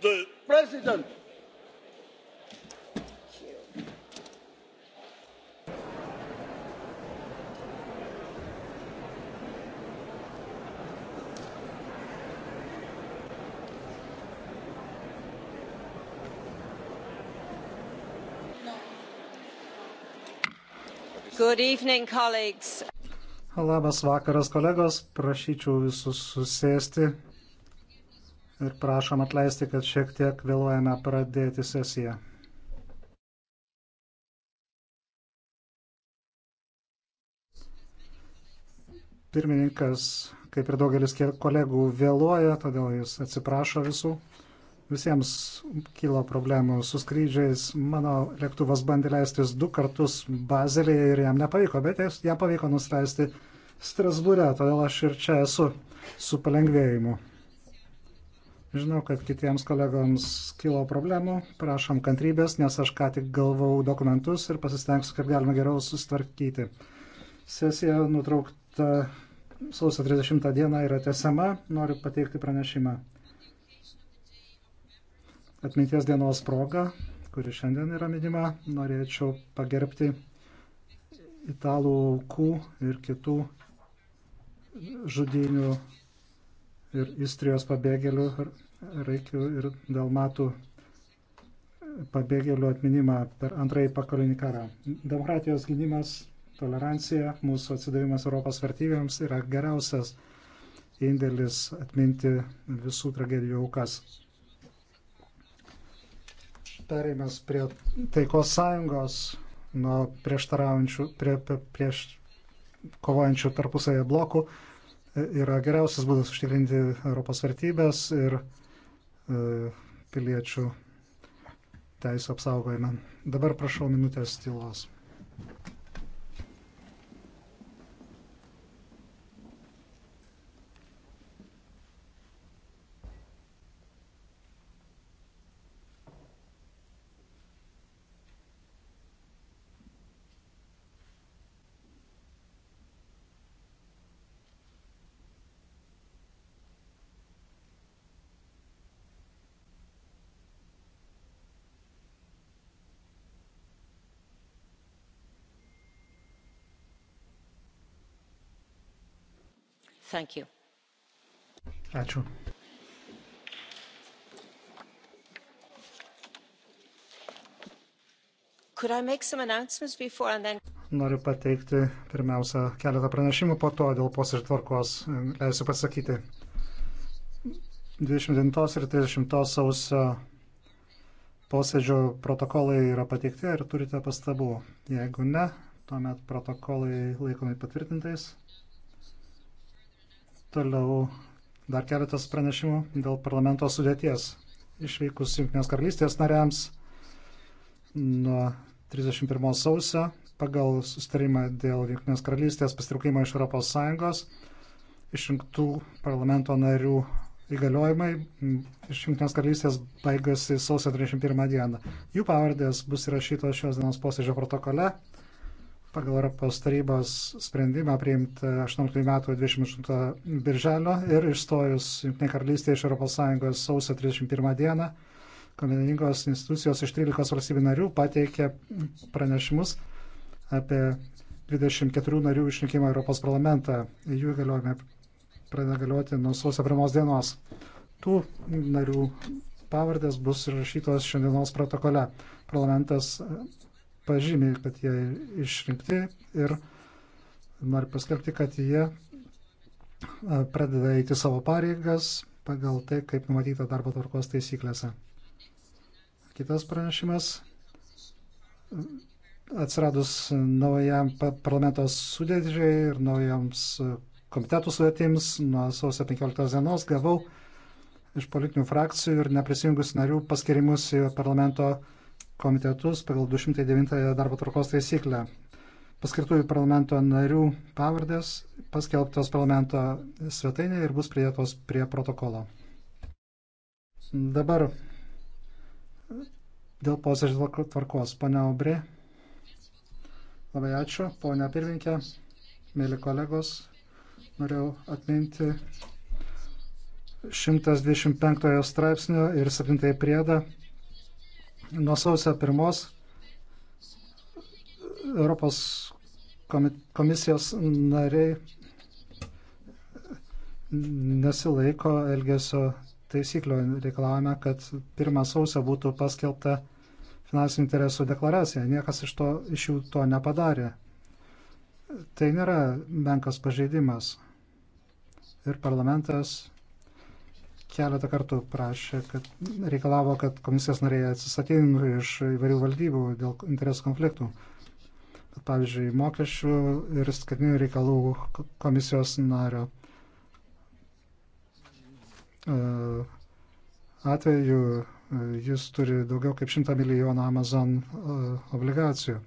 the president. Good evening, colleagues. Labas vakaras, kolegos. Prašyčiau visus susėsti ir prašom atleisti, kad šiek tiek vėluojame pradėti sesiją. Pirmininkas, kaip ir daugelis kolegų, vėluoja, todėl jis atsiprašo visų. Visiems kilo problemų su skrydžiais. Mano lėktuvas bandė leistis du kartus Bazelėje ir jam nepavyko, bet jam pavyko nusileisti Strasbūre, todėl aš ir čia esu su palengvėjimu. Žinau, kad kitiems kolegams kilo problemų, prašom kantrybės, nes aš ką tik galvau dokumentus ir pasistengsiu, kaip galima geriau sustvarkyti. Sesija nutraukta sausio 30 dieną yra tesama, noriu pateikti pranešimą. Atminties dienos proga, kuri šiandien yra minima, norėčiau pagerbti italų aukų ir kitų žudinių ir Istrijos pabėgėlių Raikių ir Dalmatų pabėgėlių atminimą per antrąjį pakolinį karą. Demokratijos gynimas, tolerancija, mūsų atsidavimas Europos vertybėms yra geriausias indėlis atminti visų tragedijų aukas. Perėjimas prie taikos sąjungos nuo prieštaraujančių, prie, prie, prieš kovojančių tarpusavėje blokų yra geriausias būdas užtikrinti Europos vertybės ir e, piliečių teisų apsaugojimą. Dabar prašau minutės tylos. Ačiū. Then... Noriu pateikti pirmiausia keletą pranešimų, po to dėl posėdžio tvarkos leisiu pasakyti. 29 ir 30 sausio posėdžio protokolai yra pateikti ir turite pastabų. Jeigu ne, tuomet protokolai laikomi patvirtintais. Toliau dar keletas pranešimų dėl parlamento sudėties. Išvykus Junktinės karalystės nariams nuo 31 sausio pagal sustarimą dėl Junktinės karalystės pasitraukimo iš ES išrinktų parlamento narių įgaliojimai iš Junktinės karalystės baigasi sausio 31 dieną. Jų pavardės bus įrašytos šios dienos posėdžio protokole pagal Europos tarybos sprendimą priimtą 18 metų 28 birželio ir išstojus Junktinė karalystė iš ES sausio 31 dieną, komendingos institucijos iš 13 valstybių narių pateikė pranešimus apie 24 narių išrinkimą Europos parlamentą. Jų galiojame pradeda galioti nuo sausio 1 dienos. Tų narių pavardės bus įrašytos šiandienos protokole. Parlamentas pažymė, kad jie išrinkti ir nori paskelbti, kad jie pradeda eiti savo pareigas pagal tai, kaip numatyta darbo tvarkos taisyklėse. Kitas pranešimas. Atsiradus naujam parlamento sudėdžiai ir naujams komitetų sudėtims nuo sausio 15 dienos gavau iš politinių frakcijų ir neprisijungus narių paskirimus į parlamento uh, komitetus pagal 209 darbo tvarkos taisyklę. Paskirtųjų parlamento narių pavardės paskelbtos parlamento svetainėje ir bus pridėtos prie protokolo. Dabar dėl posėdžio tvarkos. Pane Obri, labai ačiū. Pone pirmininkė, mėly kolegos, norėjau atminti 125 straipsnio ir 7 priedą Nuo sausio pirmos Europos komisijos nariai nesilaiko elgesio taisyklių. Reikalavome, kad pirmą sausio būtų paskelbta finansinių interesų deklaracija. Niekas iš, to, iš jų to nepadarė. Tai nėra menkas pažeidimas. Ir parlamentas, keletą kartų prašė, kad reikalavo, kad komisijos nariai atsistatydintų iš įvairių valdybų dėl interesų konfliktų. Bet, pavyzdžiui, mokesčių ir skatinių reikalų komisijos nario e, atveju e, jis turi daugiau kaip 100 milijonų Amazon e, obligacijų.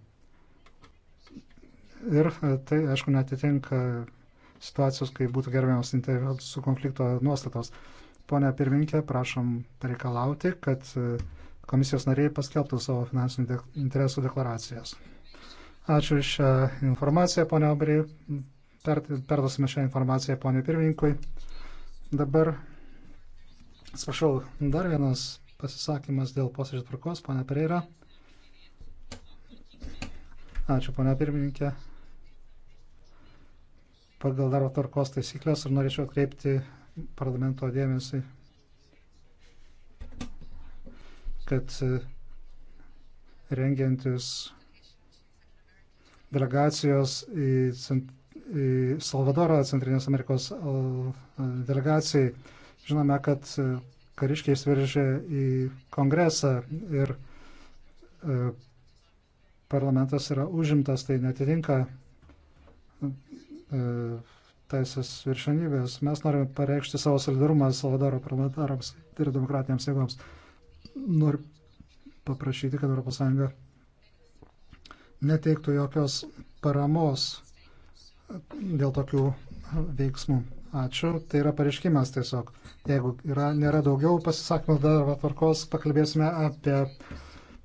Ir tai, aišku, netitinka situacijos, kai būtų gerbiamas interesų konflikto nuostatos. Pone pirminkė, prašom reikalauti, kad e, komisijos nariai paskelbtų savo finansinių de interesų deklaracijas. Ačiū iš informaciją, ponia Obrį. Perdosime šią informaciją ponia pirmininkui. Dabar, atsiprašau, dar vienas pasisakymas dėl posėdžio tvarkos, ponia Pereira. Ačiū, ponia pirmininkė. Pagal darbo tvarkos taisyklės ir norėčiau atkreipti parlamento dėmesį, kad e, rengiantis delegacijos į, cent, į Salvadorą Centrinės Amerikos e, delegacijai, žinome, kad e, kariškiai sveržė į kongresą ir parlamentas yra užimtas, tai netitinka teisės viršenybės. Mes norime pareikšti savo solidarumą Salvadoro parlamentarams ir demokratiniams jėgoms. Noriu paprašyti, kad ES neteiktų jokios paramos dėl tokių veiksmų. Ačiū. Tai yra pareiškimas tiesiog. Jeigu yra, nėra daugiau pasisakymų darbo tvarkos, pakalbėsime apie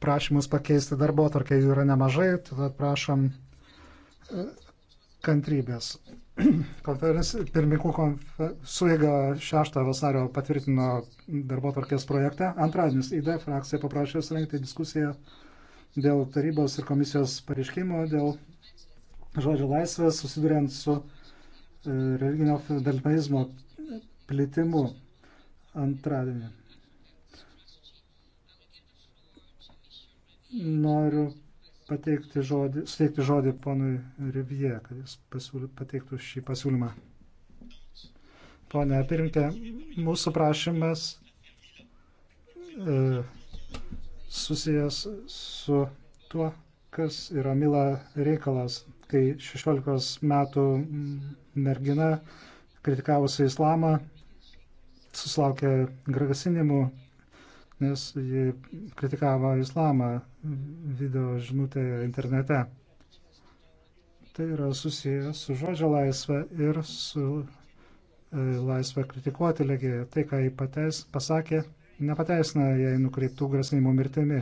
prašymus pakeisti darbo tvarkę. Jų yra nemažai, tad prašom e, kantrybės. Pirmininkų konfer... suėga 6 vasario patvirtino darbo tvarkės projektą. Antradienis ID frakcija paprašė surinkti diskusiją dėl tarybos ir komisijos pareiškimo, dėl žodžio laisvės, susiduriant su e, religinio dalyvaizmo plitimu antradienį. Noriu pateikti žodį, suteikti žodį ponui Rivie, kad jis pasiūly, pateiktų šį pasiūlymą. Pone pirmke, mūsų prašymas e, susijęs su tuo, kas yra Mila reikalas, kai 16 metų mergina kritikavusi islamą susilaukė grasinimų nes ji kritikavo islamą video žinutėje internete. Tai yra susijęs su žodžio laisvė ir su e, laisvę kritikuoti legiją. Tai, ką jį pateis, pasakė, nepateisina jai nukreiptų grasinimo mirtimi.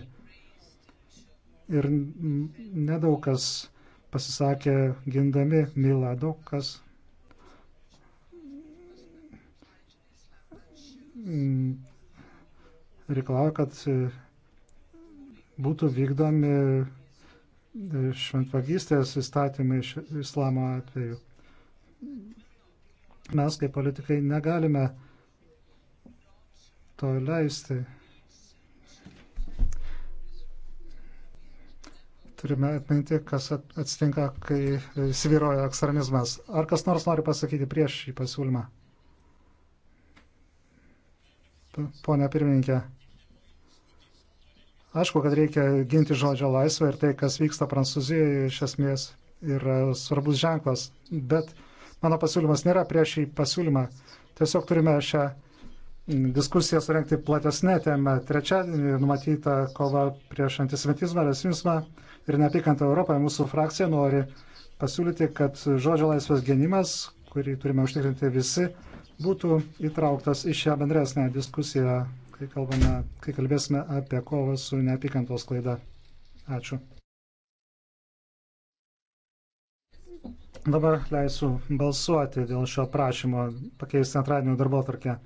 Ir nedaug kas pasisakė gindami Milą, daug kas reikalauja, kad e, būtų vykdomi e, šventvagystės įstatymai iš islamo atveju. Mes kaip politikai negalime to leisti. Turime atminti, kas atsitinka, kai sviroja ekstremizmas. Ar kas nors nori pasakyti prieš šį pasiūlymą? ponia pirmininkė. Aišku, kad reikia ginti žodžio laisvę ir tai, kas vyksta Prancūzijoje, iš esmės yra svarbus ženklas. Bet mano pasiūlymas nėra prieš šį pasiūlymą. Tiesiog turime šią diskusiją surenkti platesnė tema. Trečiadienį numatyta kova prieš antisemitizmą, rasizmą ir neapykantą Europoje. Mūsų frakcija nori pasiūlyti, kad žodžio laisvės gynimas, kurį turime užtikrinti visi, būtų įtrauktas į šią bendresnę diskusiją, kai, kalbame, kai kalbėsime apie kovą su neapykantos klaida. Ačiū. Dabar leisiu balsuoti dėl šio prašymo pakeisti antradienio darbo tarkę.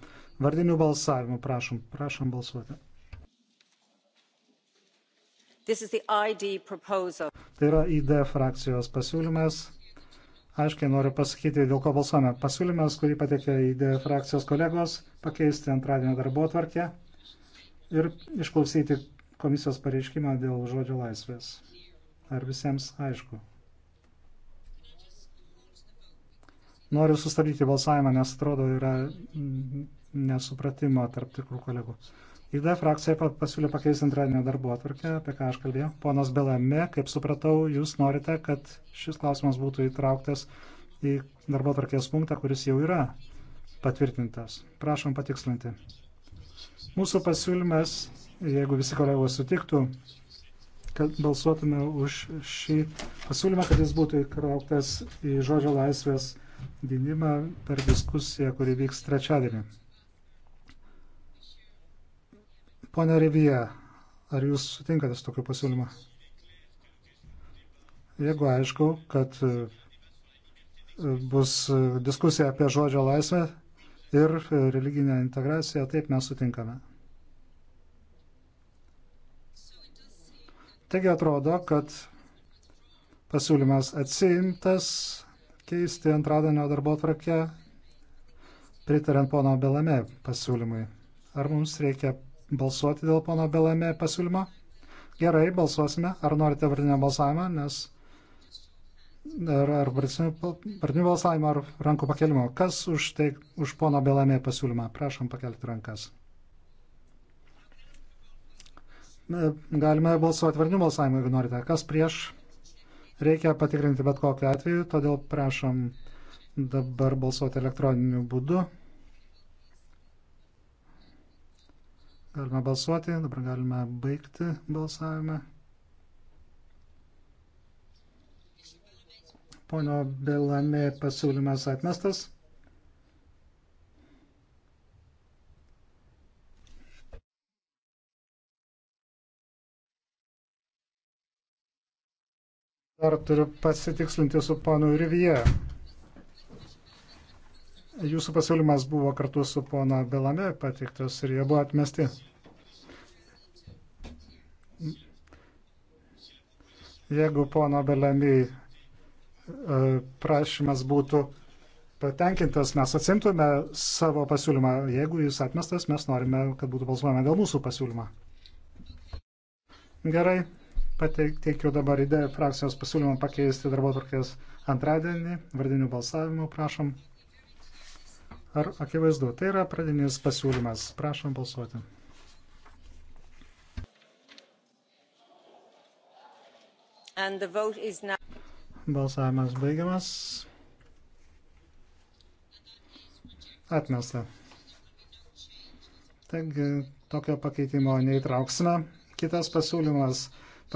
Vardinių balsavimų prašom. Prašom balsuoti. Tai yra ID frakcijos pasiūlymas aiškiai noriu pasakyti, dėl ko balsuojame. Pasiūlymas, kurį pateikė ID frakcijos kolegos, pakeisti antradienio darbo tvarkę ir išklausyti komisijos pareiškimą dėl žodžio laisvės. Ar visiems aišku? Noriu sustabdyti balsavimą, nes atrodo yra nesupratimo tarp tikrų kolegų. ID frakcija pasiūlė pakeisti antradienio darbo atvarkę, apie ką aš kalbėjau. Ponas Belame, kaip supratau, jūs norite, kad šis klausimas būtų įtrauktas į darbo atvarkės punktą, kuris jau yra patvirtintas. Prašom patikslinti. Mūsų pasiūlymas, jeigu visi kolegos sutiktų, kad balsuotume už šį pasiūlymą, kad jis būtų įtrauktas į žodžio laisvės gynimą per diskusiją, kuri vyks trečiadienį. Pone Revija, ar jūs sutinkate su tokiu pasiūlymu? Jeigu aišku, kad e, bus e, diskusija apie žodžio laisvę ir e, religinę integraciją, taip mes sutinkame. Taigi atrodo, kad pasiūlymas atsiimtas keisti antradienio darbo tvarkę, pritarant pono Belame pasiūlymui. Ar mums reikia balsuoti dėl pono Belame pasiūlymo? Gerai, balsuosime. Ar norite vardinio balsavimą, nes. Ar, ar vardinio balsavimo, ar rankų pakelimo. Kas už, tai, už pono Belame pasiūlymą? Prašom pakelti rankas. Galime balsuoti vardinio balsavimo, jeigu norite. Kas prieš? Reikia patikrinti bet kokiu atveju, todėl prašom dabar balsuoti elektroniniu būdu. Galime balsuoti, dabar galime baigti balsavimą. Pono Belami pasiūlymas atmestas. Dar turiu pasitikslinti su ponu Rivie. Jūsų pasiūlymas buvo kartu su pona Belame pateiktas ir jie buvo atmesti. Jeigu pono Belami e, prašymas būtų patenkintas, mes atsimtume savo pasiūlymą. Jeigu jis atmestas, mes norime, kad būtų balsuojama dėl mūsų pasiūlymą. Gerai, pateikiu dabar idėją frakcijos pasiūlymą pakeisti darbo tvarkės antradienį, vardinių balsavimų prašom. Ar akivaizdu, tai yra pradinis pasiūlymas. Prašom balsuoti. Balsavimas baigiamas. Atmesta. Taigi tokio pakeitimo neįtrauksime. Kitas pasiūlymas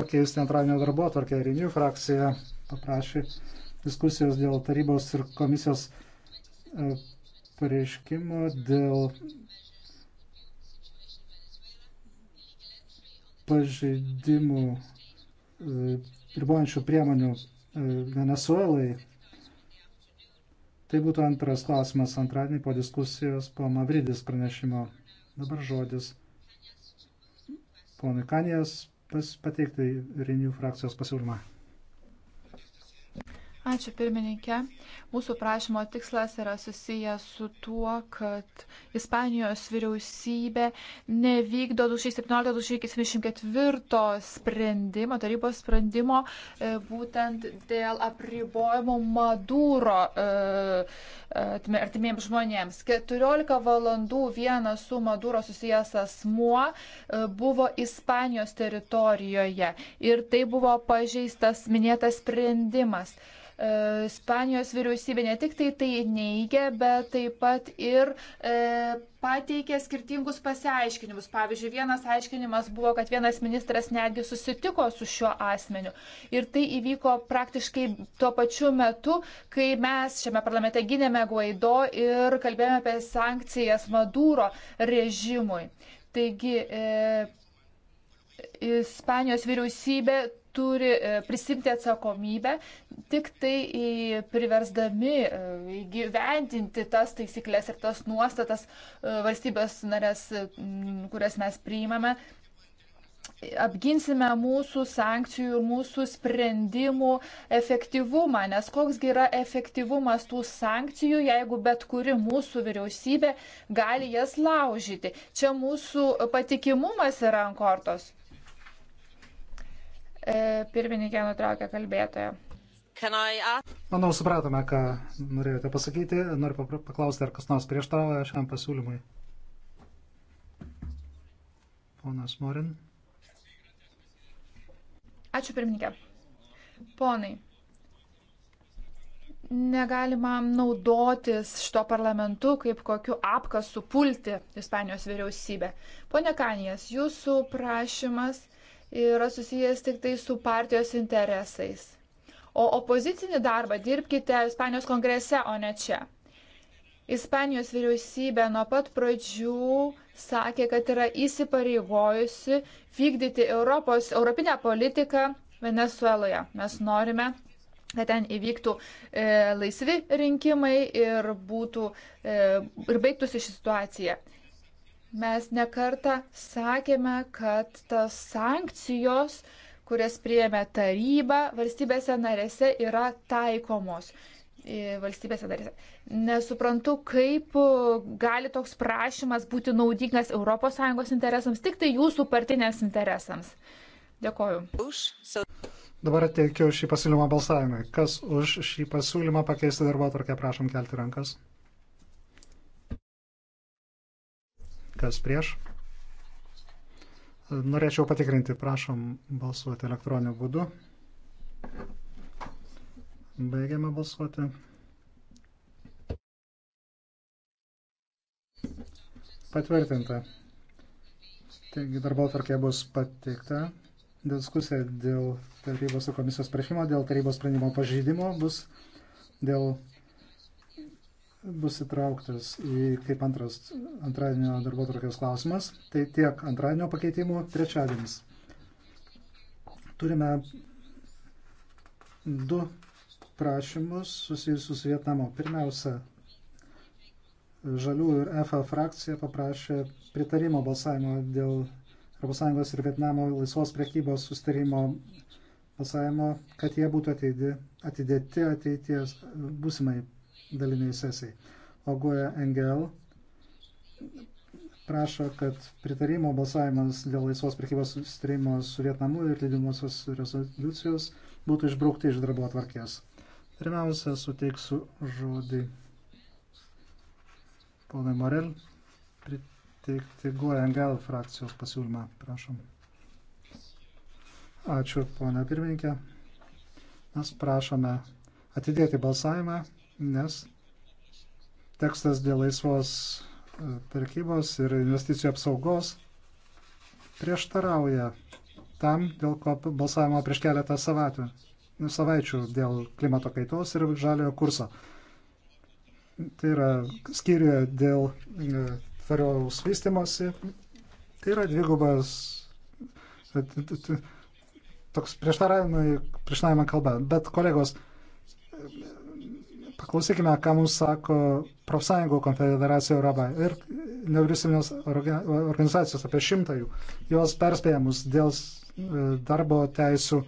pakeisti antradienio darbo atvarkę. Rinių frakcija paprašė diskusijos dėl tarybos ir komisijos e, pareiškimo dėl pažeidimų e, ribojančių priemonių e, Venezuelai. Tai būtų antras klausimas antradienį po diskusijos po Mavridis pranešimo. Dabar žodis ponui Kanijas pateikti Renių frakcijos pasiūlymą. Ačiū pirmininkė. Mūsų prašymo tikslas yra susijęs su tuo, kad Ispanijos vyriausybė nevykdo 2017-2024 sprendimo, tarybos sprendimo e, būtent dėl apribojimų Maduro e, artimiems žmonėms. 14 valandų vienas su Maduro susijęs asmuo e, buvo Ispanijos teritorijoje ir tai buvo pažeistas minėtas sprendimas. Yes. E, Ispanijos vyriausybė ne tik tai tai neigia, bet taip pat ir e, pateikė skirtingus pasiaiškinimus. Pavyzdžiui, vienas aiškinimas buvo, kad vienas ministras netgi susitiko su šiuo asmeniu. Ir tai įvyko praktiškai tuo pačiu metu, kai mes šiame parlamente gynėme Guaido ir kalbėjome apie sankcijas Maduro režimui. Taigi, e, Ispanijos vyriausybė turi e, prisimti atsakomybę, tik tai priversdami e, gyventinti tas taisyklės ir tas nuostatas e, valstybės narės, kurias mes priimame, apginsime mūsų sankcijų ir mūsų sprendimų efektyvumą, nes koksgi yra efektyvumas tų sankcijų, jeigu bet kuri mūsų vyriausybė gali jas laužyti. Čia mūsų patikimumas yra ant kortos. E, pirmininkė nutraukė kalbėtoją. Manau, supratome, ką norėjote pasakyti. Noriu paklausti, ar kas nors prieštarauja šiam pasiūlymui. Ponas Morin. Ačiū, pirmininkė. Ponai, negalima naudotis šito parlamentu kaip kokiu apkasu pulti Ispanijos vyriausybę. Pone Kanijas, jūsų prašymas yra susijęs tik tai su partijos interesais. O opozicinį darbą dirbkite Ispanijos kongrese, o ne čia. Ispanijos vyriausybė nuo pat pradžių sakė, kad yra įsipareigojusi vykdyti Europos, europinę politiką Venezueloje. Mes norime, kad ten įvyktų e, laisvi rinkimai ir, būtų, e, ir baigtųsi ši situacija. Mes nekartą sakėme, kad tas sankcijos, kurias priėmė taryba, valstybėse narėse yra taikomos. E, valstybėse narėse. Nesuprantu, kaip gali toks prašymas būti naudingas ES interesams, tik tai jūsų partinės interesams. Dėkoju. Dabar teikiu šį pasiūlymą balsavimui. Kas už šį pasiūlymą pakeisti darbo atvarkę, prašom kelti rankas. kas prieš. Norėčiau patikrinti, prašom balsuoti elektroniniu būdu. Baigiame balsuoti. Patvirtinta. Taigi darbo tvarkė bus pateikta. Diskusija dėl tarybos ir komisijos prašymo, dėl tarybos sprendimo pažeidimo bus dėl bus įtrauktas į kaip antras antradienio darbo tvarkės klausimas. Tai tiek antradienio pakeitimų trečiadienis. Turime du prašymus susijusius Vietnamo. Pirmiausia, Žalių ir EFA frakcija paprašė pritarimo balsavimo dėl ES ir Vietnamo laisvos priekybos sustarimo balsavimo, kad jie būtų atidėti ateities būsimai daliniai sesijai. Ogoja NGL prašo, kad pritarimo balsavimas dėl laisvos prekybos sustarimo su Vietnamu ir lydimosios rezoliucijos būtų išbraukti iš darbo atvarkės. Pirmiausia, suteiksiu žodį ponai Morel priteikti Goja NGL frakcijos pasiūlymą. Prašom. Ačiū, ponia pirmininkė. Mes prašome atidėti balsavimą nes tekstas dėl laisvos tarkybos e, ir investicijų apsaugos prieštarauja tam, dėl ko balsavimo prieš keletą savatų, nu, savaičių dėl klimato kaitos ir žaliojo kurso. Tai yra skyriuje dėl e, tvariaus vystimosi. Tai yra dvigubas e, toks prieštaravimai, prieštaravimai kalba. Bet kolegos, Paklausykime, ką mums sako profsąjungų konfederacija Europa ir nevyriausybinės organizacijos, apie šimtą jų. Jos perspėjamus dėl e, darbo teisų,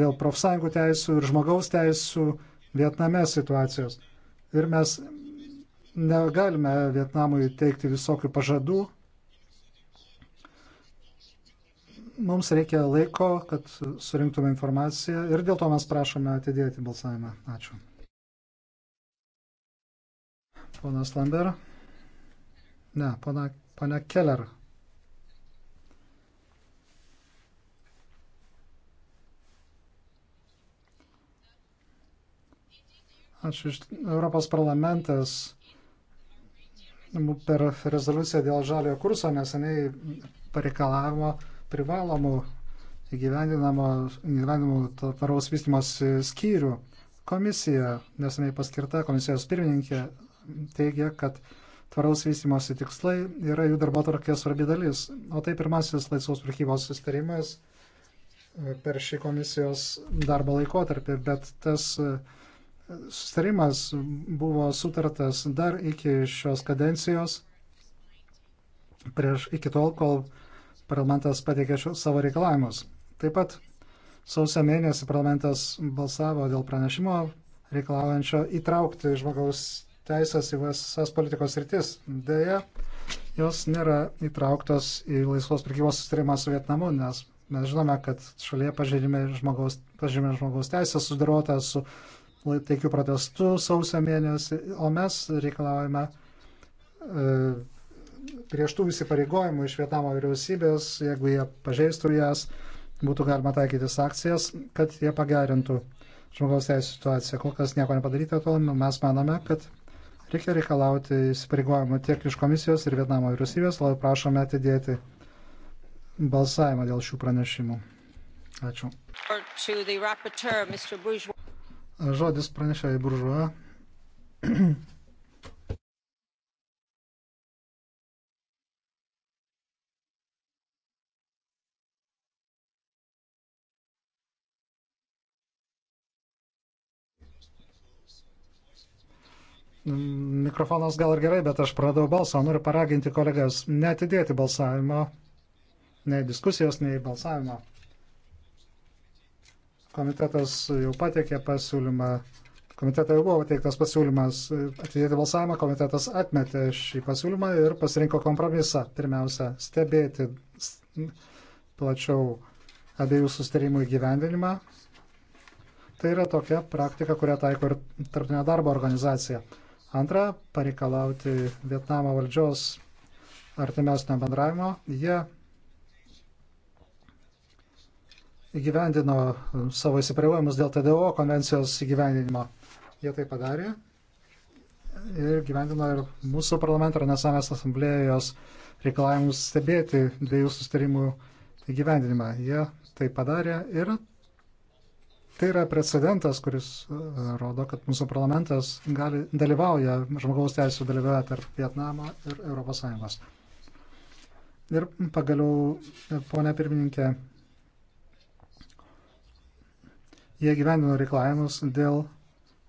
dėl profsąjungų teisų ir žmogaus teisų Vietname situacijos. Ir mes negalime Vietnamui teikti visokių pažadų. Mums reikia laiko, kad surinktume informaciją ir dėl to mes prašome atidėti balsavimą. Ačiū. Ponas Lambert. Ne, pana, pana Keller. Ačiū. Europos parlamentas per rezoliuciją dėl žaliojo kurso neseniai pareikalavimo privalomų įgyvendinamų tvaraus vystimos skyrių. Komisija, neseniai paskirta komisijos pirmininkė, teigia, kad tvaraus vystimosi tikslai yra jų darbo tarkės svarbi dalis. O tai pirmasis laisvos prekybos sustarimas e, per šį komisijos darbo laikotarpį, bet tas e, sustarimas buvo sutartas dar iki šios kadencijos, prieš iki tol, kol parlamentas pateikė šio, savo reikalavimus. Taip pat sausio mėnesį parlamentas balsavo dėl pranešimo reikalaujančio įtraukti žmogaus teisės į visas politikos rytis. Deja, jos nėra įtrauktos į laisvos prekybos sustarimą su Vietnamu, nes mes žinome, kad šalyje pažeidžiami žmogaus, pažeidžiami žmogaus teisės sudarota su taikių protestų sausio mėnesį, o mes reikalavome e, prieštų įsipareigojimų iš Vietnamo vyriausybės, jeigu jie pažeistų jas, būtų galima taikyti sankcijas, kad jie pagerintų žmogaus teisų situaciją. Kol kas nieko nepadaryta, tol mes manome, kad Reikia tai reikalauti įsipareigojimų tiek iš komisijos ir Vietnamo vyriausybės, labai prašome atidėti balsavimą dėl šių pranešimų. Ačiū. Žodis pranešė į buržuą. mikrofonas gal ir gerai, bet aš pradau balsą. Noriu paraginti kolegas netidėti balsavimo, nei diskusijos, nei balsavimo. Komitetas jau pateikė pasiūlymą, komitetą jau buvo pateiktas pasiūlymas atidėti balsavimą, komitetas atmetė šį pasiūlymą ir pasirinko kompromisą. Pirmiausia, stebėti plačiau abiejų sustarimų įgyvendinimą. Tai yra tokia praktika, kurią taiko ir Tarptautinė darbo organizacija. Antra, pareikalauti Vietnamo valdžios artimiausio bendravimo. Jie įgyvendino savo įsipareigojimus dėl TDO konvencijos įgyvendinimo. Jie tai padarė ir gyvendino ir mūsų parlamento Renesanės asamblėjos reikalavimus stebėti dviejų sustarimų įgyvendinimą. Jie tai padarė ir Tai yra precedentas, kuris e, rodo, kad mūsų parlamentas gali, dalyvauja žmogaus teisų dalyvauja tarp Vietnamo ir ES. Ir pagaliau, e, ponia pirmininkė, jie gyvenino reikalavimus dėl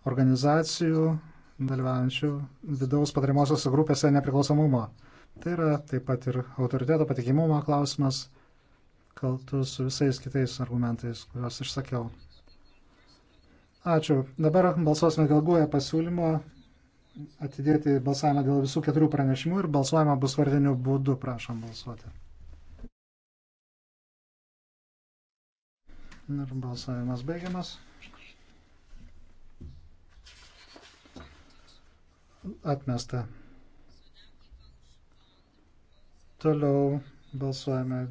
organizacijų dalyvaujančių vidaus patariamosios grupėse nepriklausomumo. Tai yra taip pat ir autoriteto patikimumo klausimas, kaltu su visais kitais argumentais, kuriuos išsakiau. Ačiū. Dabar balsuosime dėl guoja pasiūlymo atidėti balsavimą dėl visų keturių pranešimų ir balsuojama bus vardiniu būdu. Prašom balsuoti. Ir balsavimas baigiamas. Atmesta. Toliau balsuojame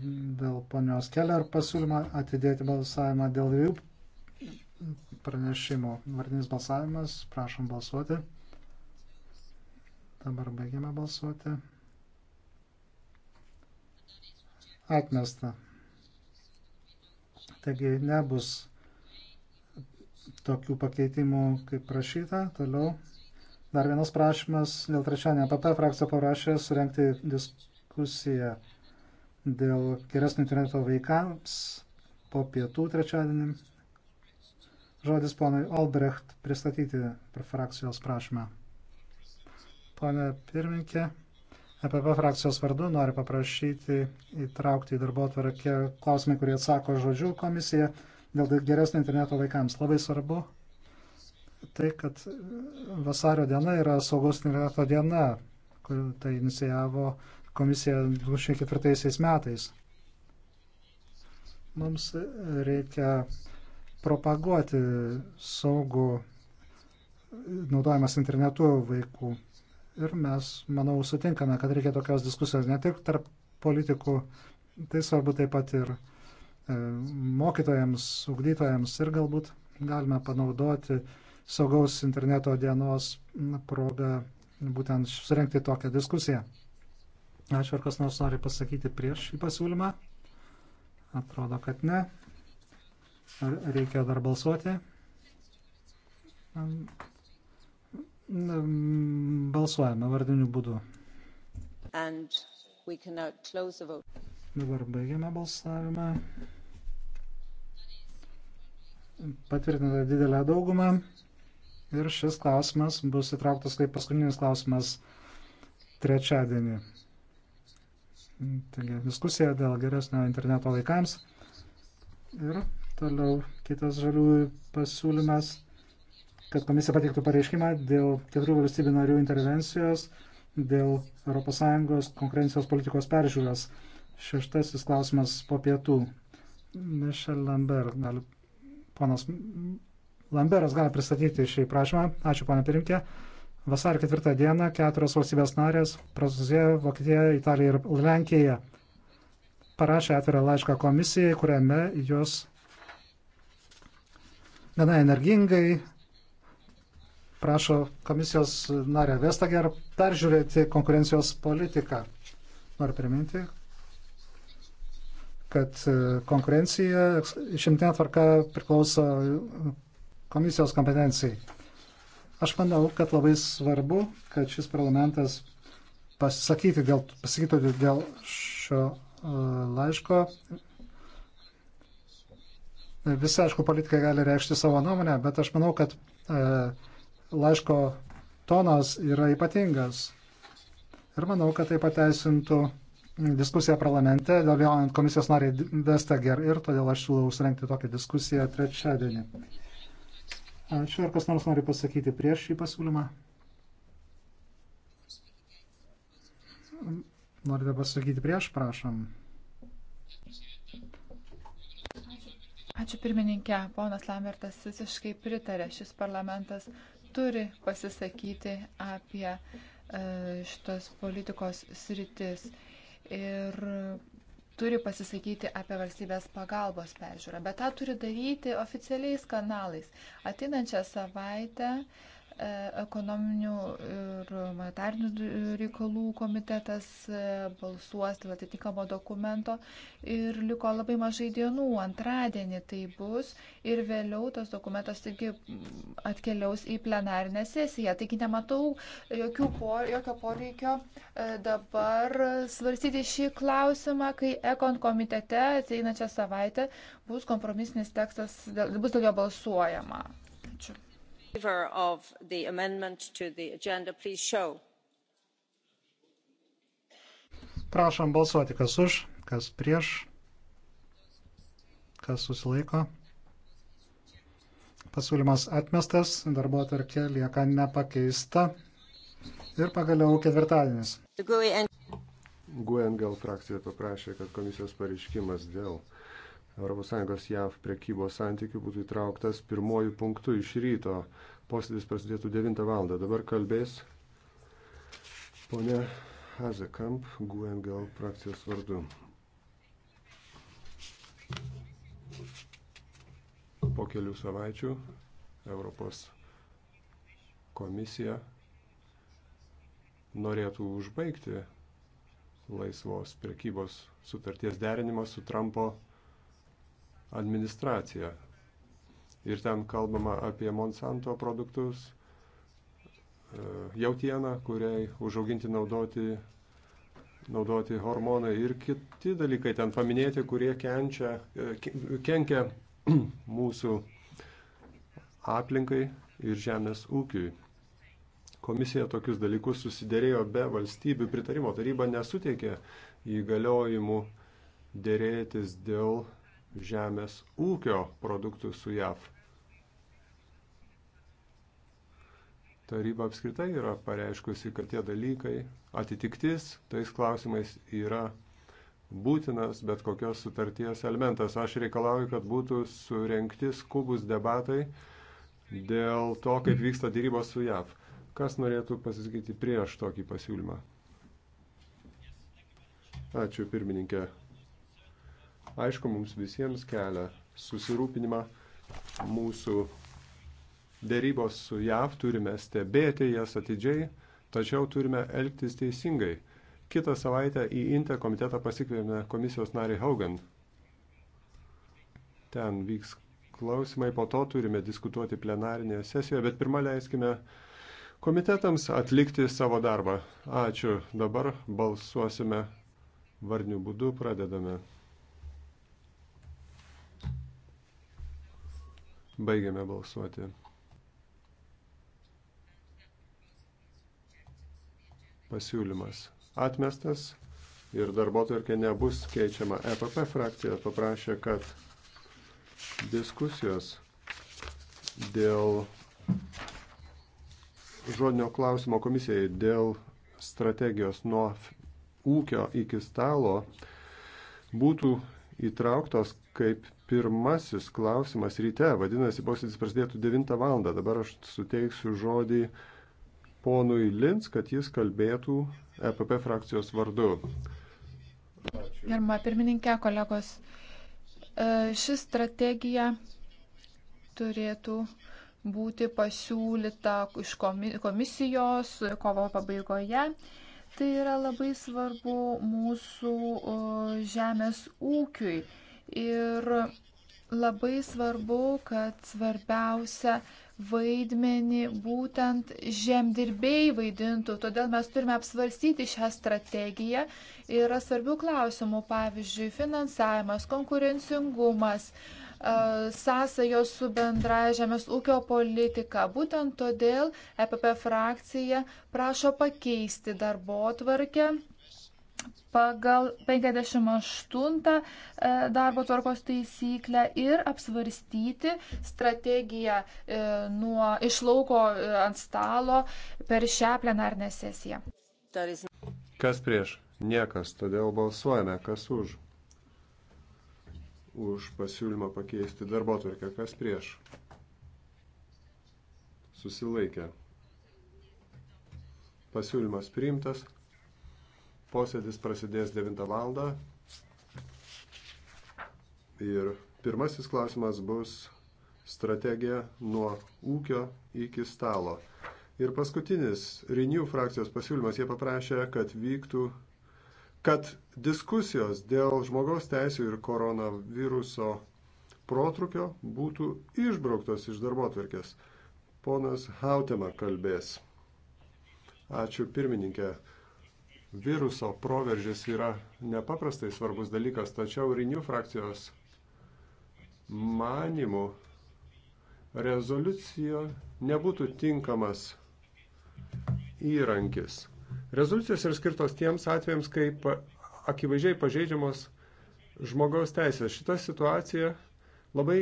dėl ponios Keller pasiūlymą atidėti balsavimą dėl dviejų pranešimo. Vardinis balsavimas, prašom balsuoti. Dabar baigiame balsuoti. Atmesta. Taigi nebus tokių pakeitimų, kaip prašyta. Toliau dar vienas prašymas dėl trečiadienio PP frakcija paprašė surenkti diskusiją dėl geresnio interneto vaikams po pietų trečiadienį. Žodis ponui Albrecht pristatyti frakcijos prašymą. Pone pirminkė, EPP frakcijos vardu noriu paprašyti įtraukti į darbo atvarkę klausimai, kurie atsako žodžių komisija dėl geresnio interneto vaikams. Labai svarbu tai, kad vasario diena yra saugos interneto diena, kur tai inicijavo komisija 2004 metais. Mums reikia propaguoti saugų naudojimas internetu vaikų. Ir mes, manau, sutinkame, kad reikia tokios diskusijos ne tik tarp politikų, tai svarbu taip pat ir e, mokytojams, ugdytojams ir galbūt galime panaudoti saugaus interneto dienos progą būtent surenkti tokią diskusiją. Ačiū, ar kas nors nori pasakyti prieš šį pasiūlymą? Atrodo, kad ne. Ar reikia dar balsuoti? Balsuojame vardiniu būdu. Dabar baigiame balsavimą. Patvirtinta didelę daugumą ir šis klausimas bus įtrauktas kaip paskutinis klausimas trečiadienį. Taigi diskusija dėl geresnio interneto vaikams ir Toliau kitas žaliųjų pasiūlymas, kad komisija pateiktų pareiškimą dėl keturių valstybių narių intervencijos, dėl ES konkurencijos politikos peržiūros. Šeštasis klausimas po pietų. Mišel Lambert, gal, ponas Lamberas gali pristatyti šį prašymą. Ačiū, pana Pirimkė. Vasario ketvirtą dieną keturios valstybės narės - Prancūzija, Vokietija, Italija ir Lenkija - parašė atvirą laišką komisijai, kuriame jos gana energingai prašo komisijos narę Vestager peržiūrėti konkurencijos politiką. Noriu priminti, kad e, konkurencija išimtinė tvarka priklauso komisijos kompetencijai. Aš manau, kad labai svarbu, kad šis parlamentas pasisakyti dėl, pasakytų dėl šio e, laiško Visi, aišku, politikai gali reikšti savo nuomonę, bet aš manau, kad e, laiško tonas yra ypatingas. Ir manau, kad tai pateisintų diskusiją parlamente, dalyvaujant komisijos nariai Vestager ir todėl aš siūlau surenkti tokią diskusiją trečiadienį. Ačiū, ar kas nors nori pasakyti prieš šį pasiūlymą? Norite pasakyti prieš, prašom. Ačiū pirmininkė, ponas Lambertas visiškai pritarė, šis parlamentas turi pasisakyti apie e, šitos politikos sritis ir turi pasisakyti apie valstybės pagalbos peržiūrą, bet tą turi daryti oficialiais kanalais. Ateinančią savaitę uh, E, ekonominių ir humanitarinių reikalų komitetas e, balsuos dėl atitinkamo dokumento ir liko labai mažai dienų, antradienį tai bus ir vėliau tas dokumentas taigi mm, atkeliaus į plenarinę sesiją. Taigi nematau por, jokio poreikio e, dabar svarstyti šį klausimą, kai Ekon komitete ateinančią savaitę bus kompromisinis tekstas, bus dėl jo balsuojama. Ačiū favour of the amendment to the agenda please show. Prašom balsuoti, kas už, kas prieš, kas susilaiko. Pasiūlymas atmestas, darbo tarkė lieka nepakeista. Ir pagaliau ketvirtadienis. Guen gal frakcija paprašė, kad komisijos pareiškimas dėl ES JAV prekybos santykių būtų įtrauktas pirmojų punktų iš ryto. Posėdis prasidėtų 9 val. Dabar kalbės ponia Hazekamp GUNGL frakcijos vardu. Po kelių savaičių Europos komisija norėtų užbaigti laisvos prekybos sutarties derinimą su Trumpo administraciją. Ir ten kalbama apie Monsanto produktus, e, jautieną, kuriai užauginti naudoti, naudoti hormonai ir kiti dalykai ten paminėti, kurie kenčia, e, kenkia mūsų aplinkai ir žemės ūkiui. Komisija tokius dalykus susidėrėjo be valstybių pritarimo. Taryba nesuteikė įgaliojimų dėrėtis dėl žemės ūkio produktų su JAV. Taryba apskritai yra pareiškusi, kad tie dalykai atitiktis tais klausimais yra būtinas bet kokios sutarties elementas. Aš reikalauju, kad būtų surenkti skubus debatai dėl to, kaip vyksta dėrybos su JAV. Kas norėtų pasisakyti prieš tokį pasiūlymą? Ačiū pirmininkė. Aišku, mums visiems kelia susirūpinimą mūsų dėrybos su JAV, turime stebėti jas atidžiai, tačiau turime elgtis teisingai. Kitą savaitę į Inte komitetą pasikvėmė komisijos narį Haugan. Ten vyks klausimai, po to turime diskutuoti plenarinėje sesijoje, bet pirmą leiskime komitetams atlikti savo darbą. Ačiū. Dabar balsuosime varnių būdu, pradedame. Baigiame balsuoti. Pasiūlymas atmestas ir darbotvarkė nebus keičiama. EPP frakcija paprašė, kad diskusijos dėl žodinio klausimo komisijai dėl strategijos nuo ūkio iki stalo būtų įtrauktos kaip pirmasis klausimas ryte. Vadinasi, posėdis prasidėtų 9 val. Dabar aš suteiksiu žodį ponui Lins, kad jis kalbėtų EPP frakcijos vardu. Germa pirmininkė, kolegos, e, ši strategija turėtų būti pasiūlyta iš komisijos kovo pabaigoje. Tai yra labai svarbu mūsų žemės ūkiui. Ir labai svarbu, kad svarbiausia vaidmenį būtent žemdirbėjai vaidintų. Todėl mes turime apsvarstyti šią strategiją. Yra svarbių klausimų, pavyzdžiui, finansavimas, konkurencingumas. Uh, E, sąsajos su bendraja žemės ūkio politika. Būtent todėl EPP frakcija prašo pakeisti darbo tvarkę pagal 58 e, darbo tvarkos taisyklę ir apsvarstyti strategiją e, nuo išlauko ant stalo per šią plenarnę sesiją. Kas prieš? Niekas, todėl balsuojame, kas už už pasiūlymą pakeisti darbo tvarkę. Kas prieš? Susilaikė. Pasiūlymas priimtas. Posėdis prasidės 9 val. Ir pirmasis klausimas bus strategija nuo ūkio iki stalo. Ir paskutinis Renew frakcijos pasiūlymas, jie paprašė, kad vyktų kad diskusijos dėl žmogaus teisų ir koronaviruso protrukio būtų išbrauktos iš darbo atvirkės. Ponas Hautema kalbės. Ačiū pirmininkė. Viruso proveržis yra nepaprastai svarbus dalykas, tačiau Rinių frakcijos manimų rezoliucija nebūtų tinkamas įrankis. Rezoliucijos yra skirtos tiems atvejams, kai akivaizdžiai pažeidžiamos žmogaus teisės. Šita situacija labai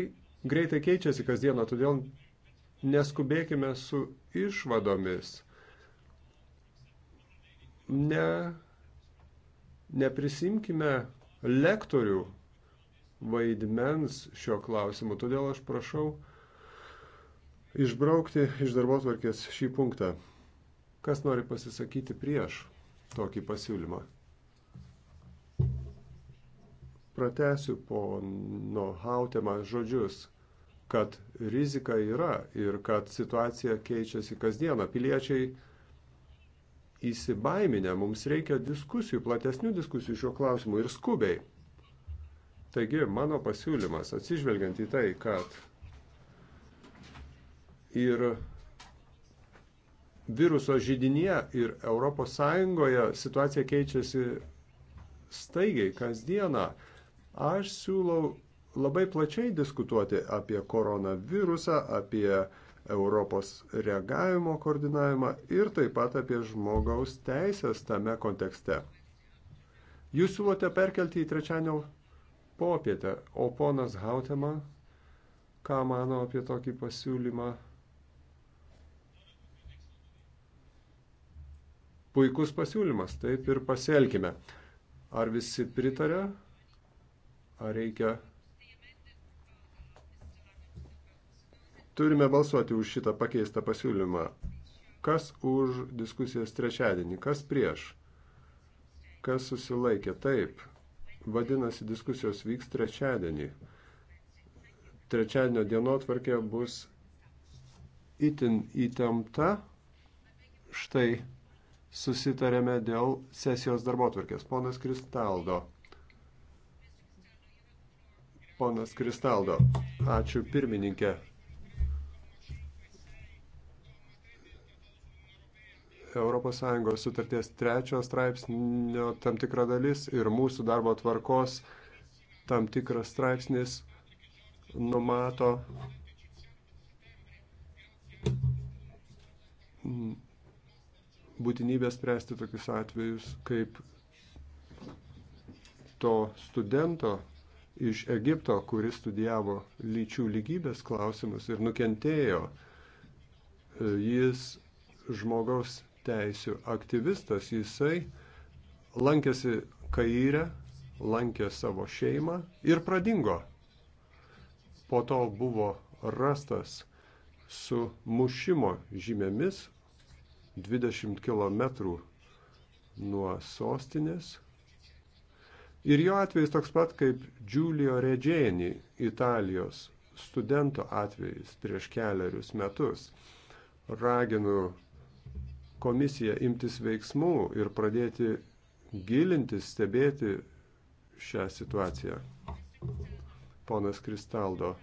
greitai keičiasi kasdieną, todėl neskubėkime su išvadomis. Ne, neprisimkime lektorių vaidmens šio klausimu. Todėl aš prašau išbraukti iš darbo tvarkės šį punktą. Kas nori pasisakyti prieš tokį pasiūlymą? Pratesiu pono Hautemą žodžius, kad rizika yra ir kad situacija keičiasi kasdieną. Piliečiai įsibaiminę, mums reikia diskusijų, platesnių diskusijų šiuo klausimu ir skubiai. Taigi mano pasiūlymas, atsižvelgiant į tai, kad ir viruso žydinyje ir ES situacija keičiasi staigiai, kasdieną. Aš siūlau labai plačiai diskutuoti apie koronavirusą, apie Europos reagavimo koordinavimą ir taip pat apie žmogaus teisės tame kontekste. Jūs siūlote perkelti į trečiadienio popietę, o ponas Hautema, ką mano apie tokį pasiūlymą? puikus pasiūlymas, taip ir pasielkime. Ar visi pritarė, ar reikia. Turime balsuoti už šitą pakeistą pasiūlymą. Kas už diskusijas trečiadienį, kas prieš, kas susilaikė, taip. Vadinasi, diskusijos vyks trečiadienį. Trečiadienio dienotvarkė bus itin įtempta. Štai susitarėme dėl sesijos darbotvarkės. Ponas Kristaldo. Ponas Kristaldo. Ačiū pirmininkė. ES sutarties trečio straipsnio tam tikra dalis ir mūsų darbo tvarkos tam tikras straipsnis numato būtinybę spręsti tokius atvejus, kaip to studento iš Egipto, kuris studijavo lyčių lygybės klausimus ir nukentėjo. Jis žmogaus teisių aktyvistas, jisai lankėsi Kairę, lankė savo šeimą ir pradingo. Po to buvo rastas su mušimo žymėmis, 20 km nuo sostinės. Ir jo atvejis toks pat kaip Giulio Regeni, Italijos studento atvejis prieš keliarius metus. Raginu komisiją imtis veiksmų ir pradėti gilintis, stebėti šią situaciją. Ponas Kristaldo.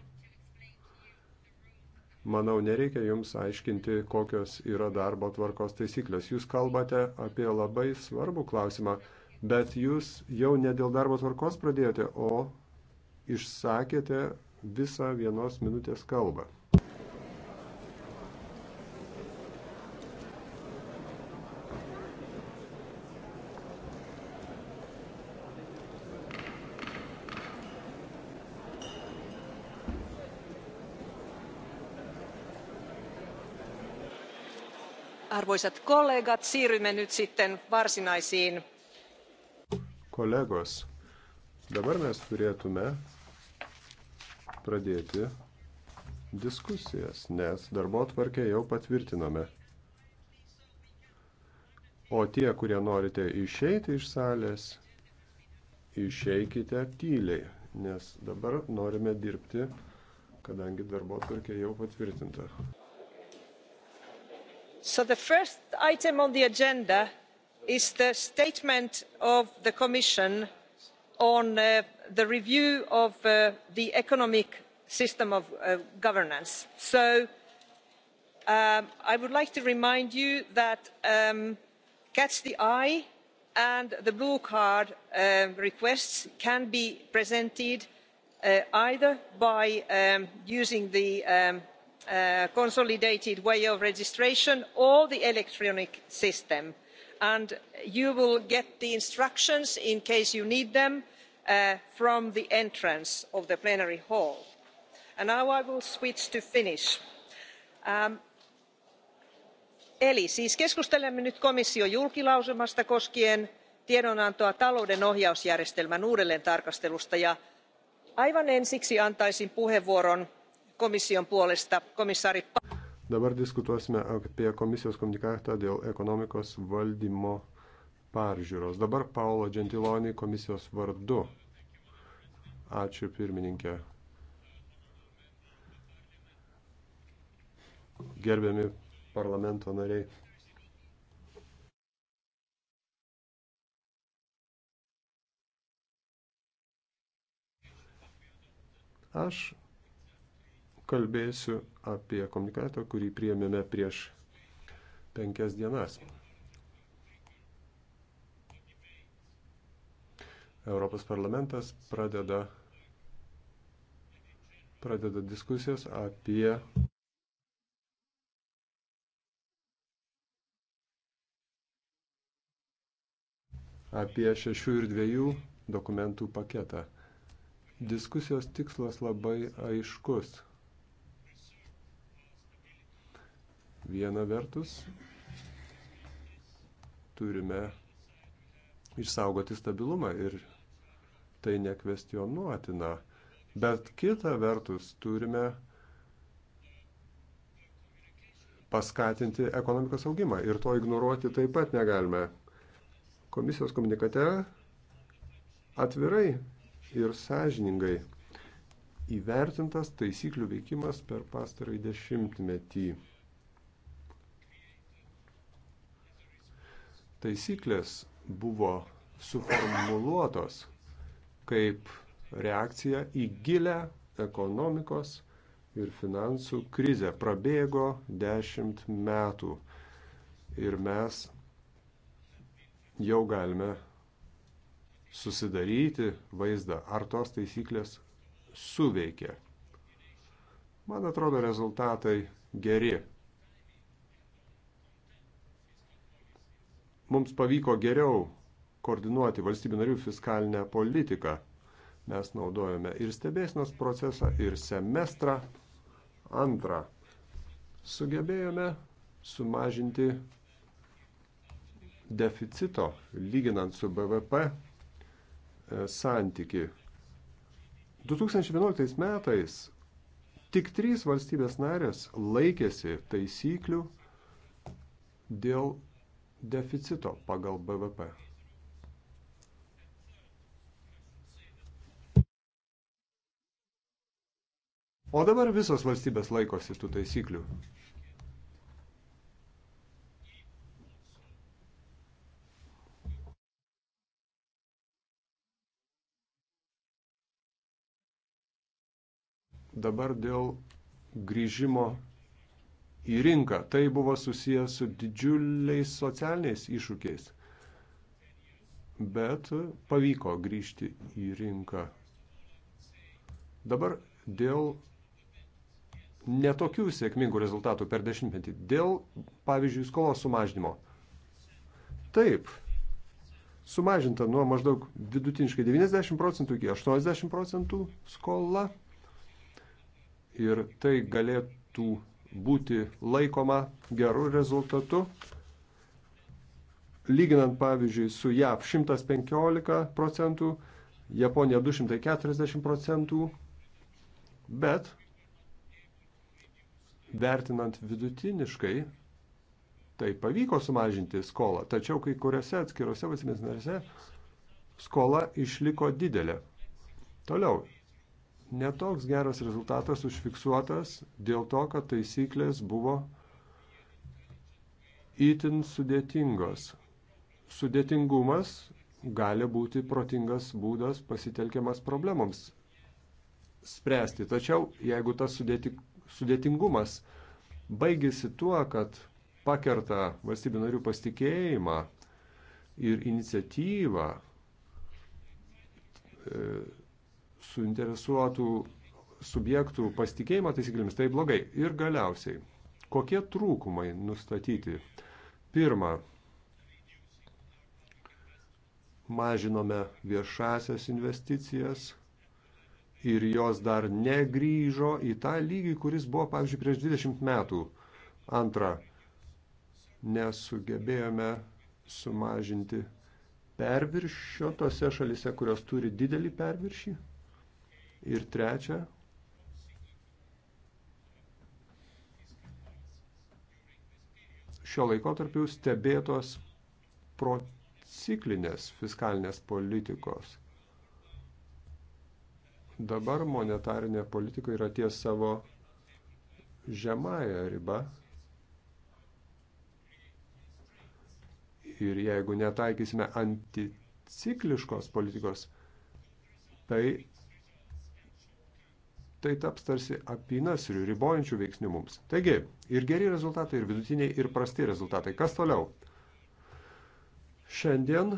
Manau, nereikia jums aiškinti, kokios yra darbo tvarkos taisyklės. Jūs kalbate apie labai svarbų klausimą, bet jūs jau ne dėl darbo tvarkos pradėjote, o išsakėte visą vienos minutės kalbą. Arvoisat kollegat, siirrymme nyt sitten varsinaisiin. Kolegos, dabar mes turėtume pradėti diskusijas, nes darbo atvarkę jau patvirtinome. O tie, kurie norite išeiti iš salės, išeikite tyliai, nes dabar norime dirbti, kadangi darbo atvarkė jau patvirtinta so the first item on the agenda is the statement of the commission on uh, the review of uh, the economic system of uh, governance. so um, i would like to remind you that um, catch the eye and the blue card um, requests can be presented either by using the uh, consolidated way of registration or the electronic system and you will get the instructions in case you need them uh, from the entrance of the plenary hall. And now i will switch to finnish. Um, eli siis keskustelemme nyt komission julkilausumasta koskien tiedonantoa talouden ohjausjärjestelmän uudelleentarkastelusta ja aivan ensiksi antaisin puheenvuoron komission puolesta komissaari. Dabar diskutuosime apie komisijos komunikatą dėl ekonomikos valdymo peržiūros. Dabar Paulo Gentiloni komisijos vardu. Ačiū pirmininkė. Gerbiami parlamento nariai. Aš kalbėsiu apie komunikatą, kurį priėmėme prieš penkias dienas. Europos parlamentas pradeda, pradeda diskusijas apie apie šešių ir dviejų dokumentų paketą. Diskusijos tikslas labai aiškus Viena vertus turime išsaugoti stabilumą ir tai nekvestionuotina. Bet kita vertus turime paskatinti ekonomikos augimą ir to ignoruoti taip pat negalime. Komisijos komunikate atvirai ir sąžiningai įvertintas taisyklių veikimas per pastarąjį dešimtmetį. taisyklės buvo suformuluotos kaip reakcija į gilę ekonomikos ir finansų krizę. Prabėgo dešimt metų ir mes jau galime susidaryti vaizdą, ar tos taisyklės suveikė. Man atrodo, rezultatai geri. mums pavyko geriau koordinuoti valstybių narių fiskalinę politiką. Mes naudojame ir stebėsinos procesą, ir semestrą. Antra, sugebėjome sumažinti deficito, lyginant su BVP, santyki. 2011 metais tik trys valstybės narės laikėsi taisyklių dėl deficito pagal BVP. O dabar visos valstybės laikosi tų taisyklių. Dabar dėl grįžimo į rinką. Tai buvo susijęs su didžiuliais socialiniais iššūkiais. Bet pavyko grįžti į rinką. Dabar dėl netokių sėkmingų rezultatų per dešimtmetį, dėl, pavyzdžiui, skolos sumažinimo. Taip, sumažinta nuo maždaug vidutiniškai 90 procentų iki 80 procentų skola. Ir tai galėtų būti laikoma gerų rezultatų. Lyginant pavyzdžiui su JAV 115 procentų, Japonija 240 procentų, bet vertinant vidutiniškai, tai pavyko sumažinti skolą, tačiau kai kuriuose atskiruose valstybės narėse skola išliko didelė. Toliau, Netoks geras rezultatas užfiksuotas dėl to, kad taisyklės buvo įtin sudėtingos. Sudėtingumas gali būti protingas būdas pasitelkiamas problemams spręsti. Tačiau jeigu tas sudėtingumas baigėsi tuo, kad pakerta valstybių narių pasitikėjimą ir iniciatyvą, e, suinteresuotų subjektų pasitikėjimo taisyklėmis, tai blogai. Ir galiausiai, kokie trūkumai nustatyti? Pirma, mažinome viešasias investicijas ir jos dar negryžo į tą lygį, kuris buvo, pavyzdžiui, prieš 20 metų. Antra, nesugebėjome sumažinti perviršio tose šalise, kurios turi didelį perviršį. Ir trečia, šio laikotarpiu stebėtos prociklinės fiskalinės politikos. Dabar monetarinė politika yra ties savo žemąją ribą. Ir jeigu netaikysime anticikliškos politikos, tai tai taps tarsi apynasrių ribojančių veiksnių mums. Taigi, ir geri rezultatai, ir vidutiniai, ir prasti rezultatai. Kas toliau? Šiandien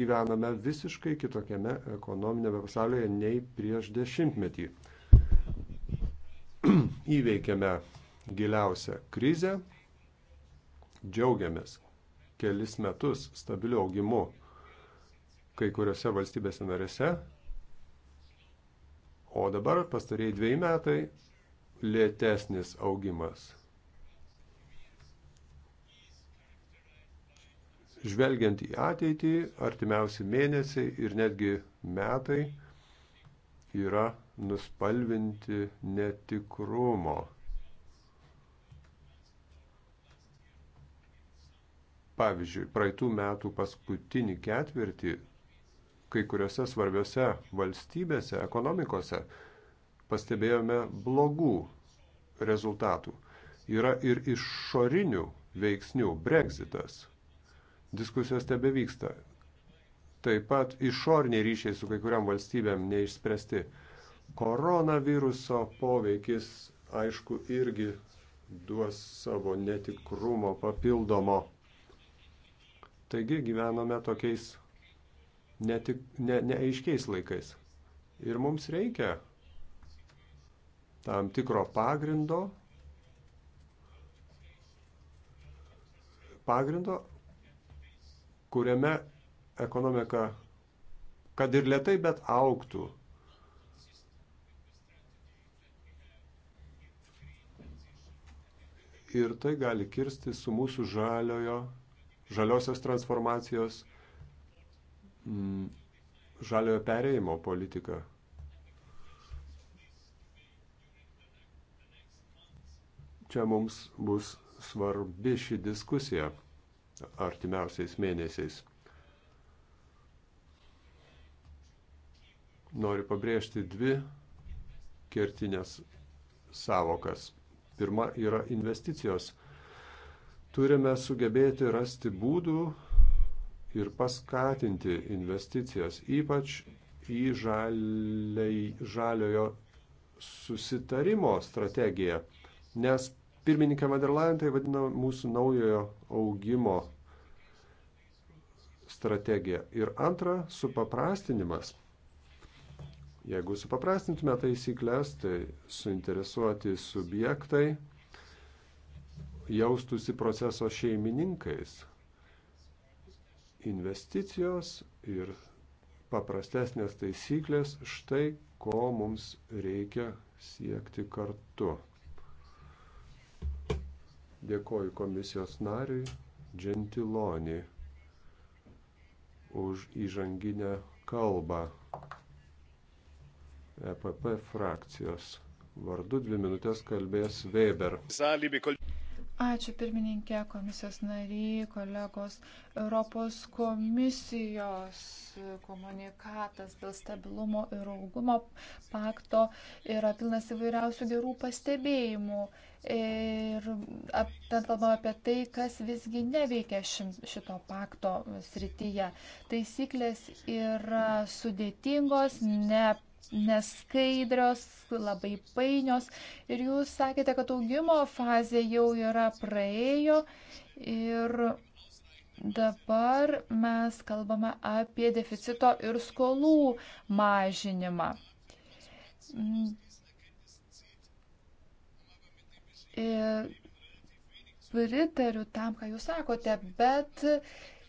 gyvename visiškai kitokiame ekonominėme pasaulyje nei prieš dešimtmetį. Įveikėme giliausią krizę, džiaugiamės kelis metus stabiliu augimu kai kuriuose valstybėse narėse o dabar pastarėjai dviejai metai lėtesnis augimas. Žvelgiant į ateitį, artimiausi mėnesiai ir netgi metai yra nuspalvinti netikrumo. Pavyzdžiui, praeitų metų paskutinį ketvirtį kai kuriuose svarbiose valstybėse, ekonomikose pastebėjome blogų rezultatų. Yra ir išorinių veiksnių - Brexitas. Diskusijos tebe vyksta. Taip pat išoriniai ryšiai su kai kuriam valstybėm neišspręsti. Koronaviruso poveikis, aišku, irgi duos savo netikrumo papildomo. Taigi gyvename tokiais netik, ne, neaiškiais laikais. Ir mums reikia tam tikro pagrindo, pagrindo, kuriame ekonomika, kad ir lietai, bet auktų. Ir tai gali kirsti su mūsų žaliojo, žaliosios transformacijos Mm, žaliojo perėjimo politiką. Čia mums bus svarbi ši diskusija artimiausiais mėnesiais. Noriu pabrėžti dvi kertinės savokas. Pirma yra investicijos. Turime sugebėti rasti būdų, ir paskatinti investicijas, ypač į žaliai, žaliojo susitarimo strategiją, nes pirmininką Vanderlajan tai vadina mūsų naujojo augimo strategija. Ir antra, supaprastinimas. Jeigu supaprastintume taisyklės, tai suinteresuoti subjektai jaustųsi proceso šeimininkais investicijos ir paprastesnės taisyklės, štai ko mums reikia siekti kartu. Dėkoju komisijos nariui Gentiloni už įžanginę kalbą EPP frakcijos. Vardu dvi minutės kalbės Weber. Ačiū pirmininkė, komisijos nariai, kolegos. Europos komisijos komunikatas dėl stabilumo ir augumo pakto yra pilnas įvairiausių gerų pastebėjimų. Ir ap, ten kalbama apie tai, kas visgi neveikia šim, šito pakto srityje. Taisyklės yra sudėtingos, ne neskaidrios, labai painios. Ir jūs sakėte, kad augimo fazė jau yra praėjo ir dabar mes kalbame apie deficito ir skolų mažinimą. E, pritariu tam, ką jūs sakote, bet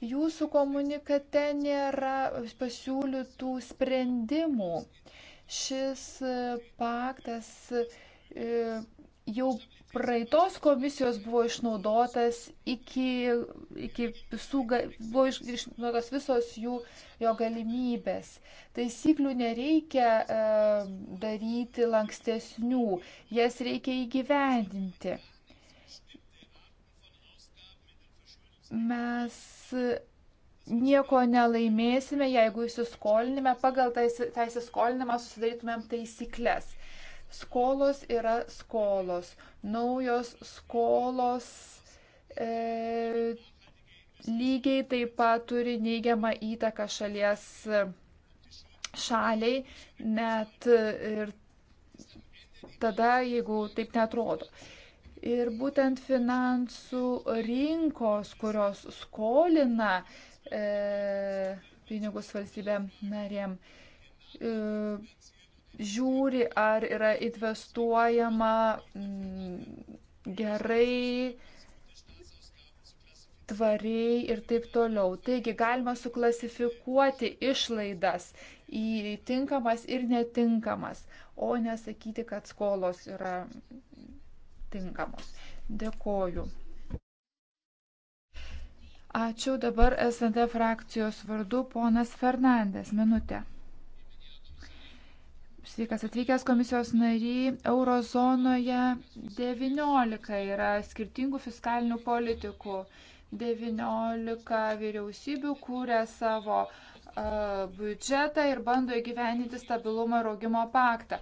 Jūsų komunikate nėra pasiūlytų sprendimų. Šis e, paktas e, jau praeitos komisijos buvo išnaudotas iki, iki visų, buvo išnaudotas visos jų, jo galimybės. Taisyklių nereikia e, daryti lankstesnių, jas reikia įgyvendinti. Mes nieko nelaimėsime, jeigu įsiskolinime, pagal tą įsiskolinimą susidarytumėm taisyklės. Skolos yra skolos, naujos skolos e, lygiai taip pat turi neigiamą įtaką šalies šaliai, net ir tada, jeigu taip netrodo. E, Ir būtent finansų rinkos, kurios skolina e, pinigus valstybėm narėm, e, žiūri, ar yra investuojama m, mm, gerai, tvariai ir taip toliau. Taigi galima suklasifikuoti išlaidas į tinkamas ir netinkamas, o nesakyti, kad skolos yra tinkamos. Dėkoju. Ačiū dabar SNT frakcijos vardu ponas Fernandės. Minutė. Sveikas atvykęs komisijos nary. Eurozonoje 19 yra skirtingų fiskalinių politikų. 19 vyriausybių kūrė savo uh, biudžetą ir bando įgyveninti stabilumo ir augimo paktą.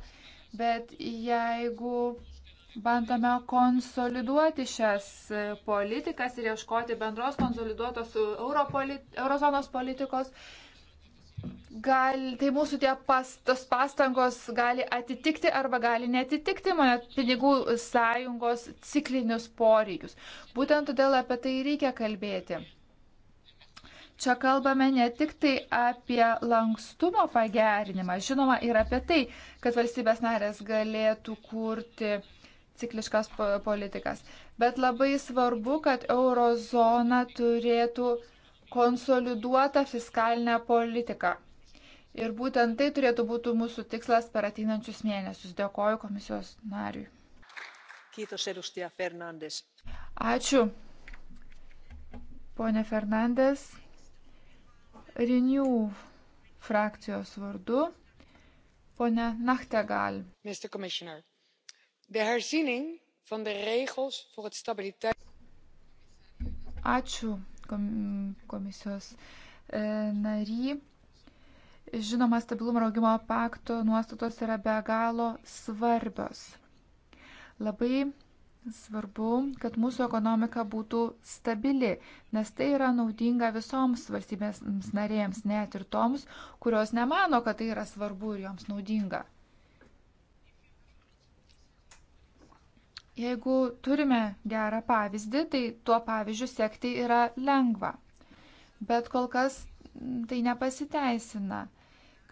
Bet jeigu bandome konsoliduoti šias e, politikas ir ieškoti bendros konsoliduotos e, Europolit eurozonos politikos. Gal, tai mūsų tie pas, tos pastangos gali atitikti arba gali netitikti mane pinigų sąjungos ciklinius poreikius. Būtent todėl apie tai reikia kalbėti. Čia kalbame ne tik tai apie lankstumo pagerinimą, žinoma ir apie tai, kad valstybės narės galėtų kurti cikliškas politikas. Bet labai svarbu, kad eurozona turėtų konsoliduotą fiskalinę politiką. Ir būtent tai turėtų būti mūsų tikslas per ateinančius mėnesius. Dėkoju komisijos nariui. Kiitos, edustaja Fernandes. Ačiū, ponė Fernandes. Renew frakcijos vardu, ponė Nachtegal. Mr. Commissioner de herziening van de regels voor het stabiliteits. Ačiū komisijos e, nary. Žinoma, stabilumo augimo pakto nuostatos yra be galo svarbios. Labai svarbu, kad mūsų ekonomika būtų stabili, nes tai yra naudinga visoms valstybės narėms, net ir toms, kurios nemano, kad tai yra svarbu ir joms naudinga. Jeigu turime gerą pavyzdį, tai tuo pavyzdžiu sekti yra lengva. Bet kol kas mm, tai nepasiteisina.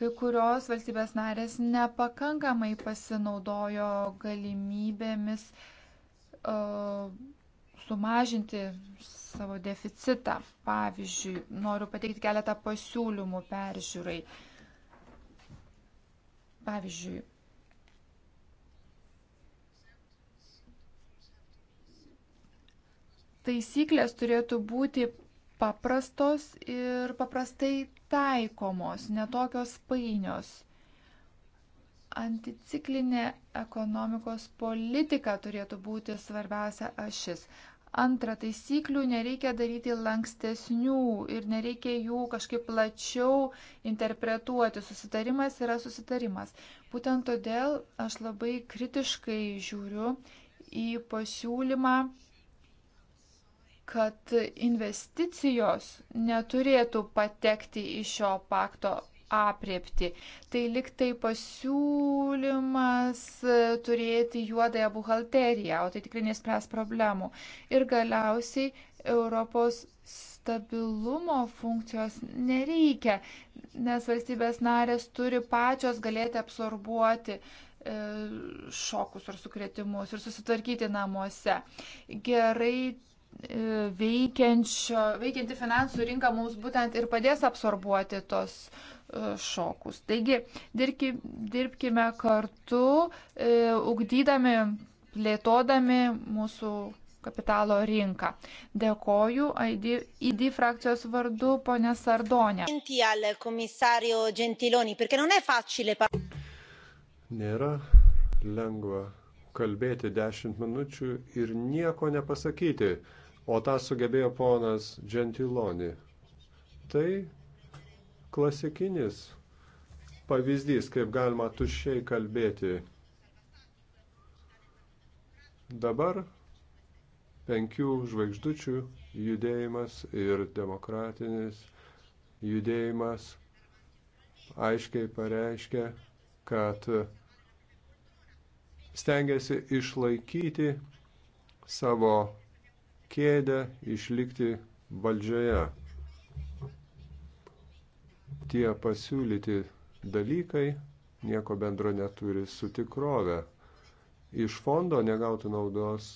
Kai kurios valstybės narės nepakankamai pasinaudojo galimybėmis uh, sumažinti savo deficitą. Pavyzdžiui, noriu pateikti keletą pasiūlymų peržiūrai. Pavyzdžiui, taisyklės turėtų būti paprastos ir paprastai taikomos, netokios painios. Anticiklinė ekonomikos politika turėtų būti svarbiausia ašis. Antra, taisyklių nereikia daryti lankstesnių ir nereikia jų kažkaip plačiau interpretuoti. Susitarimas yra susitarimas. Būtent todėl aš labai kritiškai žiūriu į pasiūlymą kad investicijos neturėtų patekti į šio pakto apriepti. Tai liktai pasiūlymas e, turėti juodąją buhalteriją, o tai tikrai nespręs problemų. Ir galiausiai Europos stabilumo funkcijos nereikia, nes valstybės narės turi pačios galėti absorbuoti e, šokus ar sukretimus ir susitvarkyti namuose. Gerai E, veikianti finansų rinka mums būtent ir padės absorbuoti tos e, šokus. Taigi dirbki, dirbkime kartu, e, ugdydami, plėtodami mūsų kapitalo rinką. Dėkoju ID, ID frakcijos vardu, ponė Sardonė. Nėra lengva kalbėti 10 minučių ir nieko nepasakyti o tą sugebėjo ponas Gentiloni. Tai klasikinis pavyzdys, kaip galima tuščiai kalbėti. Dabar penkių žvaigždučių judėjimas ir demokratinis judėjimas aiškiai pareiškia, kad stengiasi išlaikyti savo kėdę išlikti valdžioje. Tie pasiūlyti dalykai nieko bendro neturi su tikrove. Iš fondo negautų naudos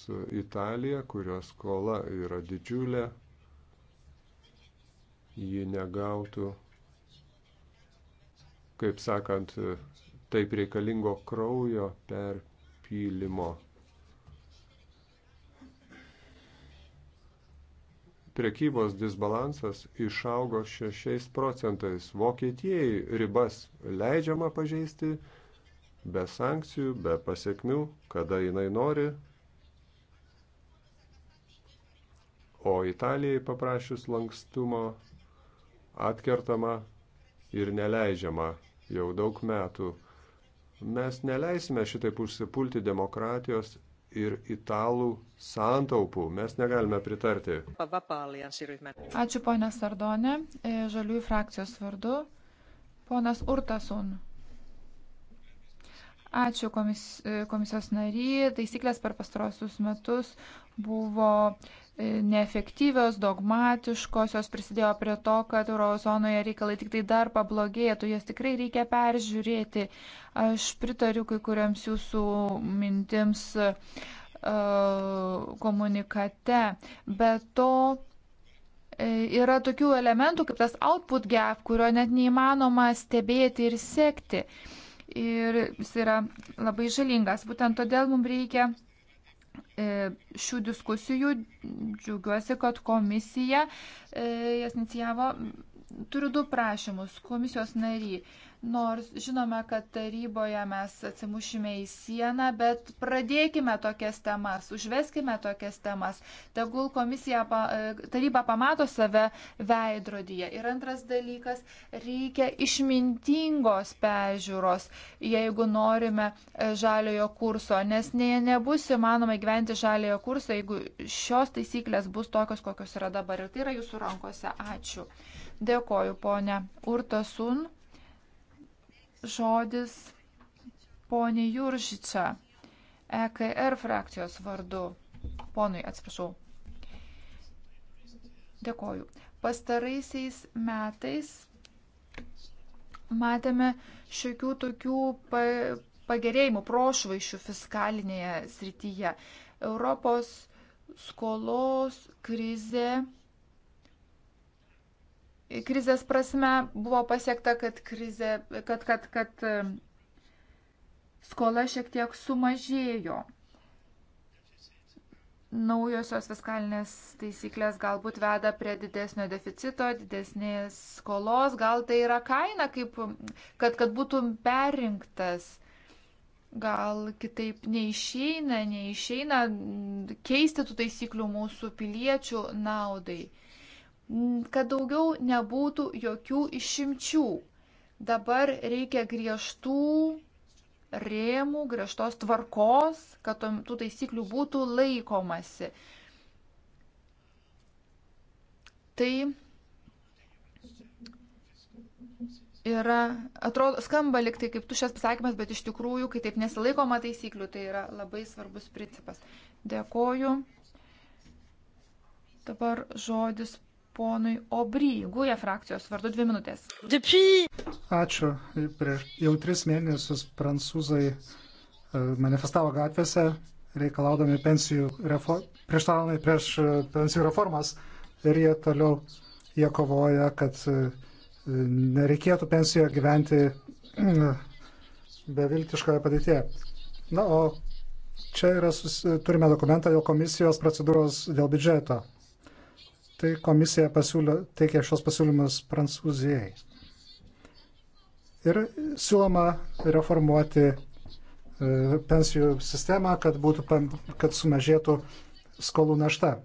Italija, kurios skola yra didžiulė, ji negautų, kaip sakant, taip reikalingo kraujo perpylimo. priekybos disbalansas išaugo 6 procentais. Vokietijai ribas leidžiama pažeisti be sankcijų, be pasiekmių, kada jinai nori. O Italijai paprašius lankstumo atkertama ir neleidžiama jau daug metų. Mes neleisime šitaip užsipulti demokratijos ir italų santaupų. Mes negalime pritarti. Ačiū ponė Sardonė, e, žaliųjų frakcijos vardu. Ponas Urtasun. Ačiū komis, e, komisijos nary. Taisyklės per pastarosius metus buvo neefektyvios, dogmatiškos, jos prisidėjo prie to, kad eurozonoje reikalai tik tai dar pablogėtų, jas tikrai reikia peržiūrėti. Aš pritariu kai kuriams jūsų mintims uh, komunikate, bet to e, yra tokių elementų kaip tas output gap, kurio net neįmanoma stebėti ir sekti. Ir jis yra labai žalingas. Būtent todėl mums reikia E, šių diskusijų. Džiaugiuosi, kad komisija e, jas inicijavo, Turiu du prašymus komisijos nary. Nors žinome, kad taryboje mes atsimušime į sieną, bet pradėkime tokias temas, užveskime tokias temas. Tegul komisija, e, taryba pamato save veidrodyje. Ir antras dalykas, reikia išmintingos pežiūros, jeigu norime e, žaliojo kurso, nes ne, nebus įmanoma gyventi žaliojo kurso, jeigu šios taisyklės bus tokios, kokios yra dabar. Ir tai yra jūsų rankose. Ačiū. Dėkoju, ponė Urtasun. Žodis ponė Juržičia, EKR frakcijos vardu. Ponui, atsiprašau. Dėkoju. Pastaraisiais metais matėme šiokių tokių pagerėjimų prošvaišių fiskalinėje srityje. Europos skolos krize krizės prasme buvo pasiekta, kad, krizė, kad, kad, kad e, skola šiek tiek sumažėjo. Naujosios fiskalinės taisyklės galbūt veda prie didesnio deficito, didesnės skolos, gal tai yra kaina, kaip, kad, kad būtum perrinktas gal kitaip neišeina, neišeina keisti tų taisyklių mūsų piliečių naudai kad daugiau nebūtų jokių išimčių. Dabar reikia griežtų rėmų, griežtos tvarkos, kad tų taisyklių būtų laikomasi. Tai yra, atrodo, skamba liktai kaip tušęs pasakymas, bet iš tikrųjų, kai taip nesilaikoma taisyklių, tai yra labai svarbus principas. Dėkoju. Dabar žodis ponui Obry, Guja frakcijos vardu dvi minutės. Ačiū. Prieš jau tris mėnesius prancūzai e, manifestavo gatvėse, reikalaudami pensijų, refo prieštaravimai prieš e, pensijų reformas ir jie toliau jie kovoja, kad e, nereikėtų pensijoje gyventi beviltiškoje padėtėje. Na, o čia yra, susi... turime dokumentą dėl komisijos procedūros dėl biudžeto tai komisija pasiūlė, teikė šios pasiūlymus Prancūzijai. Ir siūloma reformuoti e, pensijų sistemą, kad, būtų, kad sumažėtų skolų našta.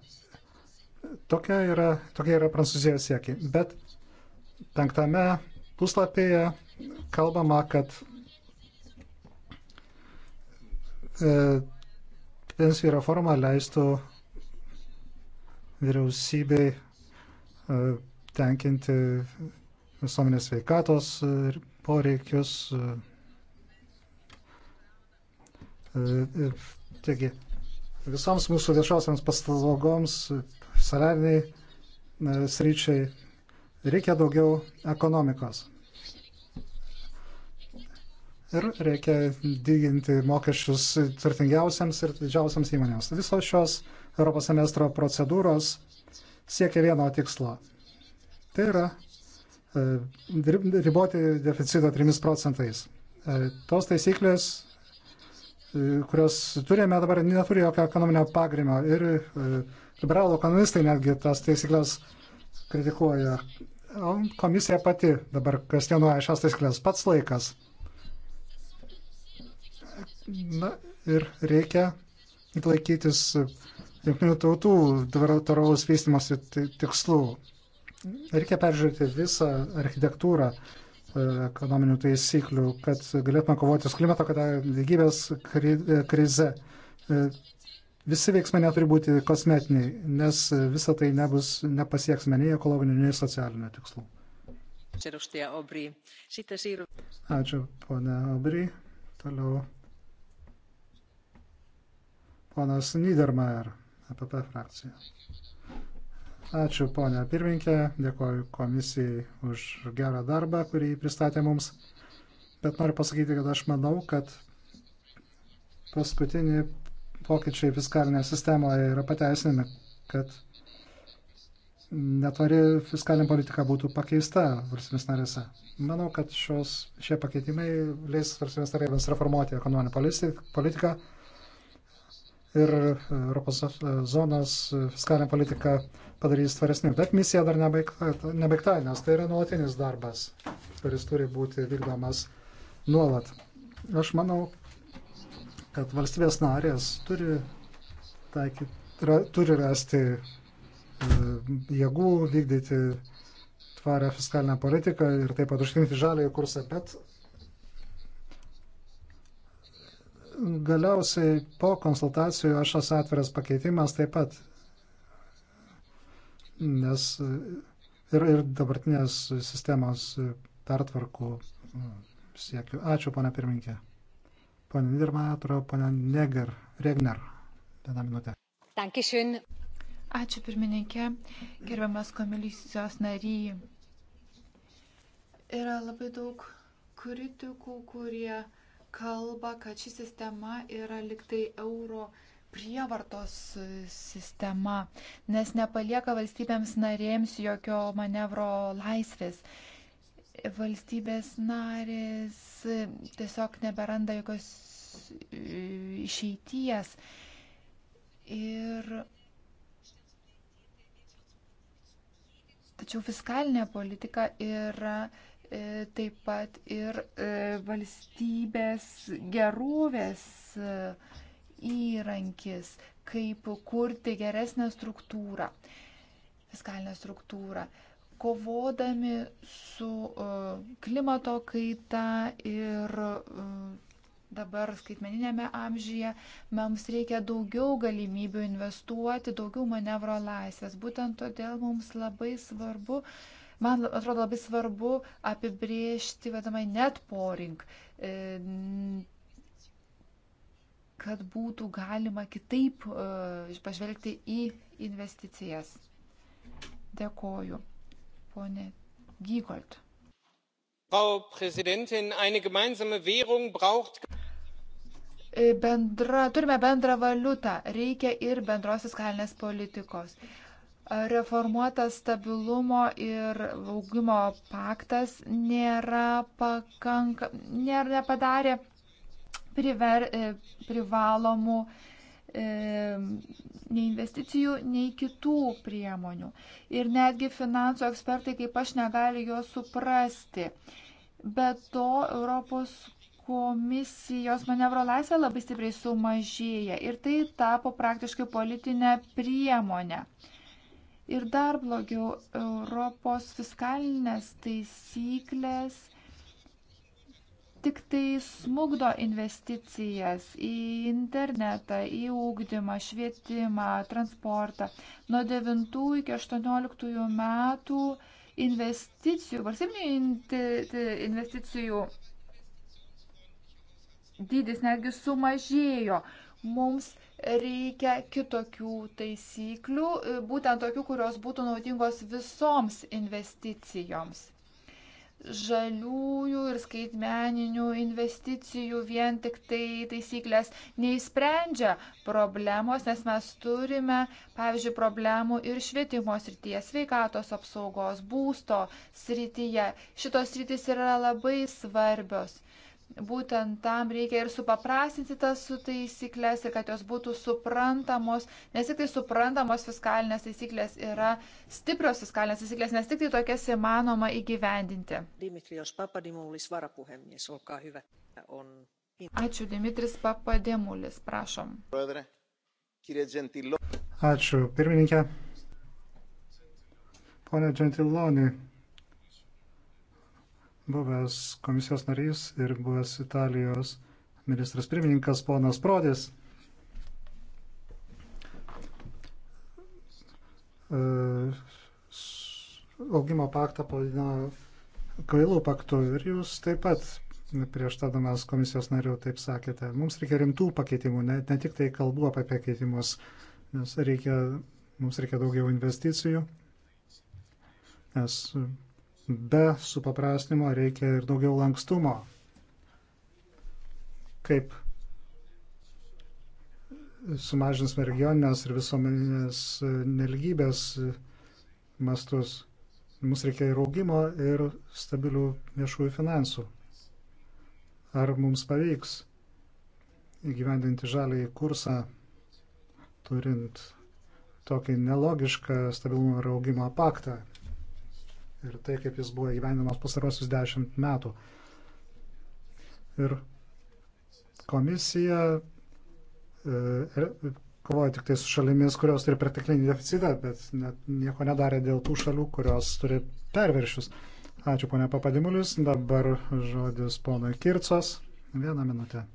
Tokia yra, tokia yra Prancūzijos siekiai. Bet penktame puslapyje kalbama, kad e, pensijų reforma leistų vyriausybei e, tenkinti visuomenės veikatos e, poreikius. E, taigi, visoms mūsų viešosiams paslaugoms, saliniai sryčiai reikia daugiau ekonomikos. Ir reikia didinti mokesčius turtingiausiams ir didžiausiams įmonėms. Visos šios uh, Europos semestro procedūros siekia vieno tikslo. Tai yra e, riboti deficitą 3 procentais. E, tos taisyklės, e, kurios turėjome dabar, neturi jokio ekonominio pagrimo. Ir liberalų ekonomistai netgi tas taisyklės kritikuoja. O komisija pati dabar kvestionuoja šias taisyklės. Pats laikas. Na ir reikia laikytis jungtinių tautų tvaraus vystimosi tikslų. Reikia peržiūrėti visą architektūrą e, ekonominių taisyklių, kad galėtume kovoti su klimato kaita lygybės kri, e, krize. E, visi veiksmai neturi būti kosmetiniai, nes visą tai nebus, nepasieksime nei ekologinių, nei socialinių tikslų. Ačiū, ponia Obry. Toliau. Ponas Niedermayer. APP frakcija. Ačiū, ponia pirminkė, dėkoju komisijai už gerą darbą, kurį pristatė mums. Bet noriu pasakyti, kad aš manau, kad paskutiniai pokyčiai fiskalinėje sistemoje yra pateisinami, kad netvari fiskalinė politika būtų pakeista valstybės narėse. Manau, kad šios, šie pakeitimai leis valstybės narėms reformuoti ekonominę politiką ir e, Europos e, zonos e, fiskalinė politika padarys tvaresnį. Bet misija dar nebaigta, nebaigta, nes tai yra nuolatinis darbas, kuris turi būti vykdomas nuolat. Aš manau, kad valstybės narės turi, taiky, ra, turi rasti jėgų vykdyti tvarę fiskalinę politiką ir taip pat užtikrinti žalį kursą, bet galiausiai po konsultacijų aš esu atviras pakeitimas taip pat, nes ir, ir dabartinės sistemos pertvarkų siekiu. Ačiū, pana pirminkė. Pane Nidermaja, turiu pana Neger, Regner. Vieną minutę. Dankišin. Ačiū, pirmininkė. Gerbiamas komisijos nary. Yra labai daug kritikų, kurie kalba, kad ši sistema yra liktai euro prievartos sistema, nes nepalieka valstybėms narėms jokio manevro laisvės. Valstybės narės tiesiog neberanda jokios išeities. Ir tačiau fiskalinė politika yra E, taip pat ir e, valstybės gerovės e, įrankis, kaip kurti geresnę struktūrą, fiskalinę struktūrą, kovodami su klimato kaita ir dabar skaitmeninėme amžyje mums reikia daugiau galimybių investuoti, daugiau manevro laisvės. Būtent todėl mums labai svarbu uh, Man atrodo labai svarbu apibriežti, vadinamai, net porink, e, kad būtų galima kitaip e, pažvelgti į investicijas. Dėkoju. Pone Gygolt. Frau Präsidentin, eine gemeinsame Währung braucht e, bendra, turime bendrą valiutą, reikia ir bendros fiskalinės politikos reformuotas stabilumo ir augimo paktas nėra pakanka, nėra nepadarė priver, e, privalomų e, nei investicijų, nei kitų priemonių. Ir netgi finansų ekspertai, kaip aš, negali jo suprasti. Be to, Europos komisijos manevro laisvė labai stipriai sumažėja ir tai tapo praktiškai politinė priemonė. Uh, Ir dar blogiau, Europos fiskalinės taisyklės tik tai smugdo investicijas į internetą, į ūkdymą, švietimą, transportą. Nuo 9 iki 18 metų investicijų, valstybinių investicijų dydis netgi sumažėjo. Mums reikia kitokių taisyklių, e, būtent tokių, kurios būtų naudingos visoms investicijoms. Žaliųjų ir skaitmeninių investicijų vien tik tai taisyklės neįsprendžia problemos, nes mes turime, pavyzdžiui, problemų ir švietimo srityje, sveikatos apsaugos, būsto srityje. Šitos sritis yra labai svarbios Būtent tam reikia ir supaprastinti tas su taisyklės ir kad jos būtų suprantamos, nes tik tai suprantamos fiskalinės taisyklės yra stiprios fiskalinės taisyklės, nes tik tai tokias įmanoma įgyvendinti. Dimitrios Papadimulis, varapuhemies, olkaa hyvä. On... Ačiū, Dimitris Papadimulis, prašom. Ačiū, pirmininkė. Pone Gentiloni, buvęs komisijos narys ir buvęs Italijos ministras pirmininkas ponas Prodis. E, augimo paktą pavadino kvailų paktų ir jūs taip pat prieš tadamas komisijos narių taip sakėte. Mums reikia rimtų pakeitimų, ne, ne tik tai kalbu apie pakeitimus, nes reikia, mums reikia daugiau investicijų, nes be supaprastinimo reikia ir daugiau lankstumo. Kaip sumažinsime regioninės ir visuomeninės neligybės mastus. Mums reikia ir augimo, ir stabilių viešųjų finansų. Ar mums pavyks įgyvendinti žalį kursą, turint tokį nelogišką stabilumo ir augimo paktą? ir tai, kaip jis buvo įgyvenimas pasarosius dešimt metų. Ir komisija e, kovoja tik tai su šalimis, kurios turi perteklinį deficitą, bet net nieko nedarė dėl tų šalių, kurios turi perviršius. Ačiū ponia Papadimulius. Dabar žodis ponui Kircos. Vieną minutę.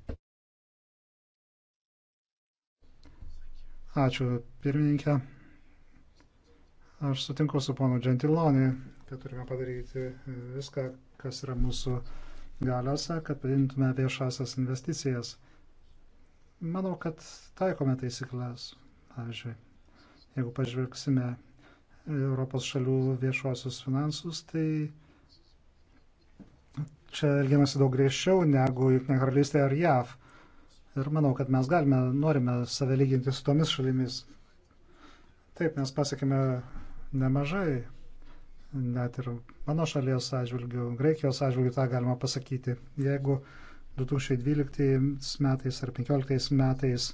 Ačiū pirmininkė. Aš sutinku su ponu Gentiloni kad turime padaryti viską, kas yra mūsų galiuose, kad padintume viešasias investicijas. Manau, kad taikome taisyklės. Pavyzdžiui, jeigu pažvelgsime Europos šalių viešuosius finansus, tai čia elgiamasi daug griežčiau negu Junktinė karalystė ar JAV. Ir manau, kad mes galime, norime save lyginti su tomis šalimis. Taip, mes pasiekime nemažai net ir mano šalies atžvilgių, Graikijos atžvilgių tą galima pasakyti. Jeigu 2012 metais ar 2015 metais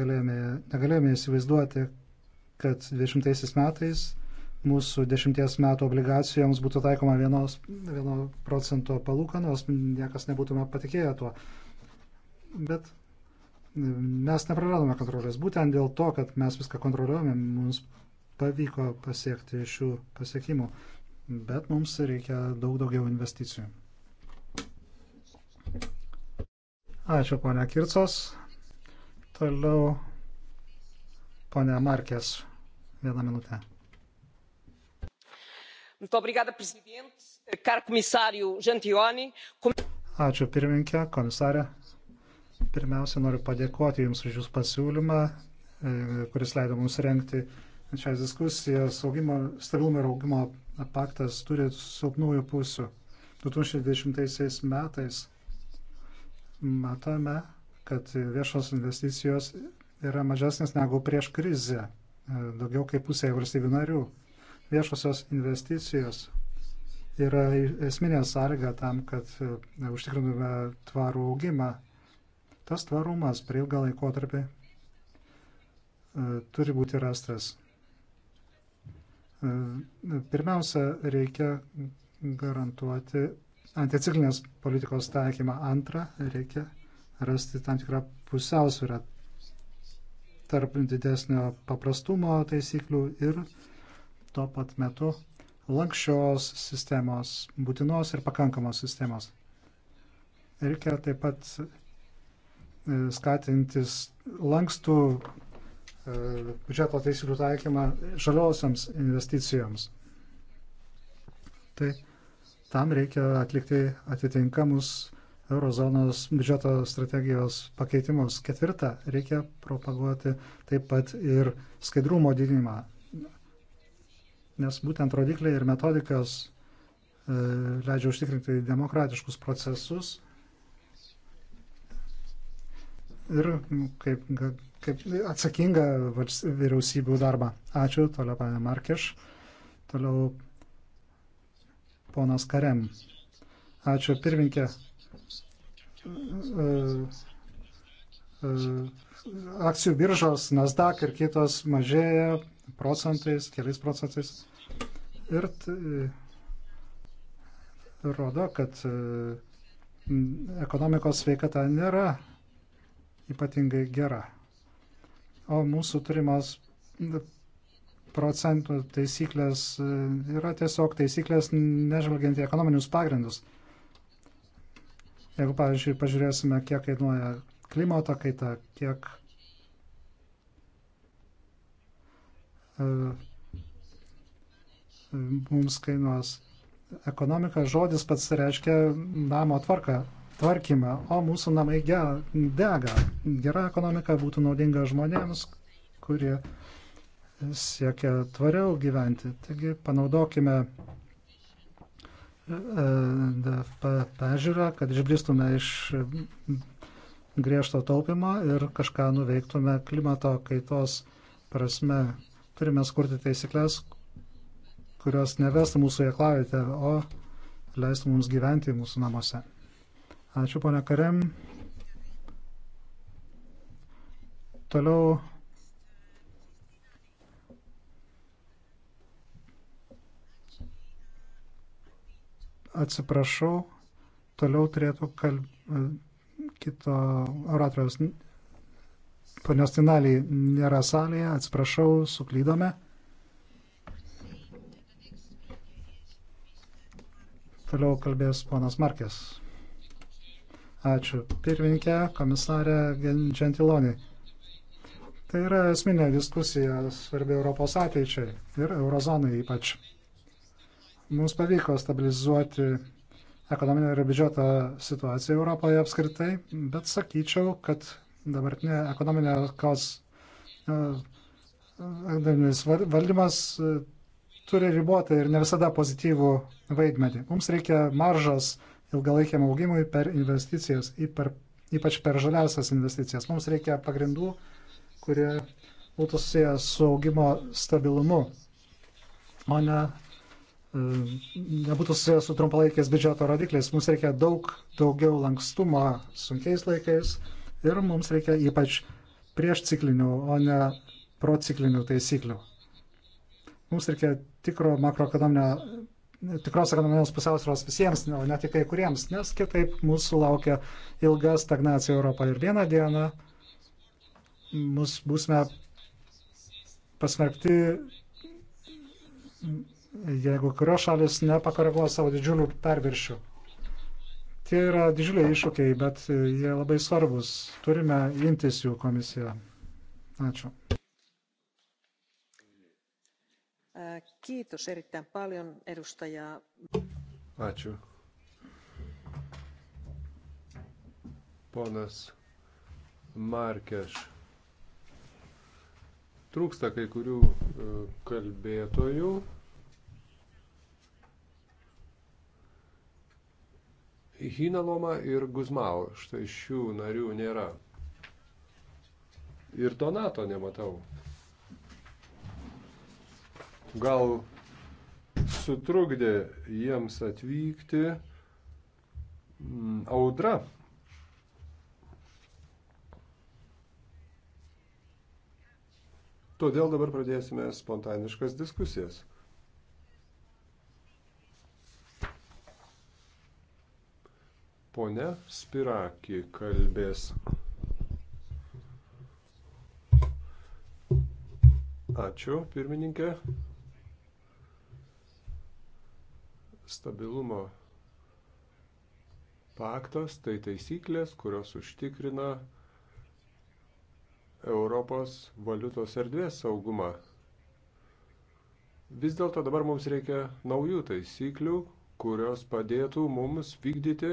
galėjome, negalėjome įsivaizduoti, kad 20 metais mūsų 10 metų obligacijoms būtų taikoma 1 procento palūkanos, niekas nebūtume patikėję tuo. Bet mm, mes nepraradome kontrolės. Būtent dėl to, kad mes viską kontroliuojame, mums pavyko pasiekti šių pasiekimų, bet mums reikia daug daugiau investicijų. Ačiū, ponia Kircos. Toliau, ponia Markės, vieną minutę. Ačiū pirmininkė, komisarė. Pirmiausia, noriu padėkoti Jums už Jūsų pasiūlymą, e, kuris leido mums renkti šias diskusijas augimo, stabilumo ir augimo paktas turi silpnųjų pusių. 2020 metais matome, kad viešos investicijos yra mažesnės negu prieš krizę, daugiau kaip pusėje valstybių narių. Viešosios investicijos yra esminė sąlyga tam, kad užtikrintume tvarų augimą. Tas tvarumas prie ilgą laikotarpį e, turi būti rastas. Pirmiausia, reikia garantuoti anticiklinės politikos taikymą. Antra, reikia rasti tam tikrą pusiausvyrą tarp didesnio paprastumo taisyklių ir tuo pat metu lankščios sistemos, būtinos ir pakankamos sistemos. Reikia taip pat e, skatintis lankstų E, biudžeto taisyklių taikymą žaliosiams investicijoms. Tai tam reikia atlikti atitinkamus eurozonos biudžeto strategijos pakeitimus. Ketvirta, reikia propaguoti taip pat ir skaidrumo didinimą, nes būtent rodikliai ir metodikas e, leidžia užtikrinti demokratiškus procesus ir nu, kaip, kaip atsakinga vyriausybių darbą. Ačiū, toliau pane Markeš, toliau ponas Karem. Ačiū, pirminkė. E, e, akcijų biržos Nasdaq ir kitos mažėja procentais, keliais procentais. Ir rodo, kad e, ekonomikos sveikata nėra ypatingai gera. O mūsų turimos procentų taisyklės e, yra tiesiog taisyklės nežvelgiant į ekonominius pagrindus. Jeigu, pavyzdžiui, pažiūrėsime, kiek kainuoja klimato kaita, kiek e, e, mums kainuos ekonomika, žodis pats reiškia namo tvarką tvarkymą, o mūsų namai dega. Gera ekonomika būtų naudinga žmonėms, kurie siekia tvariau gyventi. Taigi panaudokime DFP e, e, pežiūrą, kad išbristume iš griežto taupimo ir kažką nuveiktume klimato kaitos prasme. Turime skurti taisyklės, kurios nevestų mūsų į aklavietę, o leistų mums gyventi mūsų namuose. Ačiū, ponia Karem. Toliau. Atsiprašau, toliau turėtų kalb... kito oratoriaus. Ponios Tinaliai nėra salėje, atsiprašau, suklydome. Toliau kalbės ponas Markės. Ačiū pirmininkė, komisarė Gentilonė. Tai yra esminė diskusija svarbi Europos ateičiai ir eurozonai ypač. Mums pavyko stabilizuoti ekonominę ir biudžeto situaciją Europoje apskritai, bet sakyčiau, kad dabartinė ekonominė kos e, valdymas e, turi ribotą ir ne visada pozityvų vaidmenį. Mums reikia maržos ilgalaikiam augimui per investicijas, per, ypač per žaliasias investicijas. Mums reikia pagrindų, kurie būtų susijęs su augimo stabilumu, o ne e, nebūtų susijęs su trumpalaikiais biudžeto rodikliais. Mums reikia daug daugiau lankstumo sunkiais laikais ir mums reikia ypač prieš ciklinių, o ne prociklinių taisyklių. Mums reikia tikro makroekonominio tikros ekonominės pusiausvėros visiems, o ne tik kai kuriems, nes kitaip mūsų laukia ilga stagnacija Europoje ir vieną dieną mus būsime pasmerkti, jeigu kurios šalis nepakoreguos savo didžiulių perviršių. Tai yra didžiuliai iššūkiai, bet jie labai svarbus. Turime imtis jų komisiją. Ačiū. Kiitos erittäin paljon edustaja. Ačiū. Ponas Markeš. Trūksta kai kurių e, kalbėtojų. Hinaloma ir Guzmau, štai šių narių nėra. Ir Donato nematau gal sutrukdė jiems atvykti mm, audra. Todėl dabar pradėsime spontaniškas diskusijas. Pone Spiraki kalbės. Ačiū, pirmininkė. stabilumo paktas tai taisyklės, kurios užtikrina Europos valiutos erdvės saugumą. Vis dėlto dabar mums reikia naujų taisyklių, kurios padėtų mums vykdyti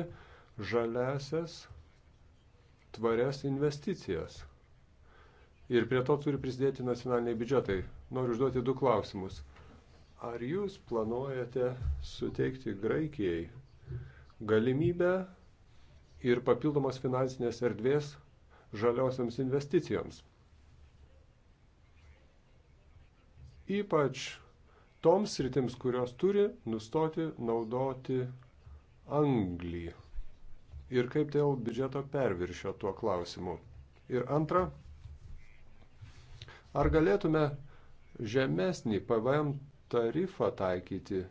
žaliasias tvarias investicijas. Ir prie to turi prisidėti nacionaliniai biudžetai. Noriu užduoti du klausimus. Ar jūs planuojate suteikti Graikijai galimybę ir papildomos finansinės erdvės žaliosiams investicijoms? Ypač toms sritims, kurios turi nustoti naudoti anglį. Ir kaip dėl biudžeto perviršio tuo klausimu. Ir antra, ar galėtume žemesnį PVM tarifą taikyti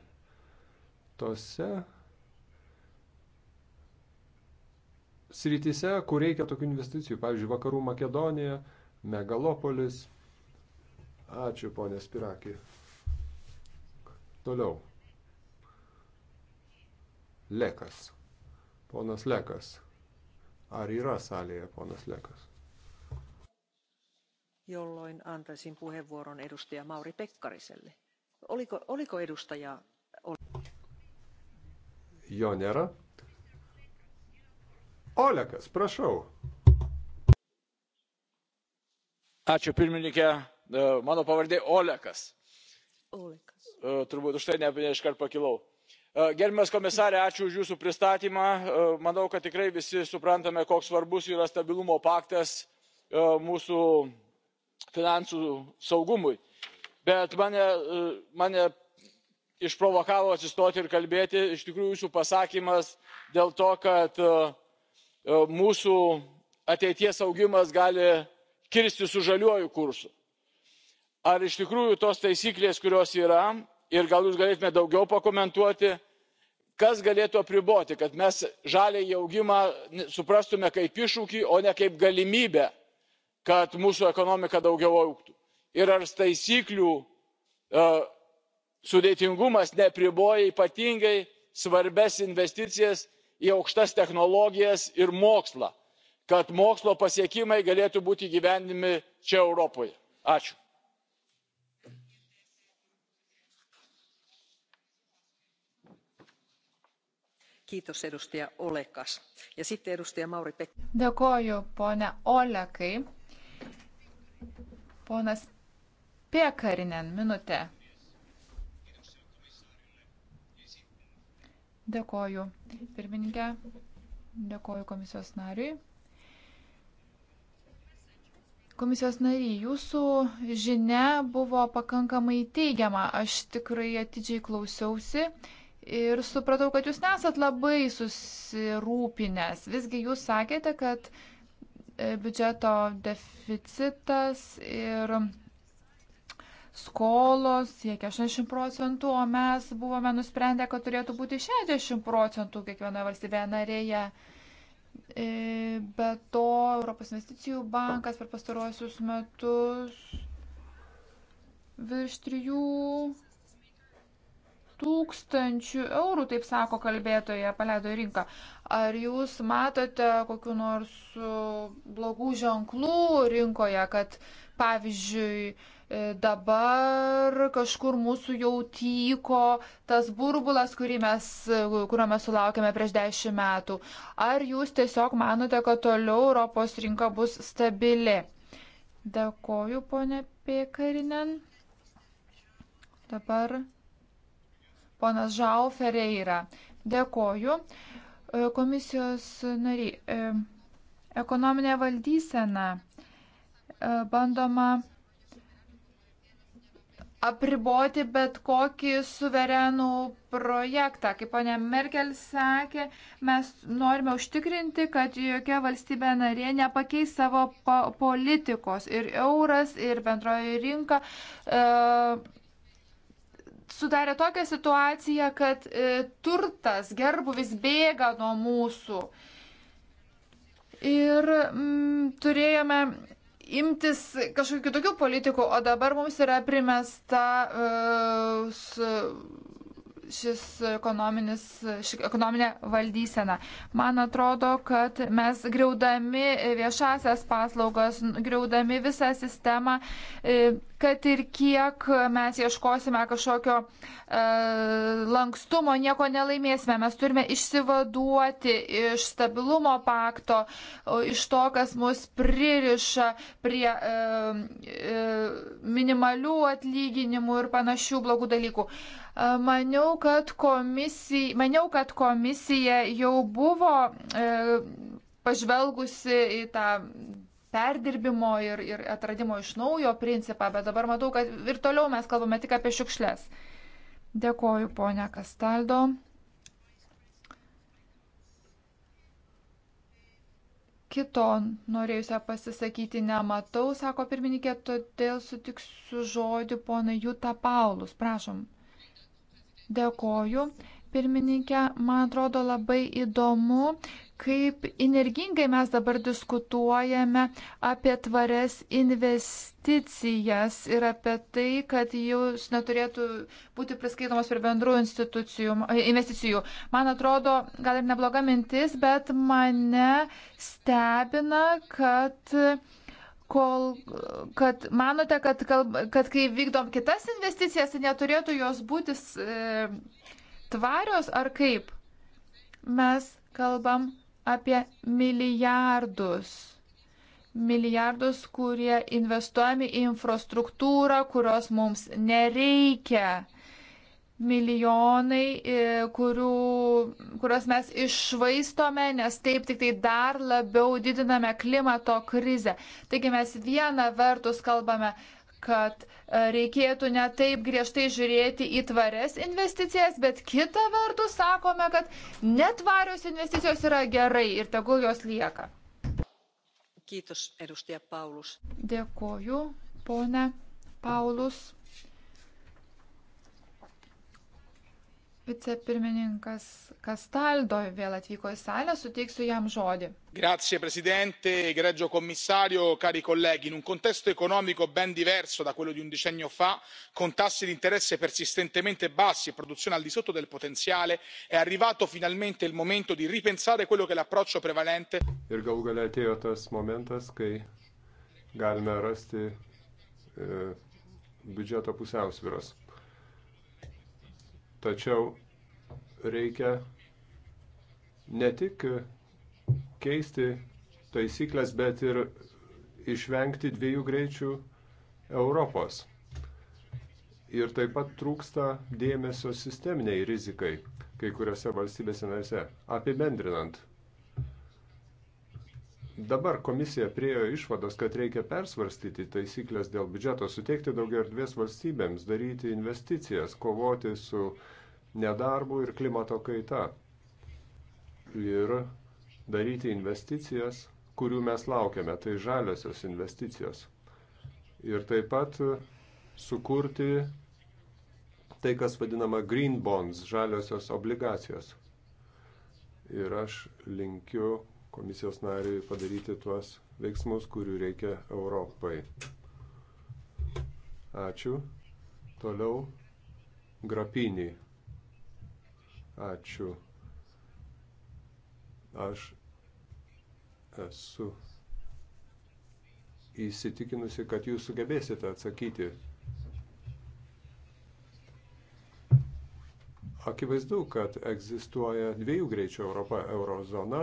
tose srityse, kur reikia tokių investicijų, pavyzdžiui, Vakarų Makedonija, Megalopolis. Ačiū, ponė Spirakė. Toliau. Lekas. Ponas Lekas. Ar yra salėje ponas Lekas? Jolloin antaisin puheenvuoron edustaja Mauri Pekkariselle. Oliko, oliko edustaja? Jo nėra. Olekas, prašau. Ačiū pirmininkė, e, mano pavardė Olekas. Olekas. E, turbūt už tai ne, ne iškart pakilau e, gerbiamas komisare ačiū už jūsų pristatymą manau kad tikrai visi suprantame koks svarbus yra stabilumo paktas mūsų finansų saugumui bet mane, e, mane išprovokavo atsistoti ir kalbėti iš tikrųjų jūsų pasakymas dėl to, kad e, e, mūsų ateities augimas gali kirsti su žaliuoju kursu. Ar iš tikrųjų tos taisyklės, kurios yra, ir gal jūs galėtumėte daugiau pakomentuoti, kas galėtų apriboti, kad mes žaliąjį augimą suprastume kaip iššūkį, o ne kaip galimybę, kad mūsų ekonomika daugiau auktų ir ar taisyklių e, sudėtingumas neapriboja ypatingai svarbias investicijas į aukštas technologijas ir mokslą kad mokslo pasiekimai galėtų būti įgyvendinami čia europoje. ačiū. Dėkoju, ponia Olekai. Ponas Piekarinen, minutė. Dėkoju pirmininkė, dėkoju komisijos nariui. Komisijos nariai, jūsų žinia buvo pakankamai teigiama. Aš tikrai atidžiai klausiausi ir supratau, kad jūs nesat labai susirūpinęs. Visgi jūs sakėte, kad e, biudžeto deficitas ir skolos siekia 60 procentų, o mes buvome nusprendę, kad turėtų būti 60 procentų kiekvienoje valstybėje narėje. E, be to, Europos investicijų bankas per pastaruosius metus virš 3 tūkstančių eurų, taip sako kalbėtoje, paleido į rinką. Ar jūs matote kokiu nors uh, blogų ženklų rinkoje, kad pavyzdžiui, E, dabar kažkur mūsų jau tyko tas burbulas, mes, e, kurio mes sulaukėme prieš dešimt metų. Ar jūs tiesiog manote, kad toliau Europos rinka bus stabili? Dėkoju, ponė Pekarinen. Dabar ponas Žau Fereira. Dėkoju. E, komisijos nariai, ekonominė valdysena bandoma apriboti bet kokį suverenų projektą. Kaip ponė Merkel sakė, mes norime užtikrinti, kad jokia valstybė narė nepakeis savo politikos ir euras, ir bendroji rinka. E, Sudarė tokią situaciją, kad e, turtas, gerbuvis bėga nuo mūsų. Ir mm, turėjome imtis kažkokių kitokių politikų, o dabar mums yra primesta uh, šis ši ekonominė valdysena. Man atrodo, kad mes greudami viešasias paslaugas, greudami visą sistemą, e, kad ir kiek mes ieškosime kažkokio e, lankstumo, nieko nelaimėsime. Mes turime išsivaduoti iš stabilumo pakto, iš to, kas mus pririša prie e, e, minimalių atlyginimų ir panašių blogų dalykų. E, Maniau, kad komisija, maniau, kad komisija jau buvo e, pažvelgusi į tą perdirbimo ir, ir atradimo iš naujo principą, bet dabar matau, kad ir toliau mes kalbame tik apie šiukšlės. Dėkoju, ponia Kastaldo. Kito norėjusią pasisakyti nematau, sako pirmininkė, todėl sutiksiu žodį ponai Jūta Paulus. Prašom. Dėkoju, pirmininkė. Man atrodo labai įdomu, kaip energingai mes dabar diskutuojame apie tvarias investicijas ir apie tai, kad jūs neturėtų būti priskaitomas prie bendrų investicijų. Man atrodo, gal ir nebloga mintis, bet mane stebina, kad kol, kad manote, kad, kalb, kad kai vykdom kitas investicijas, tai neturėtų jos būti e, tvarios ar kaip? Mes kalbam apie milijardus. Milijardus, kurie investuojami į infrastruktūrą, kurios mums nereikia milijonai, e, kurių, kuriuos mes išvaistome, nes taip tik tai dar labiau didiname klimato krizę. Taigi mes vieną vertus kalbame, kad e, reikėtų ne taip griežtai žiūrėti į tvarias investicijas, bet kitą vertus sakome, kad netvarios investicijos yra gerai ir tegul jos lieka. Kiitos, edustaja Paulus. Dėkoju, ponė Paulus. Vicepirmininkas Kastaldo vėl atvyko į salę, suteiksiu jam žodį. Grazie, prezidente, egregio komisario, cari colleghi. In un contesto economico ben diverso da quello di un decennio fa, con tassi di interesse persistentemente bassi e produzione al di sotto del potenziale, è arrivato finalmente il momento di ripensare quello che è l'approccio prevalente. Ir galų galia atėjo tas momentas, kai galime rasti e, biudžeto pusiausvyros. Tačiau reikia ne tik keisti taisyklės, bet ir išvengti dviejų greičių Europos. Ir taip pat trūksta dėmesio sisteminiai rizikai kai kuriuose valstybėse narėse. Apibendrinant, dabar komisija priejo išvados, kad reikia persvarstyti taisyklės dėl biudžeto, suteikti daugiau erdvės valstybėms, daryti investicijas, kovoti su uh, nedarbu ir klimato kaita. Ir daryti investicijas, kurių mes laukiame, tai žaliosios investicijos. Ir taip pat sukurti tai, kas vadinama green bonds, žaliosios obligacijos. Ir aš linkiu komisijos nariui padaryti tuos veiksmus, kurių reikia Europai. Ačiū. Toliau grapinį. Ačiū. Aš esu įsitikinusi, kad jūs sugebėsite atsakyti. Akivaizdu, kad egzistuoja dviejų greičių Europa - eurozona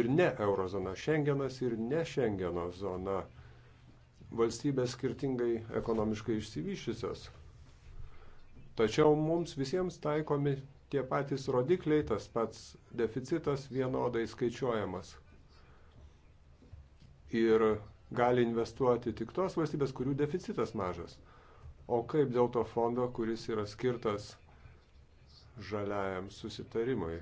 ir ne eurozona, Schengenas ir ne Schengeno zona. Valstybės skirtingai ekonomiškai išsivyščiusios. Tačiau mums visiems taikomi tie patys rodikliai, tas pats deficitas vienodai skaičiuojamas. Ir gali investuoti tik tos valstybės, kurių deficitas mažas. O kaip dėl to fondo, kuris yra skirtas žaliajam susitarimui?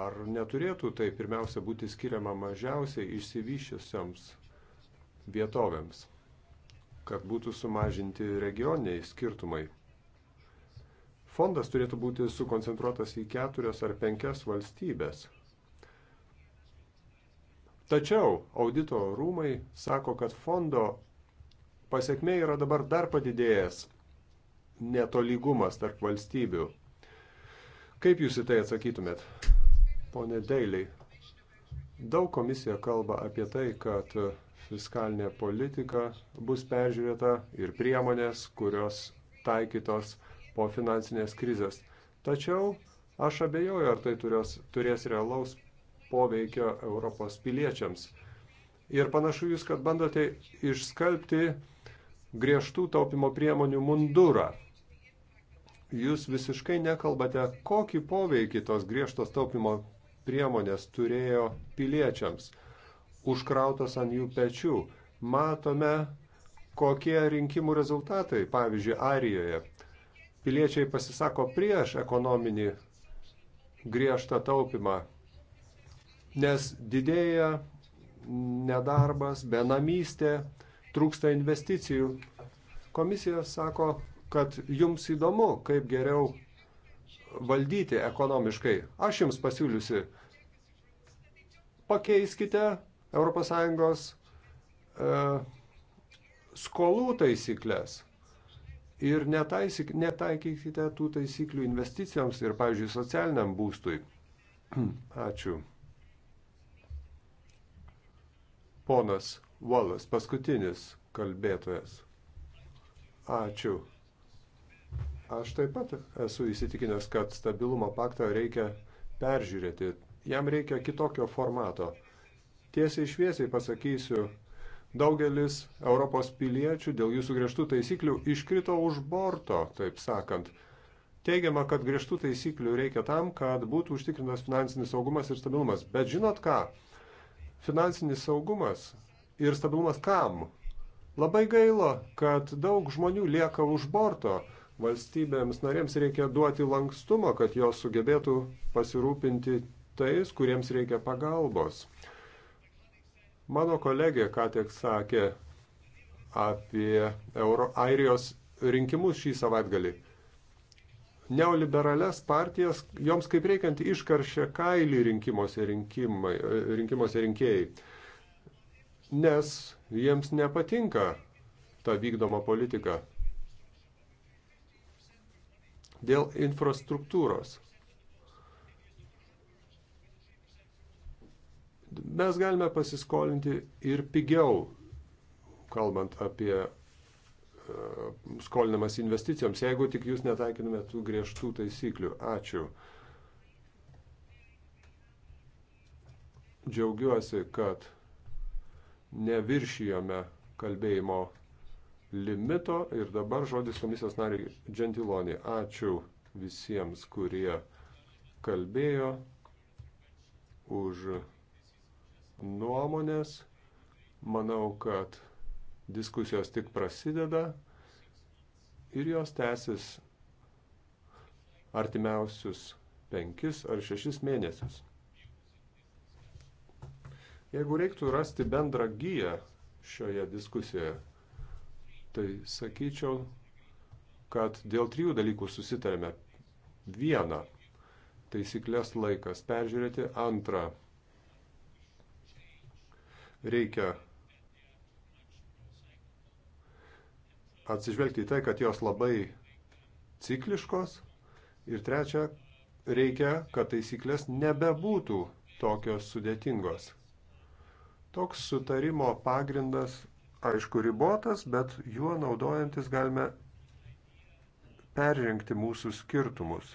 Ar neturėtų tai pirmiausia būti skiriama mažiausiai išsivyščiusiams vietovėms, kad būtų sumažinti regioniniai skirtumai? Fondas turėtų būti sukoncentruotas į keturias ar penkias valstybės. Tačiau audito rūmai sako, kad fondo pasiekmė yra dabar dar padidėjęs netolygumas tarp valstybių. Kaip jūs į tai atsakytumėt, ponė Deiliai? Daug komisija kalba apie tai, kad fiskalinė politika bus peržiūrėta ir priemonės, kurios taikytos po finansinės krizės. Tačiau aš abejoju, ar tai turės, turės realaus poveikio Europos piliečiams. Ir panašu jūs, kad bandote išskalbti griežtų taupimo priemonių mundurą. Jūs visiškai nekalbate, kokį poveikį tos griežtos taupimo priemonės turėjo piliečiams, užkrautos ant jų pečių. Matome, kokie rinkimų rezultatai, pavyzdžiui, Arijoje. Piliečiai pasisako prieš ekonominį griežtą taupimą, nes didėja nedarbas, benamystė, trūksta investicijų. Komisija sako, kad jums įdomu, kaip geriau valdyti ekonomiškai. Aš jums pasiūliusi, pakeiskite ES e, skolų taisyklės ir netaisyk, netaikykite tų taisyklių investicijoms ir, pavyzdžiui, socialiniam būstui. Ačiū. Ponas Valas, paskutinis kalbėtojas. Ačiū. Aš taip pat esu įsitikinęs, kad stabilumo paktą reikia peržiūrėti. Jam reikia kitokio formato. Tiesiai šviesiai pasakysiu, Daugelis Europos piliečių dėl jūsų griežtų taisyklių iškrito už borto, taip sakant. Teigiama, kad griežtų taisyklių reikia tam, kad būtų užtikrintas finansinis saugumas ir stabilumas. Bet žinot ką? Finansinis saugumas ir stabilumas kam? Labai gaila, kad daug žmonių lieka už borto. Valstybėms narėms reikia duoti lankstumą, kad jos sugebėtų pasirūpinti tais, kuriems reikia pagalbos. Mano kolegė ką tik sakė apie Euro Airijos rinkimus šį savaitgalį. Neoliberales partijas joms kaip reikiant iškaršia kailį rinkimuose, rinkimai, rinkimuose rinkėjai, nes jiems nepatinka ta vykdoma politika dėl infrastruktūros. Mes galime pasiskolinti ir pigiau, kalbant apie e, skolinamas investicijoms, jeigu tik jūs netaikinumėt tų griežtų taisyklių. Ačiū. Džiaugiuosi, kad neviršijome kalbėjimo limito ir dabar žodis komisijos nariai Džentilonė. Ačiū visiems, kurie kalbėjo už nuomonės. Manau, kad diskusijos tik prasideda ir jos tęsis artimiausius penkis ar šešis mėnesius. Jeigu reiktų rasti bendrą giją šioje diskusijoje, tai sakyčiau, kad dėl trijų dalykų susitarėme. Viena, taisyklės laikas peržiūrėti. Antra, reikia atsižvelgti į tai, kad jos labai cikliškos. Ir trečia, reikia, kad taisyklės nebebūtų tokios sudėtingos. Toks sutarimo pagrindas, aišku, ribotas, bet juo naudojantis galime peržengti mūsų skirtumus.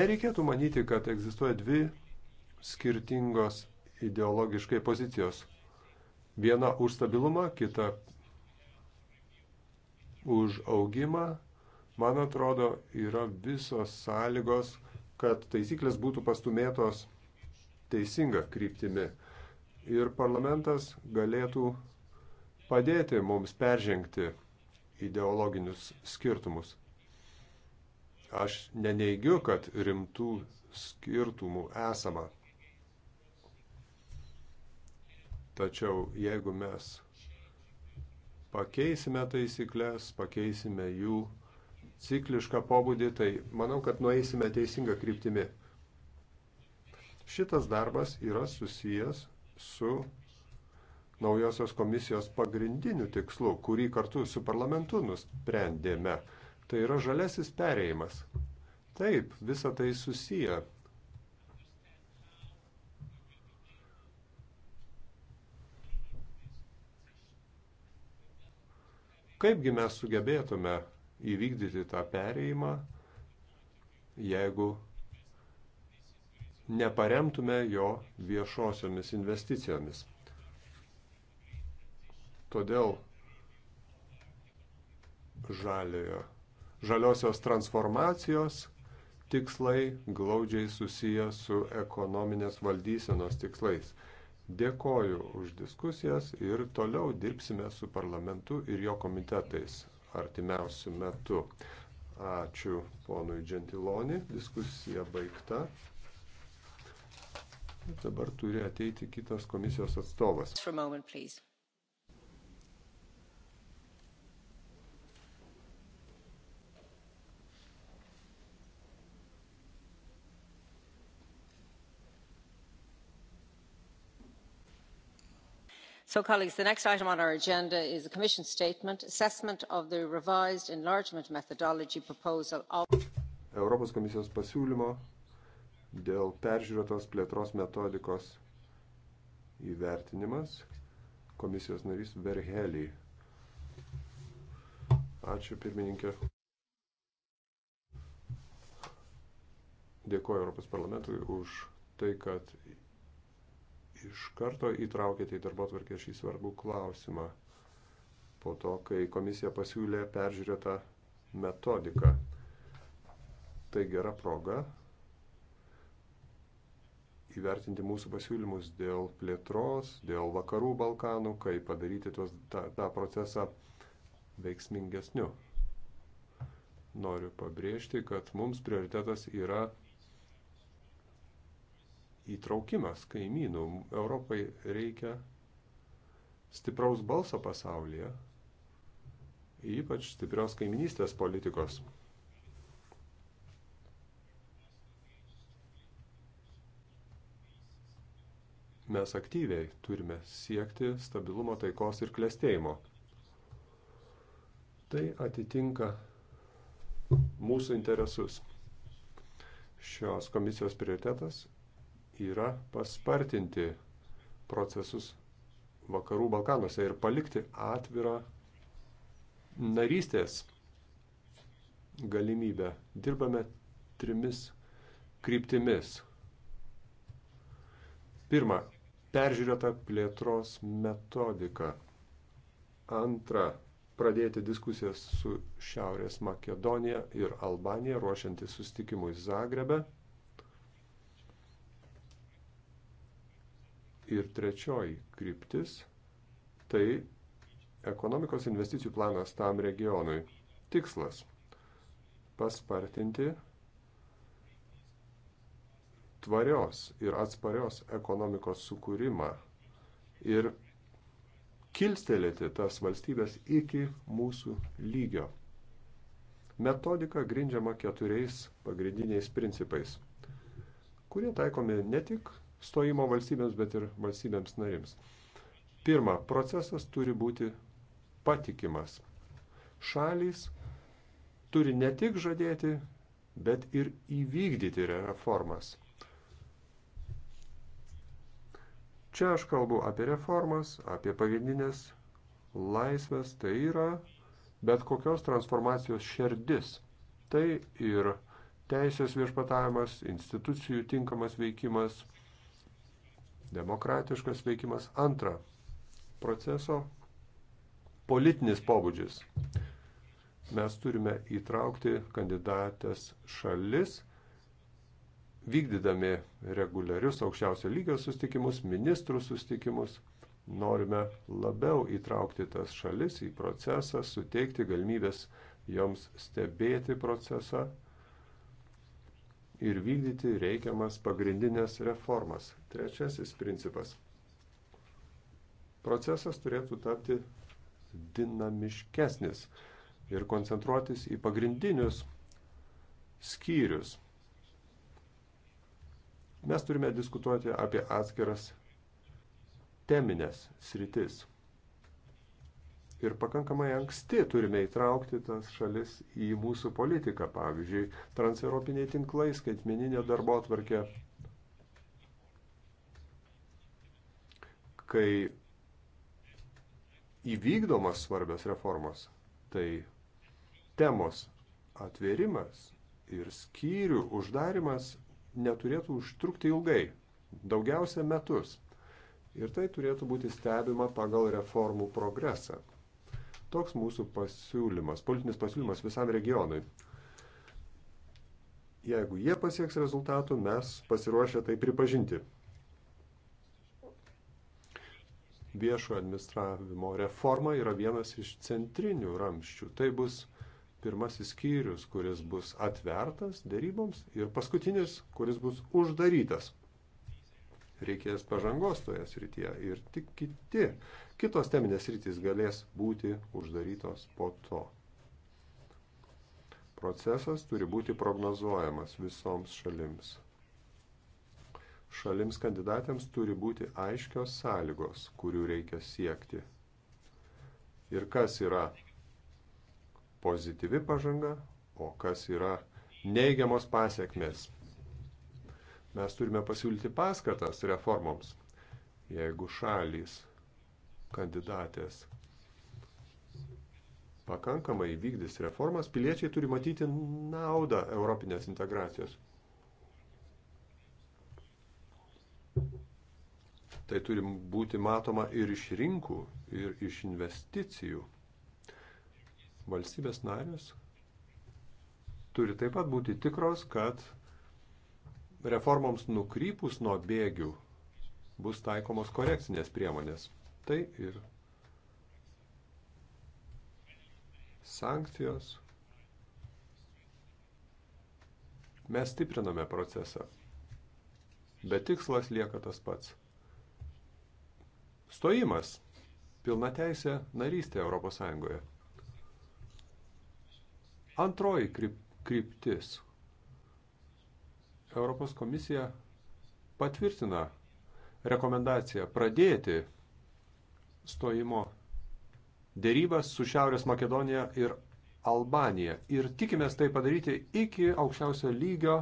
Nereikėtų manyti, kad egzistuoja dvi skirtingos ideologiškai pozicijos. Viena už stabilumą, kita už augimą. Man atrodo, yra visos sąlygos, kad taisyklės būtų pastumėtos teisinga kryptimi. Ir parlamentas galėtų padėti mums peržengti ideologinius skirtumus. Aš neneigiu, kad rimtų skirtumų esama. Tačiau jeigu mes pakeisime taisyklės, pakeisime jų ciklišką pobūdį, tai manau, kad nueisime teisinga kryptimi. Šitas darbas yra susijęs su naujosios komisijos pagrindiniu tikslu, kurį kartu su parlamentu nusprendėme. Tai yra žalesis perėjimas. Taip, visa tai susiję Kaipgi mes sugebėtume įvykdyti tą perėjimą, jeigu neparemtume jo viešosiomis investicijomis. Todėl žaliojo, žaliosios transformacijos tikslai glaudžiai susiję su ekonominės valdysenos tikslais. Dėkoju už diskusijas ir toliau dirbsime su parlamentu ir jo komitetais artimiausių metų. Ačiū ponui Gentiloni, diskusija baigta. Dabar turi ateiti kitas komisijos atstovas. so colleagues the next item on our agenda is the commission statement assessment of the revised enlargement methodology proposal of. europos komisijos pasiūlymo dėl peržiūrėtos plėtros metodikos įvertinimas komisijos narys verhelį. Ačiū pirmininkė. Dėkuoju Europos parlamentui už tai, kad iš karto įtraukėte į darbotvarkę šį svarbų klausimą po to, kai komisija pasiūlė peržiūrėtą metodiką. Tai gera proga įvertinti mūsų pasiūlymus dėl plėtros, dėl vakarų Balkanų, kaip padaryti tuos, tą, tą procesą veiksmingesniu. Noriu pabrėžti, kad mums prioritetas yra įtraukimas kaimynų. Europai reikia stipraus balso pasaulyje, ypač stiprios kaiminystės politikos. Mes aktyviai turime siekti stabilumo, taikos ir klėstėjimo. Tai atitinka mūsų interesus. Šios komisijos prioritetas yra paspartinti procesus vakarų Balkanuose ir palikti atvirą narystės galimybę. Dirbame trimis kryptimis. Pirma, peržiūrėta plėtros metodika. Antra, pradėti diskusijas su Šiaurės Makedonija ir Albanija ruošiantis sustikimui Zagrebe. Ir trečioji kryptis - tai ekonomikos investicijų planas tam regionui. Tikslas - paspartinti tvarios ir atsparios ekonomikos sukūrimą ir kilstelėti tas valstybės iki mūsų lygio. Metodika grindžiama keturiais pagrindiniais principais, kurie taikomi ne tik stojimo valstybėms, bet ir valstybėms narims. Pirma, procesas turi būti patikimas. Šalys turi ne tik žadėti, bet ir įvykdyti reformas. Čia aš kalbu apie reformas, apie pagrindinės laisvės, tai yra bet kokios transformacijos šerdis. Tai ir teisės viešpatavimas, institucijų tinkamas veikimas – demokratiškas veikimas. Antra, proceso politinis pobūdžis. Mes turime įtraukti kandidatės šalis, vykdydami reguliarius aukščiausio lygio sustikimus, ministrų sustikimus. Norime labiau įtraukti tas šalis į procesą, suteikti galimybės joms stebėti procesą ir vykdyti reikiamas pagrindinės reformas. Trečiasis principas. Procesas turėtų tapti dinamiškesnis ir koncentruotis į pagrindinius skyrius. Mes turime diskutuoti apie atskiras teminės sritis. Ir pakankamai anksti turime įtraukti tas šalis į mūsų politiką, pavyzdžiui, transeuropiniai tinklai, skaitmeninė darbo atvarkė, kai įvykdomas svarbios reformos, tai temos atvėrimas ir skyrių uždarimas neturėtų užtrukti ilgai, daugiausia metus. Ir tai turėtų būti stebima pagal reformų progresą. Toks mūsų pasiūlymas, politinis pasiūlymas visam regionui. Jeigu jie pasieks rezultatų, mes pasiruošę tai pripažinti. viešojo administravimo reforma yra vienas iš centrinių ramščių. Tai bus pirmasis skyrius, kuris bus atvertas dėryboms ir paskutinis, kuris bus uždarytas. Reikės pažangos toje srityje ir tik kiti, kitos teminės sritys galės būti uždarytos po to. Procesas turi būti prognozuojamas visoms šalims šalims kandidatėms turi būti aiškios sąlygos, kurių reikia siekti. Ir kas yra pozityvi pažanga, o kas yra neigiamos pasiekmes. Mes turime pasiūlyti paskatas reformoms, jeigu šalys kandidatės pakankamai vykdys reformas, piliečiai turi matyti naudą Europinės integracijos. Tai turim būti matoma ir iš rinkų, ir iš investicijų. Valstybės narius turi taip pat būti tikros, kad reformoms nukrypus nuo bėgių bus taikomos korekcinės priemonės. Tai ir sankcijos. Mes stipriname procesą, bet tikslas lieka tas pats. Stojimas. Pilna teisė narystė ES. Antroji kryptis. Europos komisija patvirtina rekomendaciją pradėti stojimo dėrybas su Šiaurės Makedonija ir Albanija. Ir tikimės tai padaryti iki aukščiausio lygio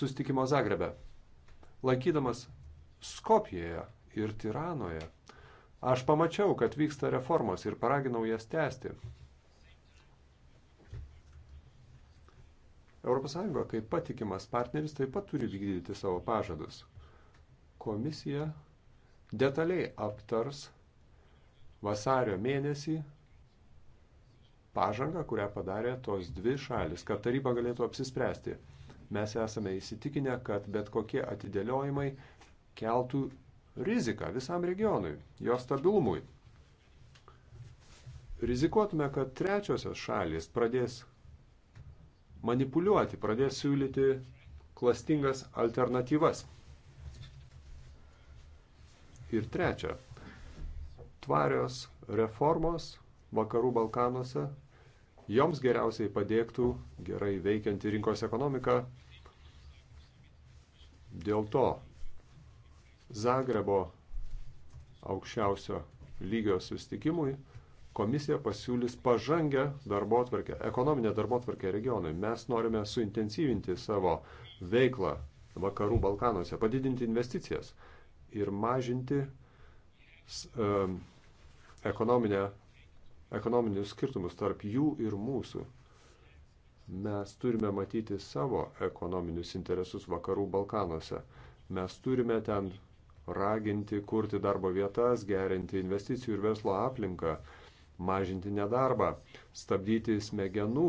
sustikimo Zagrebe. Lankydamas Skopijoje ir Tiranoje. Aš pamačiau, kad vyksta reformos ir paraginau jas tęsti. ES kaip patikimas partneris taip pat turi vykdyti savo pažadus. Komisija detaliai aptars vasario mėnesį pažangą, kurią padarė tos dvi šalis, kad taryba galėtų apsispręsti. Mes esame įsitikinę, kad bet kokie atidėliojimai keltų riziką visam regionui, jo stabilumui. Rizikuotume, kad trečiosios šalis pradės manipuliuoti, pradės siūlyti klastingas alternatyvas. Ir trečia, tvarios reformos vakarų Balkanuose joms geriausiai padėktų gerai veikianti rinkos ekonomika. Dėl to Zagrebo aukščiausio lygio sustikimui komisija pasiūlys pažangę darbo atvarkę, ekonominę darbo atvarkę regionui. Mes norime suintensyvinti savo veiklą vakarų Balkanuose, padidinti investicijas ir mažinti um, ekonominę, ekonominius skirtumus tarp jų ir mūsų. Mes turime matyti savo ekonominius interesus vakarų Balkanuose. Mes turime ten raginti kurti darbo vietas, gerinti investicijų ir verslo aplinką, mažinti nedarbą, stabdyti smegenų,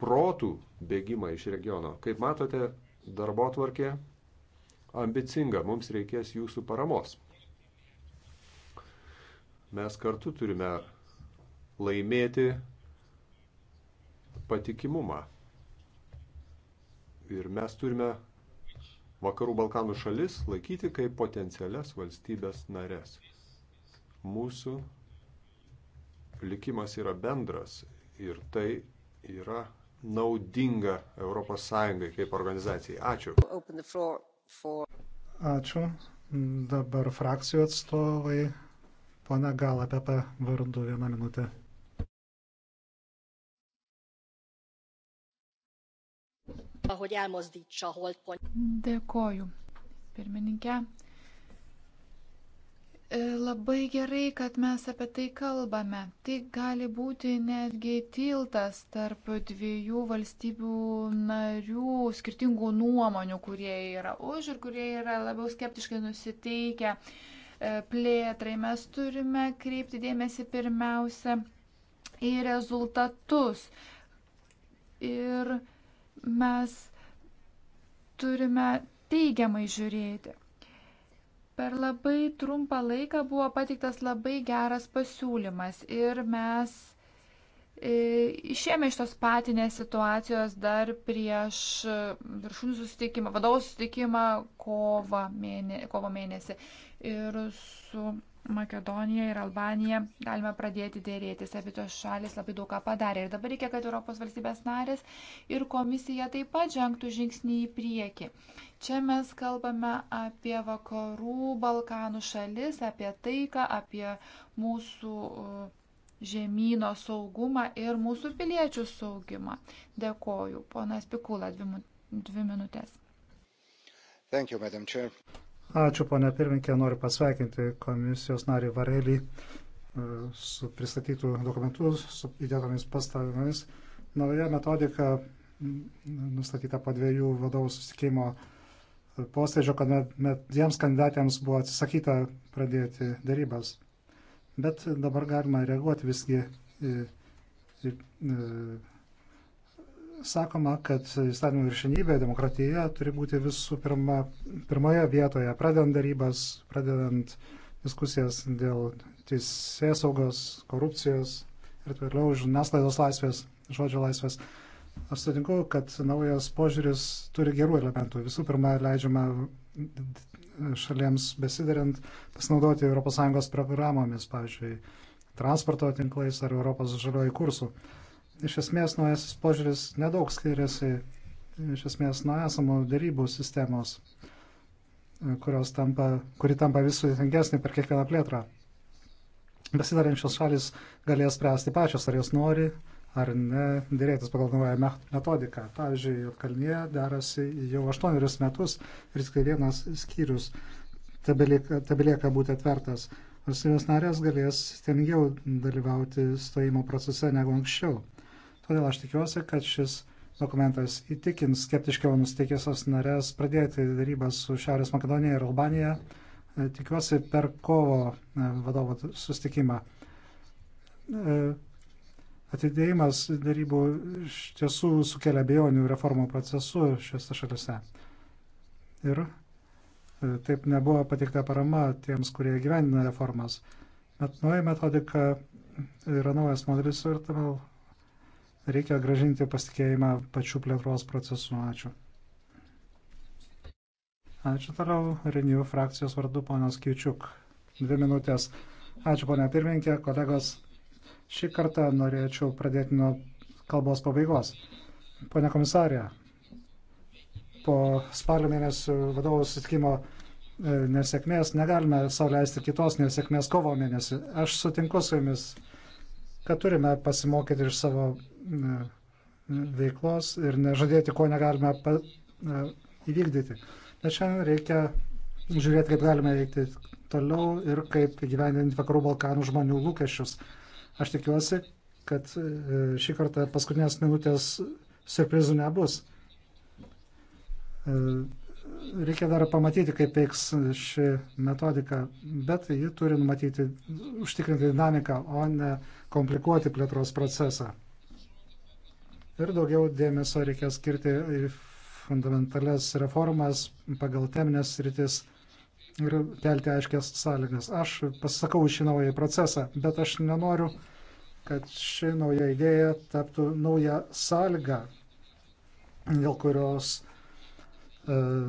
protų bėgimą iš regiono. Kaip matote, darbo tvarkė ambicinga, mums reikės jūsų paramos. Mes kartu turime laimėti patikimumą. Ir mes turime Vakarų Balkanų šalis laikyti kaip potencialias valstybės narės. Mūsų likimas yra bendras ir tai yra naudinga ES kaip organizacijai. Ačiū. Ačiū. Dabar frakcijų atstovai. Pana Gal apie vardu vieną minutę. ahogy elmozdítsa a holdpont. Dėkoju, pirmininkė. E, labai gerai, kad mes apie tai kalbame. Tai gali būti netgi tiltas tarp dviejų valstybių narių skirtingų nuomonių, kurie yra už ir kurie yra labiau skeptiškai nusiteikę e, plėtrai. Mes turime kreipti dėmesį pirmiausia į rezultatus. Ir mes turime teigiamai žiūrėti. Per labai trumpą laiką buvo pateiktas labai geras pasiūlymas ir mes e, išėjome iš tos patinės situacijos dar prieš e, viršūnų susitikimą, vadovų susitikimą kovo mėnesį, kovo mėnesį. Ir su Makedonija ir Albanija galime pradėti dėrėtis. Abi tos šalis labai daug ką padarė. Ir dabar reikia, kad Europos valstybės narės ir komisija taip pat žengtų žingsnį į priekį. Čia mes kalbame apie vakarų Balkanų šalis, apie taiką, apie mūsų uh, žemynų saugumą ir mūsų piliečių saugimą. Dėkoju. Ponas Pikula, dvi, dvi minutės. Thank you, Madam Chair. Ačiū, ponia pirminkė, noriu pasveikinti komisijos narį Varelį e, su pristatytų dokumentų, su įdėtomis pastabomis. Nauja metodika nustatyta po dviejų vadovų susitikimo e, posėdžio, kad dviems kandidatėms buvo atsisakyta pradėti darybas. Bet dabar galima reaguoti visgi į, į, į e, sakoma, kad įstatymų viršinybė, demokratija turi būti visų pirma, pirmoje vietoje, pradedant darybas, pradedant diskusijas dėl teisės saugos, korupcijos ir toliau žiniasklaidos laisvės, žodžio laisvės. Aš sutinku, kad naujas požiūris turi gerų elementų. Visų pirma, leidžiama šalėms besidarint pasinaudoti ES programomis, pavyzdžiui, transporto tinklais ar Europos žalioji kursų. Iš esmės naujasis požiūris nedaug skiriasi iš esmės nuo esamų darybų sistemos, tampa, kuri tampa vis sudėtingesnė per kiekvieną plėtrą. Besidarančios šalis galės spręsti pačios, ar jos nori ar ne, dėrėtis pagal naują metodiką. Pavyzdžiui, Jotkalnyje derasi jau aštuonerius metus ir tik vienas skyrius tebelieka būti atvertas. Valstybės narės galės stengiau dalyvauti stojimo procese negu anksčiau. Todėl aš tikiuosi, kad šis dokumentas įtikins skeptiškiau nusiteikėsios narės pradėti darybas su Šiaurės Makedonija ir Albanija, e, tikiuosi per kovo e, vadovo sustikimą. E, atidėjimas darybų iš tiesų sukelia bejonių reformų procesu šiuose šalise. Ir taip nebuvo patikta parama tiems, kurie gyvendina reformas. Bet nauja metodika yra naujas modelis ir todėl Reikia gražinti pasitikėjimą pačių plėtros procesų. Ačiū. Ačiū toliau Renijų frakcijos vardu ponas Kyčiuk. Dvi minutės. Ačiū ponia pirmininkė, kolegos. Šį kartą norėčiau pradėti nuo kalbos pabaigos. Pone komisarė, po spalio mėnesio vadovų susitikimo e, nesėkmės negalime sauliaisti kitos nesėkmės kovo mėnesį. Aš sutinku su jumis, kad turime pasimokyti iš savo veiklos ir nežadėti, ko negalime pa, įvykdyti. Bet šiandien reikia žiūrėti, kaip galime veikti toliau ir kaip gyvendinti Vakarų Balkanų žmonių lūkesčius. Aš tikiuosi, kad e, šį kartą paskutinės minutės surprizų nebus. E, reikia dar pamatyti, kaip veiks ši metodika, bet ji turi numatyti, užtikrinti dinamiką, o ne komplikuoti plėtros procesą ir daugiau dėmesio reikia skirti į fundamentales reformas pagal teminės rytis ir kelti aiškias sąlygas. Aš pasisakau šį naują procesą, bet aš nenoriu, kad ši nauja idėja taptų nauja sąlyga, dėl kurios e,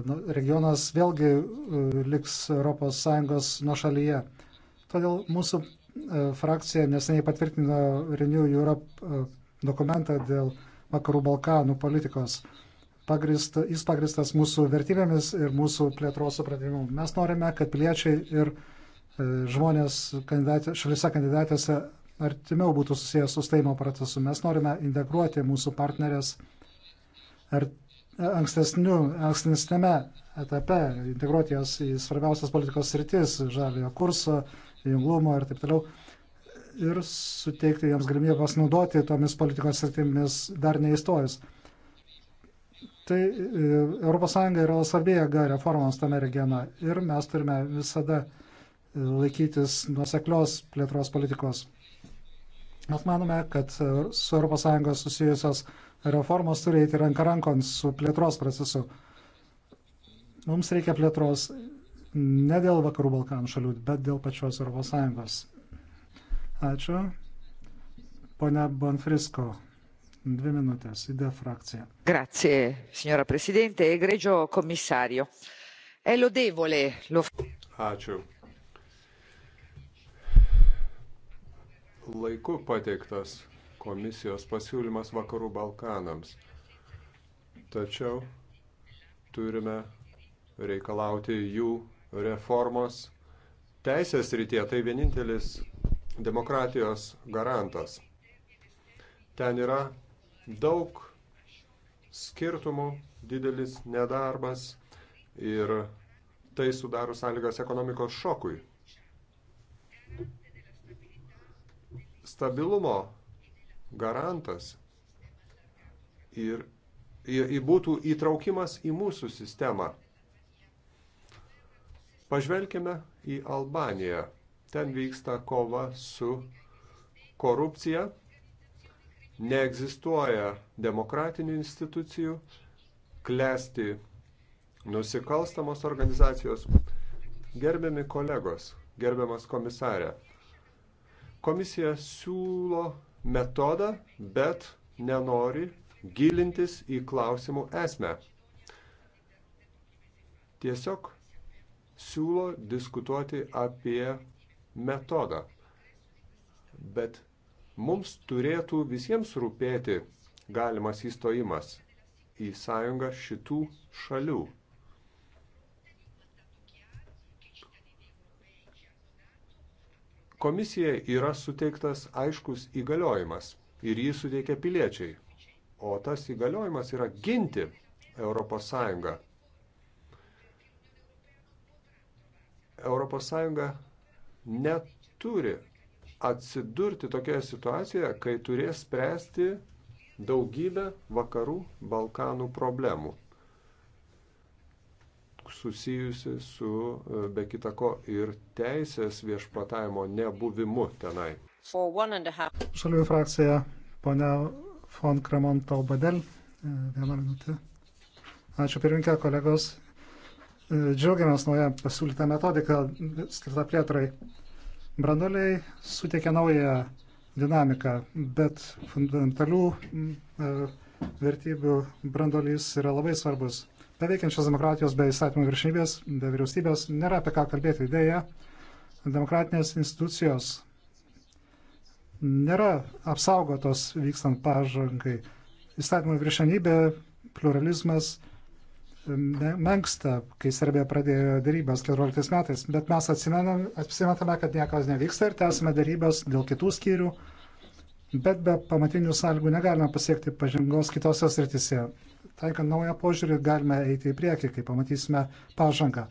nu, regionas vėlgi e, liks ES nuo šalyje. Todėl mūsų e, frakcija neseniai patvirtino Renew Europe dokumentą dėl vakarų Balkanų politikos. Pagrist, jis pagristas mūsų vertybėmis ir mūsų plėtros supratimu. Mes norime, kad piliečiai ir e, žmonės kandidatė, šalise kandidatėse artimiau būtų susijęs su steimo procesu. Mes norime integruoti mūsų partnerės ar e, ankstesnių, ankstesnėme etape, integruoti jas į svarbiausias politikos sritis, žaliojo kurso, junglumo ir taip toliau ir suteikti jiems galimybę pasinaudoti tomis politikos sritimis dar neįstojus. Tai ES yra svarbi jėga reformams tame regione ir mes turime visada e, laikytis nuoseklios plėtros politikos. Mes manome, kad e, su ES susijusios reformos turi eiti ranka rankon su plėtros procesu. Mums reikia plėtros ne dėl Vakarų Balkanų šalių, bet dėl pačios ES. Ačiū. Pone Bonfrisko, dvi minutės, ID frakcija. Grazie, signora Presidente, e egregio komisario. È lodevole. Lo... Ačiū. Laiku pateiktas komisijos pasiūlymas Vakarų Balkanams. Tačiau turime reikalauti jų reformos teisės rytie. Tai vienintelis demokratijos garantas. Ten yra daug skirtumų, didelis nedarbas ir tai sudaro sąlygas ekonomikos šokui. Stabilumo garantas ir, ir, ir būtų įtraukimas į mūsų sistemą. Pažvelkime į Albaniją. Ten vyksta kova su korupcija, neegzistuoja demokratinių institucijų, klesti nusikalstamos organizacijos. Gerbiami kolegos, gerbiamas komisarė, komisija siūlo metodą, bet nenori gilintis į klausimų esmę. Tiesiog siūlo diskutuoti apie metodą. Bet mums turėtų visiems rūpėti galimas įstojimas į sąjungą šitų šalių. Komisijai yra suteiktas aiškus įgaliojimas ir jį suteikia piliečiai, o tas įgaliojimas yra ginti ES. ES neturi atsidurti tokioje situacijoje, kai turės spręsti daugybę vakarų Balkanų problemų susijusi su e, be kitako ir teisės viešpatavimo nebuvimu tenai. Žaliųjų frakcija, ponia von Kremon Talbadel, e, vieną minutę. Ačiū pirmininkė, kolegos. Džiaugiamės nauja pasiūlyta metodika skirta plėtrai. Branduoliai suteikia naują dinamiką, bet fundamentalių e, vertybių branduolys yra labai svarbus. Be veikiančios demokratijos, be įstatymų viršybės, be vyriausybės nėra apie ką kalbėti idėja. Demokratinės institucijos nėra apsaugotos vykstant pažangai. Įstatymų viršenybė, pluralizmas, menksta, kai Serbija pradėjo darybas 14 metais, bet mes apsimetame, kad niekas nevyksta ir tęsime darybas dėl kitų skyrių, bet be pamatinių sąlygų negalime pasiekti pažangos kitose sritise. Taikant naują požiūrį galime eiti į priekį, kai pamatysime pažangą.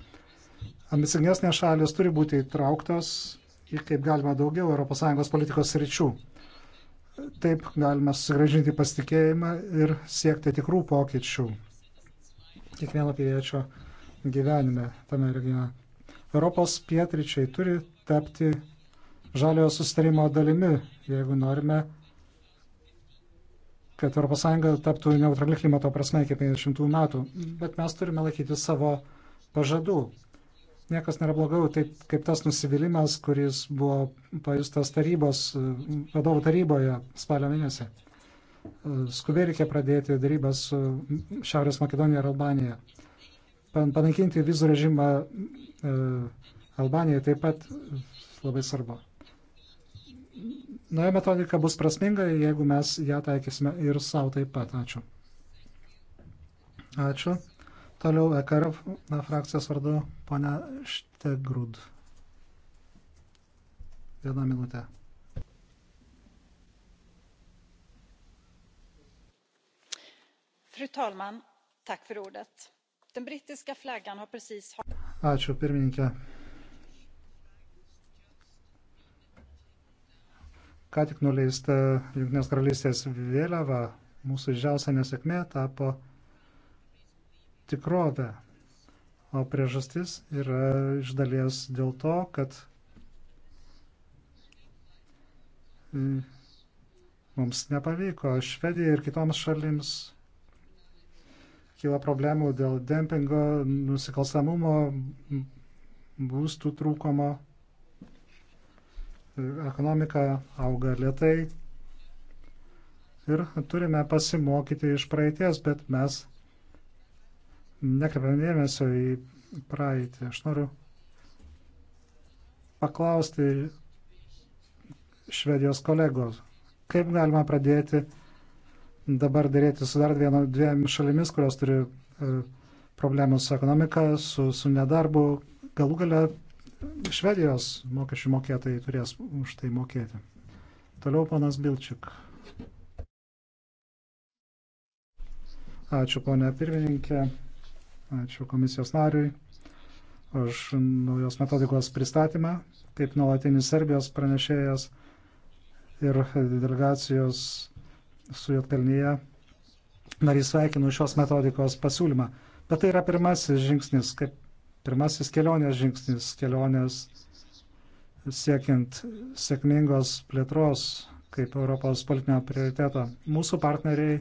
Ambicingesnės šalis turi būti įtrauktos į kaip galima daugiau ES politikos sričių. Taip galime susigražinti pasitikėjimą ir siekti tikrų pokyčių kiekvieno piliečio gyvenime tame regione. Europos pietričiai turi tapti žaliojo sustarimo dalimi, jeigu norime, kad ES taptų neutrali klimato prasme iki 50 metų. Bet mes turime laikyti savo pažadų. Niekas nėra blogiau, taip kaip tas nusivylimas, kuris buvo pajustas tarybos, vadovų taryboje spalio mėnesį skubiai reikia pradėti darybas su Šiaurės Makedonija ir Albanija. Panaikinti vizų režimą e, Albanijai taip pat labai svarbu. Nauja metodika bus prasminga, jeigu mes ją taikysime ir savo taip pat. Ačiū. Ačiū. Toliau EKR frakcijos vardu ponia Štegrud. Vieną minutę. Fru talman, tack för ordet. Den brittiska flaggan har precis... Ačiū pirmininkė. Ką tik nuleista Junktinės karalystės vėliava, mūsų didžiausia nesėkmė tapo tikrovę. O priežastis yra iš dalies dėl to, kad mums nepavyko Švedijai ir kitoms šalims kyla problemų dėl dempingo, nusikalstamumo, būstų trūkumo. Ekonomika auga lietai ir turime pasimokyti iš praeities, bet mes nekreipiam dėmesio į praeitį. Aš noriu paklausti švedijos kolegos, kaip galima pradėti dabar dėrėti su dar vieno, dviem šalimis, kurios turi e, problemų su ekonomika, su, su nedarbu. Galų gale Švedijos mokesčių mokėtojai turės už tai mokėti. Toliau panas Bilčik. Ačiū ponia pirmininkė, ačiū komisijos nariui už naujos metodikos pristatymą, kaip nuolatinis Serbijos pranešėjas ir delegacijos su Jotkalnyje. Narys sveikinu šios metodikos pasiūlymą. Bet tai yra pirmasis žingsnis, kaip pirmasis kelionės žingsnis, kelionės siekiant sėkmingos plėtros kaip Europos politinio prioriteto. Mūsų partneriai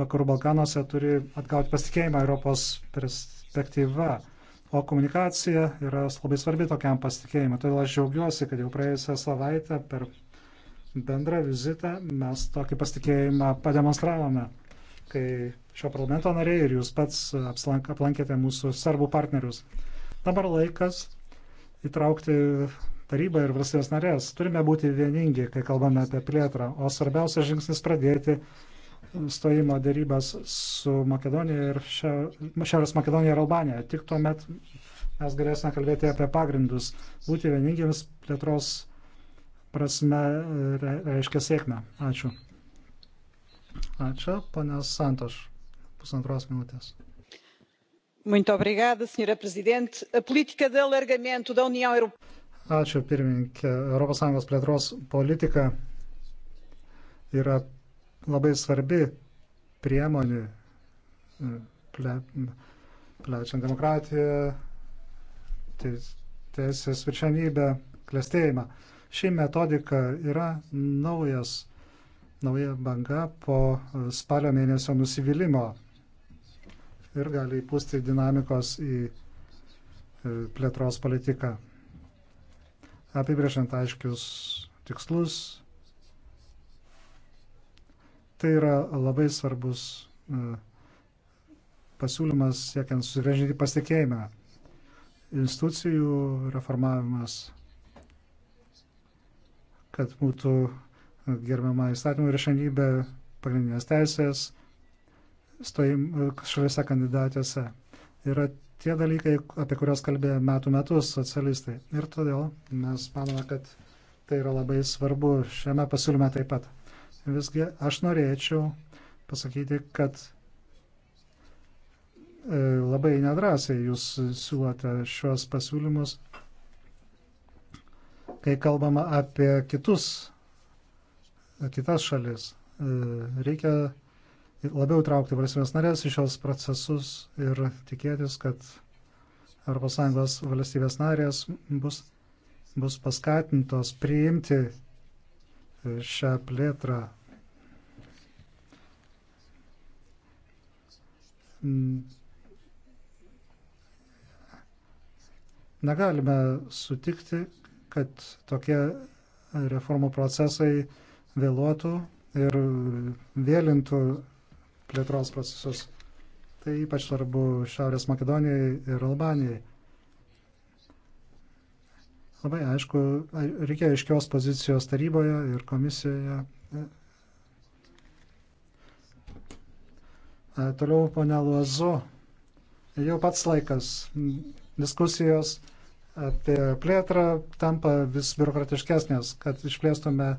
Vakarų Balkanuose turi atgauti pasitikėjimą Europos perspektyva, o komunikacija yra labai svarbi tokiam pasitikėjimui. Todėl aš džiaugiuosi, kad jau praėjusią savaitę per bendrą vizitą mes tokį pasitikėjimą pademonstravome, kai šio parlamento nariai ir jūs pats aplankėte mūsų serbų partnerius. Dabar laikas įtraukti tarybą ir valstybės narės. Turime būti vieningi, kai kalbame apie plėtrą, o svarbiausias žingsnis pradėti stojimo dėrybas su Makedonija ir Šiaurės Makedonija ir Albanija. Tik tuomet mes galėsime kalbėti apie pagrindus, būti vieningiams plėtros prasme reiškia sėkmę. Ačiū. Ačiū, ponas Santoš, pusantros minutės. Muito obrigada, senhora presidente. A política de alargamento da União Europeia. Ačiū, pirmininkė. ES plėtros politika yra labai svarbi priemonė e, ple, plečiant demokratiją, teisės viršenybę, klėstėjimą. Ši metodika yra naujas, nauja banga po spalio mėnesio nusivylimų ir gali įpūsti dinamikos į e, plėtros politiką. Apibrėžiant aiškius tikslus, tai yra labai svarbus e, pasiūlymas siekiant susigražinti pasitikėjimą. Institucijų reformavimas kad būtų gerbiama įstatymų viršenybė pagrindinės teisės šalise kandidatėse. Yra tie dalykai, apie kuriuos kalbėjo metų metus socialistai. Ir todėl mes manome, kad tai yra labai svarbu šiame pasiūlyme taip pat. Visgi aš norėčiau pasakyti, kad e, labai nedrasiai jūs siūlote šios pasiūlymus kai kalbama apie kitus, kitas šalis, e, reikia labiau traukti valstybės narės į šios procesus ir tikėtis, kad ES valstybės narės bus, bus paskatintos priimti e, šią plėtrą. Negalime sutikti, kad tokie reformų procesai vėluotų ir vėlintų plėtros procesus. Tai ypač svarbu Šiaurės Makedonijai ir Albanijai. Labai aišku, reikia aiškios pozicijos taryboje ir komisijoje. Toliau, ponia Luozu, jau pats laikas diskusijos apie plėtrą tampa vis biurokratiškesnės, kad išplėstume e,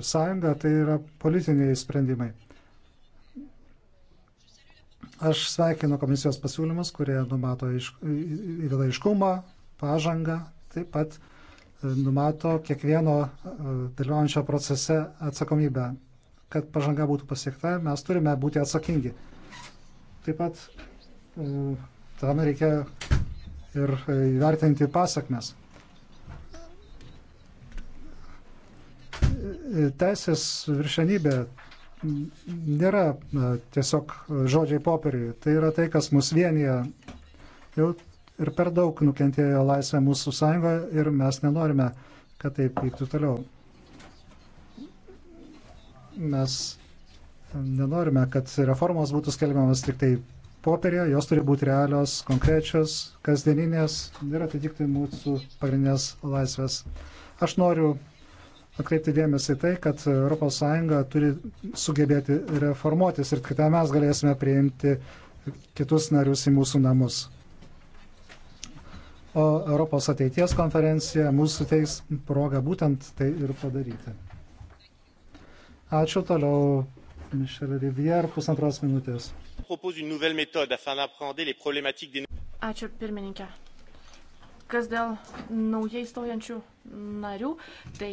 sąjungą, tai yra politiniai sprendimai. Aš sveikinu komisijos pasiūlymus, kurie numato iš, įveda iškumą, pažangą, taip pat e, numato kiekvieno e, dalyvaujančio procese atsakomybę. Kad pažanga būtų pasiekta, mes turime būti atsakingi. Taip pat tam reikia ir įvertinti pasakmes. Teisės viršenybė nėra tiesiog žodžiai popieriui, tai yra tai, kas mus vienyje. Jau ir per daug nukentėjo laisvė mūsų sąjungoje ir mes nenorime, kad taip vyktų toliau. Mes nenorime, kad reformos būtų skelbiamas tik tai popierė, jos turi būti realios, konkrečios, kasdieninės ir atitikti mūsų pagrindinės laisvės. Aš noriu atkreipti dėmesį tai, kad ES turi sugebėti reformuotis ir kitą mes galėsime priimti kitus narius į mūsų namus. O Europos ateities konferencija mūsų suteiks progą būtent tai ir padaryti. Ačiū toliau Mišelė Rivier, pusantros minutės. Ačiū pirmininkė. Kas dėl naujai stojančių narių, tai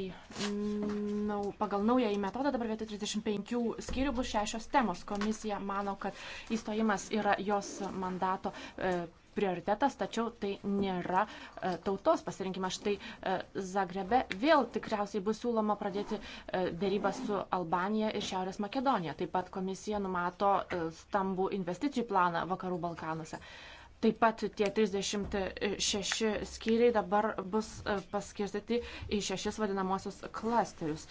nau, pagal naująjį metodą dabar vietoj 35 skyrių bus šešios temos. Komisija mano, kad įstojimas yra jos mandato e, prioritetas, tačiau tai nėra e, tautos pasirinkimas. Štai e, Zagrebe vėl tikriausiai bus siūloma pradėti e, dėrybą su Albanija ir Šiaurės Makedonija. Taip pat komisija numato stambų investicijų planą Vakarų Balkanuose. Taip pat tie 36 skyriai dabar bus e, paskirstyti į šešis vadinamosius klasterius.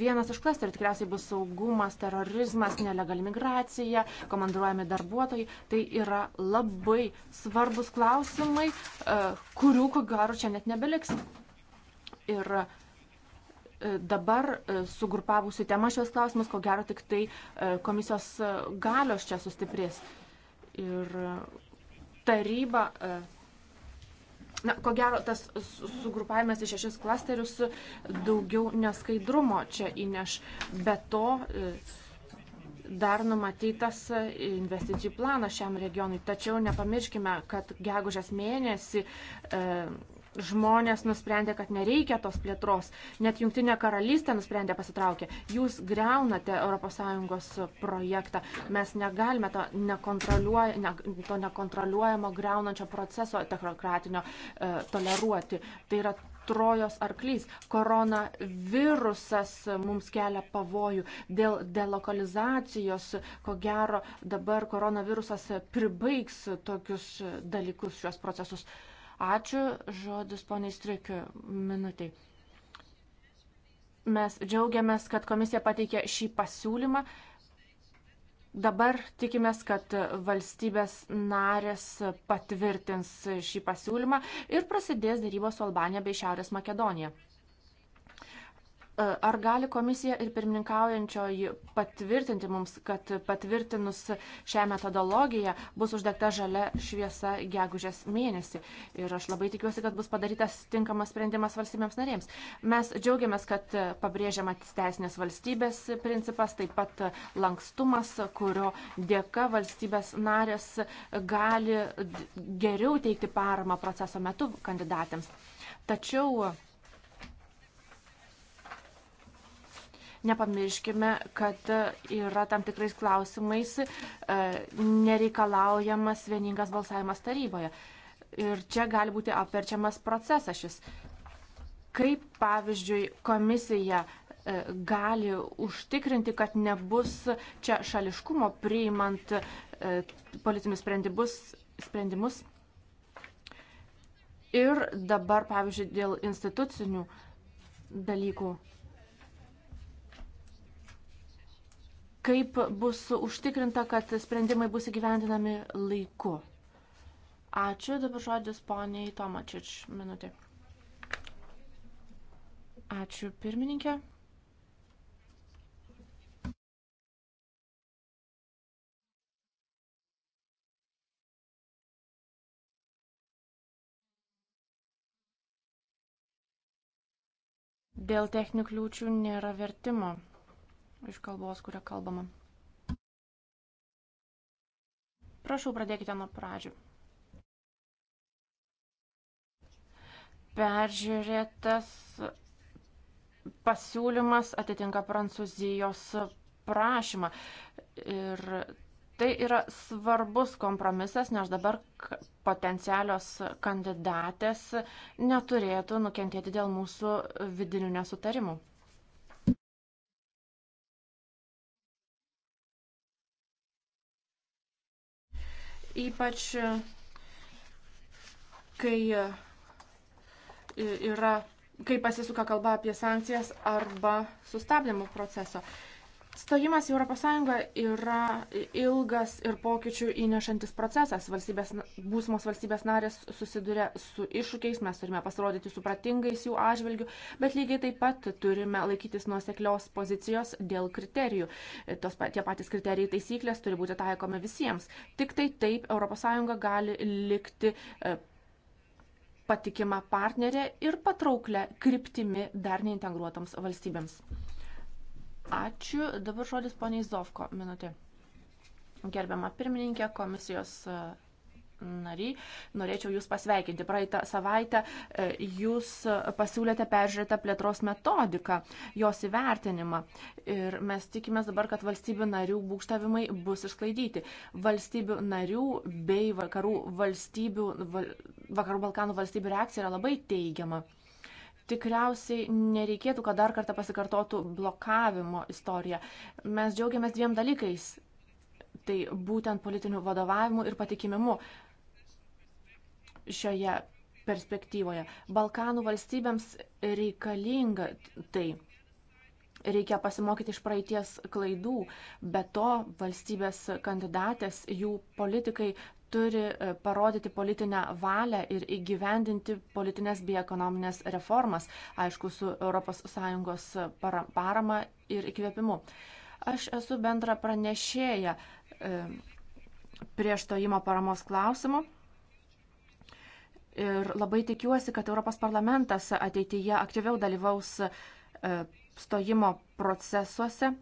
Vienas iš klasterių tikriausiai bus saugumas, terorizmas, nelegali migracija, komandiruojami darbuotojai. Tai yra labai svarbus klausimai, e, kurių ko gero čia net nebeliks. Ir e, dabar sugrupavusi tema šios klausimus, ko gero tik tai komisijos galios čia sustiprės. Ir taryba, e, na, ko gero, tas sugrupavimas į šešis klasterius daugiau neskaidrumo čia įneš. Be to, e, dar numatytas investicijų planas šiam regionui. Tačiau nepamirškime, kad gegužės mėnesį e, žmonės nusprendė, kad nereikia tos plėtros. Net Junktinė karalystė nusprendė pasitraukė. Jūs greunate ES projektą. Mes negalime to, nekontroliuoja, ne, to nekontroliuojamo greunančio proceso technokratinio e, toleruoti. Tai yra trojos arklys. Koronavirusas mums kelia pavojų dėl delokalizacijos. Ko gero dabar koronavirusas pribaigs tokius dalykus, šios procesus. Ačiū, žodis poniai Strikiu, minutai. Mes džiaugiamės, kad komisija pateikė šį pasiūlymą. Dabar tikimės, kad valstybės narės patvirtins šį pasiūlymą ir prasidės dėrybos su Albanija bei Šiaurės Makedonija. E, ar gali komisija ir pirmininkaujančioji patvirtinti mums, kad patvirtinus šią metodologiją bus uždegta žalia šviesa gegužės mėnesį? Ir aš labai tikiuosi, kad bus padarytas tinkamas sprendimas valstybėms narėms. Mes džiaugiamės, kad pabrėžiamas teisinės valstybės principas, taip pat lankstumas, kurio dėka valstybės narės gali geriau teikti paramą proceso metu kandidatėms. Tačiau Nepamirškime, kad yra tam tikrais klausimais e, nereikalaujamas vieningas balsavimas taryboje. Ir čia gali būti apverčiamas procesas šis. Kaip, pavyzdžiui, komisija e, gali užtikrinti, kad nebus čia šališkumo priimant e, politinius sprendimus, sprendimus. Ir dabar, pavyzdžiui, dėl institucinių dalykų kaip bus užtikrinta, kad sprendimai bus įgyvendinami laiku. Ačiū, dabar žodis poniai Tomačič, minutė. Ačiū, pirmininkė. Dėl techninių kliūčių nėra vertimo iš kalbos, kurią kalbama. Prašau, pradėkite nuo pradžių. Peržiūrėtas pasiūlymas atitinka Prancūzijos prašymą. Ir tai yra svarbus kompromisas, nes dabar potencialios kandidatės neturėtų nukentėti dėl mūsų vidinių nesutarimų. Ypač e, kai e, yra kai pasisuka kalba apie sankcijas arba sustabdymo proceso. Stojimas į ES yra ilgas ir pokyčių įnešantis procesas. Valstybės, būsimos valstybės narės susiduria su iššūkiais, mes turime pasirodyti supratingais jų atžvilgių, bet lygiai taip pat turime laikytis nuoseklios pozicijos dėl kriterijų. Tos, tie patys kriterijai taisyklės turi būti taikomi visiems. Tik tai taip ES gali likti e, patikima partnerė ir patrauklė kryptimi dar neintegruotoms valstybėms. Ačiū. Dabar žodis poniai Zovko. Minutė. Gerbiama pirmininkė, komisijos e, nariai, norėčiau Jūs pasveikinti. Praeitą savaitę e, Jūs pasiūlėte peržiūrėtą plėtros metodiką, jos įvertinimą. Ir mes tikimės dabar, kad valstybių narių būkštavimai bus išsklaidyti. Valstybių narių bei vakarų, valstybių, vakarų Balkanų valstybių reakcija yra labai teigiama tikriausiai nereikėtų, kad dar kartą pasikartotų blokavimo istorija. Mes džiaugiamės dviem dalykais. Tai būtent politiniu vadovavimu ir patikimimu šioje perspektyvoje. Balkanų valstybėms reikalinga tai. Reikia pasimokyti iš praeities klaidų, bet to valstybės kandidatės, jų politikai turi e, parodyti politinę valią ir įgyvendinti politinės bei ekonominės reformas, aišku, su ES parama ir įkvėpimu. Aš esu bendra pranešėja e, prieš stojimo paramos klausimų. Ir labai tikiuosi, kad Europos parlamentas ateityje aktyviau dalyvaus e, stojimo procesuose.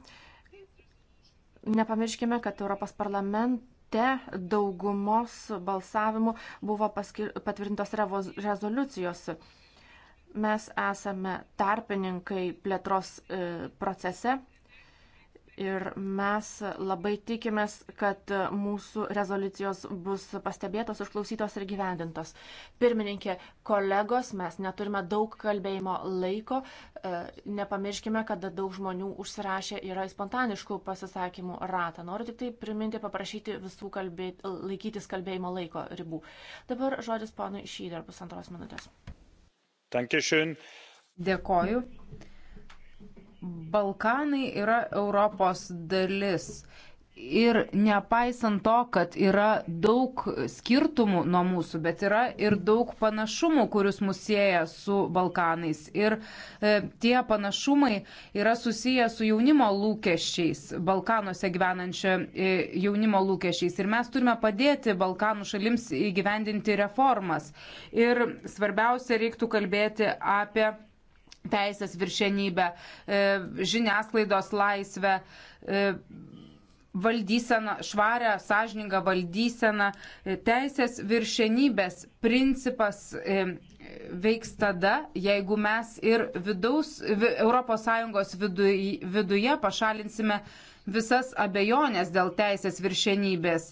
Nepamirškime, kad Europos parlamentas parlamente daugumos balsavimu buvo paskir... patvirtintos revoz... rezoliucijos. Mes esame tarpininkai plėtros e, procese Ir mes labai tikimės, kad mūsų rezoliucijos bus pastebėtos, užklausytos ir gyvendintos. Pirmininkė, kolegos, mes neturime daug kalbėjimo laiko. E, nepamirškime, kad daug žmonių užsirašė yra spontaniškų pasisakymų ratą. Noriu tik tai priminti, paprašyti visų kalbėt, laikytis kalbėjimo laiko ribų. Dabar žodis ponui šį dar pusantros minutės. Dankeschön. Dėkoju. Mm. Balkanai yra Europos dalis. Ir nepaisant to, kad yra daug skirtumų nuo mūsų, bet yra ir daug panašumų, kurius mus sieja su Balkanais. Ir e, tie panašumai yra susiję su jaunimo lūkesčiais, Balkanuose gyvenančio e, jaunimo lūkesčiais. Ir mes turime padėti Balkanų šalims įgyvendinti reformas. Ir svarbiausia, reiktų kalbėti apie teisės viršenybę, e, žiniasklaidos laisvę, e, valdyseną, švarę, sąžiningą valdyseną. E, teisės viršenybės principas veiks tada, jeigu mes ir vidaus, ES viduje pašalinsime visas abejonės dėl teisės viršenybės.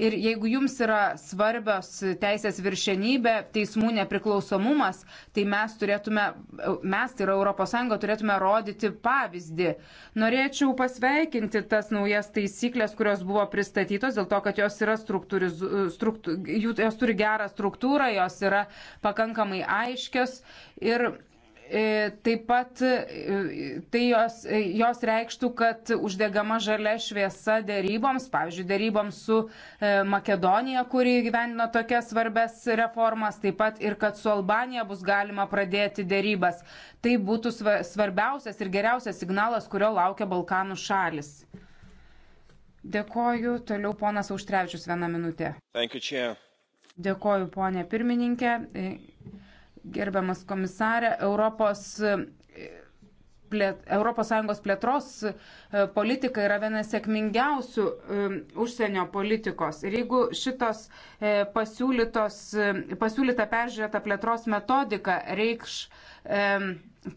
Ir jeigu jums yra svarbios teisės viršenybė, teismų nepriklausomumas, tai mes turėtume, mes tai yra ES, turėtume rodyti pavyzdį. Norėčiau pasveikinti tas naujas taisyklės, kurios buvo pristatytos, dėl to, kad jos, yra struktūriz... struktu... jos turi gerą struktūrą, jos yra pakankamai aiškios. Ir E, taip pat e, tai jos, e, jos reikštų, kad uždegama žalia šviesa dėryboms, pavyzdžiui, dėryboms su Makedonija, kuri gyvenino tokias svarbes reformas, taip pat ir kad su Albanija bus galima pradėti dėrybas. Tai būtų svarbiausias ir geriausias signalas, kurio laukia Balkanų šalis. Dėkoju. Toliau ponas Auštrevičius vieną minutę. You, Dėkoju, ponė pirmininkė gerbiamas komisarė, Europos plėt, ES plėtros e, politika yra viena sėkmingiausių e, užsienio politikos. Ir jeigu šitos e, pasiūlyta peržiūrėta plėtros metodika reikš e,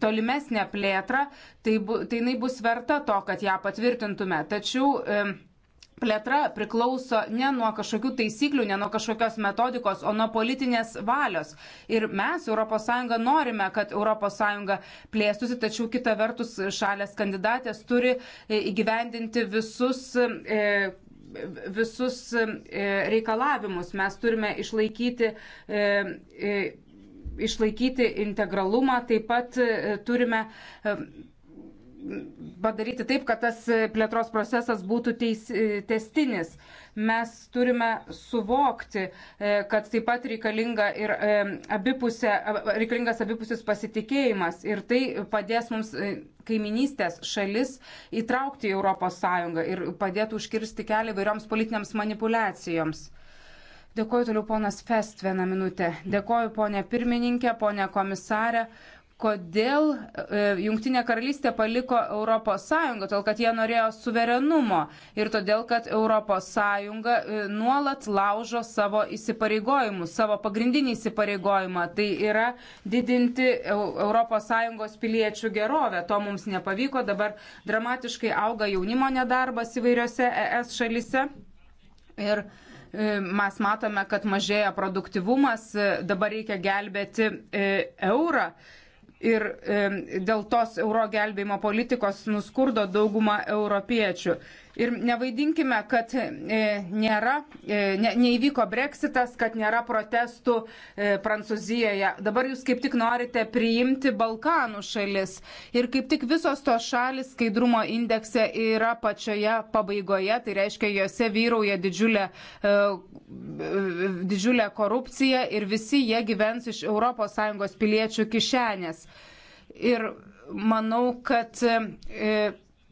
tolimesnę plėtrą, tai, bu, tai jinai bus verta to, kad ją patvirtintume. Tačiau e, plėtra priklauso ne nuo kažkokių taisyklių, ne nuo kažkokios metodikos, o nuo politinės valios. Ir mes, ES, norime, kad ES plėstusi, tačiau kita vertus šalės kandidatės turi e, įgyvendinti visus. E, visus e, reikalavimus mes turime išlaikyti išlaikyti integralumą, taip pat turime padaryti taip, kad tas e, plėtros procesas būtų teis, e, testinis. Mes turime suvokti, e, kad taip pat reikalinga ir abipusė, reikalingas abipusis pasitikėjimas ir tai padės mums kaiminystės šalis įtraukti į ES ir padėtų užkirsti kelią įvairioms politinėms manipulacijoms. Dėkoju toliau ponas Fest vieną minutę. Dėkoju ponė pirmininkė, ponė komisarė kodėl e, Junktinė karalystė paliko Europos Sąjungą, todėl kad jie norėjo suverenumo ir todėl kad Europos Sąjunga e, nuolat laužo savo įsipareigojimus, savo pagrindinį įsipareigojimą, tai yra didinti Europos Sąjungos piliečių gerovę. To mums nepavyko, dabar dramatiškai auga jaunimo nedarbas įvairiose ES šalise. Ir e, mes matome, kad mažėja produktivumas, dabar reikia gelbėti eurą ir dėl tos euro gelbėjimo politikos nuskurdo daugumą europiečių. Ir nevaidinkime, kad e, nėra, e, ne, neįvyko breksitas, kad nėra protestų e, Prancūzijoje. Dabar jūs kaip tik norite priimti Balkanų šalis. Ir kaip tik visos tos šalis skaidrumo indekse yra pačioje pabaigoje. Tai reiškia, juose vyrauja didžiulė, didžiulė korupcija ir visi jie gyvens iš ES piliečių kišenės. Ir manau, kad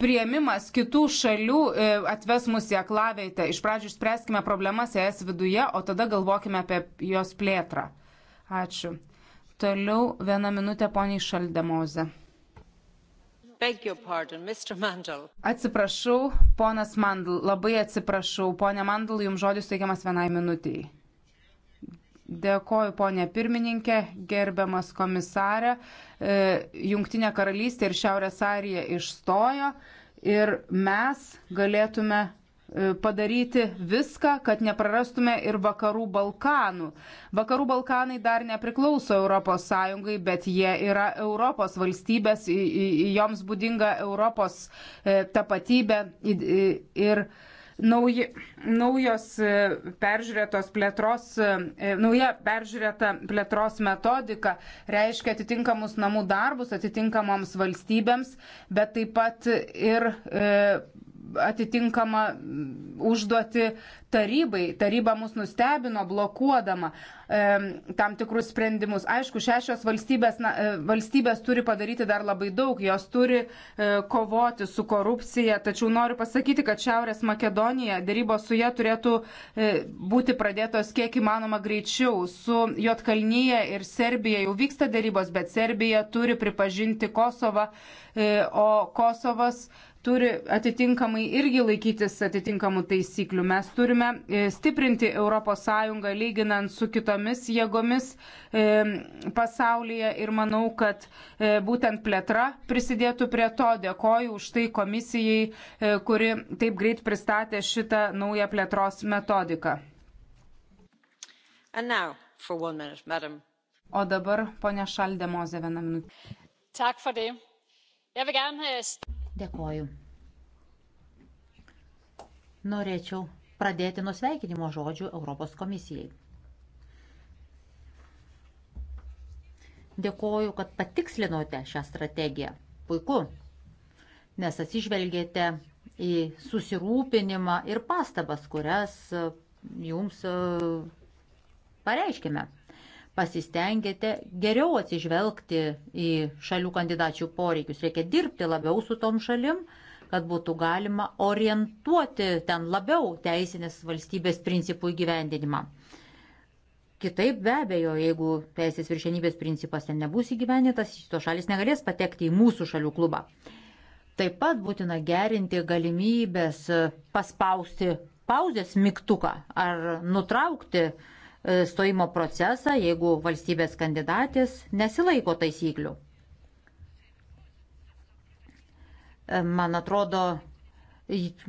prieimimas kitų šalių e, atves mus į aklaveitę. Iš pradžių išspręskime problemas ES viduje, o tada galvokime apie jos plėtrą. Ačiū. Toliau vieną minutę poniai Šaldemoze. Pardon, atsiprašau, ponas Mandl, labai atsiprašau. Pone Mandl, jums žodis teikiamas vienai minutiai. Dėkoju, ponė pirmininkė, gerbiamas komisarė. E, Jungtinė karalystė ir Šiaurės Airija išstojo ir mes galėtume e, padaryti viską, kad neprarastume ir vakarų Balkanų. Vakarų Balkanai dar nepriklauso ES, bet jie yra Europos valstybės, joms būdinga Europos e, tapatybė ir, ir Nauji, naujos e, peržiūrėtos plėtros, e, e, nauja peržiūrėta plėtros metodika reiškia atitinkamus namų darbus atitinkamoms valstybėms, bet taip pat ir e, atitinkamą mm, užduoti tarybai. Taryba mus nustebino blokuodama e, tam tikrus sprendimus. Aišku, šešios valstybės, na, e, valstybės turi padaryti dar labai daug, jos turi e, kovoti su korupcija, tačiau noriu pasakyti, kad Šiaurės Makedonija dėrybos su jie turėtų e, būti pradėtos kiek įmanoma greičiau. Su Jotkalnyje ir Serbija jau vyksta dėrybos, bet Serbija turi pripažinti Kosovą, e, o Kosovas e, turi atitinkamai irgi laikytis atitinkamų taisyklių. Mes turime e, stiprinti ES lyginant su kitomis jėgomis e, pasaulyje ir manau, kad e, būtent plėtra prisidėtų prie to. Dėkoju už tai komisijai, kuri taip greit pristatė šitą naują plėtros metodiką. Minute, o dabar ponia Šaldė Moze vieną minutę. Tak for det. Jeg vil gerne øh, Dėkoju. Norėčiau pradėti nuo sveikinimo žodžių Europos komisijai. Dėkoju, kad patikslinote šią strategiją. Puiku, nes atsižvelgėte į susirūpinimą ir pastabas, kurias e, jums e, pareiškime pasistengėte geriau atsižvelgti į šalių kandidačių poreikius. Reikia dirbti labiau su tom šalim, kad būtų galima orientuoti ten labiau teisinės valstybės principų įgyvendinimą. Kitaip be abejo, jeigu teisės viršenybės principas ten nebus įgyvendintas, šitos šalis negalės patekti į mūsų šalių klubą. Taip pat būtina gerinti galimybės paspausti pauzės mygtuką ar nutraukti uh, E, stojimo procesą, jeigu valstybės kandidatės nesilaiko taisyklių. E, man atrodo,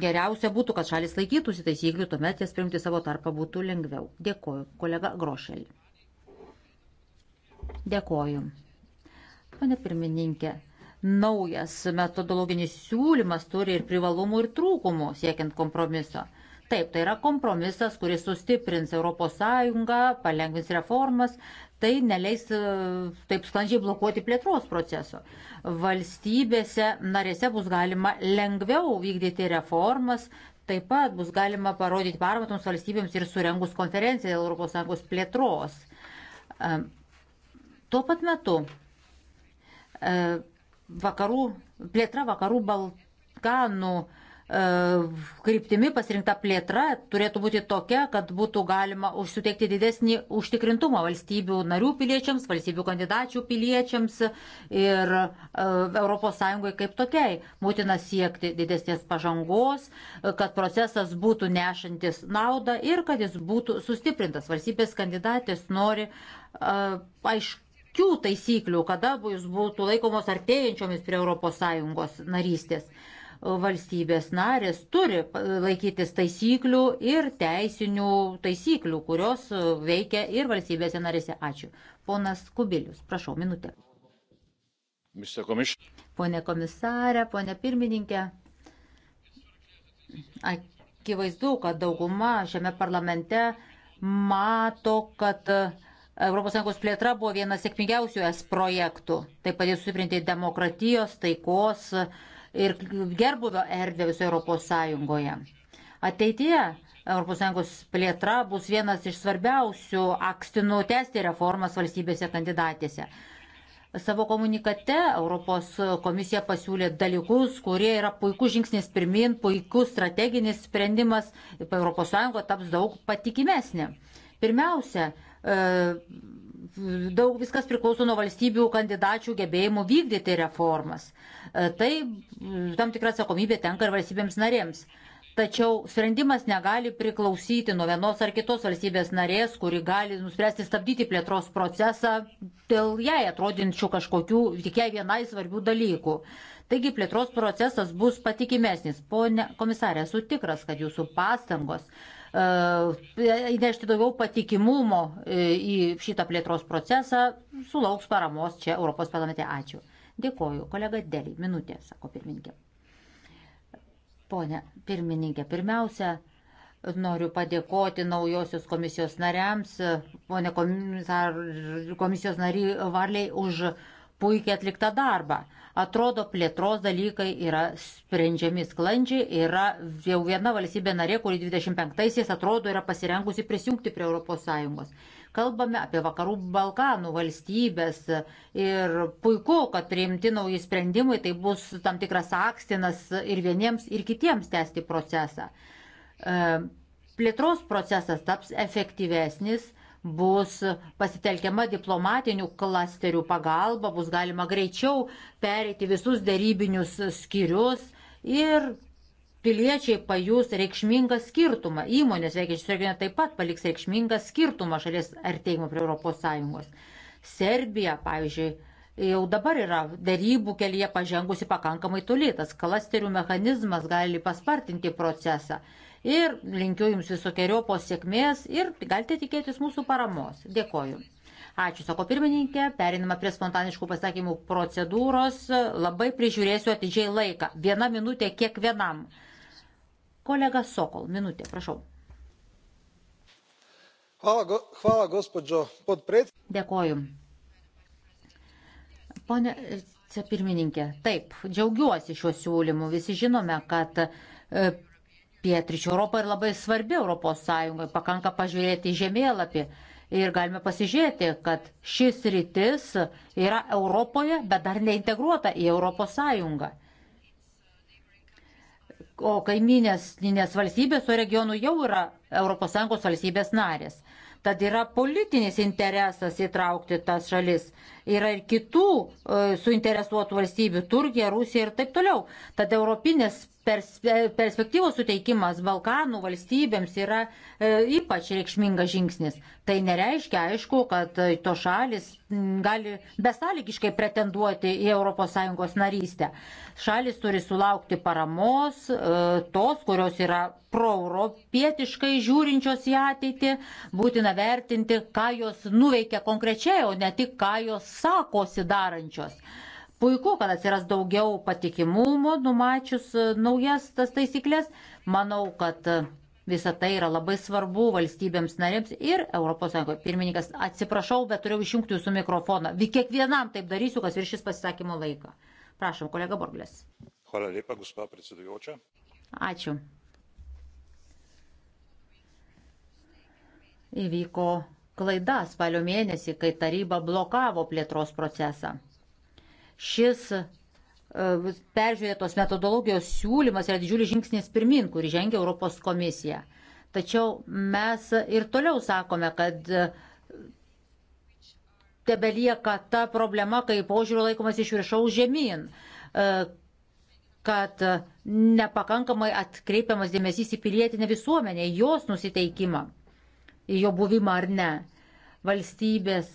geriausia būtų, kad šalis laikytųsi taisyklių, tuomet jas priimti savo tarpą būtų lengviau. Dėkoju, kolega Grošelį. Dėkoju. Pane pirmininkė, naujas metodologinis siūlymas turi ir privalumų, ir trūkumų siekiant kompromiso. Taip, tai yra kompromisas, kuris sustiprins ES, palengvins reformas, tai neleis e, taip sklandžiai blokuoti plėtros proceso. Valstybėse narėse bus galima lengviau vykdyti reformas, taip pat bus galima parodyti paramą toms valstybėms ir surengus konferenciją dėl ES plėtros. E, tuo pat metu e, vakarų, plėtra vakarų Balkanų E, kryptimi pasirinkta plėtra turėtų būti tokia, kad būtų galima suteikti didesnį užtikrintumą valstybių narių piliečiams, valstybių kandidačių piliečiams ir ES kaip tokiai. Būtina siekti didesnės pažangos, kad procesas būtų nešantis naudą ir kad jis būtų sustiprintas. Valstybės kandidatės nori e, aiškių taisyklių, kada jis būtų laikomos artėjančiomis prie ES narystės valstybės narės turi laikytis taisyklių ir teisinių taisyklių, kurios veikia ir valstybėse narėse. Ačiū. Ponas Kubilius, prašau, minutę. Pone komisarė, pone pirmininkė, akivaizdu, kad dauguma šiame parlamente mato, kad ES plėtra buvo vienas sėkmingiausių es projektų. Tai padės suprinti demokratijos, taikos, uh, ir gerbuvio erdvę visoje Europos Sąjungoje. Ateityje ES plėtra bus vienas iš svarbiausių akstinų tęsti reformas valstybėse kandidatėse. Savo komunikate Europos komisija pasiūlė dalykus, kurie yra puikus žingsnis pirmin, puikus strateginis sprendimas, ES taps daug patikimesnė. Pirmiausia, e, daug viskas priklauso nuo valstybių kandidačių gebėjimų vykdyti reformas. E, tai tam tikra atsakomybė tenka ir valstybėms narėms. Tačiau sprendimas negali priklausyti nuo vienos ar kitos valstybės narės, kuri gali nuspręsti stabdyti plėtros procesą dėl jai atrodinčių kažkokių tik jai vienai svarbių dalykų. Taigi plėtros procesas bus patikimesnis. Pone komisarė, esu tikras, kad jūsų pastangos e, įnešti daugiau patikimumo e, į šitą plėtros procesą sulauks paramos čia Europos parlamente. Ačiū. Dėkoju, kolega Deli, minutė, sako pirmininkė. Pone pirmininkė, pirmiausia, noriu padėkoti naujosios komisijos nariams, pone komisar, komisijos nariai Varliai, už puikiai atliktą darbą. Atrodo, plėtros dalykai yra sprendžiami sklandžiai, yra jau viena valstybė narė, kuri 25-aisiais atrodo yra pasirengusi prisijungti prie ES. Kalbame apie vakarų Balkanų valstybės ir puiku, kad priimti nauji sprendimai, tai bus tam tikras akstinas ir vieniems, ir kitiems tęsti procesą. E, plėtros procesas taps efektyvesnis bus pasitelkiama diplomatinių klasterių pagalba, bus galima greičiau perėti visus darybinius skyrius ir piliečiai pajus reikšmingą skirtumą. Įmonės veikiančios regione taip pat paliks reikšmingą skirtumą šalies artėjimo prie ES. Serbija, pavyzdžiui, jau dabar yra darybų kelyje pažengusi pakankamai toli. Tas klasterių mechanizmas gali paspartinti procesą. Ir linkiu Jums visokiojo sėkmės ir galite tikėtis mūsų paramos. Dėkoju. Ačiū, sako pirmininkė, perinama prie spontaniškų pasakymų procedūros. Labai prižiūrėsiu atidžiai laiką. Viena minutė kiekvienam. Kolega Sokol, minutė, prašau. Hvala, hvala gospođo podpred. Dėkoju. Pone e, pirmininkė, taip, džiaugiuosi šiuo siūlymu. Visi žinome, kad e, Pietričio Europa yra labai svarbi Europos Sąjungai. Pakanka pažiūrėti į žemėlapį ir galime pasižiūrėti, kad šis rytis yra Europoje, bet dar neintegruota į Europos Sąjungą o kaiminės valstybės, o regionų jau yra ES valstybės narės. Tad yra politinis interesas įtraukti tas šalis yra ir kitų e, suinteresuotų valstybių - Turkija, Rusija ir taip toliau. Tad europinės perspektyvos suteikimas Balkanų valstybėms yra e, ypač reikšmingas žingsnis. Tai nereiškia, aišku, kad to šalis gali besąlygiškai pretenduoti į ES narystę. Šalis turi sulaukti paramos, e, tos, kurios yra proeuropietiškai žiūrinčios į ateitį, būtina vertinti, ką jos nuveikia konkrečiai, o ne tik ką jos sakosi darančios. Puiku, kad atsiras daugiau patikimumo, numačius e, naujas tas taisyklės. Manau, kad e, Visą tai yra labai svarbu valstybėms narėms ir ES. Pirmininkas, atsiprašau, bet turėjau išjungti jūsų mikrofoną. Kiekvienam taip darysiu, kas viršys pasisakymo laiką. Prašom, kolega Borglės. Hvala lepa, gospa predsedujoča. Ačiū. Įvyko klaida spalio mėnesį, kai taryba blokavo plėtros procesą. Šis e, peržiūrėtos metodologijos siūlymas yra didžiulis žingsnis pirmin, kurį žengia Europos komisija. Tačiau mes ir toliau sakome, kad e, tebelieka ta problema, kai požiūrių laikomas iš viršaus žemyn, e, kad nepakankamai atkreipiamas dėmesys į pilietinę visuomenę, jos nusiteikimą į jo buvimą ar ne. Valstybės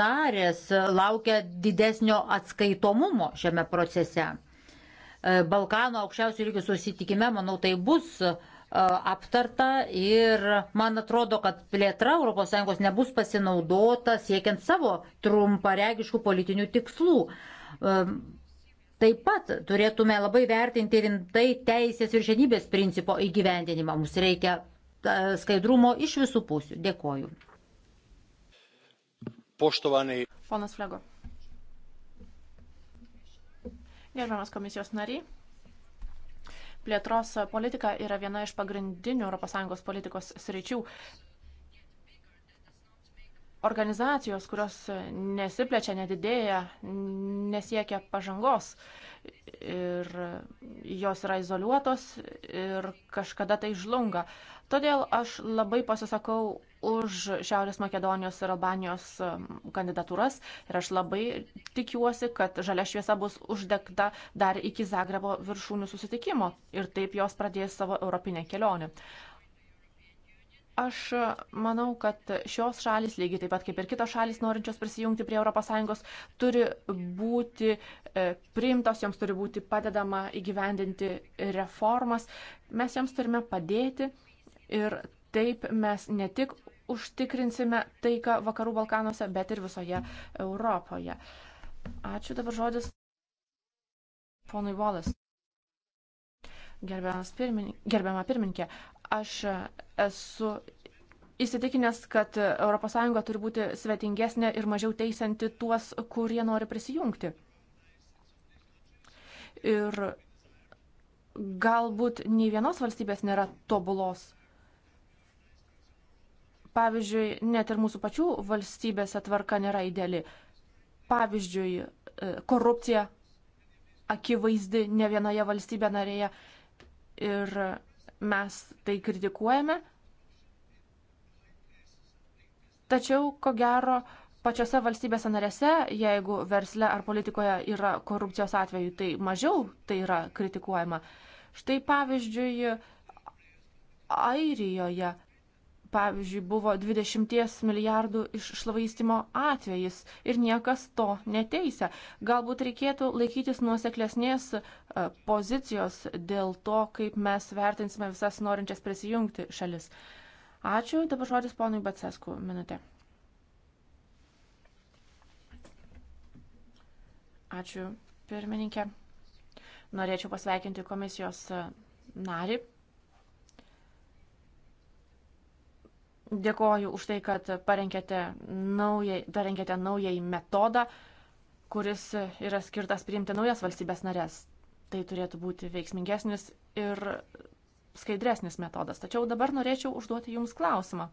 narės laukia didesnio atskaitomumo šiame procese. E, Balkano aukščiausių lygių susitikime, manau, tai bus e, aptarta ir man atrodo, kad plėtra ES nebus pasinaudota siekiant savo trumparegiškų politinių tikslų. E, Taip pat turėtume labai vertinti rimtai teisės viršenybės principo įgyvendinimą. Mums reikia skaidrumo iš visų pusių. Dėkoju. Poštovaniai. Ponas Flego. Gerbiamas komisijos nariai. Plėtros politika yra viena iš pagrindinių ES politikos sričių organizacijos, kurios nesiplečia, nedidėja, nesiekia pažangos ir jos yra izoliuotos ir kažkada tai žlunga. Todėl aš labai pasisakau už Šiaurės Makedonijos ir Albanijos um, kandidatūras ir aš labai tikiuosi, kad žalia šviesa bus uždegta dar iki Zagrebo viršūnių susitikimo ir taip jos pradės savo europinę kelionę. Aš uh, manau, kad šios šalis, lygiai taip pat kaip ir kitos šalis norinčios prisijungti prie ES, turi būti e, priimtos, joms turi būti padedama įgyvendinti reformas. Mes joms turime padėti Ir taip mes ne tik užtikrinsime taiką Vakarų Balkanuose, bet ir visoje Europoje. Ačiū dabar žodis ponui Volas. Pirmin... Gerbiama pirmininkė, aš esu įsitikinęs, kad ES turi būti svetingesnė ir mažiau teisianti tuos, kurie nori prisijungti. Ir galbūt nei vienos valstybės nėra tobulos Pavyzdžiui, net ir mūsų pačių valstybėse tvarka nėra ideali. Pavyzdžiui, e, korupcija akivaizdi ne vienoje valstybė narėje ir mes tai kritikuojame. Tačiau, ko gero, pačiose valstybėse narėse, jeigu versle ar politikoje yra korupcijos atveju, tai mažiau tai yra kritikuojama. Štai pavyzdžiui, Airijoje Pavyzdžiui, buvo 20 milijardų iššvaistimo atvejis ir niekas to neteisė. Galbūt reikėtų laikytis nuoseklesnės e, pozicijos dėl to, kaip mes vertinsime visas norinčias prisijungti šalis. Ačiū, dabar žodis ponui Batsesku, minutė. Ačiū, pirmininkė. Norėčiau pasveikinti komisijos e, narį Dėkoju už tai, kad parengėte, naujai, parengėte naująjį metodą, kuris yra skirtas priimti naujas valstybės narės. Tai turėtų būti veiksmingesnis ir skaidresnis metodas. Tačiau dabar norėčiau užduoti Jums klausimą.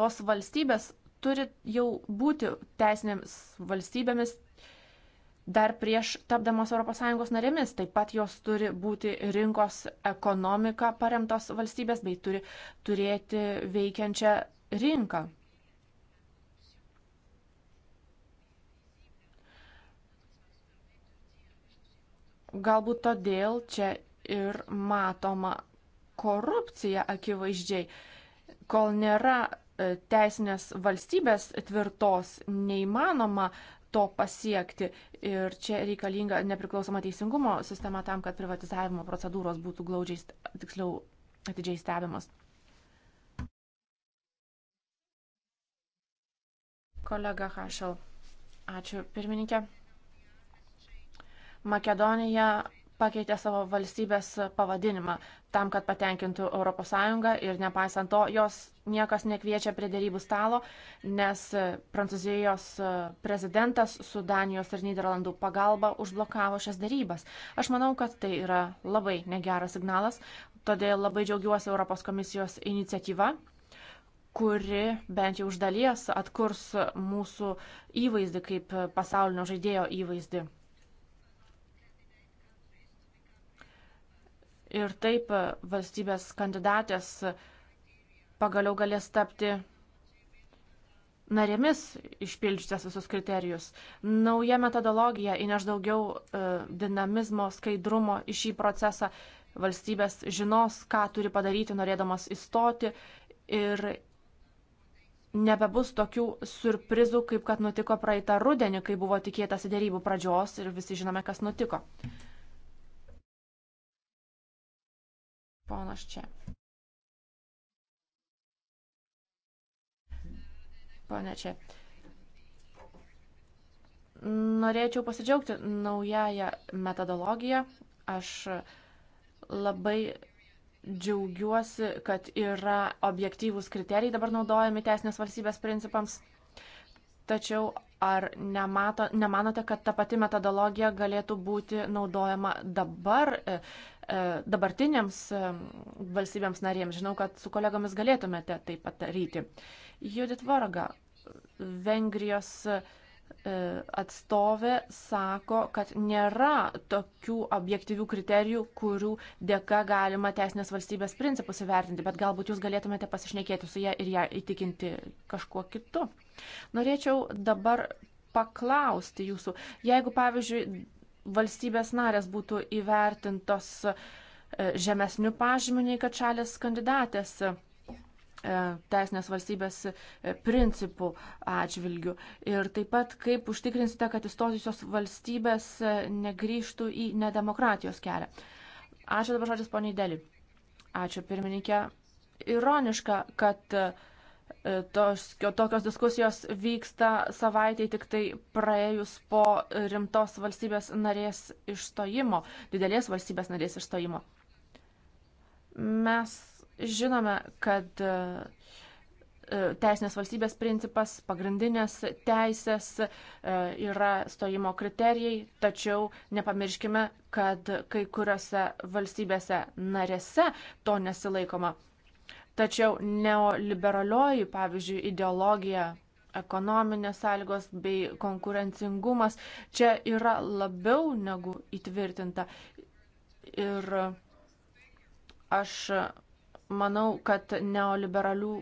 Tos valstybės turi jau būti teisinėmis valstybėmis, dar prieš tapdamos ES narėmis. Taip pat jos turi būti rinkos ekonomika paremtos valstybės, bei turi turėti veikiančią rinką. Galbūt todėl čia ir matoma korupcija akivaizdžiai. Kol nėra e, teisinės valstybės tvirtos, neįmanoma to pasiekti. Ir čia reikalinga nepriklausoma teisingumo sistema tam, kad privatizavimo procedūros būtų glaudžiai, tiksliau, atidžiai stebimas. Kolega Hašel. Ačiū, pirmininkė. Makedonija pakeitė savo valstybės pavadinimą tam, kad patenkintų ES ir nepaisant to jos niekas nekviečia prie dėrybų stalo, nes Prancūzijos prezidentas su Danijos ir Niderlandų pagalba užblokavo šias dėrybas. Aš manau, kad tai yra labai negeras signalas, todėl labai džiaugiuosi Europos komisijos iniciatyva kuri bent jau iš dalies atkurs mūsų įvaizdį kaip pasaulinio žaidėjo įvaizdį. ir taip valstybės kandidatės pagaliau galės tapti narėmis išpildžiusias visus kriterijus. Nauja metodologija įneš daugiau e, dinamizmo, skaidrumo į šį procesą. Valstybės žinos, ką turi padaryti, norėdamas įstoti ir nebebus tokių surprizų, kaip kad nutiko praeitą rudenį, kai buvo tikėtasi dėrybų pradžios ir visi žinome, kas nutiko. Ponas čia. Pone čia. Norėčiau pasidžiaugti naująją metodologiją. Aš labai džiaugiuosi, kad yra objektyvūs kriterijai dabar naudojami teisinės valstybės principams. Tačiau ar nemato, nemanote, kad ta pati metodologija galėtų būti naudojama dabar E, dabartiniams e, valstybėms narėms. Žinau, kad su kolegomis galėtumėte tai padaryti. Judit Varga, Vengrijos e, atstovė, sako, kad nėra tokių objektyvių kriterijų, kurių dėka galima teisinės valstybės principus įvertinti, bet galbūt jūs galėtumėte pasišnekėti su ją ir ją įtikinti kažkuo kitu. Norėčiau dabar paklausti jūsų, jeigu, pavyzdžiui, valstybės narės būtų įvertintos e, žemesnių pažymių nei kad šalis kandidatės e, teisinės valstybės e, principų atžvilgių. Ir taip pat, kaip užtikrinsite, kad įstojusios valstybės negryžtų į nedemokratijos kelią. Ačiū dabar žodis poniai Deli. Ačiū pirmininkė. Ironiška, kad uh, Tos, tokios diskusijos vyksta savaitėje tik tai praėjus po rimtos valstybės narės išstojimo, didelės valstybės narės išstojimo. Mes žinome, kad e, e, teisinės valstybės principas, pagrindinės teisės e, yra stojimo kriterijai, tačiau nepamirškime, kad kai kuriuose valstybėse narėse to nesilaikoma. Tačiau neoliberalioji, pavyzdžiui, ideologija, ekonominės sąlygos bei konkurencingumas čia yra labiau negu įtvirtinta. Ir aš manau, kad neoliberalių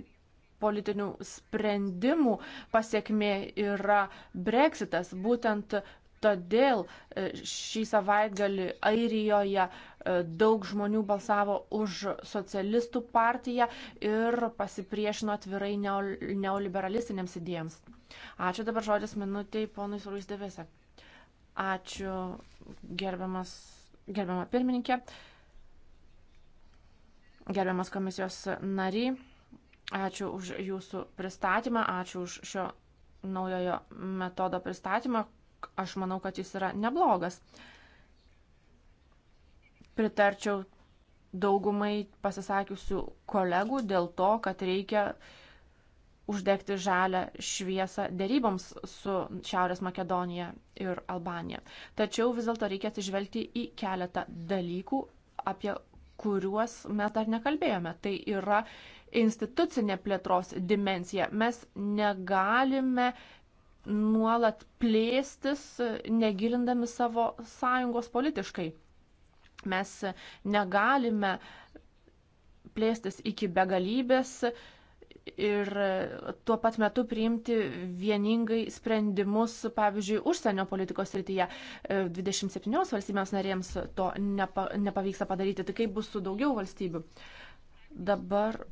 politinių sprendimų pasiekmė yra Brexitas. Būtent todėl e, šį savaitgalį Airijoje uh, daug žmonių balsavo už socialistų partiją ir pasipriešino atvirai neoliberalistinėms idėjams. Ačiū dabar žodis minutiai ponui Ruiz Devese. Ačiū gerbiamas, gerbiama pirmininkė, gerbiamas komisijos nariai. Ačiū už jūsų pristatymą, ačiū už šio naujojo metodo pristatymą. Aš manau, kad jis yra neblogas. Uh, Pritarčiau daugumai pasisakiusių kolegų dėl to, kad reikia uždegti žalę šviesą dėryboms su Šiaurės Makedonija ir Albanija. Tačiau vis dėlto reikia atsižvelgti į keletą dalykų, apie kuriuos mes dar nekalbėjome. Tai yra institucinė plėtros dimencija. Mes negalime nuolat plėstis, negilindami savo sąjungos politiškai. Mes negalime plėstis iki begalybės ir tuo pat metu priimti vieningai sprendimus, pavyzdžiui, užsienio politikos srityje. 27 e, valstybėms narėms to nepa, nepavyksta padaryti, tai kaip bus su daugiau valstybių. Dabar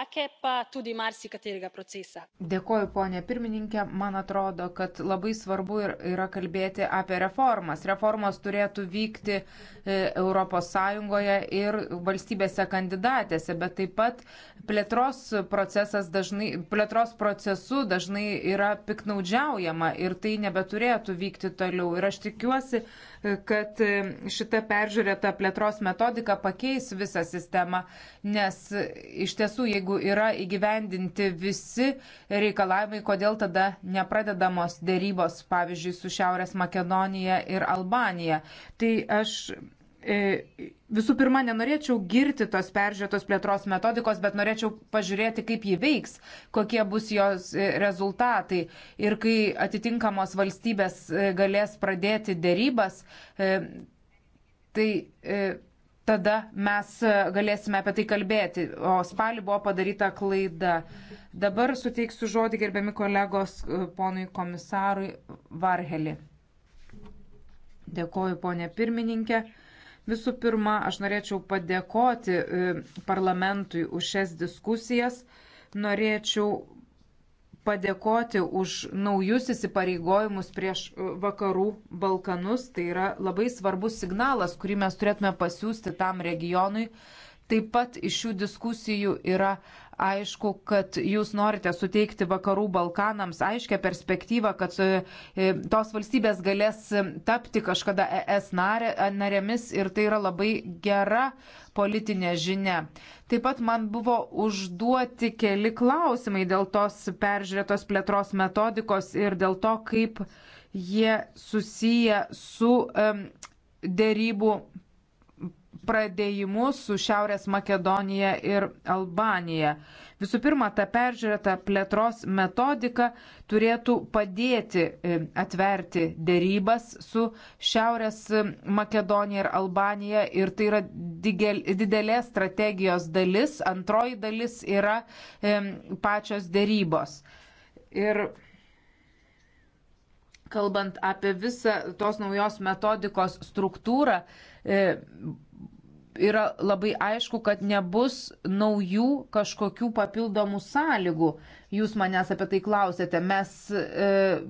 Ake pa tudi marsikaterega procesa. Dėkoju, ponė pirmininkė. Man atrodo, kad labai svarbu yra kalbėti apie reformas. Reformos turėtų vykti ES ir valstybėse kandidatėse, bet taip pat plėtros, dažnai, plėtros procesu dažnai yra piknaudžiaujama ir tai nebeturėtų vykti toliau. Ir aš tikiuosi, kad e, šita peržiūrėta plėtros metodika pakeis visą sistemą, nes e, iš tiesų, jeigu yra įgyvendinti visi reikalavimai, kodėl tada nepradedamos dėrybos, pavyzdžiui, su Šiaurės Makedonija ir Albanija. Tai aš E, visų pirma, nenorėčiau girti tos peržiūrėtos plėtros metodikos, bet norėčiau pažiūrėti, kaip ji veiks, kokie bus jos e, rezultatai. Ir kai atitinkamos valstybės e, galės pradėti dėrybas, tai tada mes galėsime apie tai kalbėti. O spalį buvo padaryta klaida. Dabar suteiksiu žodį gerbiami kolegos ponui komisarui Varhelį. Dėkoju, ponė pirmininkė. Visų pirma, aš norėčiau padėkoti e, parlamentui už šias diskusijas. Norėčiau padėkoti už naujus įsipareigojimus prieš e, vakarų Balkanus. Tai yra labai svarbus signalas, kurį mes turėtume pasiūsti tam regionui, Taip pat iš šių diskusijų yra aišku, kad jūs norite suteikti vakarų Balkanams aiškę perspektyvą, kad e, e, tos valstybės galės e, tapti kažkada ES narėmis ir tai yra labai gera politinė žinia. Taip pat man buvo užduoti keli klausimai dėl tos peržiūrėtos plėtros metodikos ir dėl to, kaip jie susiję su um, dėrybų pradėjimu su Šiaurės Makedonija ir Albanija. Visų pirma, ta peržiūrėta plėtros metodika turėtų padėti e, atverti dėrybas su Šiaurės Makedonija ir Albanija ir tai yra didelės strategijos dalis. Antroji dalis yra e, pačios dėrybos. Ir kalbant apie visą tos naujos metodikos struktūrą, e, yra labai aišku, kad nebus naujų kažkokių papildomų sąlygų. Jūs manęs apie tai klausėte. Mes e,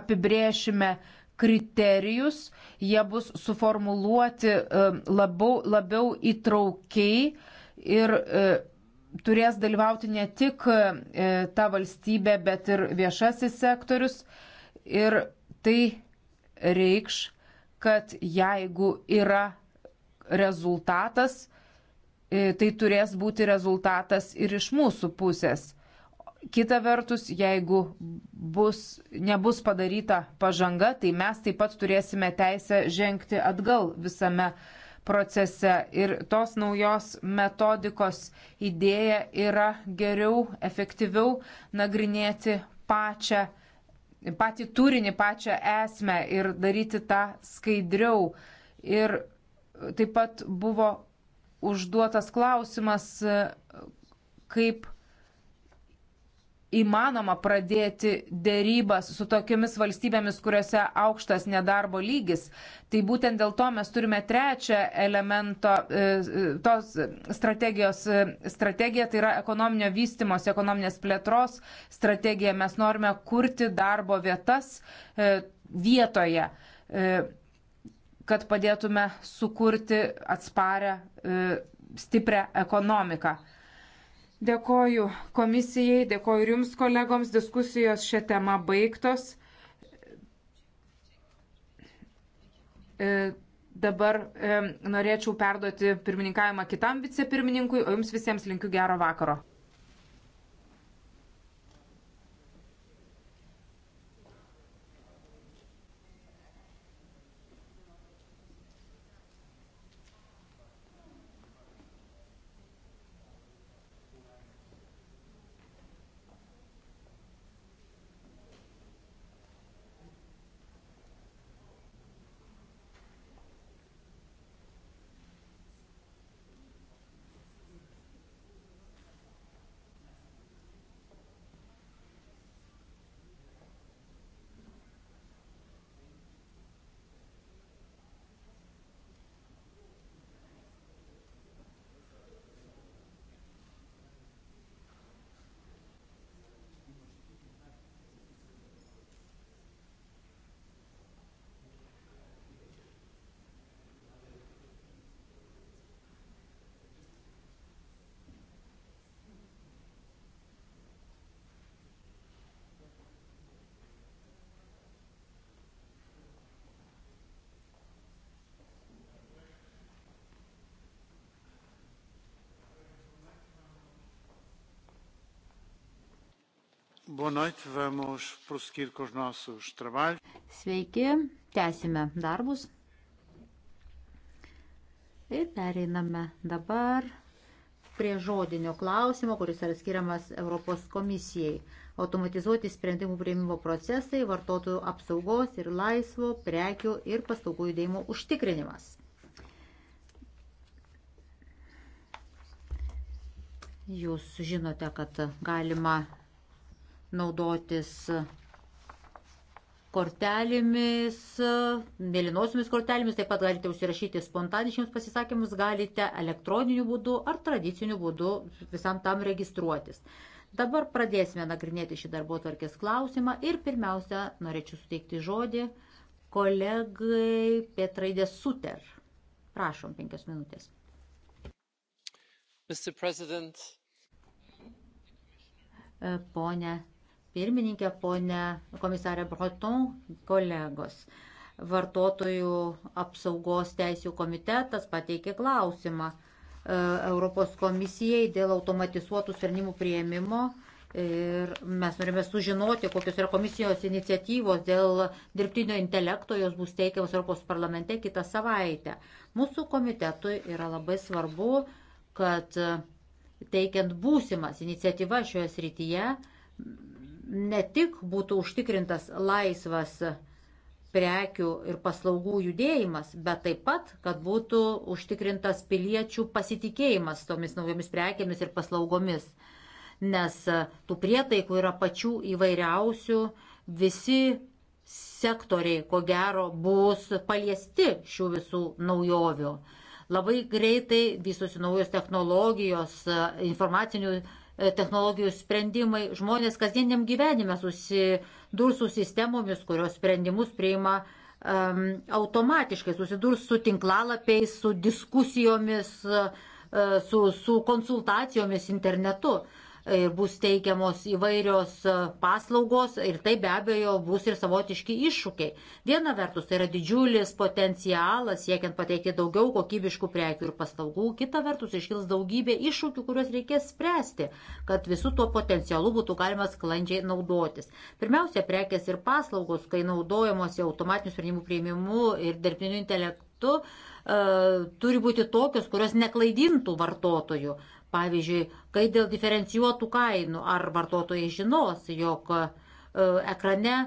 apibrėšime kriterijus, jie bus suformuluoti e, labiau, labiau įtraukiai ir e, turės dalyvauti ne tik e, ta valstybė, bet ir viešasis sektorius. Ir tai reikš, kad jeigu yra rezultatas, e, tai turės būti rezultatas ir iš mūsų pusės. Kita vertus, jeigu bus, nebus padaryta pažanga, tai mes taip pat turėsime teisę žengti atgal visame procese. Ir tos naujos metodikos idėja yra geriau, efektyviau nagrinėti pačią patį turinį, pačią esmę ir daryti tą skaidriau. Ir taip pat buvo užduotas klausimas, kaip įmanoma pradėti dėrybas su tokiamis valstybėmis, kuriuose aukštas nedarbo lygis. Tai būtent dėl to mes turime trečią elemento e, e, tos strategijos e, strategiją, tai yra ekonominio vystimos, ekonominės plėtros strategija. Mes norime kurti darbo vietas vietoje kad padėtume sukurti atsparę, stiprią ekonomiką. Dėkoju komisijai, dėkoju ir jums kolegoms, diskusijos šią temą baigtos. E, dabar e, norėčiau perduoti pirmininkavimą kitam vicepirmininkui, o jums visiems linkiu gero vakaro. Sveiki, tęsime darbus. Ir pereiname dabar prie žodinio klausimo, kuris yra skiriamas Europos komisijai. Automatizuoti sprendimų prieimimo procesai, vartotojų apsaugos ir laisvo prekių ir paslaugų judėjimo užtikrinimas. Jūs žinote, kad galima naudotis kortelėmis, mėlynosiomis kortelėmis, taip pat galite užsirašyti spontaniškiams pasisakymus, galite elektroniniu būdu ar tradiciniu būdu visam tam registruotis. Dabar pradėsime nagrinėti šį darbo tvarkės klausimą ir pirmiausia norėčiau suteikti žodį kolegai Petraidė Suter. Prašom, penkias minutės. Pone pirmininkė, ponė komisarė Breton, kolegos. Vartotojų apsaugos teisų komitetas pateikė klausimą e, Europos komisijai dėl automatizuotų sprendimų prieimimo. Ir mes norime sužinoti, kokios yra komisijos iniciatyvos dėl dirbtinio intelekto, jos bus teikiamas Europos parlamente kitą savaitę. Mūsų komitetui yra labai svarbu, kad teikiant būsimas iniciatyva šioje srityje ne tik būtų užtikrintas laisvas prekių ir paslaugų judėjimas, bet taip pat, kad būtų užtikrintas piliečių pasitikėjimas tomis naujomis prekėmis ir paslaugomis. Nes e, tų prietaikų yra pačių įvairiausių, visi sektoriai, ko gero, bus paliesti šių visų naujovių. Labai greitai visos naujos technologijos, e, informacinių technologijų, E, technologijų sprendimai, žmonės kasdieniam gyvenime susidurs su sistemomis, kurios sprendimus priima um, automatiškai, susidurs su tinklalapiais, su diskusijomis, uh, su, su konsultacijomis internetu. Uh, ir e, bus teikiamos įvairios e, paslaugos ir tai be abejo bus ir savotiški iššūkiai. Viena vertus tai yra didžiulis potencialas siekiant pateikti daugiau kokybiškų prekių ir paslaugų, kita vertus iškils daugybė iššūkių, kuriuos reikės spręsti, kad visų tuo potencialu būtų galima sklandžiai naudotis. Pirmiausia, prekės ir paslaugos, kai naudojamos į automatinių sprendimų prieimimu ir dirbtiniu intelektu, e, turi būti tokios, kurios neklaidintų vartotojų. Pavyzdžiui, kai dėl diferencijuotų kainų ar vartotojai žinos, jog e, ekrane e,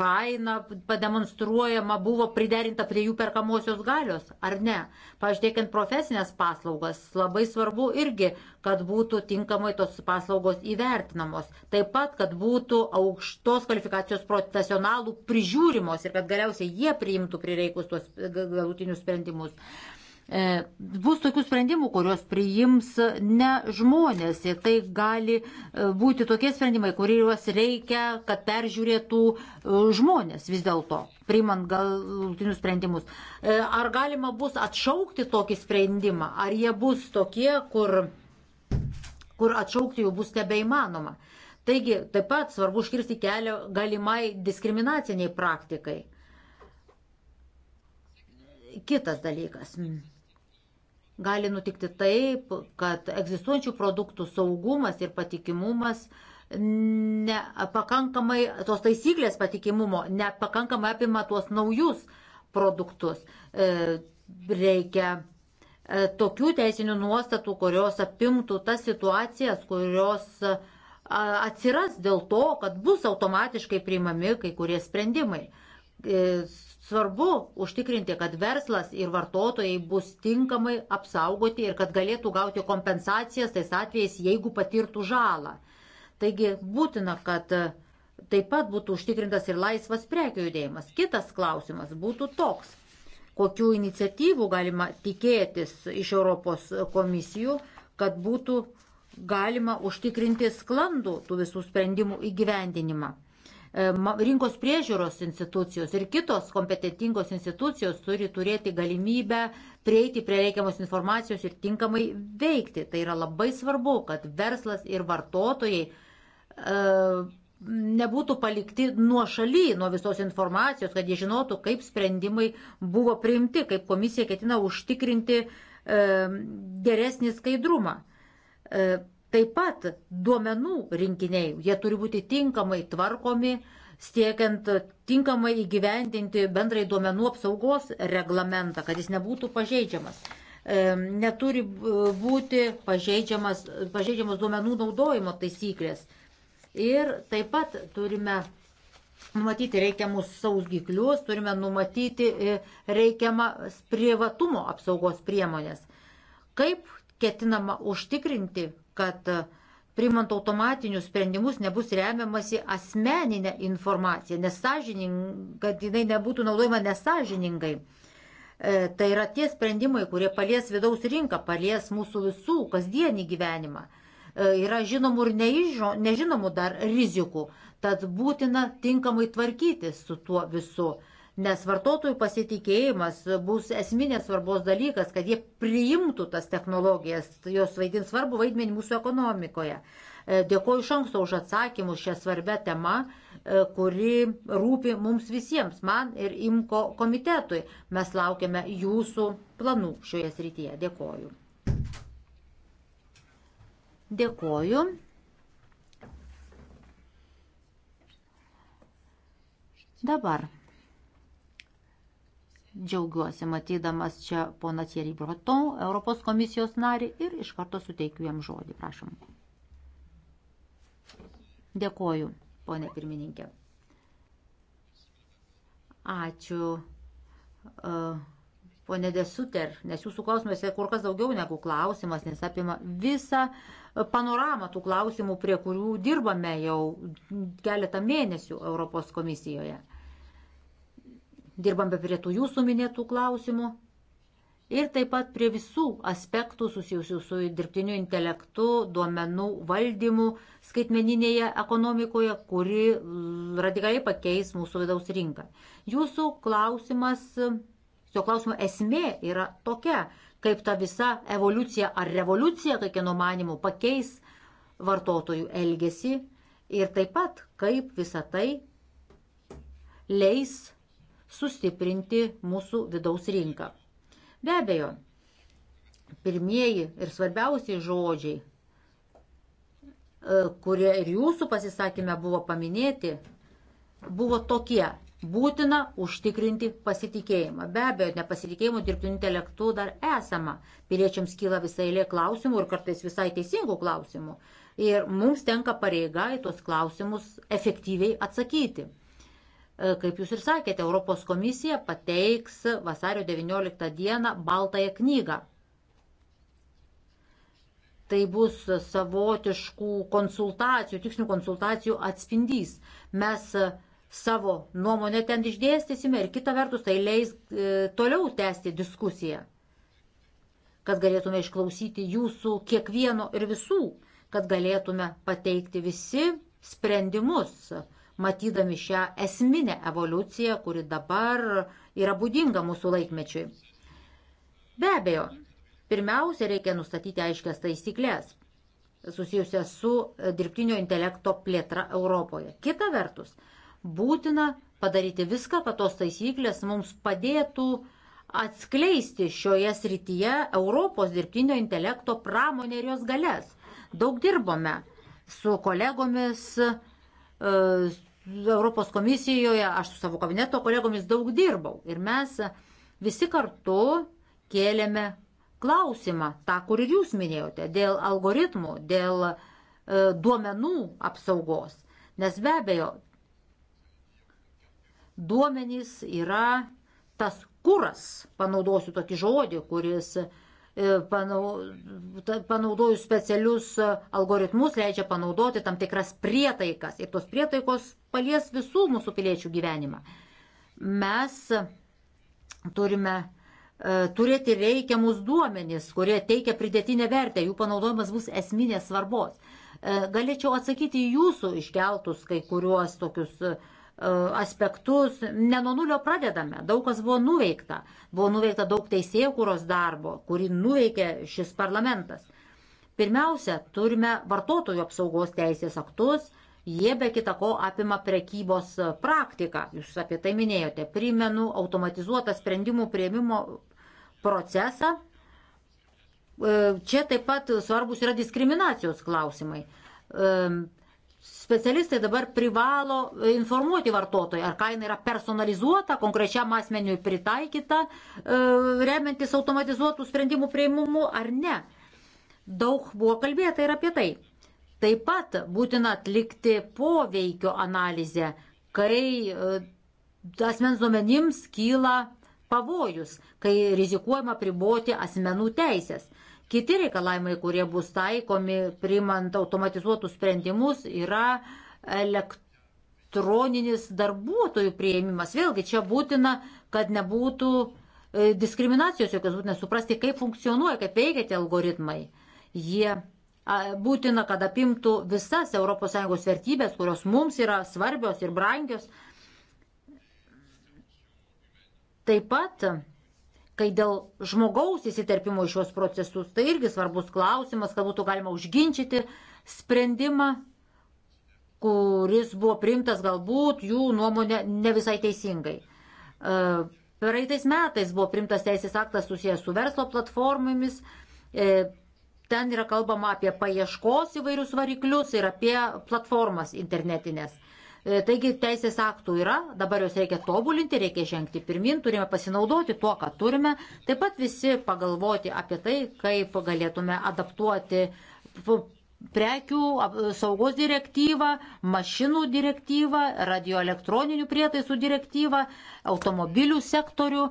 kaina pademonstruojama buvo priderinta prie jų perkamosios galios, ar ne. Pažteikiant profesinės paslaugas, labai svarbu irgi, kad būtų tinkamai tos paslaugos įvertinamos. Taip pat, kad būtų aukštos kvalifikacijos profesionalų prižiūrimos ir kad galiausiai jie priimtų prireikus tuos galutinius sprendimus. E, bus tokių sprendimų, kuriuos priims ne žmonės ir tai gali e, būti tokie sprendimai, kuriuos reikia, kad peržiūrėtų e, žmonės vis dėlto, priimant galutinius sprendimus. Ar galima bus atšaukti tokį sprendimą, ar jie bus tokie, kur, kur atšaukti jų bus nebeįmanoma. Taigi taip pat svarbu užkirsti kelią galimai diskriminaciniai praktikai. Kitas dalykas gali nutikti taip, kad egzistuojančių produktų saugumas ir patikimumas nepakankamai, tos taisyklės patikimumo nepakankamai apima tuos naujus produktus. E, reikia e, tokių teisinių nuostatų, kurios apimtų tas situacijas, kurios e, atsiras dėl to, kad bus automatiškai priimami kai kurie sprendimai. Svarbu užtikrinti, kad verslas ir vartotojai bus tinkamai apsaugoti ir kad galėtų gauti kompensacijas tais atvejais, jeigu patirtų žalą. Taigi būtina, kad e, taip pat būtų užtikrintas ir laisvas prekių judėjimas. Kitas klausimas būtų toks, kokių iniciatyvų galima tikėtis iš Europos komisijų, kad būtų galima užtikrinti sklandų tų visų sprendimų įgyvendinimą. E, rinkos priežiūros institucijos ir kitos kompetentingos institucijos turi turėti galimybę prieiti prie reikiamos informacijos ir tinkamai veikti. Tai yra labai svarbu, kad verslas ir vartotojai e, nebūtų palikti nuo šaly, nuo visos informacijos, kad jie žinotų, kaip sprendimai buvo priimti, kaip komisija ketina užtikrinti e, geresnį skaidrumą. E, Taip pat duomenų rinkiniai, jie turi būti tinkamai tvarkomi, siekiant tinkamai įgyvendinti bendrai duomenų apsaugos reglamentą, kad jis nebūtų pažeidžiamas. E, neturi būti pažeidžiamas, pažeidžiamas duomenų naudojimo taisyklės. Ir taip pat turime numatyti reikiamus sausgiklius, turime numatyti e, reikiamas privatumo apsaugos priemonės. Kaip ketinama užtikrinti, kad e, primant automatinius sprendimus nebus remiamasi asmeninė informacija, kad jinai nebūtų naudojama nesažiningai. E, tai yra tie sprendimai, kurie palies vidaus rinką, palies mūsų visų kasdienį gyvenimą. E, yra žinomų ir neižo, nežinomų dar rizikų, tad būtina tinkamai tvarkyti su tuo visu nes vartotojų pasitikėjimas bus esminės svarbos dalykas, kad jie priimtų tas technologijas, jos vaidins svarbu vaidmenį mūsų ekonomikoje. E, Dėkuoju iš anksto už atsakymus šią svarbę temą, e, kuri rūpi mums visiems, man ir IMKO komitetui. Mes laukiame jūsų planų šioje srityje. Dėkuoju. Dėkuoju. Dabar Džiaugiuosi matydamas čia pona Thierry Breton, Europos komisijos narį ir iš karto suteikiu jam žodį, prašom. Dėkoju, ponė pirmininkė. Ačiū, uh, ponė Desuter, nes jūsų klausimas yra kur kas daugiau negu klausimas, nes apima visą panoramą tų klausimų, prie kurių dirbame jau keletą mėnesių Europos komisijoje dirbame prie tų jūsų minėtų klausimų ir taip pat prie visų aspektų susijusių su dirbtiniu intelektu, duomenų valdymu skaitmeninėje ekonomikoje, kuri radikaliai pakeis mūsų vidaus rinką. Jūsų klausimas, jo klausimo esmė yra tokia, kaip ta visa evoliucija ar revoliucija, kokie numanimų, pakeis vartotojų elgesį ir taip pat kaip visa tai leis sustiprinti mūsų vidaus rinką. Be abejo, pirmieji ir svarbiausiai žodžiai, e, kurie ir jūsų pasisakymė buvo paminėti, buvo tokie. Būtina užtikrinti pasitikėjimą. Be abejo, nepasitikėjimo dirbtiniu intelektu dar esama. Piliečiams kyla visai lė klausimų ir kartais visai teisingų klausimų. Ir mums tenka pareiga į tuos klausimus efektyviai atsakyti. Kaip jūs ir sakėte, Europos komisija pateiks vasario 19 dieną baltąją knygą. Tai bus savotiškų konsultacijų, tikslių konsultacijų atspindys. Mes savo nuomonę ten išdėstysime ir kita vertus tai leis e, toliau tęsti diskusiją, kad galėtume išklausyti jūsų kiekvieno ir visų, kad galėtume pateikti visi sprendimus matydami šią esminę evoliuciją, kuri dabar yra būdinga mūsų laikmečiui. Be abejo, pirmiausia, reikia nustatyti aiškias taisyklės susijusias su dirbtinio intelekto plėtra Europoje. Kita vertus, būtina padaryti viską, kad tos taisyklės mums padėtų atskleisti šioje srityje Europos dirbtinio intelekto pramonę ir jos galės. Daug dirbome su kolegomis, e, Europos komisijoje, aš su savo kabineto kolegomis daug dirbau ir mes visi kartu kėlėme klausimą, tą, kur ir jūs minėjote, dėl algoritmų, dėl e, duomenų apsaugos. Nes be abejo, duomenys yra tas kuras, panaudosiu tokį žodį, kuris e, E, panaudojus specialius e, algoritmus leidžia panaudoti tam tikras prietaikas ir tos prietaikos palies visų mūsų piliečių gyvenimą. Mes turime e, turėti reikiamus duomenys, kurie teikia pridėtinę vertę, jų panaudojimas bus esminės svarbos. Galėčiau atsakyti į jūsų iškeltus kai kuriuos tokius uh, aspektus, ne nuo nulio pradedame, daug kas buvo nuveikta, buvo nuveikta daug teisėkūros darbo, kurį nuveikė šis parlamentas. Pirmiausia, turime vartotojų apsaugos teisės aktus, jie be kita ko apima prekybos praktiką, jūs apie tai minėjote, primenu automatizuotą sprendimų prieimimo procesą. E, čia taip pat svarbus yra diskriminacijos klausimai e, specialistai dabar privalo informuoti vartotoją, ar kaina yra personalizuota, konkrečiam asmeniui pritaikyta, e, remiantis automatizuotų sprendimų prieimumu ar ne. Daug buvo kalbėta ir apie tai. Taip pat būtina atlikti poveikio analizę, kai e, asmens duomenims kyla pavojus, kai rizikuojama priboti asmenų teisės. Kiti reikalavimai, kurie bus taikomi, priimant automatizuotus sprendimus, yra elektroninis darbuotojų prieimimas. Vėlgi čia būtina, kad nebūtų e, diskriminacijos, jokios būtina suprasti, kaip funkcionuoja, kaip veikia tie algoritmai. Jie būtina, kad apimtų visas ES vertybės, kurios mums yra svarbios ir brangios. Taip pat kai dėl žmogaus įsiterpimo į šios procesus, tai irgi svarbus klausimas, kad būtų galima užginčyti sprendimą, kuris buvo primtas galbūt jų nuomonė ne visai teisingai. E, praeitais metais buvo primtas teisės aktas susijęs su verslo platformomis. E, ten yra kalbama apie paieškos įvairius variklius ir apie platformas internetinės. E, taigi teisės aktų yra, dabar juos reikia tobulinti, reikia žengti pirmin, turime pasinaudoti tuo, ką turime, taip pat visi pagalvoti apie tai, kaip galėtume adaptuoti prekių saugos direktyvą, mašinų direktyvą, radioelektroninių prietaisų direktyvą, automobilių sektorių.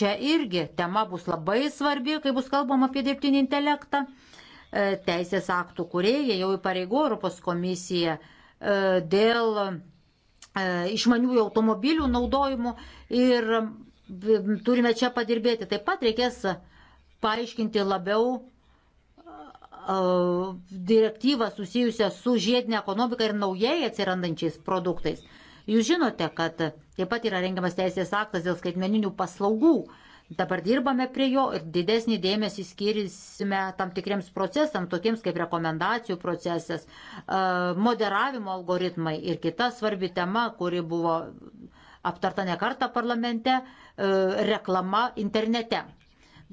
Čia irgi tema bus labai svarbi, kai bus kalbama apie dirbtinį intelektą. E, teisės aktų kurie jau įpareigo Europos komisiją e, dėl E, išmaniųjų automobilių naudojimu ir e, turime čia padirbėti. Taip pat reikės paaiškinti labiau e, direktyvą susijusią su žiedinė ekonomika ir naujai atsirandančiais produktais. Jūs žinote, kad taip pat yra rengiamas teisės aktas dėl skaitmeninių paslaugų Dabar dirbame prie jo ir didesnį dėmesį skirsime tam tikriems procesams, tokiems kaip rekomendacijų procesas, e, moderavimo algoritmai ir kita svarbi tema, kuri buvo aptarta ne kartą parlamente, e, reklama internete.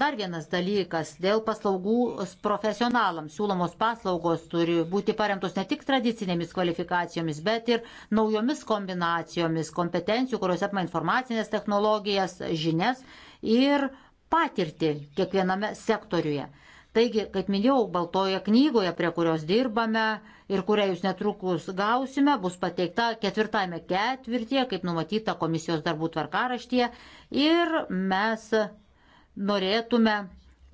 Dar vienas dalykas dėl paslaugų profesionalams. Siūlomos paslaugos turi būti paremtos ne tik tradicinėmis kvalifikacijomis, bet ir naujomis kombinacijomis kompetencijų, kurios apima informacinės technologijas, žinias ir patirtį kiekviename sektoriuje. Taigi, kaip minėjau, Baltoje knygoje, prie kurios dirbame ir kurią jūs netrukus gausime, bus pateikta ketvirtame ketvirtie, kaip numatyta komisijos darbų tvarkaraštyje. Ir mes norėtume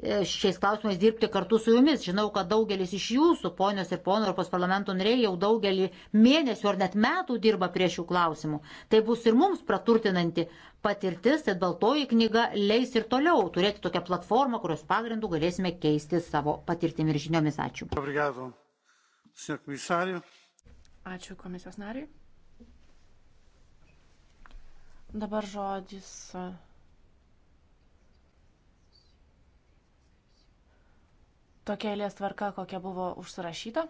E, šiais klausimais dirbti kartu su jumis. Žinau, kad daugelis iš jūsų, ponios ir ponų Europos parlamento nariai, jau daugelį mėnesių ar net metų dirba prie šių klausimų. Tai bus ir mums praturtinanti patirtis, tad baltoji knyga leis ir toliau turėti tokią platformą, kurios pagrindų galėsime keisti savo patirtimi ir žiniomis. Ačiū. Ačiū komisijos nariui. Dabar žodis tokia eilės tvarka, kokia buvo užsirašyta.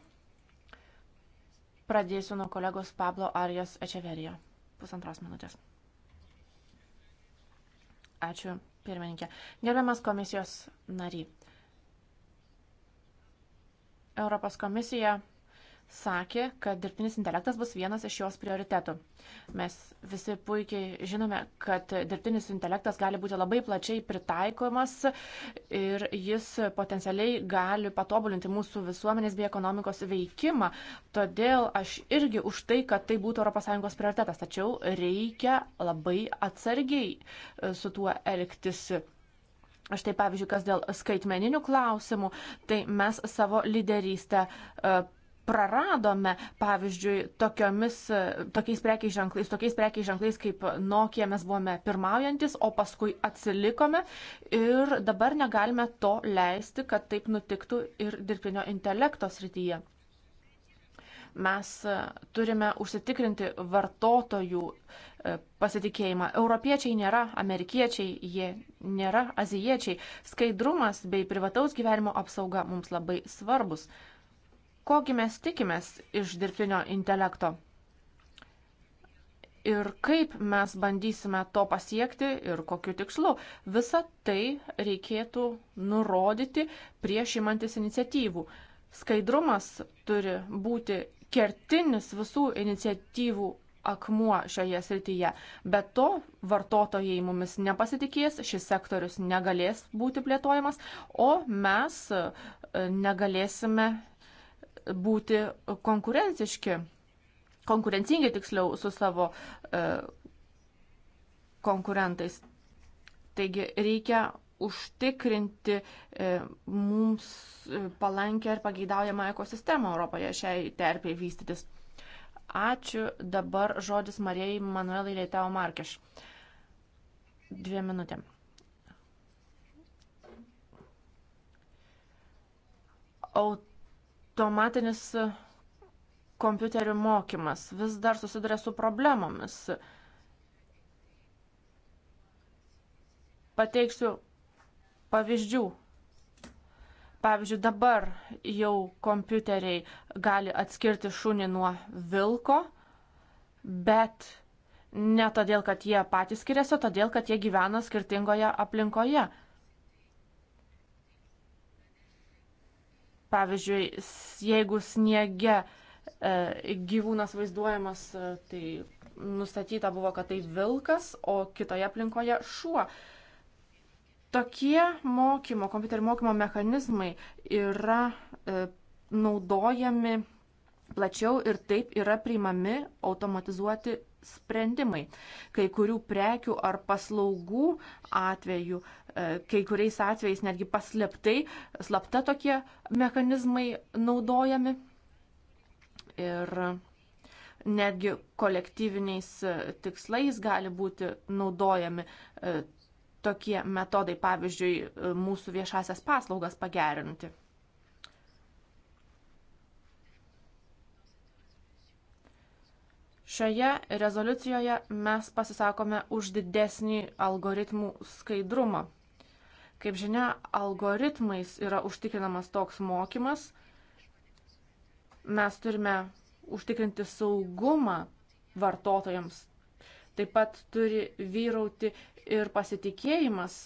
Pradėsiu nuo kolegos Pablo Arijas Ečeverijo. Pusantros minutės. Ačiū, pirmininkė. Gerbiamas komisijos nary. Europos komisija sakė, kad dirbtinis intelektas bus vienas iš jos prioritetų. Mes visi puikiai žinome, kad dirbtinis intelektas gali būti labai plačiai pritaikomas ir jis potencialiai gali patobulinti mūsų visuomenės bei ekonomikos veikimą. Todėl aš irgi už tai, kad tai būtų ES prioritetas, tačiau reikia labai atsargiai e, su tuo elgtis. Aš tai pavyzdžiui, kas dėl skaitmeninių klausimų, tai mes savo lyderystę e, praradome, pavyzdžiui, tokiomis, tokiais prekiais ženklais, tokiais prekiais ženklais kaip Nokia mes buvome pirmaujantis, o paskui atsilikome ir dabar negalime to leisti, kad taip nutiktų ir dirbtinio intelekto srityje. Mes e, turime užsitikrinti vartotojų e, pasitikėjimą. Europiečiai nėra amerikiečiai, jie nėra azijiečiai. Skaidrumas bei privataus gyvenimo apsauga mums labai svarbus. Kogi mes tikimės iš dirbtinio intelekto? Ir kaip mes bandysime to pasiekti ir kokiu tikslu? Visą tai reikėtų nurodyti prieš imantis iniciatyvų. Skaidrumas turi būti kertinis visų iniciatyvų akmuo šioje srityje. Be to, vartotojai mumis nepasitikės, šis sektorius negalės būti plėtojamas, o mes e, negalėsime būti konkurenciški, konkurencingi tiksliau su savo e, konkurentais. Taigi reikia užtikrinti e, mums e, palankę ir pageidaujamą ekosistemą Europoje šiai terpiai vystytis. Ačiū. Dabar žodis Marijai Manuelai Leitao Markeš. Dviem minutėm. Aut automatinis e, kompiuterių mokymas vis dar susiduria su problemomis. Pateiksiu pavyzdžių. Pavyzdžiui, dabar jau kompiuteriai gali atskirti šunį nuo vilko, bet ne todėl, kad jie patys skiriasi, o todėl, kad jie gyvena skirtingoje aplinkoje. Pavyzdžiui, jeigu sniege e, gyvūnas vaizduojamas, e, tai nustatyta buvo, kad tai vilkas, o kitoje aplinkoje šuo. Tokie mokymo, kompiuterio mokymo mechanizmai yra e, naudojami plačiau ir taip yra priimami automatizuoti sprendimai. Kai kurių prekių ar paslaugų atveju E, kai kuriais atvejais netgi paslėptai, slapta tokie mechanizmai naudojami. Ir netgi kolektyviniais e, tikslais gali būti naudojami e, tokie metodai, pavyzdžiui, mūsų viešasias paslaugas pagerinti. Šioje rezoliucijoje mes pasisakome už didesnį algoritmų skaidrumą. Kaip žinia, algoritmais yra užtikrinamas toks mokymas. Mes turime užtikrinti saugumą vartotojams. Taip pat turi vyrauti ir pasitikėjimas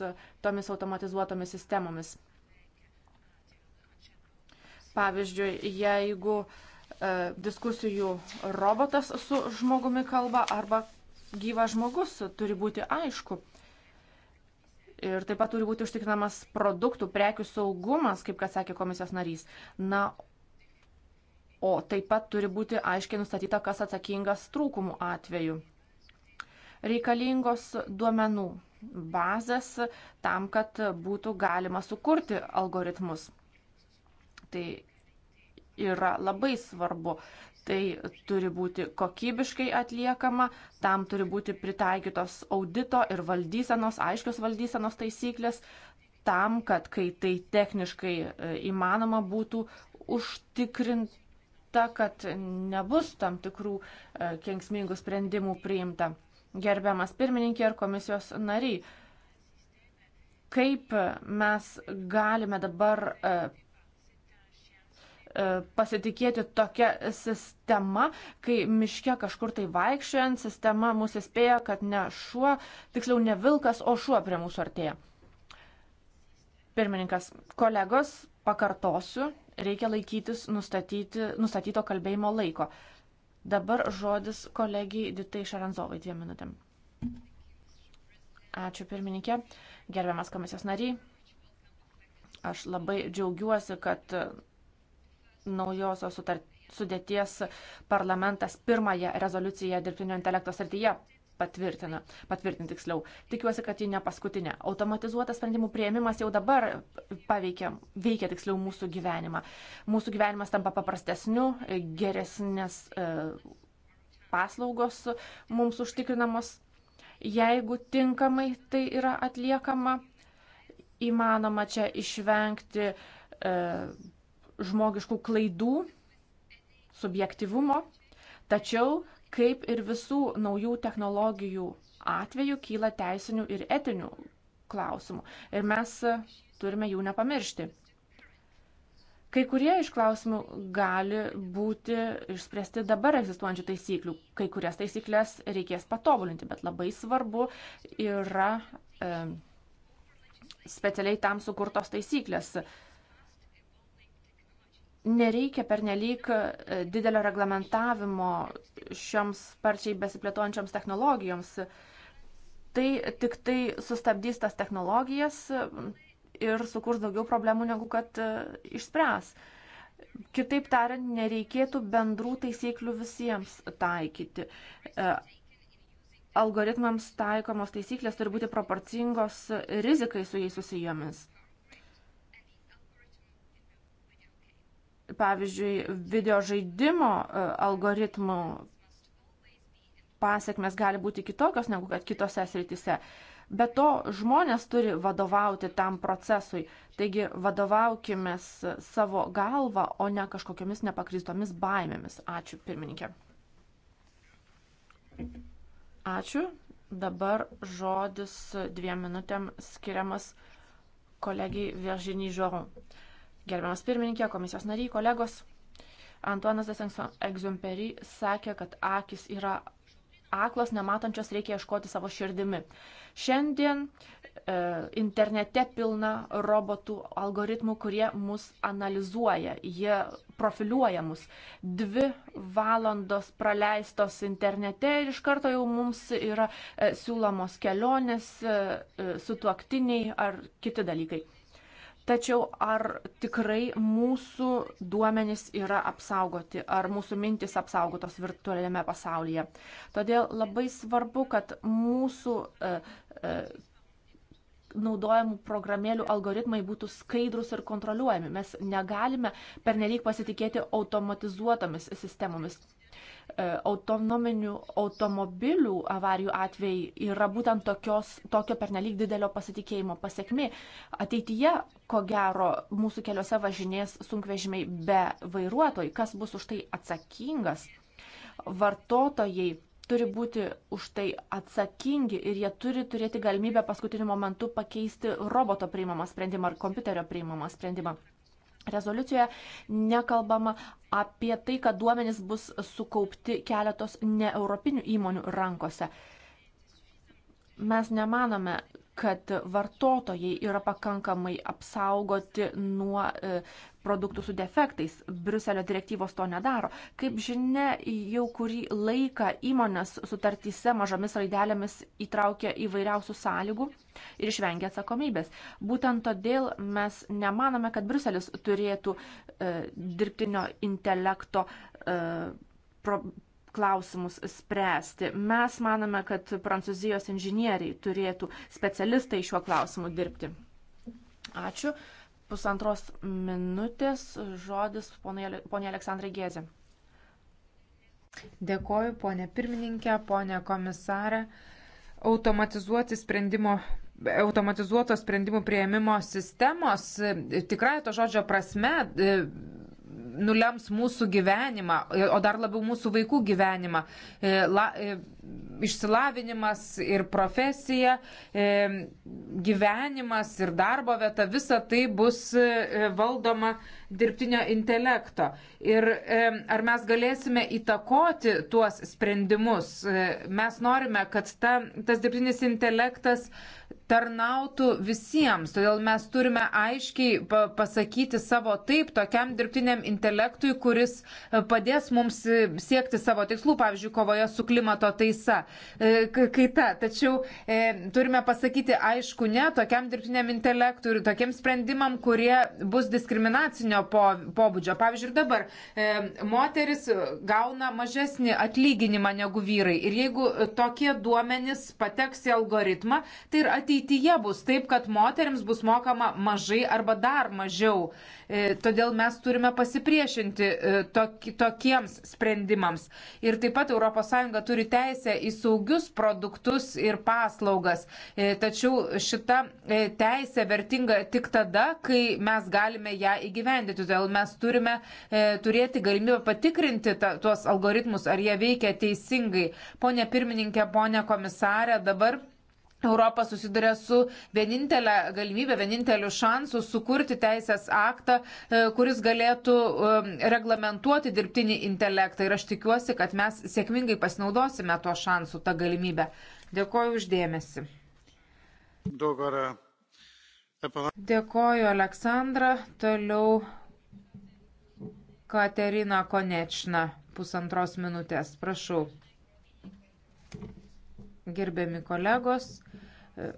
tomis automatizuotomis sistemomis. Pavyzdžiui, jeigu e, diskusijų robotas su žmogumi kalba arba gyvas žmogus turi būti aišku. Ir taip pat turi būti užtikrinamas produktų, prekių saugumas, kaip kad sakė komisijos narys. Na, o taip pat turi būti aiškiai nustatyta, kas atsakingas trūkumų atveju. Reikalingos duomenų bazės tam, kad būtų galima sukurti algoritmus. Tai yra labai svarbu. Tai turi būti kokybiškai atliekama, tam turi būti pritaikytos audito ir valdysenos, aiškios valdysenos taisyklės, tam, kad kai tai techniškai e, įmanoma būtų užtikrinta, kad nebus tam tikrų e, kenksmingų sprendimų priimta. Gerbiamas pirmininkė ir komisijos nariai, kaip mes galime dabar e, E, pasitikėti tokia sistema, kai miške kažkur tai vaikščiant, sistema mūsų įspėja, kad ne šuo, tiksliau ne vilkas, o šuo prie mūsų artėja. Pirmininkas, kolegos, pakartosiu, reikia laikytis nustatyto kalbėjimo laiko. Dabar žodis kolegijai Ditai Šaranzovai dviem minutėm. Ačiū pirmininkė, gerbiamas komisijos nariai. Aš labai džiaugiuosi, kad naujosios sudėties parlamentas pirmąją rezoliuciją dirbtinio intelekto srityje patvirtina, patvirtinti tiksliau. Tikiuosi, kad ji ne paskutinė. Automatizuotas sprendimų prieimimas jau dabar paveikia, veikia tiksliau mūsų gyvenimą. Mūsų gyvenimas tampa paprastesniu, geresnės e, paslaugos mums užtikrinamos. Jeigu tinkamai tai yra atliekama, įmanoma čia išvengti e, žmogiškų klaidų, subjektivumo, tačiau kaip ir visų naujų technologijų atveju kyla teisinių ir etinių klausimų. Ir mes turime jų nepamiršti. Kai kurie iš klausimų gali būti išspręsti dabar egzistuojančių taisyklių, kai kurias taisyklės reikės patobulinti, bet labai svarbu yra e, specialiai tam sukurtos taisyklės. E, nereikia pernelyg e, didelio reglamentavimo šioms sparčiai besiplėtojančioms technologijoms. Tai tik tai sustabdys tas technologijas ir sukurs daugiau problemų, negu kad e, išspręs. Kitaip tariant, nereikėtų bendrų taisyklių visiems taikyti. E, algoritmams taikomos taisyklės turi būti proporcingos rizikai su jais susijomis. pavyzdžiui, video žaidimo e, algoritmų pasiekmes gali būti kitokios negu kad kitose srityse. Be to, žmonės turi vadovauti tam procesui. Taigi, vadovaukime savo galvą, o ne kažkokiamis nepakrystomis baimėmis. Ačiū, pirmininkė. Ačiū. Dabar žodis dviem minutėm skiriamas kolegijai Virginie Žoron. Gerbiamas pirmininkė, komisijos nariai, kolegos, Antuanas Egzumpery sakė, kad akis yra aklas, nematančios reikia ieškoti savo širdimi. Šiandien e, internete pilna robotų algoritmų, kurie mus analizuoja, jie profiliuoja mus. Dvi valandos praleistos internete ir iš karto jau mums yra e, siūlomos kelionės, e, e sutuoktiniai ar kiti dalykai. Tačiau ar tikrai mūsų duomenys yra apsaugoti, ar mūsų mintis apsaugotos virtualiame pasaulyje. Todėl labai svarbu, kad mūsų e, e, naudojamų programėlių algoritmai būtų skaidrus ir kontroliuojami. Mes negalime pernelyg pasitikėti automatizuotomis sistemomis. E, autonominių automobilių avarijų atvejai yra būtent tokios, tokio pernelyg didelio pasitikėjimo pasiekmi. Ateityje, ko gero, mūsų keliuose važinės sunkvežimiai be vairuotojų. Kas bus už tai atsakingas? Vartotojai turi būti už tai atsakingi ir jie turi turėti galimybę paskutiniu momentu pakeisti roboto priimamą sprendimą ar kompiuterio priimamą sprendimą. Rezoliucijoje nekalbama apie tai, kad duomenys bus sukaupti keletos neeuropinių įmonių rankose. Mes nemanome, kad vartotojai yra pakankamai apsaugoti nuo e, produktų su defektais. Briuselio direktyvos to nedaro. Kaip žinia, jau kurį laiką įmonės sutartyse mažomis raidelėmis įtraukia įvairiausių sąlygų ir išvengia atsakomybės. Būtent todėl mes nemanome, kad Briuselis turėtų e, dirbtinio intelekto e, pro, klausimus spręsti. Mes manome, kad prancūzijos inžinieriai turėtų specialistai šiuo klausimu dirbti. Ačiū pusantros minutės žodis poniai Aleksandrai Gėzė. Dėkoju, ponė pirmininkė, ponė komisarė. Automatizuoti sprendimo automatizuotos sprendimų prieimimo sistemos, e, tikrai to žodžio prasme, e, nulems mūsų gyvenimą, o dar labiau mūsų vaikų gyvenimą. E, la, e, išsilavinimas ir profesija, e, gyvenimas ir darbo vieta, visa tai bus valdoma dirbtinio intelekto. Ir ar mes galėsime įtakoti tuos sprendimus? E, mes norime, kad ta, tas dirbtinis intelektas tarnautų visiems. Todėl mes turime aiškiai pasakyti savo taip tokiam dirbtiniam intelektui, kuris e, padės mums e, siekti savo tikslų, pavyzdžiui, kovoje su klimato taisa, kaita. Tačiau e, turime pasakyti aišku ne tokiam dirbtiniam intelektui ir tokiem sprendimam, kurie bus diskriminacinio socialinio pobūdžio. Pavyzdžiui, ir dabar e, moteris gauna mažesnį atlyginimą negu vyrai. Ir jeigu tokie duomenys pateks į algoritmą, tai ir ateityje bus taip, kad moteriams bus mokama mažai arba dar mažiau. E, E, todėl mes turime pasipriešinti e, tokiems sprendimams. Ir taip pat ES turi teisę į saugius produktus ir paslaugas. E, tačiau šita teisė vertinga tik tada, kai mes galime ją įgyvendyti. Todėl mes turime turėti galimybę patikrinti ta, tuos algoritmus, ar jie veikia teisingai. Pone pirmininkė, pone komisarė, dabar Europa susiduria su vienintelė galimybė, vieninteliu šansu sukurti teisės aktą, e, kuris galėtų e, reglamentuoti dirbtinį intelektą. Ir aš tikiuosi, kad mes sėkmingai pasinaudosime tuo šansu, tą galimybę. Dėkoju uždėmesi. Dėkoju, Aleksandra. Toliau Katerina Konečna, pusantros minutės. Prašau gerbiami kolegos, e,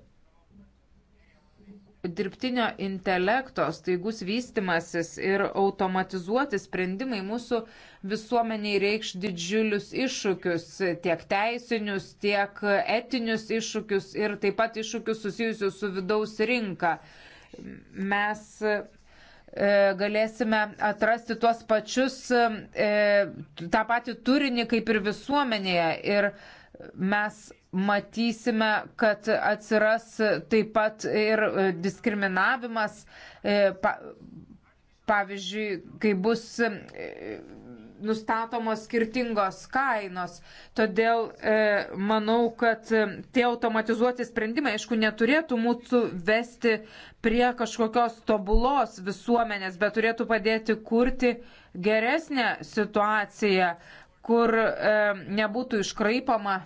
dirbtinio intelekto staigus vystimasis ir automatizuoti sprendimai mūsų visuomeniai reikš didžiulius iššūkius, tiek teisinius, tiek etinius iššūkius ir taip pat iššūkius susijusius su vidaus rinka. Mes e, galėsime atrasti tuos pačius, e, tą patį turinį kaip ir visuomenėje. Ir mes matysime, kad atsiras taip pat ir e, diskriminavimas, e, pavyzdžiui, kai bus e, nustatomos skirtingos kainos. Todėl e, manau, kad tie automatizuoti sprendimai, aišku, neturėtų mūsų vesti prie kažkokios tobulos visuomenės, bet turėtų padėti kurti geresnę situaciją, kur e, nebūtų iškraipama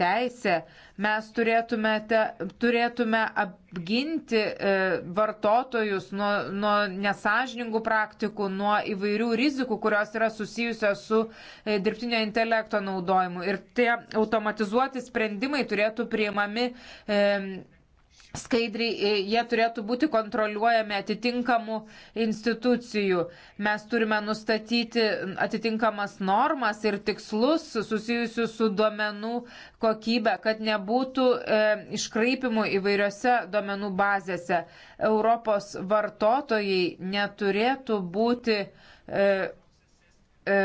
teisę, mes turėtume, te, turėtume apginti e, vartotojus nuo, nuo nesažiningų praktikų, nuo įvairių rizikų, kurios yra susijusios su e, dirbtinio intelekto naudojimu. Ir tie automatizuoti sprendimai turėtų priimami. E, skaidriai, e, jie turėtų būti kontroliuojami atitinkamų institucijų. Mes turime nustatyti atitinkamas normas ir tikslus susijusius su duomenų kokybė, kad nebūtų e, iškraipimų įvairiose duomenų bazėse. Europos vartotojai neturėtų būti. E, e,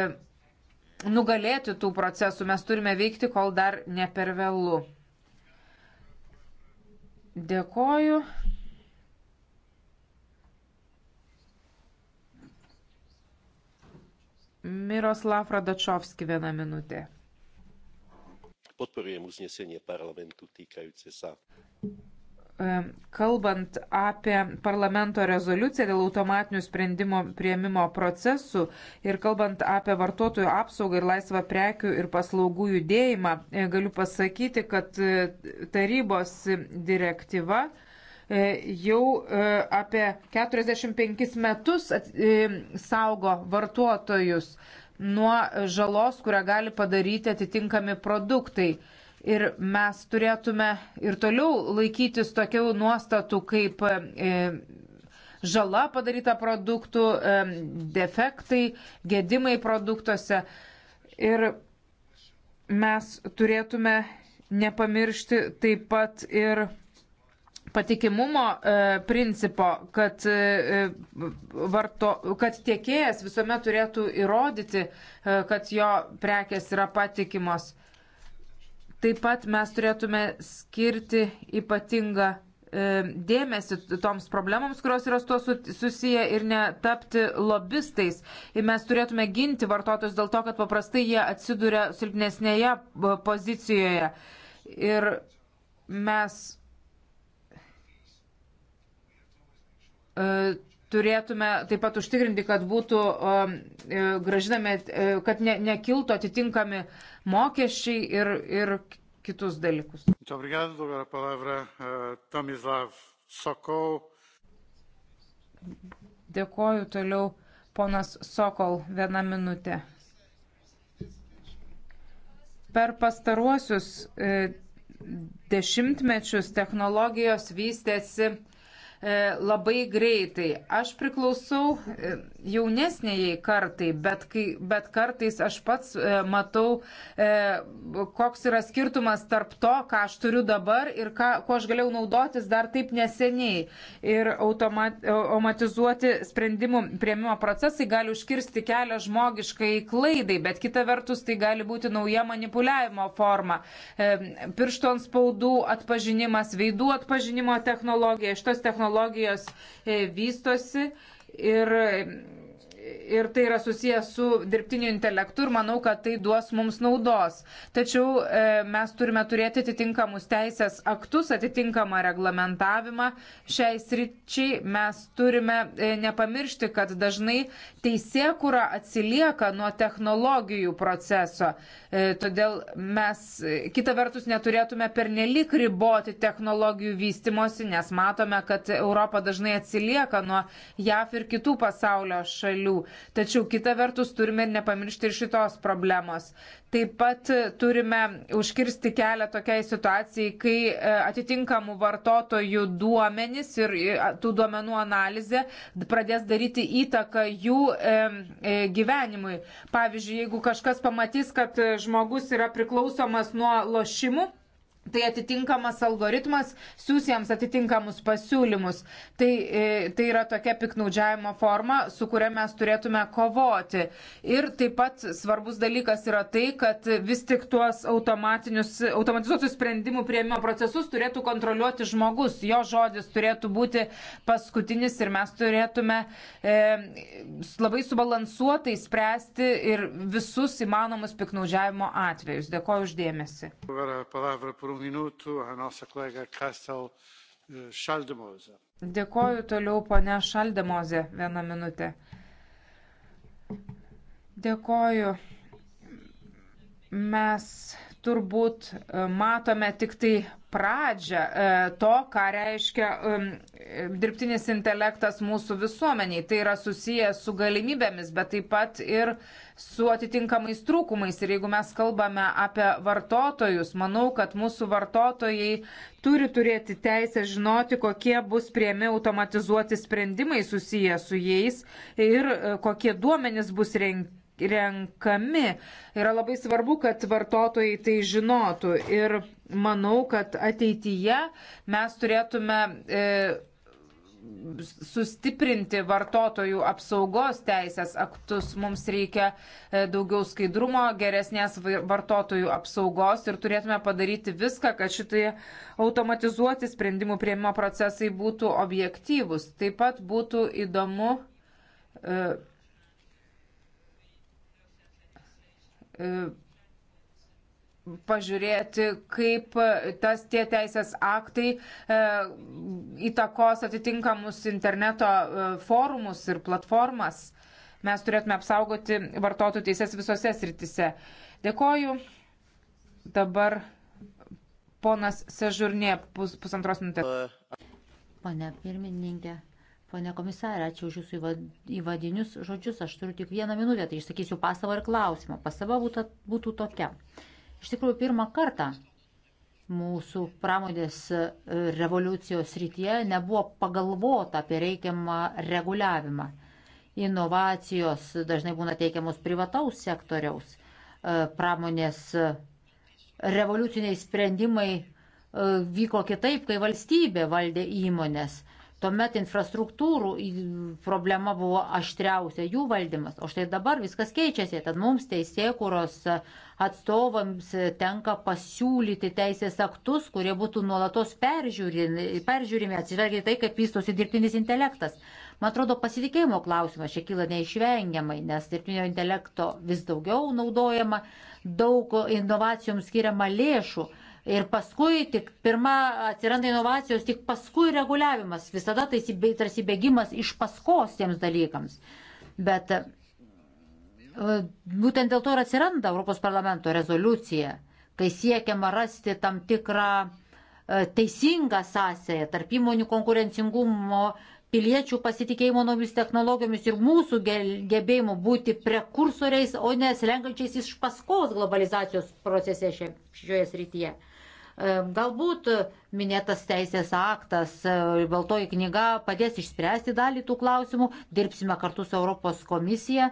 Nugalėti tų procesų mes turime veikti, kol dar ne per vėlų. Dėkoju. Miroslav Radačovski vieną minutę. Podporujem uznesenie parlamentu týkajúce sa E, kalbant apie parlamento rezoliuciją dėl automatinių sprendimo prieimimo procesų ir kalbant apie vartotojų apsaugą ir laisvą prekių ir paslaugų judėjimą, e, galiu pasakyti, kad e, tarybos direktyva jau apie 45 metus saugo vartotojus nuo žalos, kurią gali padaryti atitinkami produktai. Ir mes turėtume ir toliau laikytis tokių nuostatų kaip e, žala padaryta produktų, e, defektai, gedimai produktuose. Ir mes turėtume nepamiršti taip pat ir patikimumo e, principo, kad, e, varto, kad tiekėjas visuomet turėtų įrodyti, e, kad jo prekės yra patikimos. Taip pat mes turėtume skirti ypatingą e, dėmesį toms problemams, kurios yra su to susiję ir netapti lobistais. Ir mes turėtume ginti vartotojus dėl to, kad paprastai jie atsiduria silpnesnėje e, pozicijoje. Ir mes e, turėtume taip pat užtikrinti, kad būtų gražinami, kad ne, nekiltų atitinkami uh, mokesčiai ir, ir kitus dalykus. Eh, Dėkoju toliau ponas Sokol vieną minutę. Per pastaruosius e, dešimtmečius technologijos vystėsi e, labai greitai. Aš priklausau e, jaunesniai kartai, bet, kai, bet kartais aš pats e, matau, e, koks yra skirtumas tarp to, ką aš turiu dabar ir ką, ko aš galėjau naudotis dar taip neseniai. Ir e, automatizuoti sprendimų prieimimo procesai gali užkirsti kelią žmogiškai klaidai, bet kita vertus tai gali būti nauja manipuliavimo forma. E, piršto ant spaudų atpažinimas, veidų atpažinimo technologija, šitos technologijos e, vystosi. E, ir ir tai yra susijęs su dirbtiniu intelektu ir manau, kad tai duos mums naudos. Tačiau e, mes turime turėti atitinkamus teisės aktus, atitinkamą reglamentavimą šiai sričiai. Mes turime e, nepamiršti, kad dažnai teisėkura atsilieka nuo technologijų proceso. E, todėl mes e, kitą vertus neturėtume pernelik riboti technologijų vystimosi, nes matome, kad Europa dažnai atsilieka nuo JAF ir kitų pasaulio šalių narių. Tačiau kita vertus turime nepamiršti ir šitos problemos. Taip pat turime užkirsti kelią tokiai situacijai, kai e, atitinkamų vartotojų duomenys ir e, tų duomenų analizė pradės daryti įtaką jų e, gyvenimui. Pavyzdžiui, jeigu kažkas pamatys, kad žmogus yra priklausomas nuo lošimų, Tai atitinkamas algoritmas siūs jiems atitinkamus pasiūlymus. Tai, e, tai yra tokia piknaudžiavimo forma, su kuria mes turėtume kovoti. Ir taip pat svarbus dalykas yra tai, kad vis tik tuos automatizuotus sprendimų prieimimo procesus turėtų kontroliuoti žmogus. Jo žodis turėtų būti paskutinis ir mes turėtume e, labai subalansuotai spręsti ir visus įmanomus piknaudžiavimo atvejus. Dėkoju uždėmesi. Palavra, un minutų, nossa kolega Kastel Šaldemozė. Eh, Dėkoju toliau, ponia Šaldemozė, vieną minutę. Dėkoju. Mes turbūt eh, matome tik tai pradžią e, to, ką reiškia um, dirbtinis intelektas mūsų visuomeniai. Tai yra susiję su galimybėmis, bet taip pat ir su atitinkamais trūkumais. Ir jeigu mes kalbame apie vartotojus, manau, kad mūsų vartotojai turi turėti teisę žinoti, kokie bus prieimi automatizuoti sprendimai susiję su jais ir e, kokie duomenys bus renkami. Yra labai svarbu, kad vartotojai tai žinotų. Ir manau, kad ateityje mes turėtume e, sustiprinti vartotojų apsaugos teisės aktus. Mums reikia e, daugiau skaidrumo, geresnės vartotojų apsaugos ir turėtume padaryti viską, kad šitai automatizuoti sprendimų prieimimo procesai būtų objektyvus. Taip pat būtų įdomu. E, e, pažiūrėti, kaip tas tie teisės aktai e, įtakos atitinkamus interneto e, forumus ir platformas. Mes turėtume apsaugoti vartotojų teises visose sritise. Dėkoju. Dabar ponas Sežurnė pus, pusantros minutės. Pane pirmininkė, pane komisarė, ačiū už jūsų įvadinius žodžius. Aš turiu tik vieną minutę, tai išsakysiu pasavą ir klausimą. Pasava būtų, būtų tokia. Iš tikrųjų, pirmą kartą mūsų pramonės revoliucijos rytyje nebuvo pagalvota apie reikiamą reguliavimą. Inovacijos dažnai būna teikiamos privataus sektoriaus. E, pramonės revoliuciniai sprendimai e, vyko kitaip, kai valstybė valdė įmonės. Tuomet infrastruktūrų problema buvo aštriausia, jų valdymas. O štai dabar viskas keičiasi, tad mums teisėkuros atstovams tenka pasiūlyti teisės aktus, kurie būtų nuolatos peržiūrimi, peržiūrimi atsižvelgiai tai, kaip vystosi dirbtinis intelektas. Man atrodo, pasitikėjimo klausimas čia kyla neišvengiamai, nes dirbtinio intelekto vis daugiau naudojama, daug inovacijoms skiriama lėšų Ir paskui tik pirma atsiranda inovacijos, tik paskui reguliavimas. Visada tai tarsi bėgimas iš paskos tiems dalykams. Bet e, būtent dėl to ir atsiranda Europos parlamento rezoliucija, kai siekiama rasti tam tikrą e, teisingą sąsąją tarp įmonių konkurencingumo, piliečių pasitikėjimo naujomis technologijomis ir mūsų gebėjimo būti prekursoriais, o ne slenkančiais iš paskos globalizacijos procese šioje srityje. E, galbūt minėtas teisės aktas, e, baltoji knyga padės išspręsti dalį tų klausimų, dirbsime kartu su Europos komisija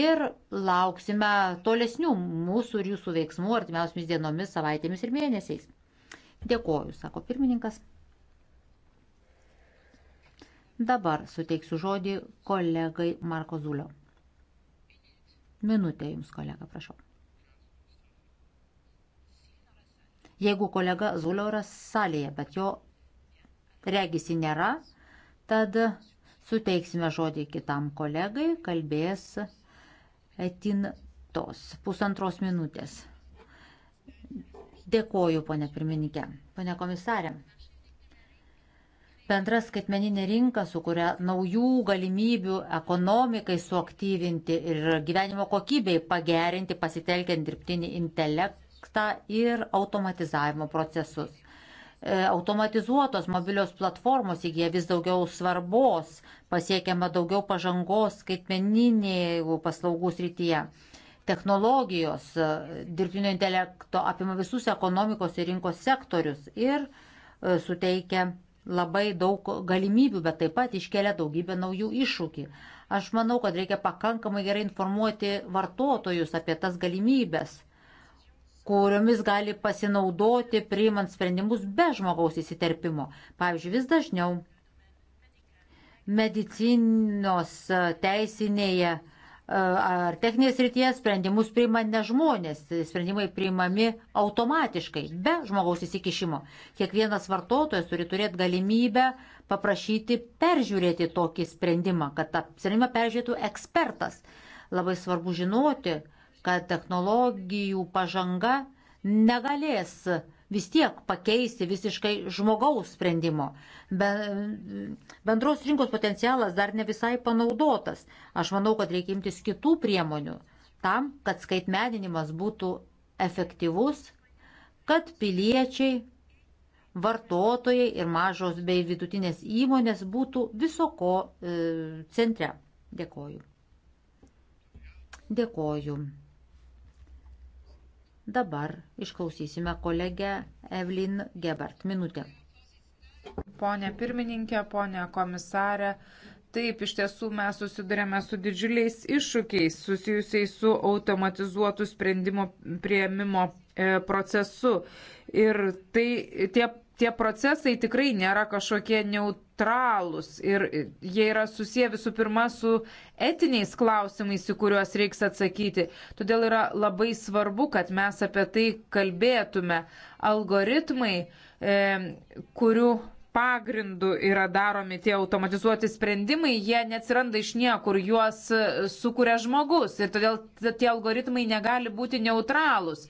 ir lauksime tolesnių mūsų ir jūsų veiksmų artimiausiamis dienomis, savaitėmis ir mėnesiais. Dėkoju, sako pirmininkas. Dabar suteiksiu žodį kolegai Marko Zulio. Minutė jums, kolega, prašau. Jeigu kolega Zulio yra salėje, bet jo regisi nėra, tad suteiksime žodį kitam kolegai, kalbės etintos pusantros minutės. Dėkoju, ponė pirmininkė, ponė komisarė. Bendra skaitmeninė rinka sukuria naujų galimybių ekonomikai suaktyvinti ir gyvenimo kokybei pagerinti pasitelkiant dirbtinį intelektą kontekstą ir automatizavimo procesus. E, automatizuotos mobilios platformos įgyja vis daugiau svarbos, pasiekiama daugiau pažangos skaitmeninėje paslaugų srityje. Technologijos, e, dirbtinio intelekto apima visus ekonomikos ir rinkos sektorius ir e, suteikia labai daug galimybių, bet taip pat iškelia daugybę naujų iššūkių. Aš manau, kad reikia pakankamai gerai informuoti vartotojus apie tas galimybės kuriomis gali pasinaudoti priimant sprendimus be žmogaus įsiterpimo. Pavyzdžiui, vis dažniau medicinos e, teisinėje e, ar techninės rytyje sprendimus priima ne žmonės, sprendimai priimami automatiškai, be žmogaus įsikišimo. Kiekvienas vartotojas turi turėti galimybę paprašyti peržiūrėti tokį sprendimą, kad tą sprendimą peržiūrėtų ekspertas. Labai svarbu žinoti, kad technologijų pažanga negalės vis tiek pakeisti visiškai žmogaus sprendimo. Be, bendros rinkos potencialas dar ne visai panaudotas. Aš manau, kad reikia imtis kitų priemonių tam, kad skaitmeninimas būtų efektyvus, kad piliečiai, vartotojai ir mažos bei vidutinės įmonės būtų viso ko e, centre. Dėkoju. Dėkoju. Dabar išklausysime kolegę Evelyn Gebert. Minutė. Pone pirmininkė, pone komisarė, Taip, iš tiesų mes susidurėme su didžiuliais iššūkiais susijusiais su automatizuotų sprendimų prieimimo e, procesu. Ir tai tie, tie procesai tikrai nėra kažkokie neut neutralūs ir jie yra susiję visų pirma su etiniais klausimais, į kuriuos reiks atsakyti. Todėl yra labai svarbu, kad mes apie tai kalbėtume. Algoritmai, e, kurių pagrindu yra daromi tie automatizuoti sprendimai, jie neatsiranda iš niekur, juos e, sukuria žmogus ir todėl tie algoritmai negali būti neutralūs.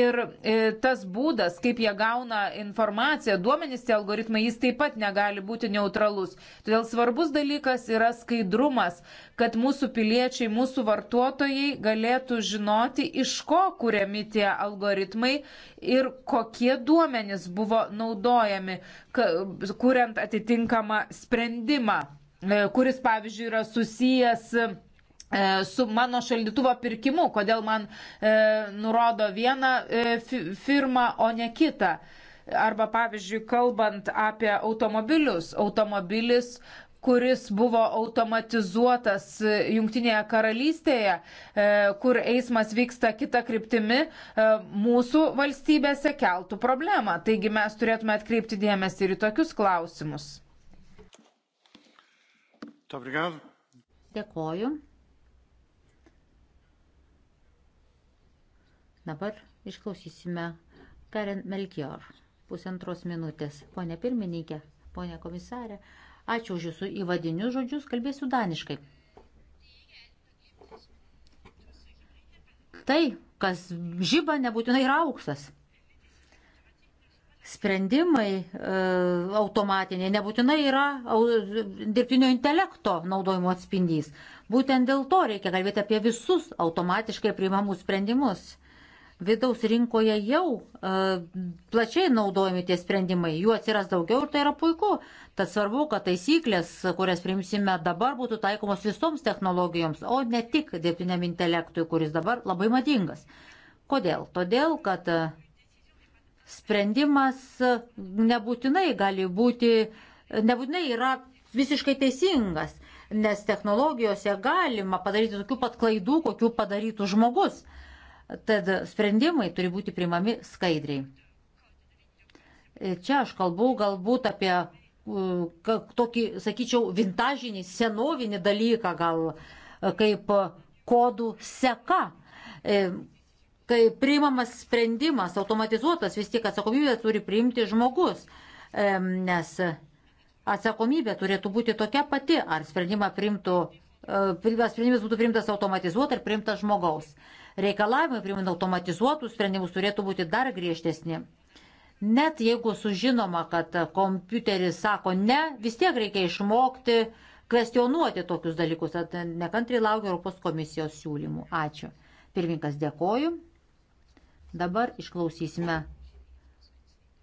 Ir e, tas būdas, kaip jie gauna informaciją, duomenys tie algoritmai, jis taip pat negali būti neutralus. Todėl svarbus dalykas yra skaidrumas, kad mūsų piliečiai, mūsų vartotojai galėtų žinoti, iš ko kuriami tie algoritmai ir kokie duomenys buvo naudojami, kuriant atitinkamą sprendimą, e, kuris, pavyzdžiui, yra susijęs E, su mano šaldytuvo pirkimu, kodėl man e, nurodo vieną e, firmą, o ne kitą. Arba pavyzdžiui, kalbant apie automobilius, automobilis, kuris buvo automatizuotas e, Junktinėje karalystėje, e, kur eismas vyksta kita kryptimi, mūsų valstybėse keltų problemą. Taigi mes turėtume atkreipti dėmesį ir į tokius klausimus. Dėkuoju. Dabar išklausysime Karen Melchior pusantros minutės. Pone pirmininkė, pone komisarė, ačiū už jūsų įvadinius žodžius, kalbėsiu daniškai. Tai, kas žyba, nebūtinai yra auksas. Sprendimai e, automatiniai nebūtinai yra au, dirbtinio intelekto naudojimo atspindys. Būtent dėl to reikia kalbėti apie visus automatiškai priimamus sprendimus vidaus rinkoje jau uh, plačiai naudojami tie sprendimai, jų atsiras daugiau ir tai yra puiku. Tad svarbu, kad taisyklės, kurias priimsime dabar, būtų taikomos visoms technologijoms, o ne tik dirbtiniam intelektui, kuris dabar labai madingas. Kodėl? Todėl, kad e, sprendimas e, nebūtinai gali būti, nebūtinai yra visiškai teisingas, nes technologijose galima padaryti tokių pat klaidų, kokių padarytų žmogus. Uh, Tad sprendimai turi būti primami skaidriai. E, čia aš kalbu galbūt apie tokį, sakyčiau, vintažinį, senovinį dalyką, gal e, kaip kodų seka. E, kai priimamas sprendimas, automatizuotas, vis tik atsakomybę turi priimti žmogus, nes atsakomybė turėtų būti tokia pati, ar sprendimą priimtų, ar sprendimas būtų priimtas automatizuotas ar priimtas žmogaus reikalavimai priimant automatizuotus sprendimus turėtų būti dar griežtesni. Net jeigu sužinoma, kad kompiuteris sako ne, vis tiek reikia išmokti kvestionuoti tokius dalykus. Tad nekantriai laukiu Europos komisijos siūlymų. Ačiū. Pirmininkas dėkoju. Dabar išklausysime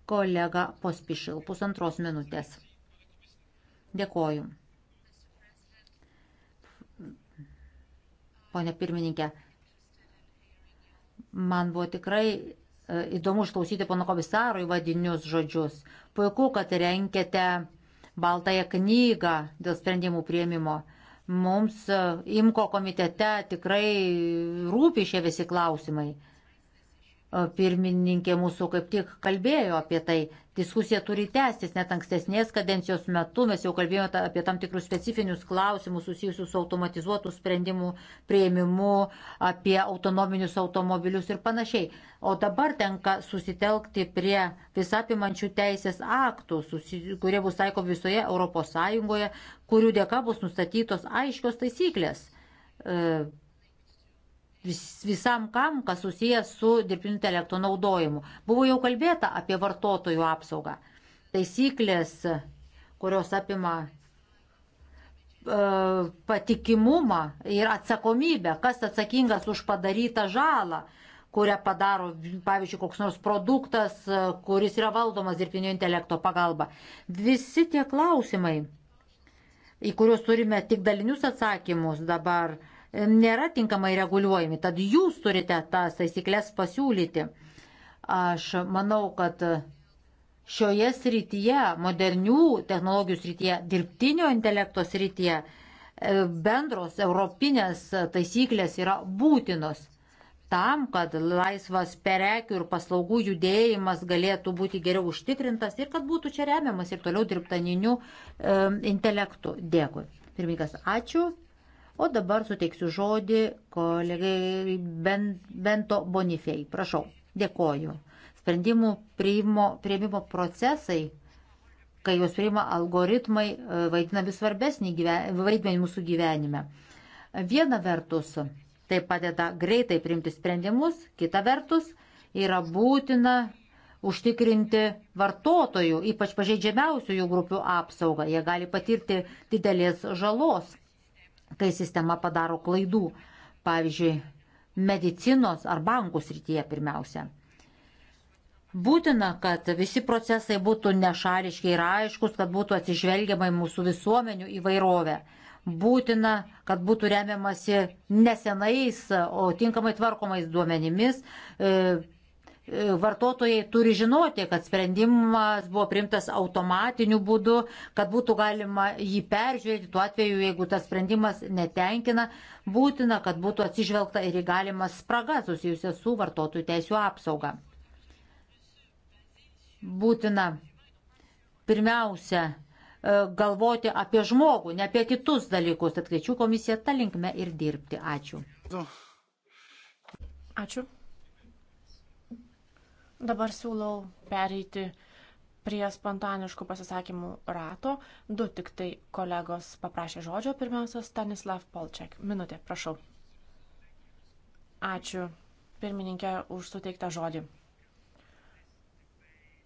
kolegą Pospišil pusantros minutės. Dėkoju. Pone pirmininkė, Man buvo tikrai e, įdomu išklausyti pono komisaro įvadinius žodžius. Puiku, kad renkėte baltąją knygą dėl sprendimų prieimimo. Mums e, IMKO komitete tikrai rūpi šie visi klausimai pirmininkė mūsų kaip tik kalbėjo apie tai. Diskusija turi tęstis, net ankstesnės kadencijos metu mes jau kalbėjome apie tam tikrus specifinius klausimus susijusius su automatizuotų sprendimų prieimimu, apie autonominius automobilius ir panašiai. O dabar tenka susitelkti prie visapimančių teisės aktų, kurie bus taiko visoje ES, kurių dėka bus nustatytos aiškios taisyklės e, vis, visam kam, kas susijęs su dirbtinio intelekto naudojimu. Buvo jau kalbėta apie vartotojų apsaugą. Taisyklės, kurios apima e, patikimumą ir atsakomybę, kas atsakingas už padarytą žalą, kurią padaro, pavyzdžiui, koks nors produktas, kuris yra valdomas dirbtinio intelekto pagalba. Visi tie klausimai, į kuriuos turime tik dalinius atsakymus dabar, uh, nėra tinkamai reguliuojami, tad jūs turite tas taisyklės pasiūlyti. Aš manau, kad šioje srityje, modernių technologijų srityje, dirbtinio intelekto srityje, e, bendros europinės taisyklės yra būtinos tam, kad laisvas perekių ir paslaugų judėjimas galėtų būti geriau užtikrintas ir kad būtų čia remiamas ir toliau dirbtaniniu e, intelektu. Dėkui. Pirmininkas, ačiū. O dabar suteiksiu žodį kolegai Bento Bonifei. Prašau, dėkoju. Sprendimų priimo, prieimimo procesai, kai juos priima algoritmai, e, vaidina vis svarbesnį vaidmenį mūsų gyvenime. Viena vertus, tai padeda greitai priimti sprendimus, kita vertus, yra būtina užtikrinti vartotojų, ypač pažeidžiamiausiųjų grupių apsaugą. Jie gali patirti didelės žalos kai sistema padaro klaidų, pavyzdžiui, medicinos ar bankų srityje pirmiausia. Būtina, kad visi procesai būtų nešališki ir aiškus, kad būtų atsižvelgiama į mūsų visuomenių įvairovę. Būtina, kad būtų remiamasi nesenais, o tinkamai tvarkomais duomenimis, e, vartotojai turi žinoti, kad sprendimas buvo primtas automatiniu būdu, kad būtų galima jį peržiūrėti tuo atveju, jeigu tas sprendimas netenkina, būtina, kad būtų atsižvelgta ir į galimas spragas susijusias su vartotojų teisų apsauga. Būtina pirmiausia e, galvoti apie žmogų, ne apie kitus dalykus. Tad kviečiu komisiją tą linkmę ir dirbti. Ačiū. Ačiū. Dabar siūlau pereiti prie spontaniškų pasisakymų rato. Du tik tai kolegos paprašė žodžio. Pirmiausia, Stanislav Polčiak. Minutė, prašau. Ačiū, pirmininkė, už suteiktą žodį.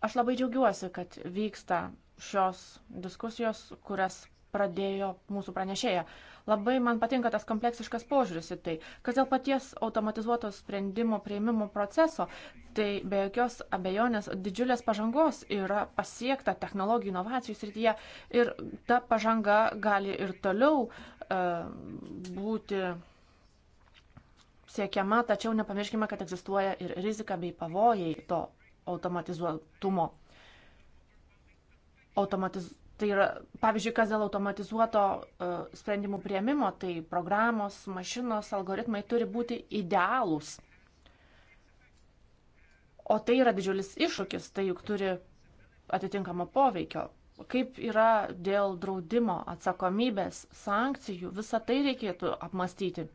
Aš labai džiaugiuosi, kad vyksta šios diskusijos, kurias pradėjo mūsų pranešėja. Labai man patinka tas kompleksiškas požiūris į tai. Kas dėl paties automatizuoto sprendimo prieimimo proceso, tai be jokios abejonės didžiulės pažangos yra pasiekta technologijų inovacijų srityje ir ta pažanga gali ir toliau e, būti siekiama, tačiau nepamirškime, kad egzistuoja ir rizika bei pavojai to automatizuotumo. Automatiz Tai yra, pavyzdžiui, kas dėl automatizuoto uh, sprendimų prieimimo, tai programos, mašinos, algoritmai turi būti idealūs. O tai yra didžiulis iššūkis, tai juk turi atitinkamo poveikio. Kaip yra dėl draudimo, atsakomybės, sankcijų, visą tai reikėtų apmastyti.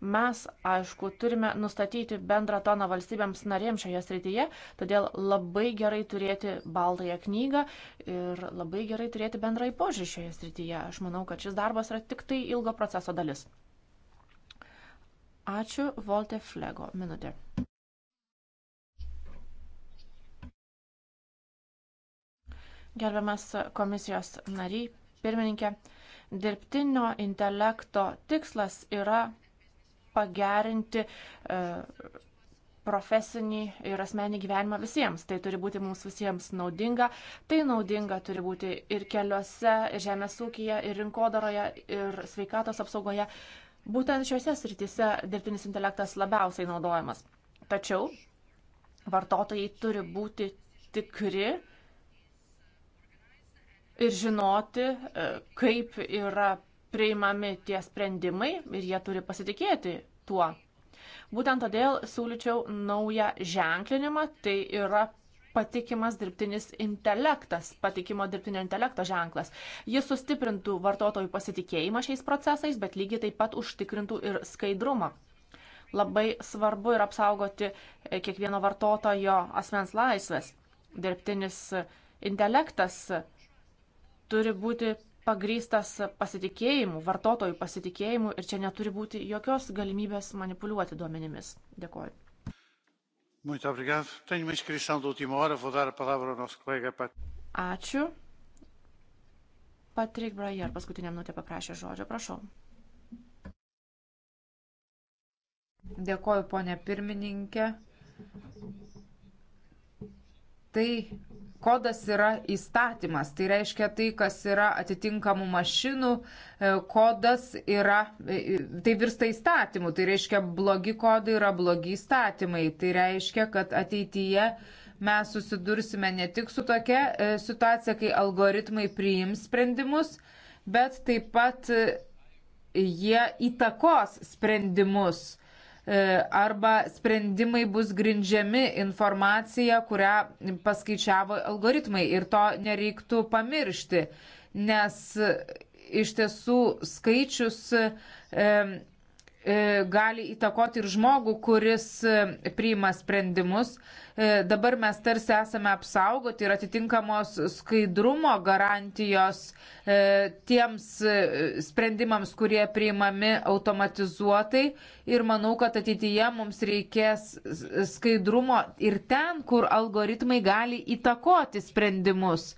Mes, aišku, turime nustatyti bendrą toną valstybėms narėms šioje srityje, todėl labai gerai turėti baltąją knygą ir labai gerai turėti bendrąjį požiūrį šioje srityje. Aš manau, kad šis darbas yra tik tai ilgo proceso dalis. Ačiū, Volte Flego. Minutė. Gerbiamas komisijos nariai, pirmininkė, dirbtinio intelekto tikslas yra pagerinti e, profesinį ir asmenį gyvenimą visiems. Tai turi būti mums visiems naudinga. Tai naudinga turi būti ir keliuose, ir žemės ūkija, ir rinkodaroje, ir sveikatos apsaugoje. Būtent šiuose srityse dirbtinis intelektas labiausiai naudojamas. Tačiau vartotojai turi būti tikri ir žinoti, e, kaip yra priimami tie sprendimai ir jie turi pasitikėti tuo. Būtent todėl siūlyčiau naują ženklinimą, tai yra patikimas dirbtinis intelektas, patikimo dirbtinio intelekto ženklas. Jis sustiprintų vartotojų pasitikėjimą šiais procesais, bet lygiai taip pat užtikrintų ir skaidrumą. Labai svarbu ir apsaugoti e, kiekvieno vartotojo asmens laisvės. Dirbtinis intelektas turi būti pagrystas pasitikėjimu, vartotojų pasitikėjimu ir čia neturi būti jokios galimybės manipuliuoti duomenimis. Dėkuoju. Muito obrigado. Tenho uma inscrição de última hora. Vou dar a palavra ao nosso colega Patrick. Ačiū. Patrick Brayer paskutinę minutę paprašė žodžio. Prašau. Dėkoju, ponė pirmininkė. Tai, kodas yra įstatymas. Tai reiškia tai, kas yra atitinkamų mašinų, e, kodas yra, e, e, tai virsta įstatymu. Tai reiškia blogi kodai yra blogi įstatymai. Tai reiškia, kad ateityje mes susidursime ne tik su tokia situacija, kai algoritmai priims sprendimus, bet taip pat jie įtakos sprendimus E, arba sprendimai bus grindžiami informacija, kurią paskaičiavo algoritmai ir to nereiktų pamiršti, nes iš tiesų skaičius e, E, gali įtakoti ir žmogų, kuris e, priima sprendimus. E, dabar mes tarsi esame apsaugoti ir atitinkamos skaidrumo garantijos tiems sprendimams, kurie priimami automatizuotai. Ir manau, kad ateityje mums reikės skaidrumo ir ten, kur algoritmai gali įtakoti sprendimus.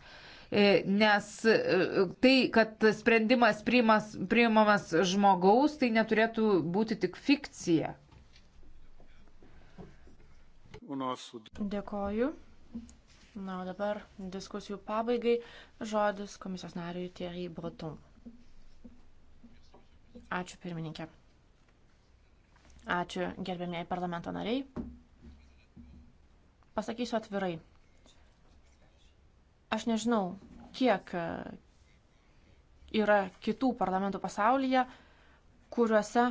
E, nes e, tai, kad sprendimas priimas, priimamas žmogaus, tai neturėtų būti tik fikcija. Dėkoju. Na, o dabar diskusijų pabaigai žodis komisijos nariui Thierry Breton. Ačiū pirmininkė. Ačiū gerbėmėjai parlamento nariai. Pasakysiu atvirai. Aš nežinau, kiek e, yra kitų parlamentų pasaulyje, kuriuose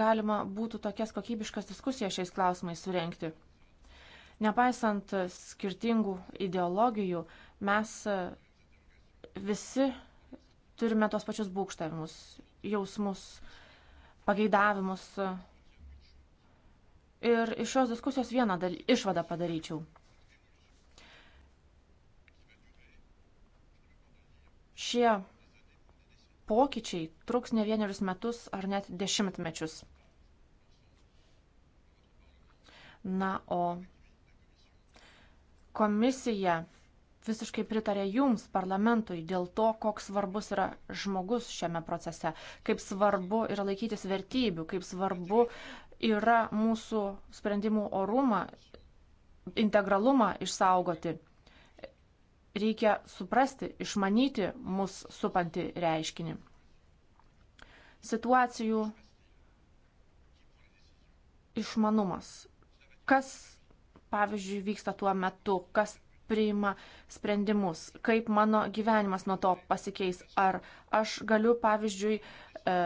galima būtų tokias kokybiškas diskusijas šiais klausimais surenkti. Nepaisant skirtingų ideologijų, mes e, visi turime tos pačius būkštavimus, jausmus, pageidavimus. E, ir iš šios diskusijos vieną dal... išvadą padaryčiau. Šie pokyčiai truks ne vienerius metus ar net dešimtmečius. Na, o komisija visiškai pritarė jums, parlamentui, dėl to, koks svarbus yra žmogus šiame procese, kaip svarbu yra laikytis vertybių, kaip svarbu yra mūsų sprendimų orumą, integralumą išsaugoti reikia suprasti, išmanyti mus supantį reiškinį. Situacijų išmanumas. Kas, pavyzdžiui, vyksta tuo metu, kas priima sprendimus, kaip mano gyvenimas nuo to pasikeis, ar aš galiu, pavyzdžiui, e,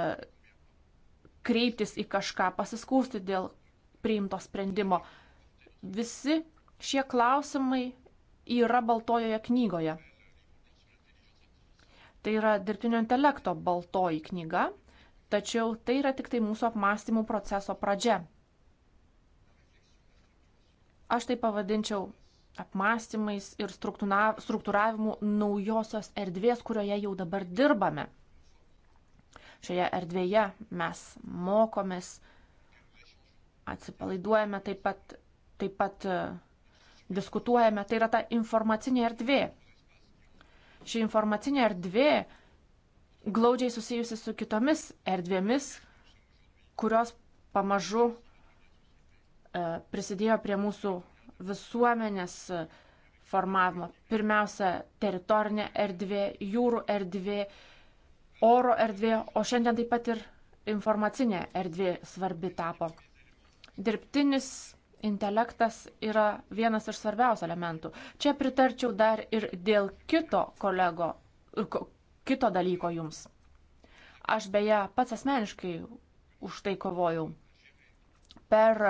kreiptis į kažką, pasiskūsti dėl priimto sprendimo. Visi šie klausimai yra baltojoje knygoje. Tai yra dirbtinio intelekto baltoji knyga, tačiau tai yra tik tai mūsų apmąstymų proceso pradžia. Aš tai pavadinčiau apmąstymais ir struktūravimu naujosios erdvės, kurioje jau dabar dirbame. Šioje erdvėje mes mokomės, atsipalaiduojame taip pat, taip pat diskutuojame, tai yra ta informacinė erdvė. Ši informacinė erdvė glaudžiai susijusi su kitomis erdvėmis, kurios pamažu e, prisidėjo prie mūsų visuomenės e, formavimo. Pirmiausia, teritorinė erdvė, jūrų erdvė, oro erdvė, o šiandien taip pat ir informacinė erdvė svarbi tapo. Dirbtinis intelektas yra vienas iš svarbiausių elementų. Čia pritarčiau dar ir dėl kito kolego, kito dalyko jums. Aš beje pats asmeniškai už tai kovojau. Per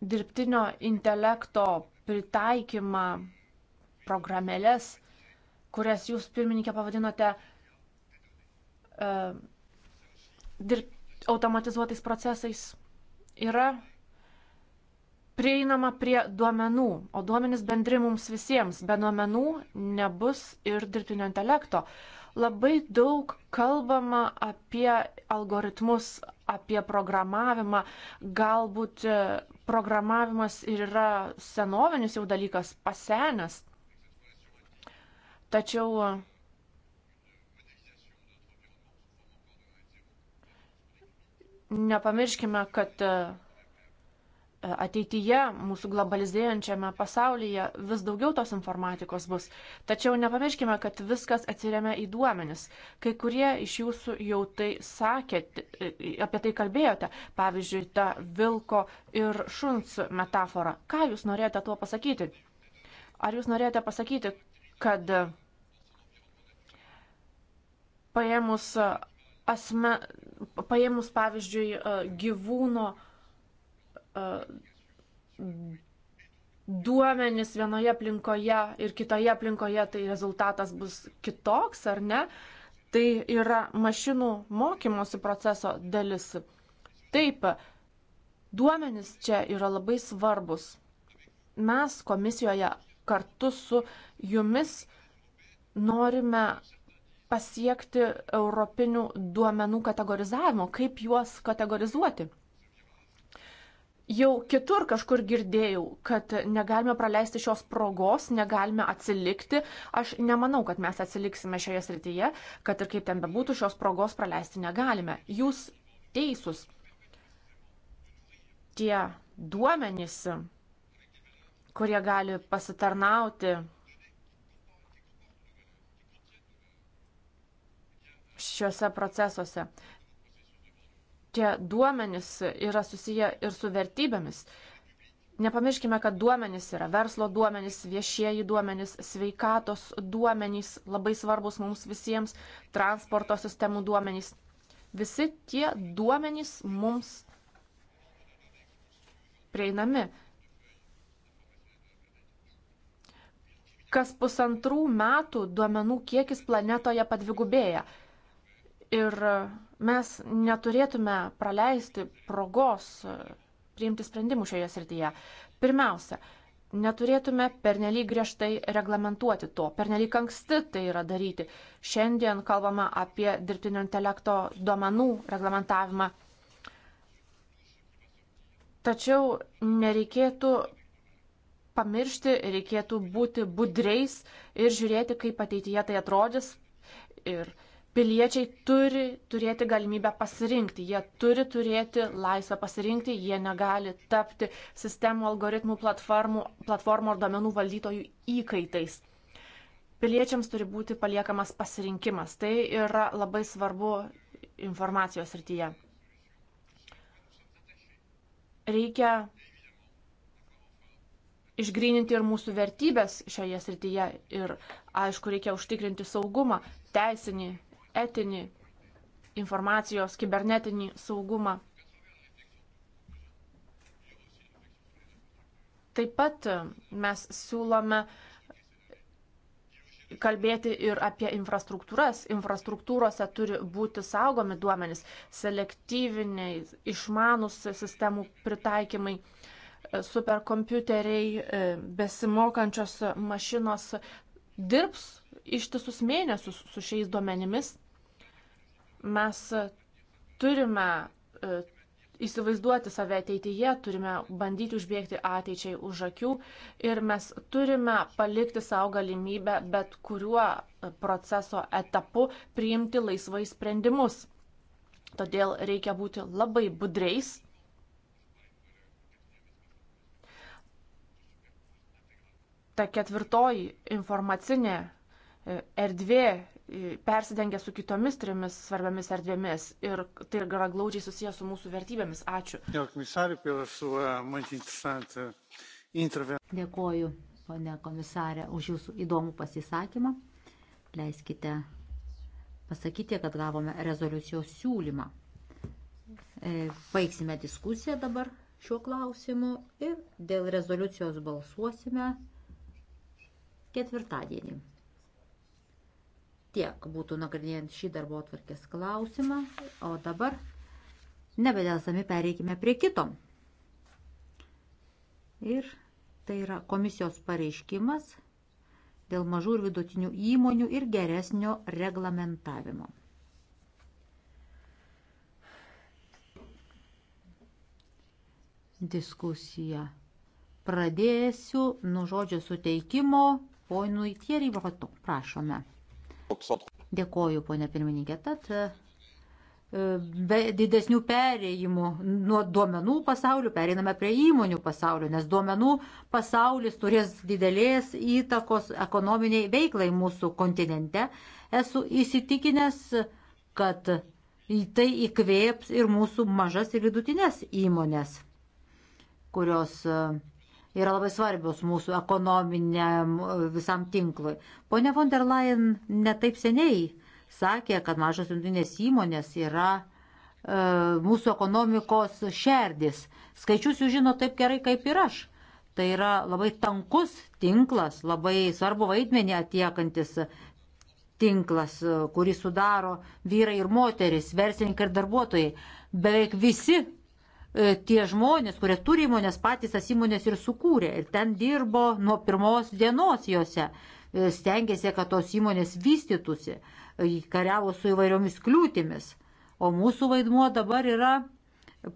dirbtinio intelekto pritaikymą programėlės, kurias jūs pirmininkė pavadinote uh, dirb, automatizuotais procesais yra prieinama prie duomenų, o duomenys bendri mums visiems. Be duomenų nebus ir dirbtinio intelekto. Labai daug kalbama apie algoritmus, apie programavimą. Galbūt e, programavimas ir yra senovinis jau dalykas, pasenęs. Tačiau Nepamirškime, kad e, ateityje mūsų globalizėjančiame pasaulyje vis daugiau tos informatikos bus. Tačiau nepamirškime, kad viskas atsiriame į duomenis. Kai kurie iš jūsų jau tai sakėte, apie tai kalbėjote, pavyzdžiui, ta vilko ir šuns metafora. Ką jūs norėjote tuo pasakyti? Ar jūs norėjote pasakyti, kad paėmus asme, paėmus pavyzdžiui e, gyvūno e, duomenis vienoje aplinkoje ir kitoje aplinkoje, tai rezultatas bus kitoks ar ne, tai yra mašinų mokymosi proceso dalis. Taip, duomenis čia yra labai svarbus. Mes komisijoje kartu su jumis norime pasiekti europinių duomenų kategorizavimo, kaip juos kategorizuoti. Jau kitur kažkur girdėjau, kad negalime praleisti šios progos, negalime atsilikti. Aš nemanau, kad mes atsiliksime šioje srityje, kad ir kaip ten bebūtų, šios progos praleisti negalime. Jūs teisūs. Tie duomenys, kurie gali pasitarnauti šiuose procesuose. Tie duomenys yra susiję ir su vertybėmis. Nepamirškime, kad duomenys yra verslo duomenys, viešieji duomenys, sveikatos duomenys, labai svarbus mums visiems, transporto sistemų duomenys. Visi tie duomenys mums prieinami. Kas pusantrų metų duomenų kiekis planetoje padvigubėja. Ir mes neturėtume praleisti progos e, priimti sprendimų šioje srityje. Pirmiausia, neturėtume pernelyg griežtai reglamentuoti to, pernelyg anksti tai yra daryti. Šiandien kalbama apie dirbtinio intelekto duomenų reglamentavimą. Tačiau nereikėtų pamiršti, reikėtų būti budreis ir žiūrėti, kaip ateityje tai atrodys. Ir piliečiai turi turėti galimybę pasirinkti, jie turi turėti laisvę pasirinkti, jie negali tapti sistemų, algoritmų, platformų, platformų ar domenų valdytojų įkaitais. Piliečiams turi būti paliekamas pasirinkimas. Tai yra labai svarbu informacijos rytyje. Reikia išgrininti ir mūsų vertybės šioje srityje ir, aišku, reikia užtikrinti saugumą, teisinį etinį informacijos kibernetinį saugumą. Taip pat e, mes siūlome kalbėti ir apie infrastruktūras. Infrastruktūrose turi būti saugomi duomenys, selektyviniai, išmanus sistemų pritaikymai, e, superkompiuteriai, e, besimokančios mašinos dirbs ištisus mėnesius su šiais duomenimis. Mes e, turime e, įsivaizduoti save ateityje, turime bandyti užbėgti ateičiai už akių ir mes turime palikti savo galimybę bet kuriuo e, proceso etapu priimti laisvai sprendimus. Todėl reikia būti labai budreis. Ta ketvirtoji informacinė erdvė e, persidengia su kitomis trimis svarbiamis erdvėmis ir tai yra glaudžiai susijęs su mūsų vertybėmis. Ačiū. Dėkoju, ponė komisarė, už jūsų įdomų pasisakymą. Leiskite pasakyti, kad gavome rezoliucijos siūlymą. E, baigsime diskusiją dabar šiuo klausimu ir dėl rezoliucijos balsuosime ketvirtadienį. Tiek būtų nagrinėjant šį darbo atvarkės klausimą, o dabar nebedelsami pereikime prie kito. Ir tai yra komisijos pareiškimas dėl mažų ir vidutinių įmonių ir geresnio reglamentavimo. Diskusiją pradėsiu nuo žodžio suteikimo ponui Thierry Breton. Prašome. Dėkoju, ponė pirmininkė. Tad e, be didesnių perėjimų nuo duomenų pasaulio pereiname prie įmonių pasaulio, nes duomenų pasaulis turės didelės įtakos ekonominiai veiklai mūsų kontinente. Esu įsitikinęs, kad tai įkvėps ir mūsų mažas ir vidutinės įmonės, kurios yra labai svarbios mūsų ekonominiam e, visam tinklui. Pone von der Leyen netaip seniai sakė, kad mažos vidutinės įmonės yra e, mūsų ekonomikos šerdis. Skaičius jūs žino taip gerai kaip ir aš. Tai yra labai tankus tinklas, labai svarbu vaidmenį attiekantis tinklas, e, kurį sudaro vyrai ir moteris, verslininkai ir darbuotojai. Beveik visi E, tie žmonės, kurie turi įmonės, patys tas įmonės ir sukūrė. Ir ten dirbo nuo pirmos dienos juose. E, stengėsi, kad tos įmonės vystytųsi, e, kariavo su įvairiomis kliūtimis. O mūsų vaidmuo dabar yra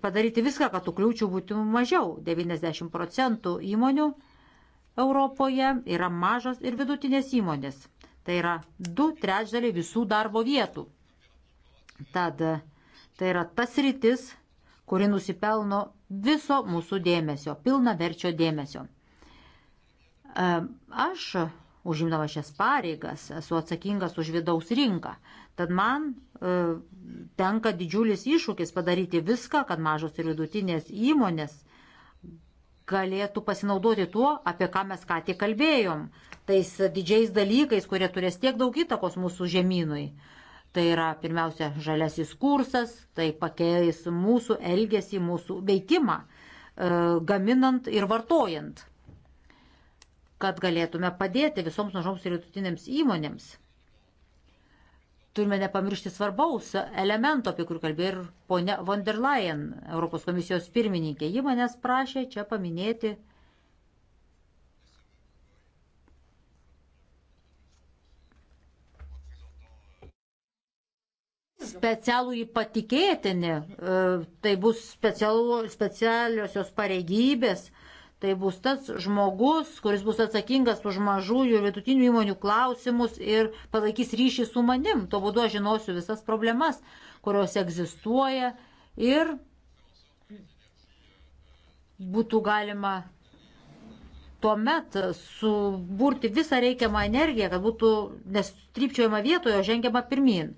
padaryti viską, kad tų kliūčių būtų mažiau. 90 procentų įmonių Europoje yra mažos ir vidutinės įmonės. Tai yra du trečdaliai visų darbo vietų. Tad tai yra tas rytis, kuri nusipelno viso mūsų dėmesio, pilna verčio dėmesio. E, aš, užimdama šias pareigas, esu atsakingas už vidaus rinką, tad man e, tenka didžiulis iššūkis padaryti viską, kad mažos ir vidutinės įmonės galėtų pasinaudoti tuo, apie ką mes ką tik kalbėjom, tais didžiais dalykais, kurie turės tiek daug įtakos mūsų žemynui. Tai yra pirmiausia žalesis kursas, tai pakeis mūsų elgesį, mūsų veikimą, e, gaminant ir vartojant, kad galėtume padėti visoms mažoms ir vidutinėms įmonėms. Turime nepamiršti svarbaus elemento, apie kurį kalbėjo ir ponia von der Leyen, Europos komisijos pirmininkė. Ji manęs prašė čia paminėti specialų į patikėtinį, e, tai bus specialu, specialiosios pareigybės, tai bus tas žmogus, kuris bus atsakingas už mažųjų ir vidutinių įmonių klausimus ir palaikys ryšį su manim. Tuo būdu aš žinosiu visas problemas, kurios egzistuoja ir būtų galima tuomet suburti visą reikiamą energiją, kad būtų nestrypčiojama vietoje, o žengiama pirmin.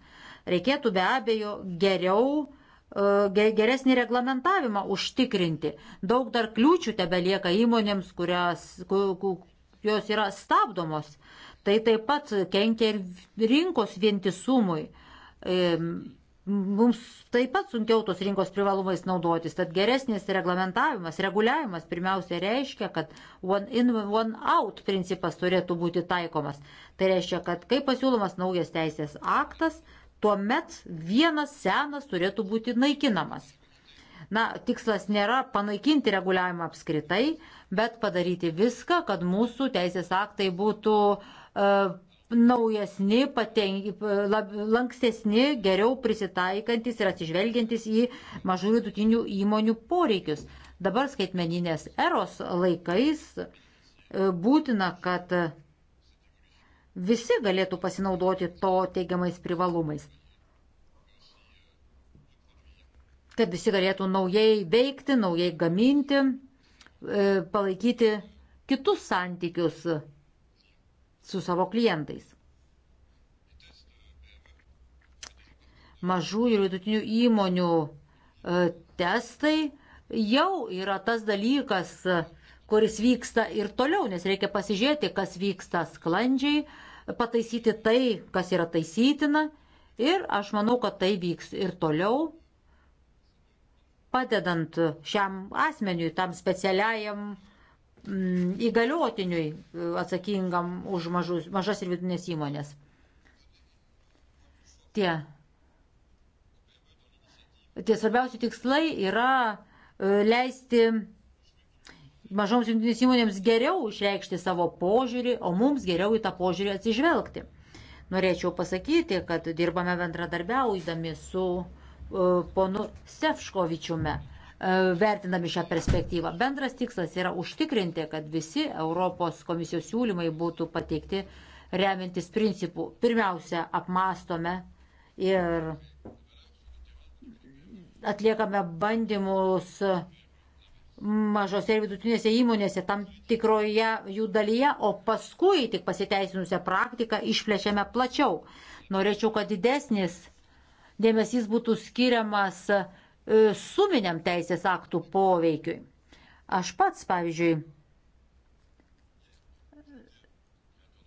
Reikėtų be abejo geriau e, geresnį reglamentavimą užtikrinti. Daug dar kliūčių tebelieka įmonėms, kurias, kurios yra stabdomos. Tai taip pat kenkia ir rinkos vientisumui. E, mums taip pat sunkiau tos rinkos privalumais naudotis, tad geresnis reglamentavimas, reguliavimas pirmiausia reiškia, kad one in, one out principas turėtų būti taikomas. Tai reiškia, kad kai pasiūlomas naujas teisės aktas, tuomet vienas senas turėtų būti naikinamas. Na, tikslas nėra panaikinti reguliavimą apskritai, bet padaryti viską, kad mūsų teisės aktai būtų e, naujesni, patengi, lab, lankstesni, geriau prisitaikantis ir atsižvelgiantis į mažų vidutinių įmonių poreikius. Dabar skaitmeninės eros laikais e, būtina, kad visi galėtų pasinaudoti to teigiamais privalumais. Kad visi galėtų naujai veikti, naujai gaminti, e, palaikyti kitus santykius su savo klientais. Mažų ir vidutinių įmonių e, testai jau yra tas dalykas, kuris vyksta ir toliau, nes reikia pasižiūrėti, kas vyksta sklandžiai, pataisyti tai, kas yra taisytina ir aš manau, kad tai vyks ir toliau, padedant šiam asmeniui, tam specialiajam mm, įgaliotiniui e, atsakingam už mažus, mažas ir vidinės įmonės. Tie, tie svarbiausi tikslai yra e, leisti mažoms jungtinėms įmonėms geriau išreikšti savo požiūrį, o mums geriau į tą požiūrį atsižvelgti. Norėčiau pasakyti, kad dirbame bendradarbiaudami su uh, ponu Sefškovičiume, uh, vertinami šią perspektyvą. Bendras tikslas yra užtikrinti, kad visi Europos komisijos siūlymai būtų pateikti remintis principų. Pirmiausia, apmastome ir atliekame bandymus uh, mažose ir vidutinėse įmonėse tam tikroje jų dalyje, o paskui tik pasiteisinusią praktiką išplečiame plačiau. Norėčiau, kad didesnis dėmesys būtų skiriamas e, suminiam teisės aktų poveikiui. Aš pats, pavyzdžiui,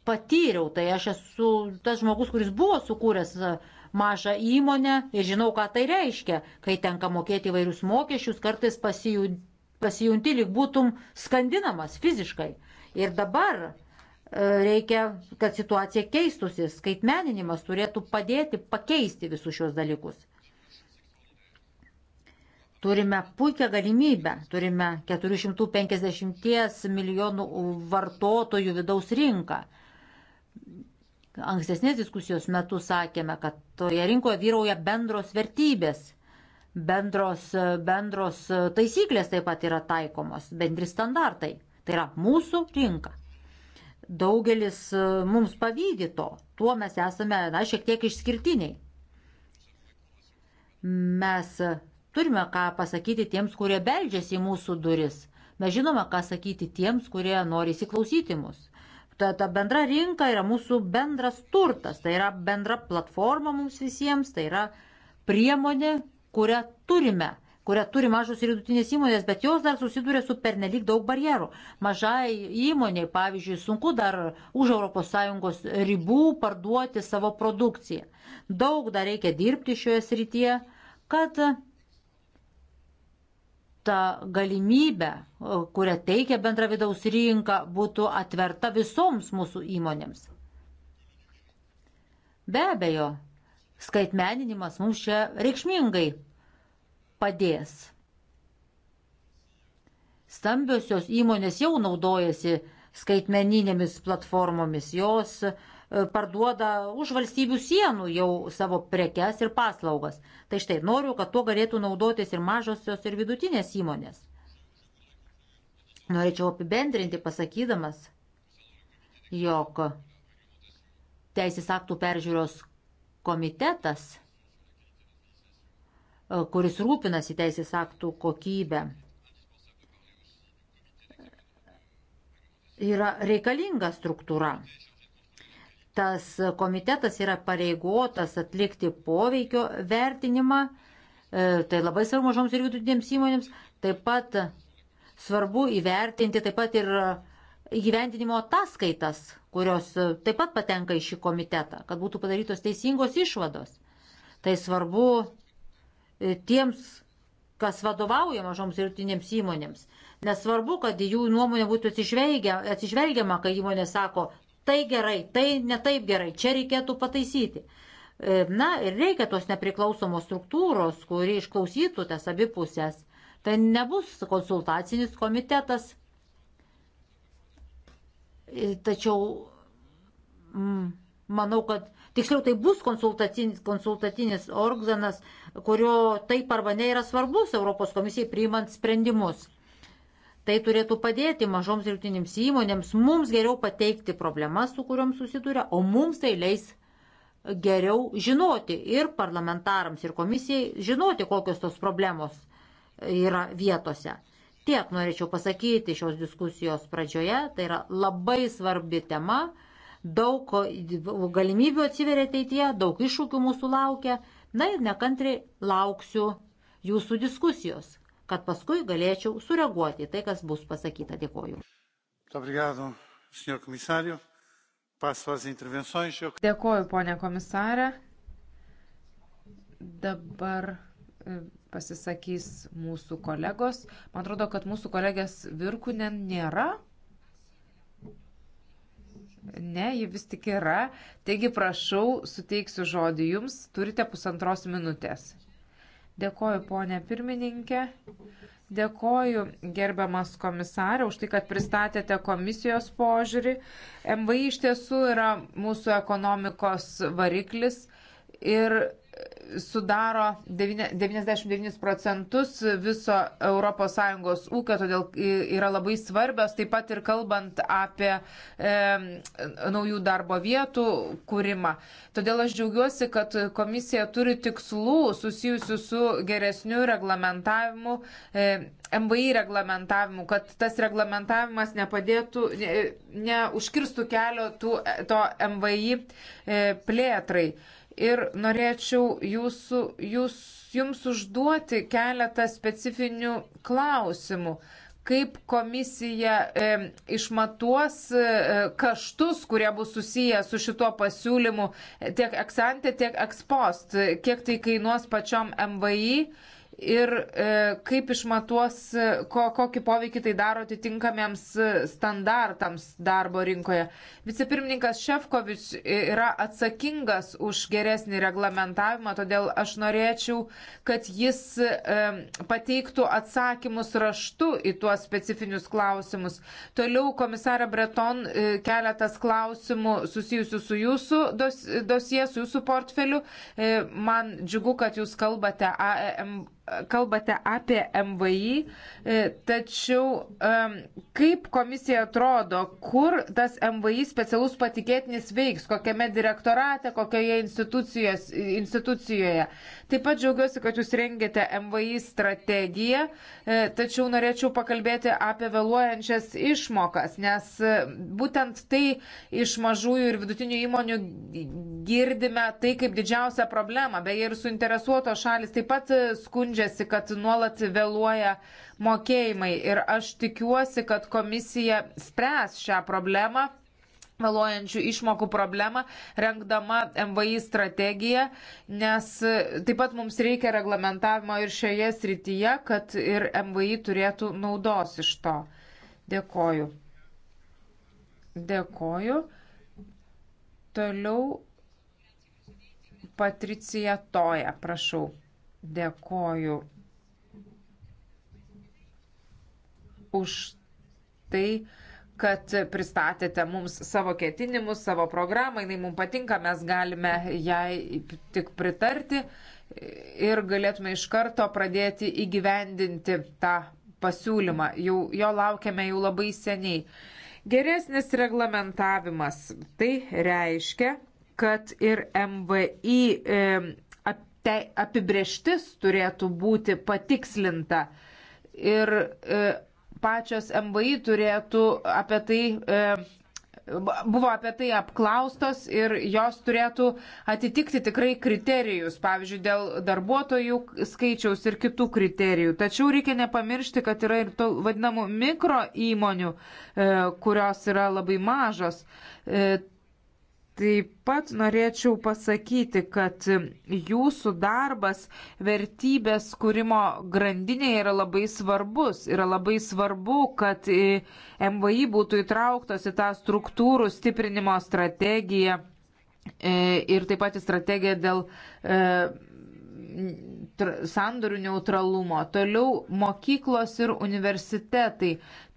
patyriau, tai aš esu tas žmogus, kuris buvo sukūręs mažą įmonę ir žinau, ką tai reiškia, kai tenka mokėti įvairius mokesčius, kartais pasijūti pasijunti, lyg būtum skandinamas fiziškai. Ir dabar e, reikia, kad situacija keistusi, skaitmeninimas turėtų padėti pakeisti visus šios dalykus. Turime puikią galimybę, turime 450 milijonų vartotojų vidaus rinką. Ankstesnės diskusijos metu sakėme, kad toje rinkoje vyrauja bendros vertybės bendros, e, bendros e, taisyklės taip pat yra taikomos, bendri standartai. Tai yra mūsų rinka. Daugelis e, mums pavydė to, tuo mes esame, na, šiek tiek išskirtiniai. Mes turime ką pasakyti tiems, kurie beldžiasi į mūsų duris. Mes žinome, ką sakyti tiems, kurie nori įsiklausyti mus. Ta, ta bendra rinka yra mūsų bendras turtas, tai yra bendra platforma mums visiems, tai yra priemonė kurią turime kurią turi mažos ir vidutinės įmonės, bet jos dar susiduria su pernelyg daug barjerų. Mažai įmoniai, pavyzdžiui, sunku dar už ES ribų parduoti savo produkciją. Daug dar reikia dirbti šioje srityje, kad ta galimybė, kurią teikia bendra vidaus rinka, būtų atverta visoms mūsų įmonėms. Be abejo, skaitmeninimas mums čia reikšmingai padės. Stambiosios įmonės jau naudojasi skaitmeninėmis platformomis, jos e, parduoda už valstybių sienų jau savo prekes ir paslaugas. Tai štai noriu, kad tuo galėtų naudotis ir mažosios ir vidutinės įmonės. Norėčiau apibendrinti pasakydamas, jog teisės aktų peržiūros komitetas, e, kuris rūpinasi teisės aktų kokybę, yra reikalinga struktūra. Tas komitetas yra pareigotas atlikti poveikio vertinimą, e, tai labai svarbu mažoms ir vidutinėms įmonėms, taip pat svarbu įvertinti taip pat ir įgyvendinimo ataskaitas, kurios e, taip pat patenka į šį komitetą, kad būtų padarytos teisingos išvados. Tai svarbu e, tiems, kas vadovauja mažoms ir rytinėms įmonėms. Nesvarbu, kad jų nuomonė būtų atsižvelgiama, kai įmonė sako, tai gerai, tai ne taip gerai, čia reikėtų pataisyti. E, na ir reikia tos nepriklausomos struktūros, kuri išklausytų tas abipusės. Tai nebus konsultacinis komitetas, E, tačiau mm, manau, kad tiksliau tai bus konsultacinis, konsultacinis organas, kurio taip arba ne yra svarbus Europos komisijai priimant sprendimus. Tai turėtų padėti mažoms ir rutinėms įmonėms mums geriau pateikti problemas, su kuriuom susiduria, o mums tai leis geriau žinoti ir parlamentarams, ir komisijai žinoti, kokios tos problemos yra vietose tiek norėčiau pasakyti šios diskusijos pradžioje. Tai yra labai svarbi tema, daug galimybių atsiveria ateitie, daug iššūkių mūsų laukia. Na ir nekantriai lauksiu jūsų diskusijos, kad paskui galėčiau sureaguoti į tai, kas bus pasakyta. Dėkoju. Obrigado, senhor komisario. Passo às intervenções. Eu... Dėkoju, ponė komisarė. Dabar pasisakys mūsų kolegos. Man atrodo, kad mūsų kolegės Virkunen nėra. Ne, ji vis tik yra. Taigi prašau, suteiksiu žodį jums. Turite pusantros minutės. Dėkoju, ponė pirmininkė. Dėkoju, gerbiamas komisarė, už tai, kad pristatėte komisijos požiūrį. MVI iš tiesų yra mūsų ekonomikos variklis ir sudaro 99 procentus viso ES ūkio, todėl yra labai svarbios, taip pat ir kalbant apie e, naujų darbo vietų kūrimą. Todėl aš džiaugiuosi, kad komisija turi tikslų susijusių su geresniu reglamentavimu, e, MVI reglamentavimu, kad tas reglamentavimas nepadėtų, neužkirstų ne, ne kelio tų, to MVI e, plėtrai. E, ir norėčiau jūsų, jūs, jums užduoti keletą specifinių klausimų. Kaip komisija e, išmatuos e, kaštus, kurie bus susiję su šituo pasiūlymu tiek eksantė, tiek ekspost, kiek tai kainuos pačiom MVI ir e, kaip išmatuos, e, ko, kokį poveikį tai daro atitinkamiems e, standartams darbo rinkoje. Vicepirmininkas Šefkovič yra atsakingas už geresnį reglamentavimą, todėl aš norėčiau, kad jis pateiktų atsakymus raštu į tuos specifinius klausimus. Toliau komisarė Breton keletas klausimų susijusių su jūsų dosie, su jūsų portfeliu. Man džiugu, kad jūs kalbate AEM kalbate apie MVI, e, tačiau kaip komisija atrodo, kur tas MVI specialus patikėtinis veiks, kokiame direktorate, kokioje institucijoje. Taip pat džiaugiuosi, kad jūs rengėte MVI strategiją, e, tačiau norėčiau pakalbėti apie vėluojančias išmokas, nes e, būtent tai iš mažųjų ir vidutinių įmonių girdime tai kaip didžiausią problemą. Beje, ir suinteresuotos šalis taip pat skundžia skundžiasi, kad nuolat vėluoja mokėjimai. Ir aš tikiuosi, kad komisija spręs šią problemą vėluojančių išmokų problemą, renkdama MVI strategiją, nes taip pat mums reikia reglamentavimo ir šioje srityje, kad ir MVI turėtų naudos iš to. Dėkoju. Dėkoju. Toliau Patricija Toja, prašau. Dėkoju už tai, kad pristatėte mums savo ketinimus, savo programą, jinai mums patinka, mes galime jai tik pritarti ir galėtume iš karto pradėti įgyvendinti tą pasiūlymą. Jau, jo laukiame jau labai seniai. Geresnis reglamentavimas tai reiškia, kad ir MVI e, te apibrieštis turėtų būti patikslinta ir e, pačios MVI turėtų apie tai, e, buvo apie tai apklaustos ir jos turėtų atitikti tikrai kriterijus, pavyzdžiui, dėl darbuotojų skaičiaus ir kitų kriterijų. Tačiau reikia nepamiršti, kad yra ir tų vadinamų mikro įmonių, e, kurios yra labai mažos. E, Taip pat norėčiau pasakyti, kad jūsų darbas vertybės kūrimo grandinėje yra labai svarbus. Yra labai svarbu, kad MVI būtų įtrauktos į tą struktūrų stiprinimo strategiją e, ir taip pat į strategiją dėl e, sandorių neutralumo. Toliau mokyklos ir universitetai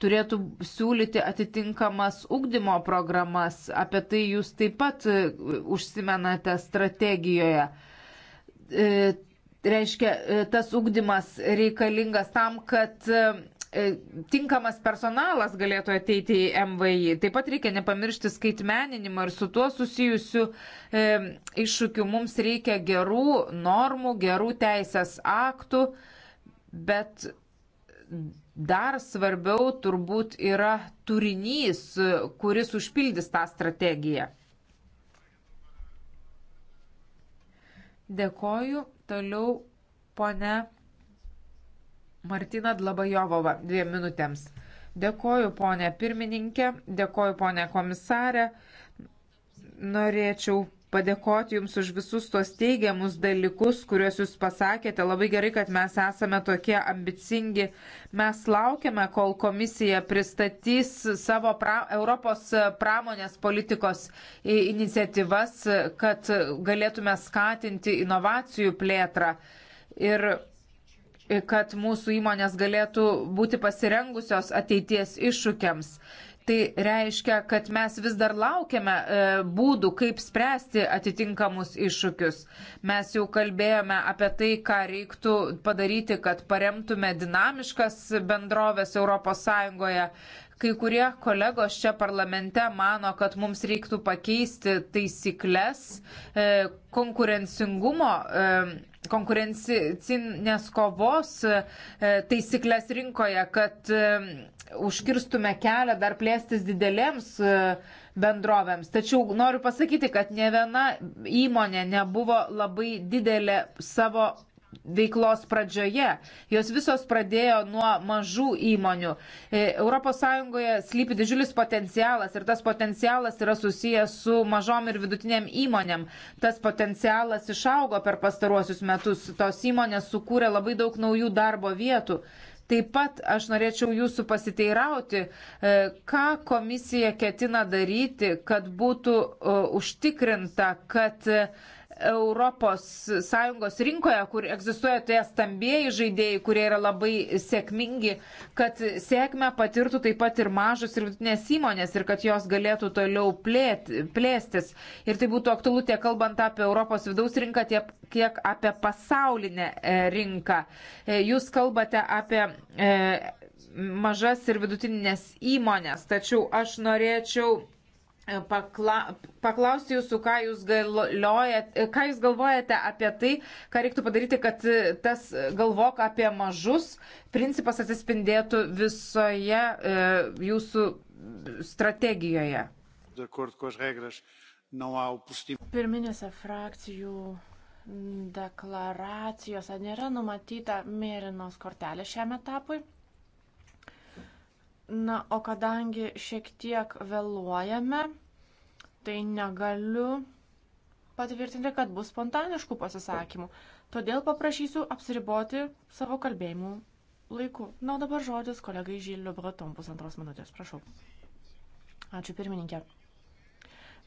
turėtų siūlyti atitinkamas ugdymo programas. Apie tai jūs taip pat e, užsimenate strategijoje. E, reiškia, e, tas ugdymas reikalingas tam, kad e, E, tinkamas personalas galėtų ateiti į MVI. Taip pat reikia nepamiršti skaitmeninimą ir su tuo susijusiu e, iššūkiu mums reikia gerų normų, gerų teisės aktų, bet dar svarbiau turbūt yra turinys, kuris užpildys tą strategiją. Dėkoju. Toliau, pone Martina Dlabajovova dviem minutėms. Dėkoju, ponė pirmininkė, dėkoju, ponė komisarė. Norėčiau padėkoti Jums už visus tos teigiamus dalykus, kuriuos Jūs pasakėte. Labai gerai, kad mes esame tokie ambicingi. Mes laukiame, kol komisija pristatys savo pra Europos pramonės politikos iniciatyvas, kad galėtume skatinti inovacijų plėtrą. Ir kad mūsų įmonės galėtų būti pasirengusios ateities iššūkiams. Tai reiškia, kad mes vis dar laukiame e, būdų, kaip spręsti atitinkamus iššūkius. Mes jau kalbėjome apie tai, ką reiktų padaryti, kad paremtume dinamiškas bendrovės ES. Kai kurie kolegos čia parlamente mano, kad mums reiktų pakeisti taisyklės e, konkurencingumo e, konkurencinės kovos e, taisyklės rinkoje, kad užkirstume kelią dar plėstis didelėms bendrovėms. Tačiau noriu pasakyti, kad ne viena įmonė nebuvo labai didelė savo veiklos pradžioje. Jos visos pradėjo nuo mažų įmonių. ES slypi didžiulis potencialas ir tas potencialas yra susijęs su mažom ir vidutiniam įmonėm. Tas potencialas išaugo per pastaruosius metus. Tos įmonės sukūrė labai daug naujų darbo vietų. Taip pat aš norėčiau jūsų pasiteirauti, e, ką komisija ketina daryti, kad būtų e, užtikrinta, kad uh, ES rinkoje, kur egzistuoja tie stambieji žaidėjai, kurie yra labai sėkmingi, kad sėkmę patirtų taip pat ir mažos ir vidutinės įmonės ir kad jos galėtų toliau plėt, plėstis. Ir tai būtų aktualu tiek kalbant apie Europos vidaus rinką, tiek, tiek apie pasaulinę e, rinką. E, jūs kalbate apie e, mažas ir vidutinės įmonės, tačiau aš norėčiau E, pakla, paklausti jūsų, ką jūs, galiojat, e, ką jūs galvojate apie tai, ką reiktų padaryti, kad e, tas galvok apie mažus principas atsispindėtų visoje e, jūsų strategijoje. Pirminėse frakcijų deklaracijose nėra numatyta mėrinos kortelė šiam etapui. Na, o kadangi šiek tiek vėluojame, tai negaliu patvirtinti, kad bus spontaniškų pasisakymų. Todėl paprašysiu apsiriboti savo kalbėjimų laiku. Na, o dabar žodis kolegai Žiliu Breton pusantros minutės, prašau. Ačiū pirmininkė.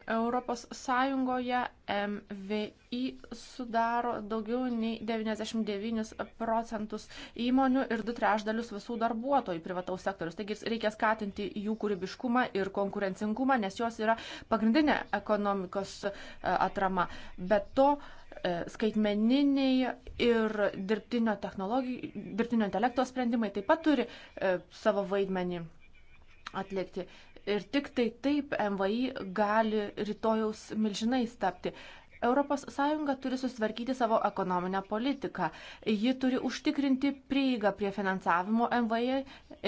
Europos Sąjungoje MVI sudaro daugiau nei 99 procentus įmonių ir 2 trešdalius visų darbuotojų privataus sektorius. Taigi reikia skatinti jų kūrybiškumą ir konkurencingumą, nes jos yra pagrindinė ekonomikos e, atrama. Bet to e, skaitmeniniai ir dirbtinio, dirbtinio intelekto sprendimai taip pat turi e, savo vaidmenį atlikti. Ir tik tai taip MVI gali rytojaus milžinais tapti. ES turi susitvarkyti savo ekonominę politiką. Ji turi užtikrinti prieigą prie finansavimo MVI,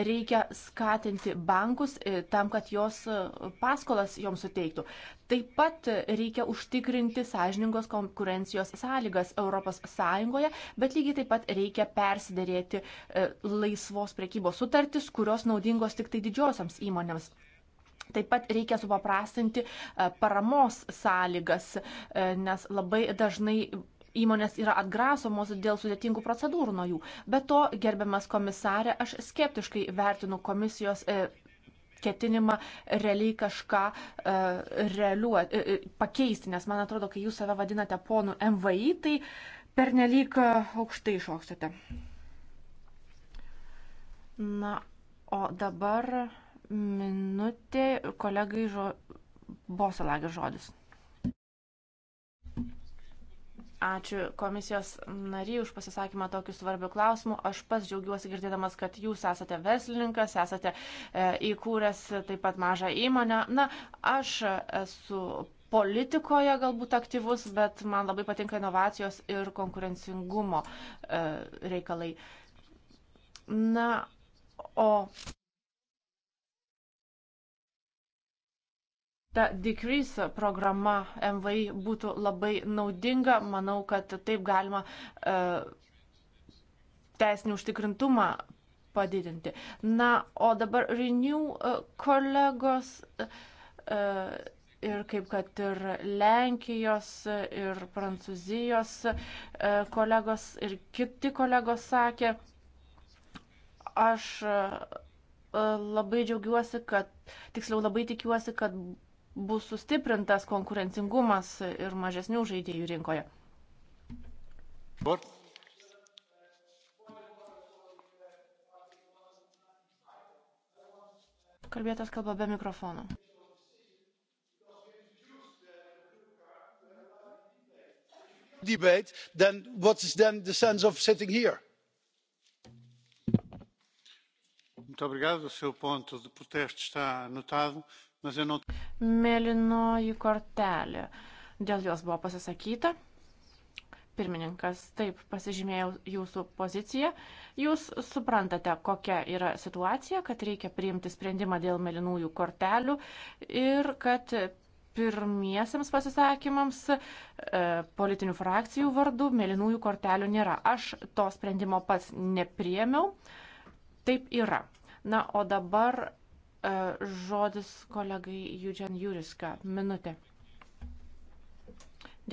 reikia skatinti bankus e, tam, kad jos e, paskolas joms suteiktų. Taip pat reikia užtikrinti sąžiningos konkurencijos sąlygas ES, bet lygiai taip pat reikia persiderėti e, laisvos prekybos sutartis, kurios naudingos tik tai didžiosiams įmonėms. Taip pat reikia supaprastinti e, paramos sąlygas, e, nes labai dažnai įmonės yra atgrasomos dėl sudėtingų procedūrų nuo jų. Be to, gerbiamas komisarė, aš skeptiškai vertinu komisijos e, ketinimą realiai kažką realiuoti, pakeisti, nes man atrodo, kai jūs save vadinate ponu MVI, tai pernelyg aukštai šoksite. Na, o dabar minutė kolegai žo... Bosalagė žodis. Ačiū komisijos nary už pasisakymą tokiu svarbiu klausimu. Aš pats džiaugiuosi girdėdamas, kad jūs esate verslininkas, esate e, įkūręs taip pat mažą įmonę. Na, aš esu politikoje galbūt aktyvus, bet man labai patinka inovacijos ir konkurencingumo e, reikalai. Na, o ta Decrease programa MVI būtų labai naudinga. Manau, kad taip galima uh, teisinį užtikrintumą padidinti. Na, o dabar Renew uh, kolegos uh, ir kaip kad ir Lenkijos ir Prancūzijos kolegos ir kiti kolegos sakė, aš labai džiaugiuosi, kad, tiksliau labai tikiuosi, kad bus sustiprintas konkurencingumas ir mažesnių žaidėjų rinkoje. What? Kalbėtas kalba be mikrofono. debate then what is then the sense of sitting here? Muito obrigado. O seu ponto de protesto está anotado, mas eu não mėlynoji kortelė. Dėl jos buvo pasisakyta. Pirmininkas, taip, pasižymėjau jūsų poziciją. Jūs suprantate, kokia yra situacija, kad reikia priimti sprendimą dėl mėlynųjų kortelių ir kad pirmiesiams pasisakymams e, politinių frakcijų vardų mėlynųjų kortelių nėra. Aš to sprendimo pats nepriemiau. Taip yra. Na, o dabar E, žodis kolegai Jūdžian Jūriska. Minutė.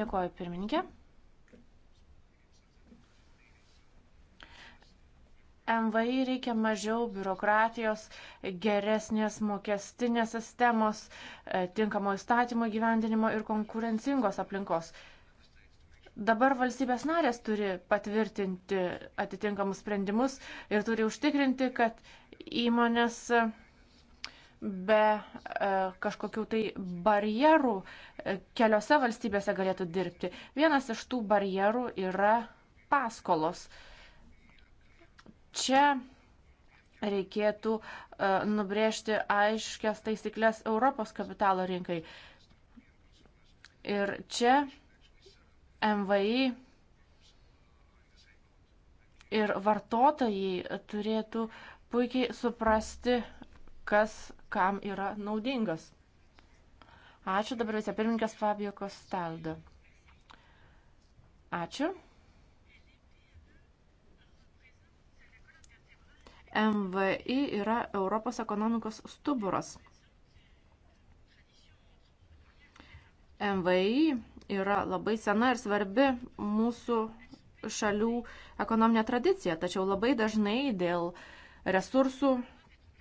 Dėkuoju, pirmininkė. MVI reikia mažiau biurokratijos, geresnės mokestinės sistemos, e, tinkamo įstatymo gyvendinimo ir konkurencingos aplinkos. Dabar valstybės narės turi patvirtinti atitinkamus sprendimus ir turi užtikrinti, kad įmonės be e, kažkokių tai barjerų e, keliose valstybėse galėtų dirbti. Vienas iš tų barjerų yra paskolos. Čia reikėtų e, nubrėžti aiškias taisyklės Europos kapitalo rinkai. Ir čia MVI ir vartotojai turėtų puikiai suprasti, kas kam yra naudingas. Ačiū dabar vicepirmininkas Fabio Kostaldo. Ačiū. MVI yra Europos ekonomikos stuburas. MVI yra labai sena ir svarbi mūsų šalių ekonominė tradicija, tačiau labai dažnai dėl resursų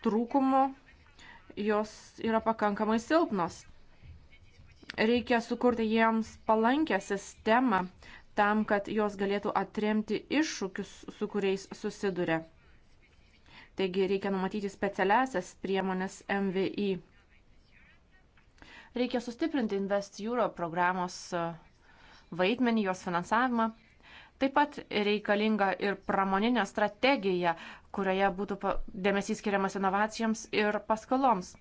trūkumų jos yra pakankamai silpnos. Reikia sukurti jiems palankę sistemą tam, kad jos galėtų atremti iššūkius, su kuriais susiduria. Taigi reikia numatyti specialiasias priemonės MVI. Reikia sustiprinti Invest Euro programos vaidmenį, jos finansavimą. Taip pat reikalinga ir pramoninė strategija, kurioje būtų dėmesys skiriamas inovacijoms ir paskoloms.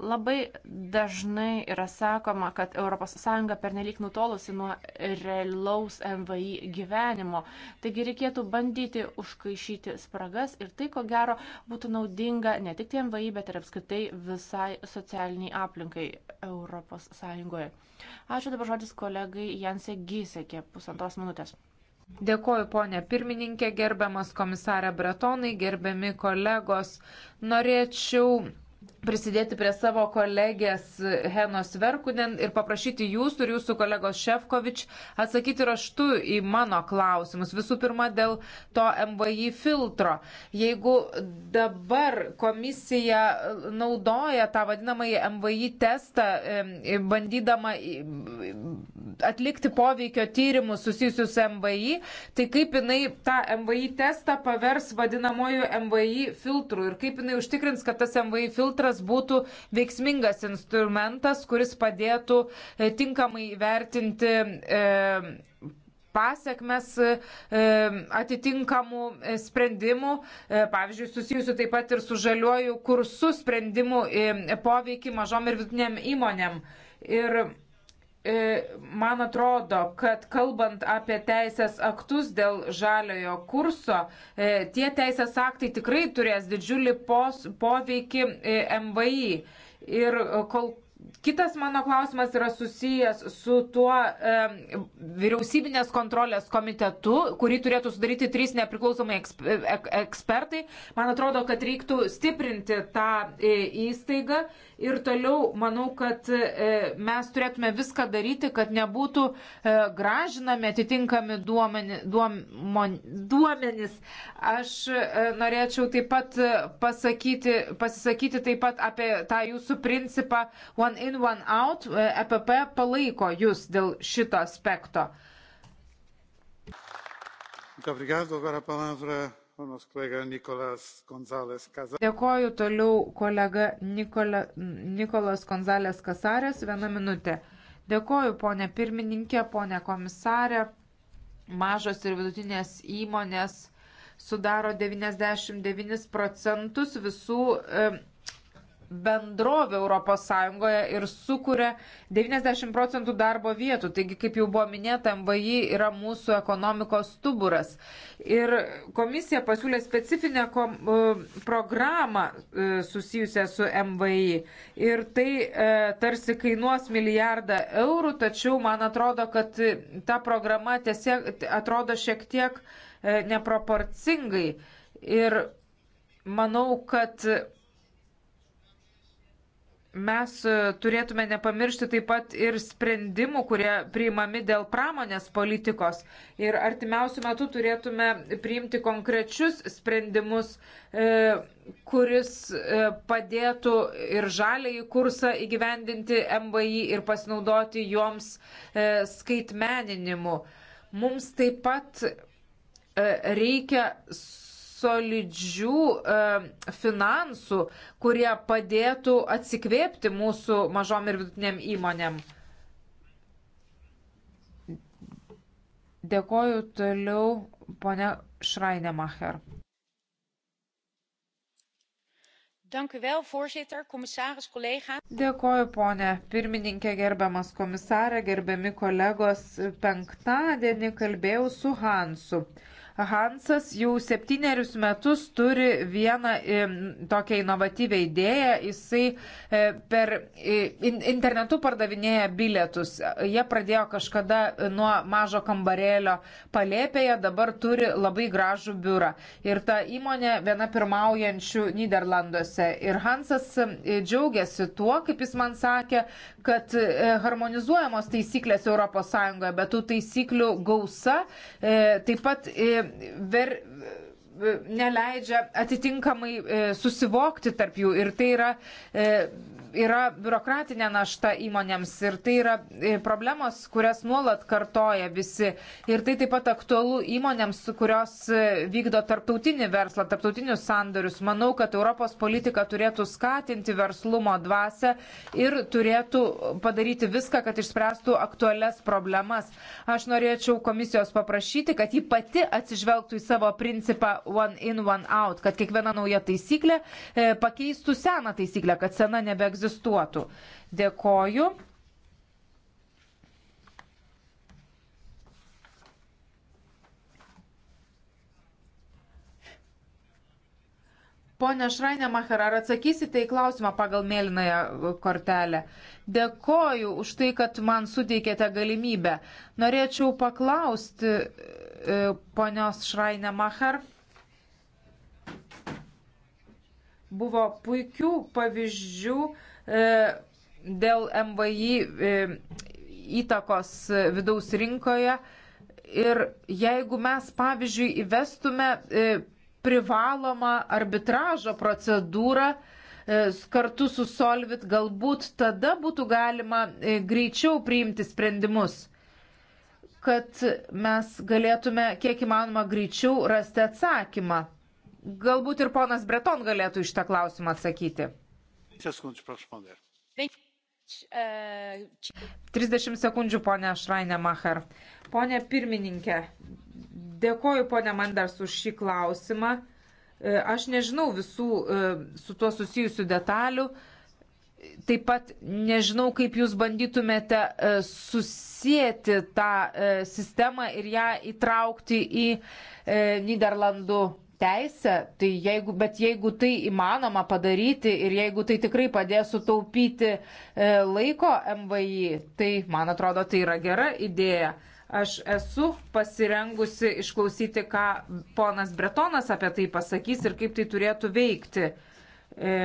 Labai dažnai yra sakoma, kad ES pernelyg nutolusi nuo realaus MVI gyvenimo. Taigi reikėtų bandyti užkaišyti spragas ir tai, ko gero, būtų naudinga ne tik tie MVI, bet ir apskritai visai socialiniai aplinkai ES. Ačiū dabar žodis kolegai Janse Gysekė, pusantros minutės. Dėkoju, ponė pirmininkė, gerbiamas komisarė Bretonai, gerbiami kolegos. Norėčiau prisidėti prie savo kolegės Henos Verkunen ir paprašyti jūsų ir jūsų kolegos Šefkovič atsakyti raštu į mano klausimus. Visų pirma, dėl to MVI filtro. Jeigu dabar komisija naudoja tą vadinamąjį MVI testą, bandydama atlikti poveikio tyrimus susijusius su MVI, tai kaip jinai tą MVI testą pavers vadinamoju MVI filtru ir kaip jinai užtikrins, kad tas MVI filtras instrumentas būtų veiksmingas instrumentas, kuris padėtų e, tinkamai vertinti e, pasiekmes e, atitinkamų sprendimų, pavyzdžiui, susijusių taip pat ir su žaliuoju kursu sprendimų poveikį mažom ir vidutiniam įmonėm. Ir E, man atrodo, kad kalbant apie teisės aktus dėl žaliojo kurso, e, tie teisės aktai tikrai turės didžiulį pos, poveikį e, MVI. Ir kol Kitas mano klausimas yra susijęs su tuo e, vyriausybinės kontrolės komitetu, kurį turėtų sudaryti trys nepriklausomai ekspertai. Man atrodo, kad reiktų stiprinti tą e, įstaigą ir toliau manau, kad e, mes turėtume viską daryti, kad nebūtų e, gražinami atitinkami duomeni, duom, mon, duomenys. Aš e, norėčiau taip pat e, pasakyti, pasisakyti taip pat apie tą jūsų principą. One one in, one out, EPP e palaiko jūs dėl šito aspekto. Dėkoju toliau kolega Nikola, Nikolas Konzalės Kasarės, vieną minutę. Dėkoju ponė pirmininkė, ponė komisarė, mažos ir vidutinės įmonės sudaro 99 procentus visų e, bendrovių ES ir sukuria 90 procentų darbo vietų. Taigi, kaip jau buvo minėta, MVI yra mūsų ekonomikos stuburas. Ir komisija pasiūlė specifinę kom, e, programą e, susijusią su MVI. Ir tai e, tarsi kainuos milijardą eurų, tačiau man atrodo, kad ta programa tiesiog atrodo šiek tiek e, neproporcingai. Ir manau, kad mes e, turėtume nepamiršti taip pat ir sprendimų, kurie priimami dėl pramonės politikos. Ir artimiausių metų turėtume priimti konkrečius sprendimus, e, kuris e, padėtų ir žaliai kursą įgyvendinti MVI ir pasinaudoti joms skaitmeninimu. Mums taip pat reikia solidžių e, finansų, kurie padėtų atsikvėpti mūsų mažom ir vidutiniam įmonėm. Dėkoju toliau, ponia Šrainemacher. voorzitter commissaris collega's dėkoju pone pirmininke gerbiamas komisare gerbiami kolegos penktadienį kalbėjau su hansu Hansas jau septynerius metus turi vieną e, tokią inovatyvę idėją. Jisai e, per e, internetu pardavinėja bilietus. Jie pradėjo kažkada nuo mažo kambarėlio palėpėje, dabar turi labai gražų biurą. Ir ta įmonė viena pirmaujančių Niderlanduose. Ir Hansas džiaugiasi tuo, kaip jis man sakė, kad harmonizuojamos taisyklės ES, bet tų taisyklių gausa taip pat ver, neleidžia atitinkamai e, susivokti tarp jų ir tai yra e, yra biurokratinė našta įmonėms ir tai yra e, problemos, kurias nuolat kartoja visi. Ir tai taip pat aktualu įmonėms, kurios e, vykdo tarptautinį verslą, tarptautinius sandorius. Manau, kad Europos politika turėtų skatinti verslumo dvasę ir turėtų padaryti viską, kad išspręstų aktualias problemas. Aš norėčiau komisijos paprašyti, kad ji pati atsižvelgtų į savo principą one in, one out, kad kiekviena nauja taisyklė e, pakeistų seną taisyklę, kad sena nebeegzistuoja egzistuotų. Dėkoju. Pone Šrainė Macher, ar atsakysite į klausimą pagal mėlynąją kortelę? Dėkoju už tai, kad man suteikėte galimybę. Norėčiau paklausti e, ponios Šrainė Macher. Buvo puikių pavyzdžių, E, dėl MVI e, įtakos vidaus rinkoje. Ir jeigu mes, pavyzdžiui, įvestume e, privalomą arbitražo procedūrą kartu su Solvit, galbūt tada būtų galima greičiau priimti sprendimus kad mes galėtume kiek įmanoma greičiau rasti atsakymą. Galbūt ir ponas Breton galėtų iš tą klausimą atsakyti. 30 sekundžių, ponė Šrainemacher. Pone pirmininkė, dėkoju ponė Mandars už šį klausimą. E, aš nežinau visų e, su tuo susijusių detalių. Taip pat nežinau, kaip jūs bandytumėte e, susijęti tą sistemą ir ją įtraukti į Niderlandų teisę, tai jeigu, bet jeigu tai įmanoma padaryti ir jeigu tai tikrai padės sutaupyti e, laiko MVI, tai man atrodo, tai yra gera idėja. Aš esu pasirengusi išklausyti, ką ponas Bretonas apie tai pasakys ir kaip tai turėtų veikti. E,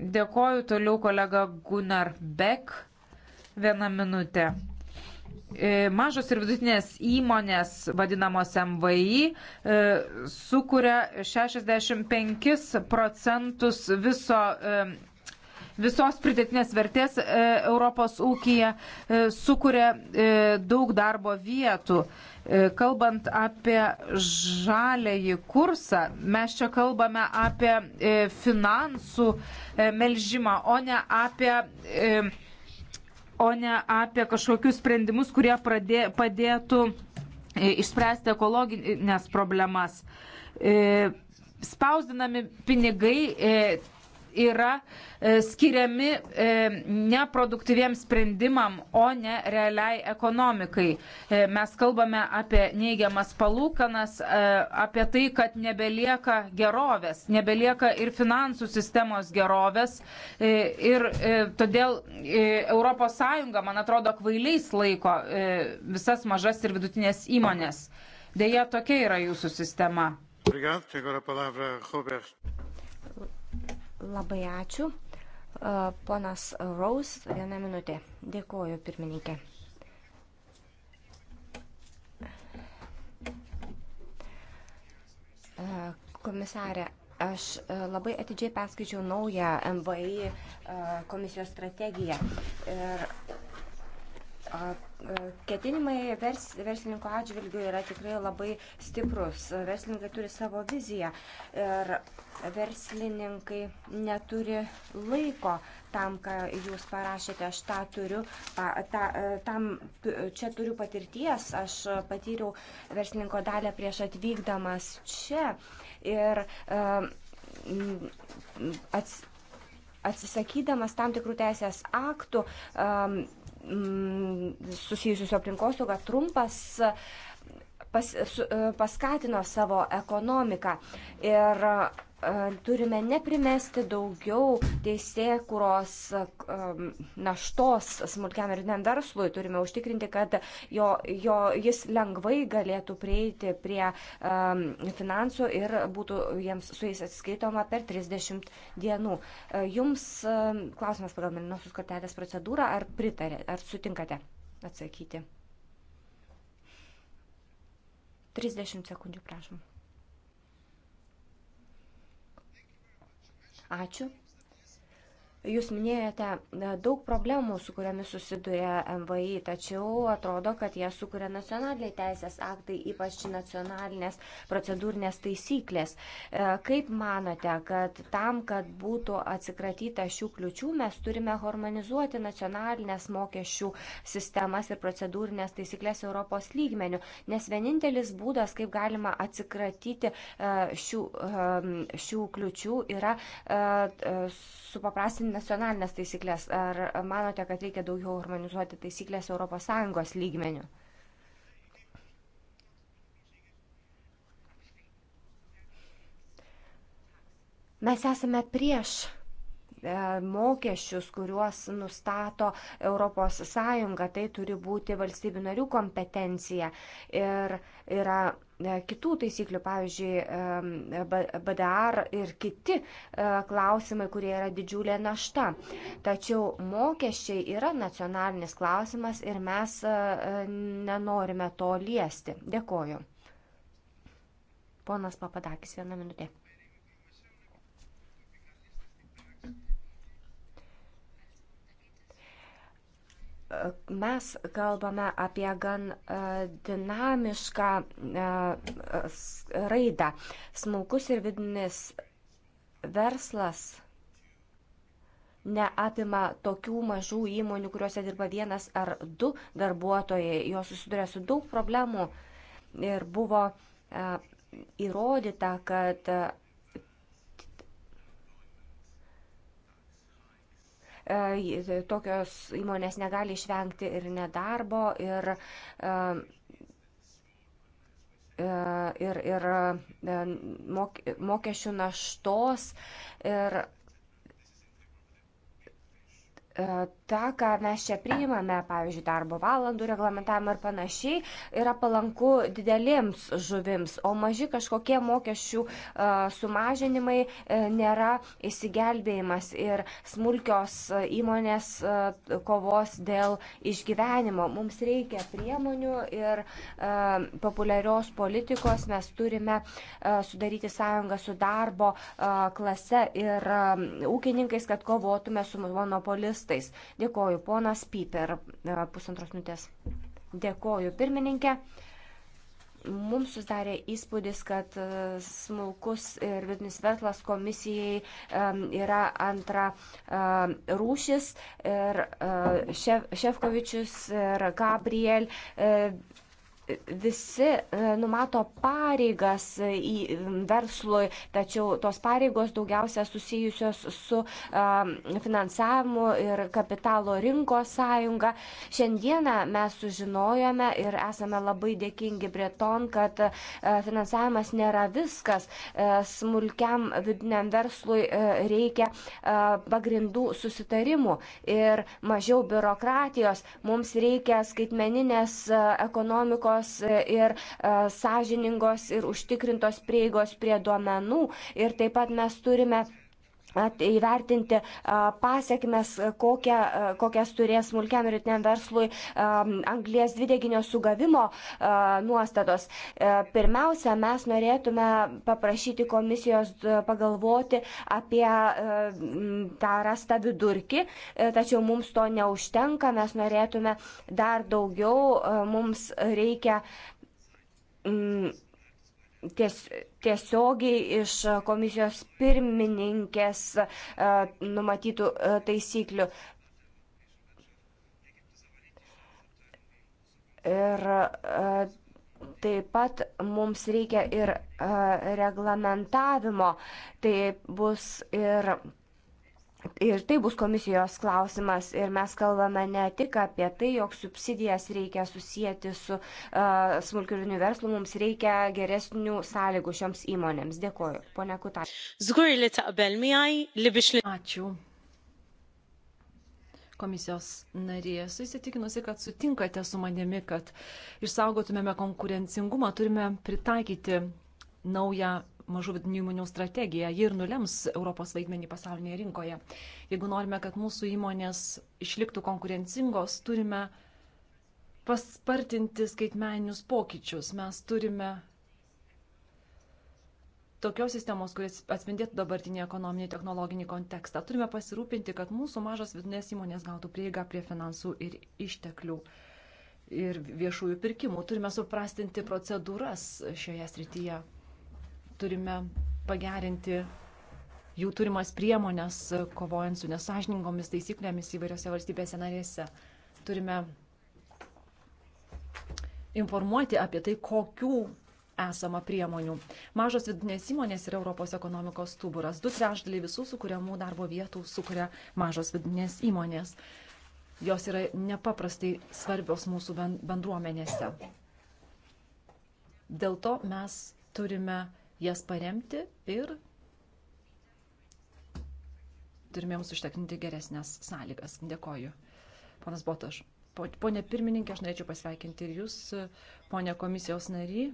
Dėkoju toliau kolega Gunnar Beck. Vieną minutę. E, mažos ir vidutinės įmonės, vadinamos MVI, e, sukuria 65 procentus viso e, visos pridėtinės vertės Europos ūkija sukuria daug darbo vietų. Kalbant apie žalėjį kursą, mes čia kalbame apie finansų melžimą, o ne apie o ne apie kažkokius sprendimus, kurie pradė, padėtų e, išspręsti ekologinės problemas. E, spausdinami pinigai e, yra e, skiriami e, neproduktyviems sprendimam, o ne realiai ekonomikai. E, mes kalbame apie neigiamas palūkanas, apie tai, kad nebelieka gerovės, nebelieka ir finansų sistemos gerovės. Ir todėl ES, man atrodo, kvailiais laiko visas mažas ir vidutinės įmonės. Deja, tokia yra jūsų sistema. Obrigado. Agora a palavra Roberto. Labai ačiū. Ponas Raus, vieną minutę. Dėkuoju, pirmininkė. Komisarė, aš labai atidžiai perskaičiau naują MVI komisijos strategiją. Ir ketinimai vers, verslininko atžvilgių yra tikrai labai stiprus. Verslininkai turi savo viziją ir verslininkai neturi laiko tam, ką jūs parašėte. Aš tą turiu, pa, ta, tam, čia turiu patirties, aš patyriau verslininko dalę prieš atvykdamas čia. Ir, Atsisakydamas tam tikrų teisės aktų, um, Mm, susijusių su aplinkosauga trumpas pas, su, e, paskatino savo ekonomiką. Ir turime neprimesti daugiau teisėkuros naštos smulkiam ir dideliam verslui, turime užtikrinti, kad jo, jo, jis lengvai galėtų prieiti prie um, finansų ir būtų jiems su jais atskaitoma per 30 dienų. Jums um, klausimas pagal Milinosios kortelės procedūrą, ar pritarė, ar sutinkate atsakyti? 30 sekundžių, prašom. Ačiū. Jūs minėjote e, daug problemų, su kuriamis susiduria MVI, tačiau atrodo, kad jie sukuria nacionaliniai teisės aktai, ypač nacionalinės procedūrinės taisyklės. E, kaip manote, kad tam, kad būtų atsikratyta šių kliučių, mes turime harmonizuoti nacionalinės mokesčių sistemas ir procedūrinės taisyklės Europos lygmenių, nes vienintelis būdas, kaip galima atsikratyti e, šių, šių kliučių, yra supaprastinti nacionalinės taisyklės. Ar manote, kad reikia daugiau harmonizuoti taisyklės ES lygmenių? Mes esame prieš e, mokesčius, kuriuos nustato ES, tai turi būti valstybių narių kompetencija. Ir yra E, kitų taisyklių, pavyzdžiui, e, BDR ir kiti e, klausimai, kurie yra didžiulė našta. Tačiau mokesčiai yra nacionalinis klausimas ir mes nenorime to liesti. Dėkoju. Ponas Papadakis, vieną minutę. mes kalbame apie gan e, dinamišką e, raidą. Smulkus ir vidinis verslas neapima tokių mažų įmonių, kuriuose dirba vienas ar du darbuotojai. Jos susiduria su daug problemų ir buvo e, įrodyta, kad E, tokios įmonės negali išvengti ir nedarbo, ir, e, e, ir, ir mokesčių naštos. Ir tą, ką mes čia priimame, pavyzdžiui, darbo valandų reglamentavimą ir panašiai, yra palanku didelėms žuvims, o maži kažkokie mokesčių sumažinimai e, nėra įsigelbėjimas ir smulkios įmonės kovos dėl išgyvenimo. Mums reikia priemonių ir populiarios politikos, mes turime sudaryti sąjungą su darbo klase ir ūkininkais, kad kovotume su monopolistais tekstais. Dėkoju, ponas Piper, e, pusantros minutės. Dėkoju, pirmininkė. Mums susidarė įspūdis, kad e, smulkus ir vidinis verslas komisijai e, yra antra rūšis ir Šefkovičius ir Gabriel visi e, numato pareigas e, į verslui, tačiau tos pareigos daugiausia susijusios su finansavimu ir kapitalo rinkos sąjunga. Šiandieną mes sužinojome ir esame labai dėkingi Breton, kad e, finansavimas nėra viskas. Smulkiam vidiniam verslui reikia pagrindų susitarimų ir mažiau biurokratijos. Mums reikia skaitmeninės ekonomikos skaidrios e, ir e, sąžiningos ir užtikrintos prieigos prie duomenų. Ir taip pat mes turime įvertinti pasiekmes, kokia, kokias turės smulkiam ir rytiniam verslui anglės dvideginio sugavimo nuostatos. Pirmiausia, mes norėtume paprašyti komisijos pagalvoti apie tą rastą vidurkį, tačiau mums to neužtenka, mes norėtume dar daugiau, mums reikia ties, tiesiogiai iš komisijos pirmininkės e, numatytų e, taisyklių. Ir e, taip pat mums reikia ir reglamentavimo, tai bus ir Ir tai bus komisijos klausimas ir mes kalbame ne tik apie tai, jog subsidijas reikia susijęti su uh, smulkiu ir universlu, mums reikia geresnių sąlygų šioms įmonėms. Dėkuoju, ponia Kutai. Ačiū. Komisijos narė, esu įsitikinusi, kad sutinkate su manimi, kad išsaugotumėme konkurencingumą, turime pritaikyti naują mažų vidinių įmonių strategiją. Ji ir nulems Europos vaidmenį pasaulinėje rinkoje. Jeigu norime, kad mūsų įmonės išliktų konkurencingos, turime paspartinti skaitmeninius pokyčius. Mes turime tokios sistemos, kuris atspindėtų dabartinį ekonominį technologinį kontekstą. Turime pasirūpinti, kad mūsų mažos vidinės įmonės gautų prieigą prie finansų ir išteklių ir viešųjų pirkimų. Turime suprastinti procedūras šioje srityje turime pagerinti jų turimas priemonės, kovojant su nesažiningomis taisyklėmis įvairiose valstybėse narėse. Turime informuoti apie tai, kokių esama priemonių. Mažos vidutinės įmonės yra Europos ekonomikos stuburas. Du trešdaliai visų sukūriamų darbo vietų sukuria mažos vidutinės įmonės. Jos yra nepaprastai svarbios mūsų bendruomenėse. Dėl to mes turime jas paremti ir turime jums užtekrinti geresnės sąlygas. Dėkoju. Ponas Botaš. Pone pirmininkė, aš norėčiau pasveikinti ir jūs, ponė komisijos nary.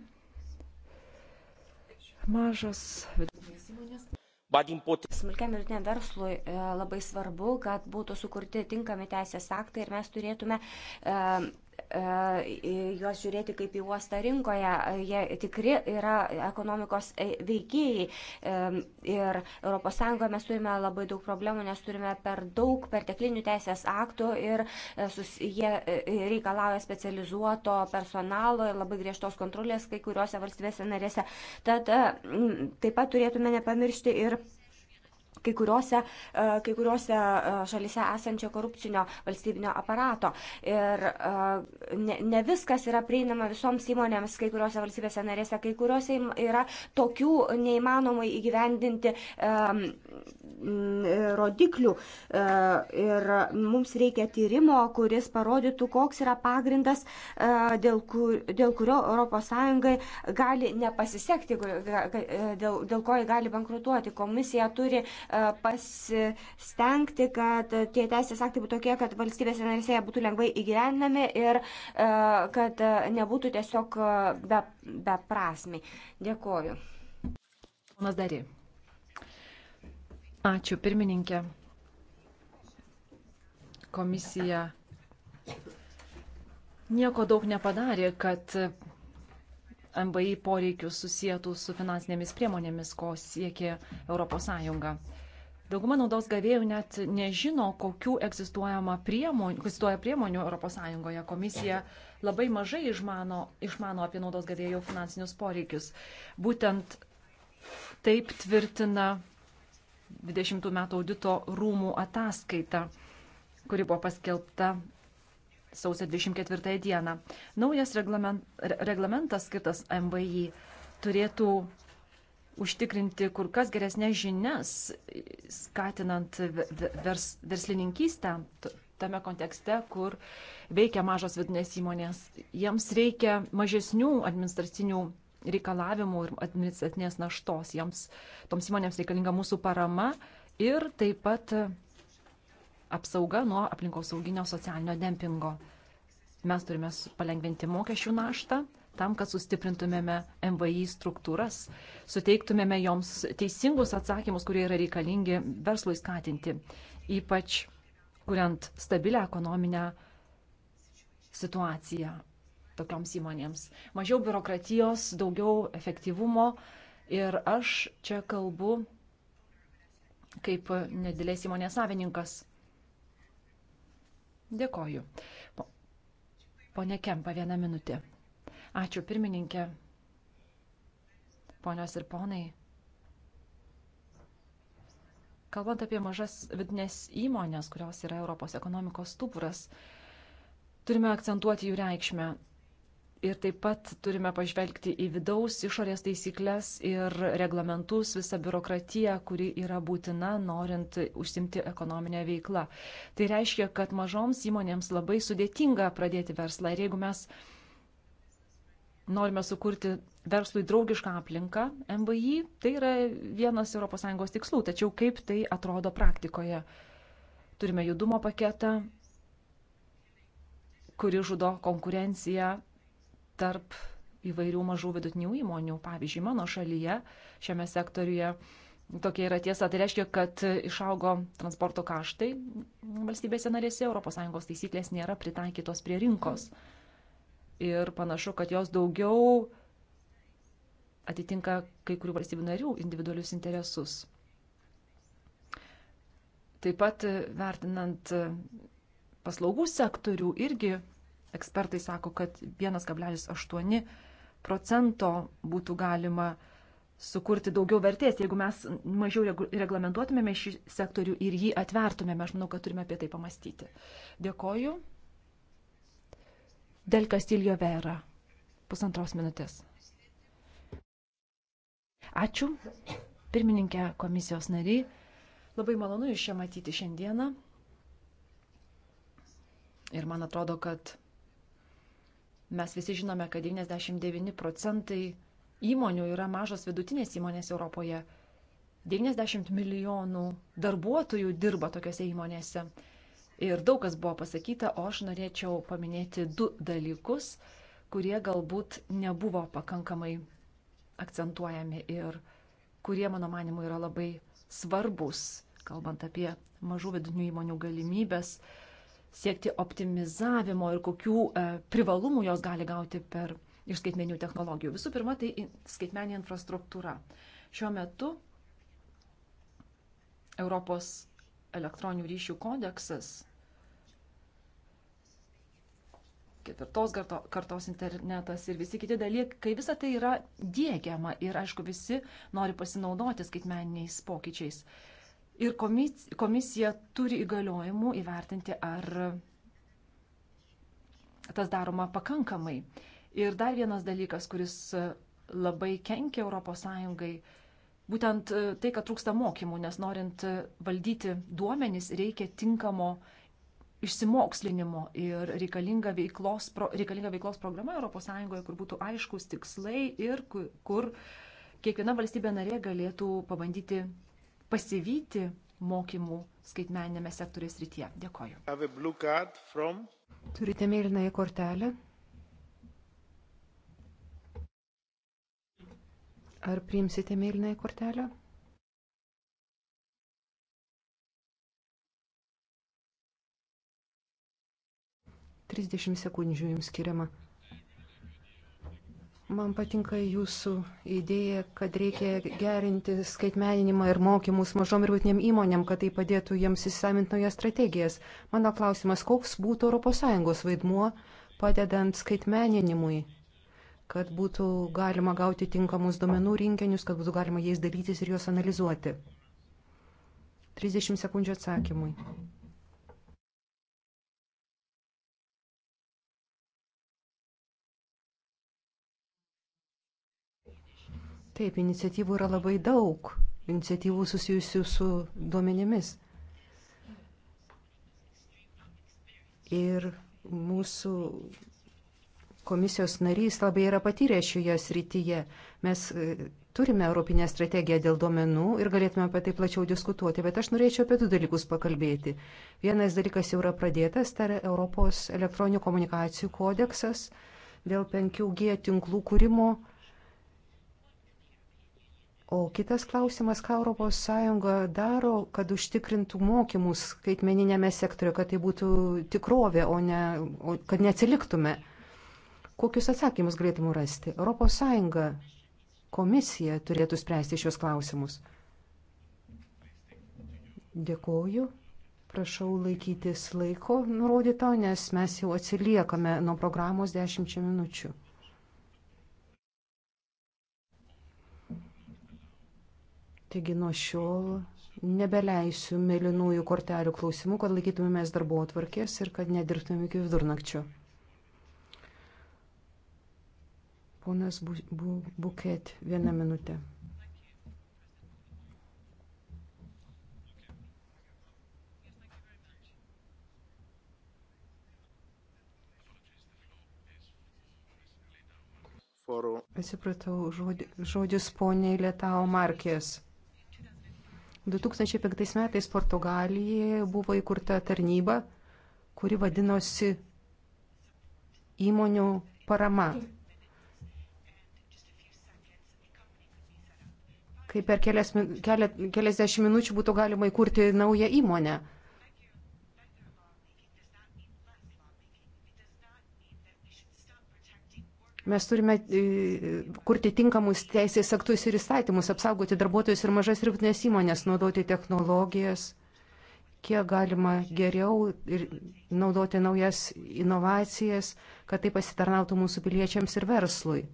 Mažas vidutinės įmonės. Smulkiam ir vidutiniam verslui e, labai svarbu, kad būtų sukurti tinkami teisės aktai ir mes turėtume e, E, juos žiūrėti kaip į uostą rinkoje, jie tikri yra ekonomikos e, veikėjai. E, ir ES mes turime labai daug problemų, nes turime per daug perteklinių teisės aktų ir sus, jie reikalauja specializuoto personalo ir labai griežtos kontrolės kai kuriuose valstybėse narėse. Tad taip pat turėtume nepamiršti ir kai kuriuose, e, kai kuriuose e, šalise esančio korupcinio valstybinio aparato. Ir e, ne, ne viskas yra prieinama visoms įmonėms, kai kuriuose valstybėse narėse, kai kuriuose yra tokių neįmanomai įgyvendinti um, rodiklių. Ir mums reikia tyrimo, kuris parodytų, koks yra pagrindas, dėl, kur, dėl kurio ES gali nepasisekti, dėl, dėl ko jį gali bankrutuoti. Komisija turi uh, E, pasistengti, kad tie teisės aktai būtų tokie, kad valstybėse narėse būtų lengvai įgyvendinami ir e, kad nebūtų tiesiog e, be, beprasmi. Dėkoju. Ponas Dari. Ačiū, pirmininkė. Komisija nieko daug nepadarė, kad MBI poreikius susijętų su finansinėmis priemonėmis, ko siekia ES. Dauguma naudos gavėjų net nežino, kokių priemonių, egzistuoja priemonių ES. Komisija labai mažai išmano, išmano apie naudos gavėjų finansinius poreikius. Būtent taip tvirtina 20 metų audito rūmų ataskaita, kuri buvo paskelbta sausio 24 dieną. Naujas reglament, reglamentas skirtas MVI turėtų užtikrinti kur kas geresnės žinias, skatinant vers, verslininkystę tame kontekste, kur veikia mažos vidinės įmonės. Jiems reikia mažesnių administracinių reikalavimų ir administracinės naštos. Jiems, toms įmonėms reikalinga mūsų parama ir taip pat apsauga nuo aplinkosauginio socialinio dempingo. Mes turime palengventi mokesčių naštą tam, kad sustiprintumėme MVI struktūras, suteiktumėme joms teisingus atsakymus, kurie yra reikalingi verslui skatinti, ypač kuriant stabilę ekonominę situaciją tokioms įmonėms. Mažiau biurokratijos, daugiau efektyvumo ir aš čia kalbu kaip nedėlės įmonės savininkas. Dėkoju. Pone Kempa, vieną minutę. Ačiū pirmininkė. Ponios ir ponai. Kalbant apie mažas vidinės įmonės, kurios yra Europos ekonomikos stuburas, turime akcentuoti jų reikšmę. Ir taip pat turime pažvelgti į vidaus išorės taisyklės ir reglamentus, visą biurokratiją, kuri yra būtina, norint užsimti ekonominę veiklą. Tai reiškia, kad mažoms įmonėms labai sudėtinga pradėti verslą. Ir jeigu mes norime sukurti verslui draugišką aplinką, MVI, tai yra vienas ES tikslų. Tačiau kaip tai atrodo praktikoje? Turime judumo paketą, kuri žudo konkurenciją tarp įvairių mažų vidutinių įmonių. Pavyzdžiui, mano šalyje šiame sektoriuje tokia yra tiesa. Tai reiškia, kad išaugo transporto kaštai valstybėse narėse, ES taisyklės nėra pritaikytos prie rinkos. Ir panašu, kad jos daugiau atitinka kai kurių valstybių narių individualius interesus. Taip pat vertinant paslaugų sektorių irgi Ekspertai sako, kad 1,8 procento būtų galima sukurti daugiau vertės, jeigu mes mažiau reglamentuotumėme šį sektorių ir jį atvertumėme. Aš manau, kad turime apie tai pamastyti. Dėkoju. Del Castillo Vera. Pusantros minutės. Ačiū. Pirmininkė komisijos nariai. Labai malonu iš čia matyti šiandieną. Ir man atrodo, kad Mes visi žinome, kad 99 procentai įmonių yra mažos vidutinės įmonės Europoje. 90 milijonų darbuotojų dirba tokiuose įmonėse. Ir daug kas buvo pasakyta, o aš norėčiau paminėti du dalykus, kurie galbūt nebuvo pakankamai akcentuojami ir kurie, mano manimu, yra labai svarbus, kalbant apie mažų vidutinių įmonių galimybės siekti optimizavimo ir kokių e, privalumų jos gali gauti per iš skaitmeninių technologijų. Visų pirma, tai skaitmeninė infrastruktūra. Šiuo metu Europos elektroninių ryšių kodeksas ketvirtos kartos internetas ir visi kiti dalykai, visa tai yra dėgiama ir aišku visi nori pasinaudoti skaitmeniniais pokyčiais. Ir komisija, komisija turi įgaliojimų įvertinti, ar tas daroma pakankamai. Ir dar vienas dalykas, kuris labai kenkia ES, būtent tai, kad trūksta mokymų, nes norint valdyti duomenys reikia tinkamo išsimokslinimo ir reikalinga veiklos, pro, reikalinga veiklos programa ES, kur būtų aiškus tikslai ir kur, kur kiekviena valstybė narė galėtų pabandyti pasivyti mokymų skaitmeninėme sektorėje srityje. Dėkoju. From... Turite mėlynąją kortelę? Ar priimsite mėlynąją kortelę? Trisdešimt sekundžių jums skiriama. Man patinka jūsų idėja, kad reikia gerinti skaitmeninimą ir mokymus mažom ir būtiniam įmonėm, kad tai padėtų jiems įsisavinti naujas strategijas. Mano klausimas, koks būtų ES vaidmuo padedant skaitmeninimui, kad būtų galima gauti tinkamus duomenų rinkinius, kad būtų galima jais dalytis ir juos analizuoti. 30 sekundžių atsakymui. Taip, iniciatyvų yra labai daug, iniciatyvų susijusių su duomenimis. Ir mūsų komisijos narys labai yra patyrę šioje srityje. Mes e, turime Europinę strategiją dėl duomenų ir galėtume apie tai plačiau diskutuoti, bet aš norėčiau apie du dalykus pakalbėti. Vienas dalykas jau yra pradėtas, tai yra Europos elektroninių komunikacijų kodeksas dėl 5G tinklų kūrimo O kitas klausimas, ką ES daro, kad užtikrintų mokymus skaitmeninėme sektoriu, kad tai būtų tikrovė, o ne o, kad neatsiliktume. Kokius atsakymus galėtume rasti? ES komisija turėtų spręsti šios klausimus. Dėkuoju. Prašau laikytis laiko nurodyto, nes mes jau atsiliekame nuo programos 10 minučių. Taigi nuo šiol nebeleisiu mėlynųjų kortelių klausimų, kad laikytumėmės darbo atvarkės ir kad nedirbtumėm iki vidurnakčio. Ponas bu, bu, Buket, vieną minutę. Atsipratau, žodis poniai Lietao Markės. 2005 metais Portugalijoje buvo įkurta tarnyba, kuri vadinosi įmonių parama. Kai per kelias, kelias, keliasdešimt minučių būtų galima įkurti naują įmonę. Mes turime e, kurti tinkamus teisės aktus ir įstatymus, apsaugoti darbuotojus ir mažas ir vidutinės įmonės, naudoti technologijas, kiek galima geriau ir naudoti naujas inovacijas, kad tai pasitarnautų mūsų piliečiams ir verslui.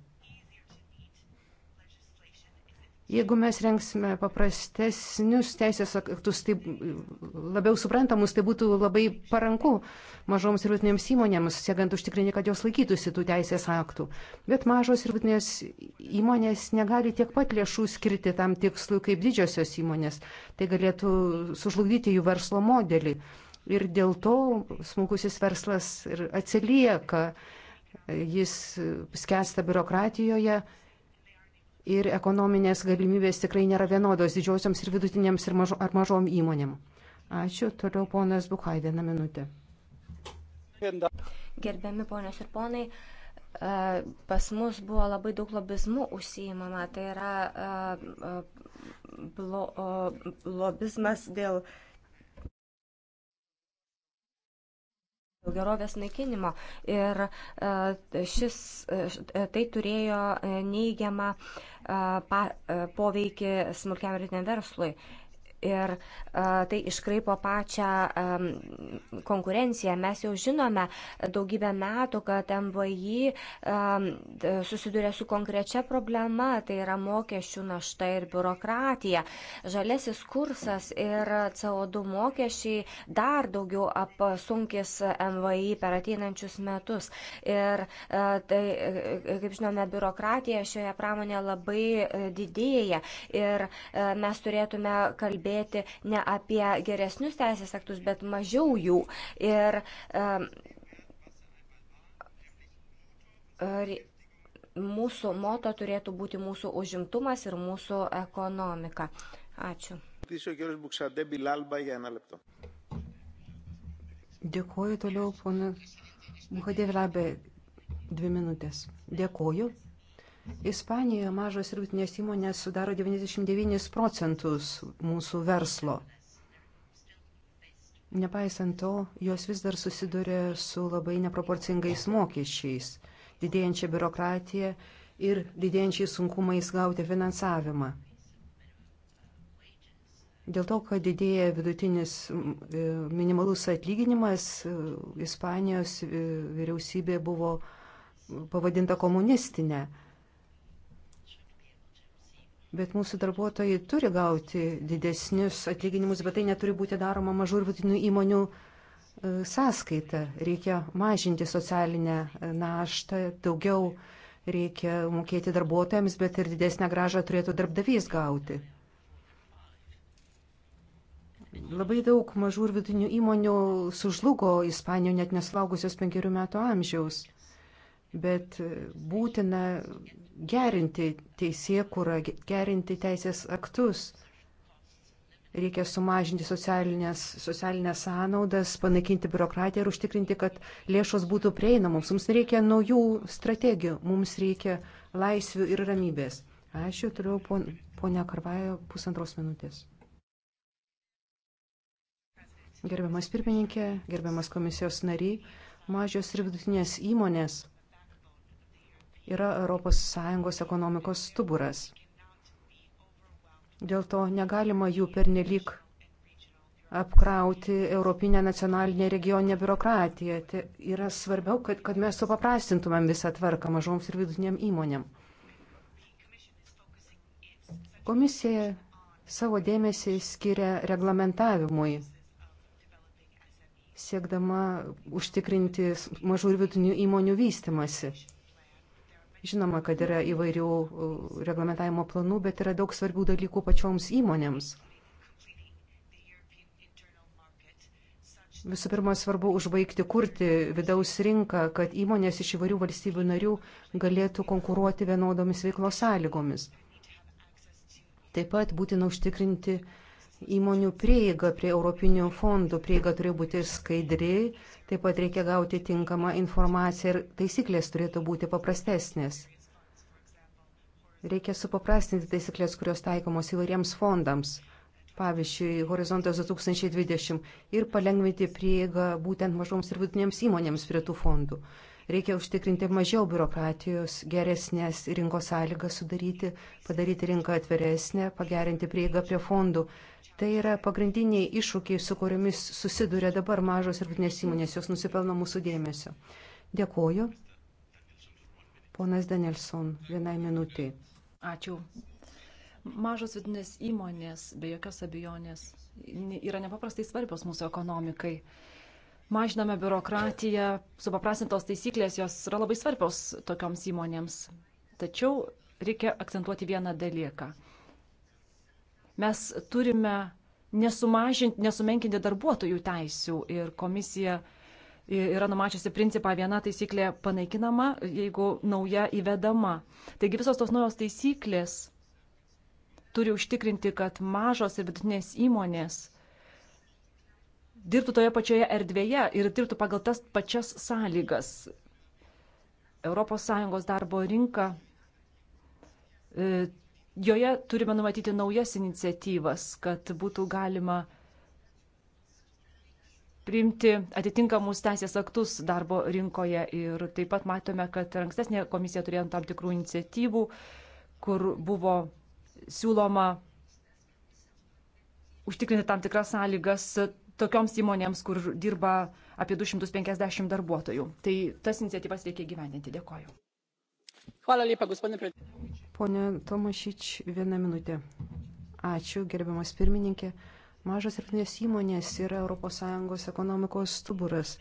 Jeigu mes rengsime paprastesnius teisės aktus, tai labiau suprantamus, tai būtų labai paranku mažoms ir vidutinėms įmonėms, siekant užtikrinti, kad jos laikytųsi tų teisės aktų. Bet mažos ir vidutinės įmonės negali tiek pat lėšų skirti tam tikslui kaip didžiosios įmonės. Tai galėtų sužlugdyti jų verslo modelį. Ir dėl to smulkusis verslas ir atsilieka, jis skęsta biurokratijoje ir ekonominės galimybės tikrai nėra vienodos didžiosioms ir vidutinėms ir mažo, ar mažom įmonėm. Ačiū. Toliau ponas Bukai, vieną minutę. Gerbiami ponios ir ponai, e, pas mus buvo labai daug lobizmų užsijimama. Tai yra e, e, lo, lobizmas dėl gerovės naikinimo. Ir e, šis, e, e, tai turėjo neigiamą poveikį smulkiam rytiniam verslui ir tai iškraipo pačią konkurenciją. Mes jau žinome daugybę metų, kad MVI susiduria su konkrečia problema, tai yra mokesčių našta ir biurokratija. Žalesis kursas ir CO2 mokesčiai dar daugiau apsunkis MVI per ateinančius metus. Ir tai, kaip žinome, biurokratija šioje pramonėje labai didėja ir mes turėtume kalbėti kalbėti ne apie geresnius teisės aktus, bet mažiau jų. Ir, ir mūsų moto turėtų būti mūsų užimtumas ir mūsų ekonomika. Ačiū. Dėkuoju toliau, ponas Buhadėvilabė, dvi minutės. Dėkuoju. Ispanijoje mažos ir vidutinės įmonės sudaro 99 procentus mūsų verslo. Nepaisant to, jos vis dar susiduria su labai neproporcingais mokesčiais, didėjančia biurokratija ir didėjančiais sunkumais gauti finansavimą. Dėl to, kad didėja vidutinis e, minimalus atlyginimas, e, Ispanijos e, vyriausybė buvo pavadinta komunistinė. Bet mūsų darbuotojai turi gauti didesnius atlyginimus, bet tai neturi būti daroma mažų ir vidutinių įmonių e, sąskaita. Reikia mažinti socialinę e, naštą, daugiau reikia mokėti darbuotojams, bet ir didesnę gražą turėtų darbdavys gauti. Labai daug mažų ir vidutinių įmonių sužlugo Ispanijoje net neslaugusios penkerių metų amžiaus. Bet e, būtina gerinti teisėkurą, gerinti teisės aktus. Reikia sumažinti socialinės, socialinės sąnaudas, panaikinti biurokratiją ir užtikrinti, kad lėšos būtų prieinamos. Mums reikia naujų strategijų, mums reikia laisvių ir ramybės. Ačiū, turiu pon, ponia Karvajo pusantros minutės. Gerbiamas pirmininkė, gerbiamas komisijos nariai, mažios ir vidutinės įmonės yra ES ekonomikos stuburas. Dėl to negalima jų pernelyg apkrauti Europinę nacionalinę regioninę biurokratiją. Tai yra svarbiau, kad, kad mes supaprastintumėm visą tvarką mažoms ir vidutiniam įmonėm. Komisija savo dėmesį skiria reglamentavimui, siekdama užtikrinti mažų ir vidutinių įmonių vystimasi. Žinoma, kad yra įvairių reglamentavimo planų, bet yra daug svarbių dalykų pačioms įmonėms. Visų pirma, svarbu užbaigti kurti vidaus rinką, kad įmonės iš įvairių valstybių narių galėtų konkuruoti vienodomis veiklos sąlygomis. Taip pat būtina užtikrinti įmonių prieigą prie europinių fondų. Prieiga turi būti skaidri, Taip pat reikia gauti tinkamą informaciją ir taisyklės turėtų būti paprastesnės. Reikia supaprastinti taisyklės, kurios taikomos įvairiems fondams, pavyzdžiui, Horizontas 2020 ir palengvinti prieigą būtent mažoms ir vidutinėms įmonėms prie tų fondų. Reikia užtikrinti mažiau biurokratijos, geresnės rinkos sąlygas sudaryti, padaryti rinką atviresnę, pagerinti prieigą prie fondų. Tai yra pagrindiniai iššūkiai, su kuriomis susiduria dabar mažos ir vidutinės įmonės, jos nusipelno mūsų dėmesio. Dėkoju. Ponas Danielson, vienai minutiai. Ačiū. Mažos vidinės įmonės, be jokios abejonės, yra nepaprastai svarbios mūsų ekonomikai mažiname biurokratiją, supaprastintos taisyklės, jos yra labai svarbios tokioms įmonėms. Tačiau reikia akcentuoti vieną dalyką. Mes turime nesumenkinti darbuotojų teisių ir komisija yra numačiusi principą viena taisyklė panaikinama, jeigu nauja įvedama. Taigi visos tos naujos taisyklės turi užtikrinti, kad mažos ir vidutinės įmonės dirbtų toje pačioje erdvėje ir dirbtų pagal tas pačias sąlygas. ES darbo rinka, e, joje turime numatyti naujas iniciatyvas, kad būtų galima priimti atitinkamus teisės aktus darbo rinkoje. Ir taip pat matome, kad ankstesnė komisija turėjo tam tikrų iniciatyvų, kur buvo siūloma užtikrinti tam tikras sąlygas tokioms įmonėms, kur dirba apie 250 darbuotojų. Tai tas iniciatyvas reikia gyvendinti. Dėkoju. Pone Tomašič, vieną minutę. Ačiū, gerbiamas pirmininkė. Mažas ir nes įmonės yra ES ekonomikos stuburas.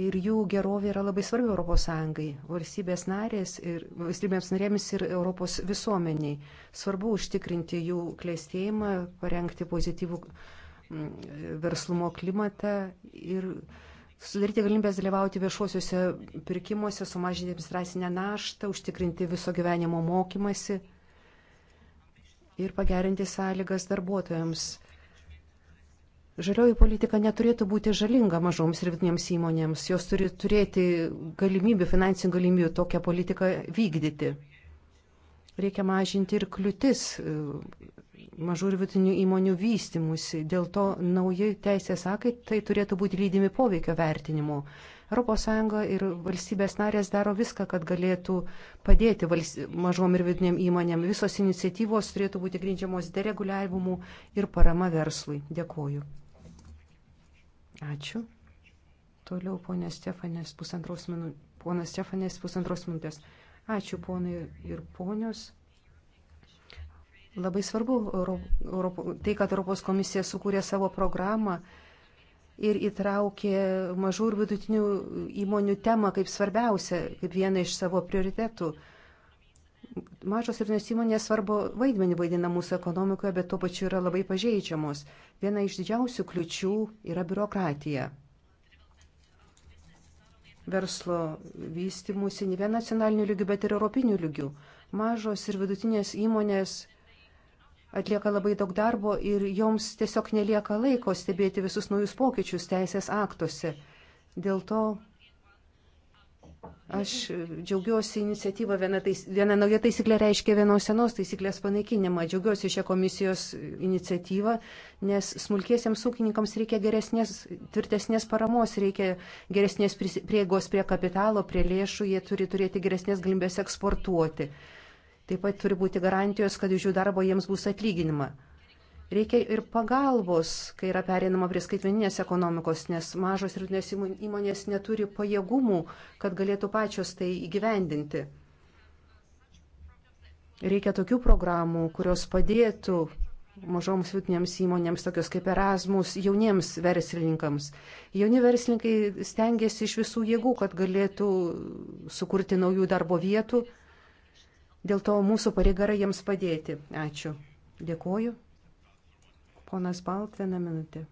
Ir jų gerovė yra labai svarbi ES, valstybės narės ir valstybėms narėmis ir Europos visuomeniai. Svarbu užtikrinti jų klėstėjimą, parengti pozityvų Mm, verslumo klimatą ir sudaryti galimybės dalyvauti viešuosiuose pirkimuose, sumažinti administracinę naštą, užtikrinti viso gyvenimo mokymasi ir pagerinti sąlygas darbuotojams. Žalioji politika neturėtų būti žalinga mažoms ir vidinėms įmonėms. Jos turi turėti galimybių, finansinių galimybių tokią politiką vykdyti. Reikia mažinti ir kliūtis mažų ir vidutinių įmonių vystimusi. Dėl to nauji teisės akai tai turėtų būti lydimi poveikio vertinimu. ES ir valstybės narės daro viską, kad galėtų padėti mažom ir vidutiniam įmonėm. Visos iniciatyvos turėtų būti grindžiamos dereguliavimu ir parama verslui. Dėkuoju. Ačiū. Toliau ponė Stefanės pusantros, minu... Stefanės pusantros minutės. Ačiū ponai ir ponios. Labai svarbu Europo, tai, kad Europos komisija sukūrė savo programą ir įtraukė mažų ir vidutinių įmonių temą kaip svarbiausią, kaip vieną iš savo prioritetų. Mažos ir nes įmonės svarbu vaidmenį vaidina mūsų ekonomikoje, bet tuo pačiu yra labai pažeidžiamos. Viena iš didžiausių kliučių yra biurokratija. Verslo vystimusi ne vien nacionalinių lygių, bet ir europinių lygių. Mažos ir vidutinės įmonės atlieka labai daug darbo ir joms tiesiog nelieka laiko stebėti visus naujus pokyčius teisės aktuose. Dėl to aš džiaugiuosi iniciatyvą, viena, tais, viena nauja taisyklė reiškia vienos senos taisyklės panaikinimą. Džiaugiuosi šią komisijos iniciatyvą, nes smulkiesiems ūkininkams reikia geresnės, tvirtesnės paramos, reikia geresnės prieigos prie kapitalo, prie lėšų, jie turi turėti geresnės galimybės eksportuoti. Taip pat turi būti garantijos, kad už jų darbo jiems bus atlyginima. Reikia ir pagalbos, kai yra perinama prie skaitmeninės ekonomikos, nes mažos ir nes įmonės neturi pajėgumų, kad galėtų pačios tai įgyvendinti. Reikia tokių programų, kurios padėtų mažoms vidutinėms įmonėms, tokios kaip Erasmus, jauniems verslininkams. Jauni verslininkai stengiasi iš visų jėgų, kad galėtų sukurti naujų darbo vietų Dėl to mūsų pareiga yra jiems padėti. Ačiū. Dėkoju. Ponas Balt, vieną minutę.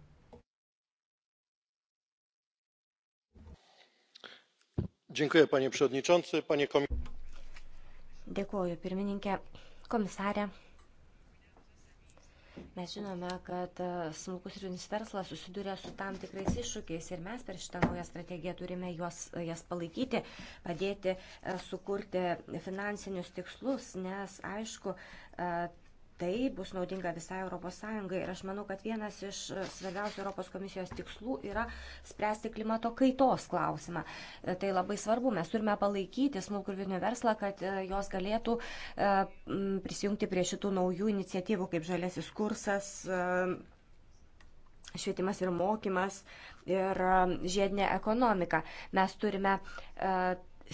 Dziękuję, panie przewodniczący, panie komisarzu. Dėkoju, pirmininkė, komisarė, Mes žinome, kad e, smulkus ir jums verslas susiduria su tam tikrais iššūkiais ir mes per šitą naują strategiją turime juos, e, jas palaikyti, padėti e, sukurti finansinius tikslus, nes aišku, tai bus naudinga visai ES. Ir aš manau, kad vienas iš e, svarbiausių Europos komisijos tikslų yra spręsti klimato kaitos klausimą. E, tai labai svarbu. Mes turime palaikyti smulkų ir vidinį verslą, kad e, jos galėtų prisijungti prie šitų naujų iniciatyvų, kaip žalėsis kursas, švietimas ir mokymas ir žiedinė ekonomika. Mes turime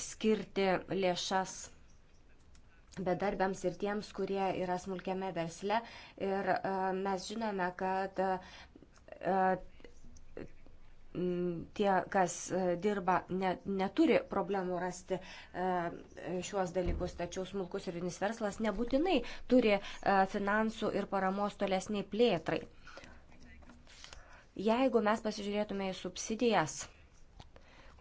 skirti lėšas bedarbiams ir tiems, kurie yra smulkiame versle. Ir e, mes žinome, kad e, tie, kas e, dirba, ne, neturi problemų rasti šiuos dalykus, tačiau smulkus ir vienis verslas nebūtinai turi finansų ir paramos tolesniai plėtrai. Jeigu mes pasižiūrėtume į subsidijas,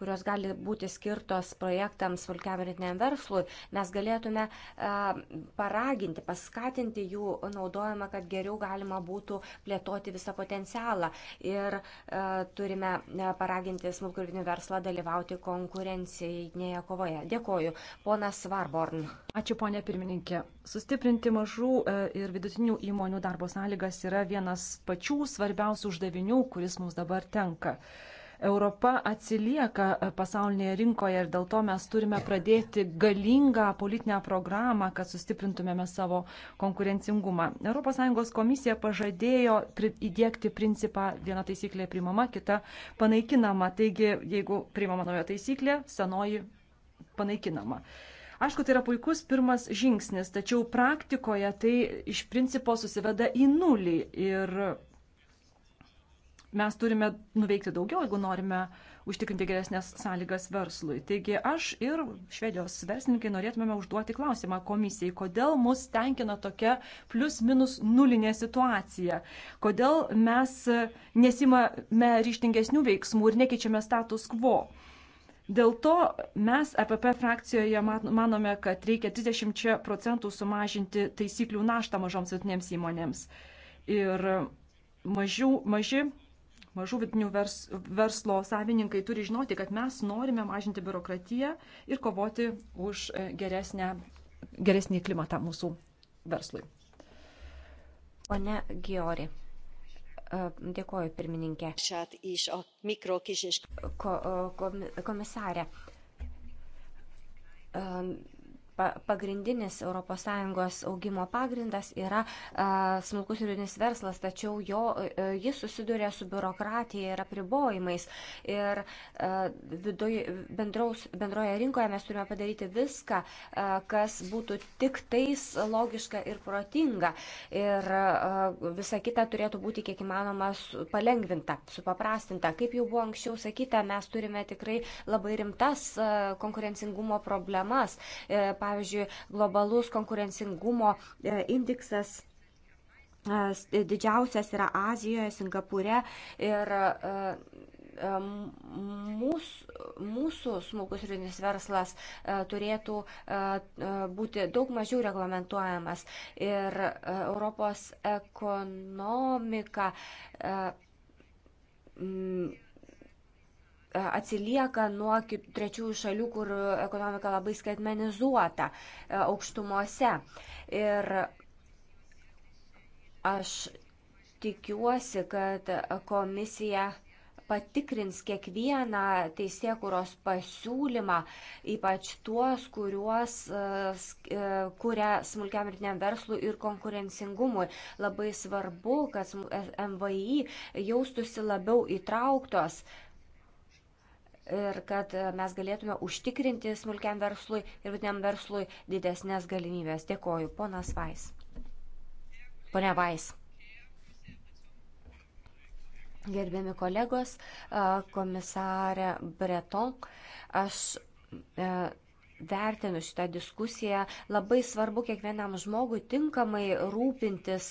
kurios gali būti skirtos projektams smulkiam ir netiniam verslui, mes galėtume e, paraginti, paskatinti jų naudojimą, kad geriau galima būtų plėtoti visą potencialą. Ir e, turime e, paraginti smulkų ir vidinį verslą dalyvauti konkurencijinėje kovoje. Dėkoju. Ponas Varborn. Ačiū, ponė pirmininkė. Sustiprinti mažų ir vidutinių įmonių darbo sąlygas yra vienas pačių svarbiausių uždavinių, kuris mums dabar tenka. Uh, Europa atsilieka e, pasaulinėje rinkoje ir dėl to mes turime pradėti galingą politinę programą, kad sustiprintumėme savo konkurencingumą. ES komisija pažadėjo įdėkti principą viena taisyklė primama, kita panaikinama. Taigi, jeigu primama nauja taisyklė, senoji panaikinama. Aišku, tai yra puikus pirmas žingsnis, tačiau praktikoje tai iš principo susiveda į nulį ir mes turime nuveikti daugiau, jeigu norime užtikrinti geresnės sąlygas verslui. Taigi aš ir švedijos verslininkai norėtumėme užduoti klausimą komisijai, kodėl mus tenkina tokia plus minus nulinė situacija, kodėl mes nesimame ryštingesnių veiksmų ir nekeičiame status quo. Dėl to mes EPP frakcijoje manome, kad reikia 30 procentų sumažinti taisyklių naštą mažoms vidutinėms įmonėms. Ir mažių, maži mažų vidinių vers, verslo savininkai turi žinoti, kad mes norime mažinti biurokratiją ir kovoti už e, geresnę, geresnį klimatą mūsų verslui. Pone Giori. E, dėkoju, pirmininkė. Ko, e, komisarė, pagrindinis ES augimo pagrindas yra smulkus juridinis verslas, tačiau jo, e, jis susiduria su biurokratija ir apribojimais. Ir viduj, bendraus, bendroje rinkoje mes turime padaryti viską, kas būtų tik tais logiška ir protinga. Ir visa kita turėtų būti kiek įmanoma palengvinta, supaprastinta. Kaip jau buvo anksčiau sakyta, mes turime tikrai labai rimtas konkurencingumo problemas. Pavyzdžiui, e, pavyzdžiui, globalus konkurencingumo e, indeksas e, e, didžiausias yra Azijoje, Singapūre ir mūsų, mūsų smulkus rinis verslas turėtų būti daug mažiau reglamentuojamas ir Europos ekonomika E, atsilieka nuo trečiųjų šalių, kur ekonomika labai skaitmenizuota e, aukštumose. Ir aš tikiuosi, kad komisija patikrins kiekvieną teisėkuros pasiūlymą, ypač tuos, kuriuos e, kuria smulkiam rytiniam verslui ir konkurencingumui. Labai svarbu, kad MVI jaustųsi labiau įtrauktos ir kad e, mes galėtume užtikrinti smulkiam verslui ir vidiniam verslui didesnės galimybės. Dėkoju, ponas Vais. Pone Vais. Gerbiami kolegos, e, komisarė Breton, aš e, vertinu šitą diskusiją. Labai svarbu kiekvienam žmogui tinkamai rūpintis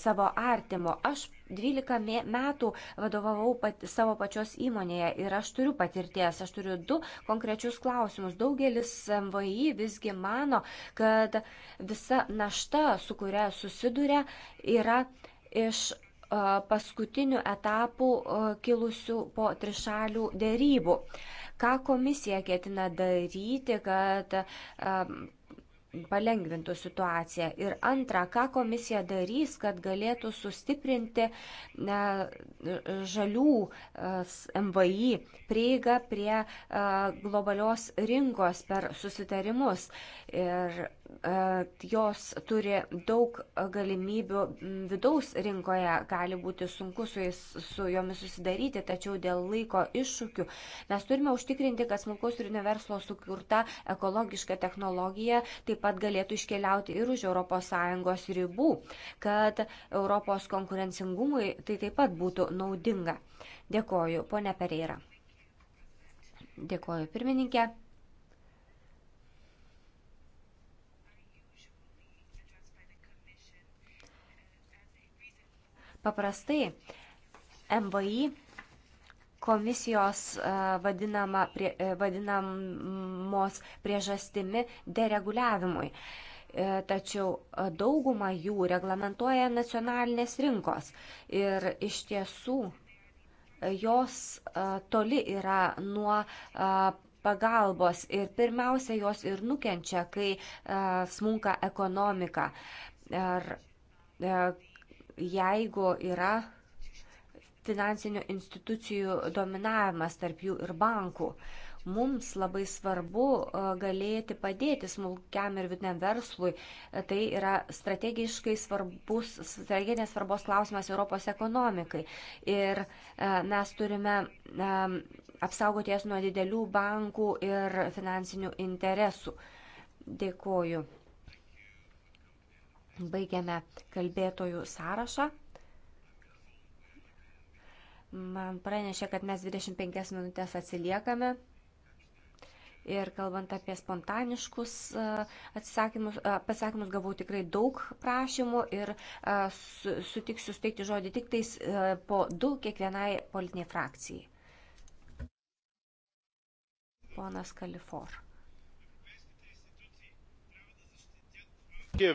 savo artimo. Aš 12 metų vadovavau pat, savo pačios įmonėje ir aš turiu patirties, aš turiu du konkrečius klausimus. Daugelis MVI visgi mano, kad visa našta, su kuria susiduria, yra iš paskutinių etapų kilusių po trišalių dėrybų. Ką komisija ketina daryti, kad palengvintų situaciją. Ir antra, ką komisija darys, kad galėtų sustiprinti ne, žalių e, MVI prieigą prie e, globalios rinkos per susitarimus. Ir jos turi daug galimybių vidaus rinkoje, gali būti sunku su, jais, su jomis susidaryti, tačiau dėl laiko iššūkių mes turime užtikrinti, kad smulkaus turinio verslo sukurta ekologiška technologija taip pat galėtų iškeliauti ir už ES ribų, kad Europos konkurencingumui tai taip pat būtų naudinga. Dėkoju, ponia Pereira. Dėkoju, pirmininkė. Paprastai MVI komisijos e, vadinama, prie, e, vadinamos priežastimi dereguliavimui. E, tačiau daugumą jų reglamentuoja nacionalinės rinkos ir iš tiesų jos toli yra nuo pagalbos ir pirmiausia jos ir nukenčia, kai smunka ekonomika. Ir jeigu yra finansinių institucijų dominavimas tarp jų ir bankų. Mums labai svarbu e, galėti padėti smulkiam ir vidiniam verslui. E, tai yra strategiškai svarbus, strateginės svarbos klausimas Europos ekonomikai. Ir e, mes turime apsaugoti jas nuo didelių bankų ir finansinių interesų. Dėkoju. Baigiame kalbėtojų sąrašą. Man pranešė, kad mes 25 minutės atsiliekame. Ir kalbant apie spontaniškus e, e, pasakymus, gavau tikrai daug prašymų ir e, sutiksiu steikti žodį tik tais po du kiekvienai politiniai frakcijai. Ponas Kalifor.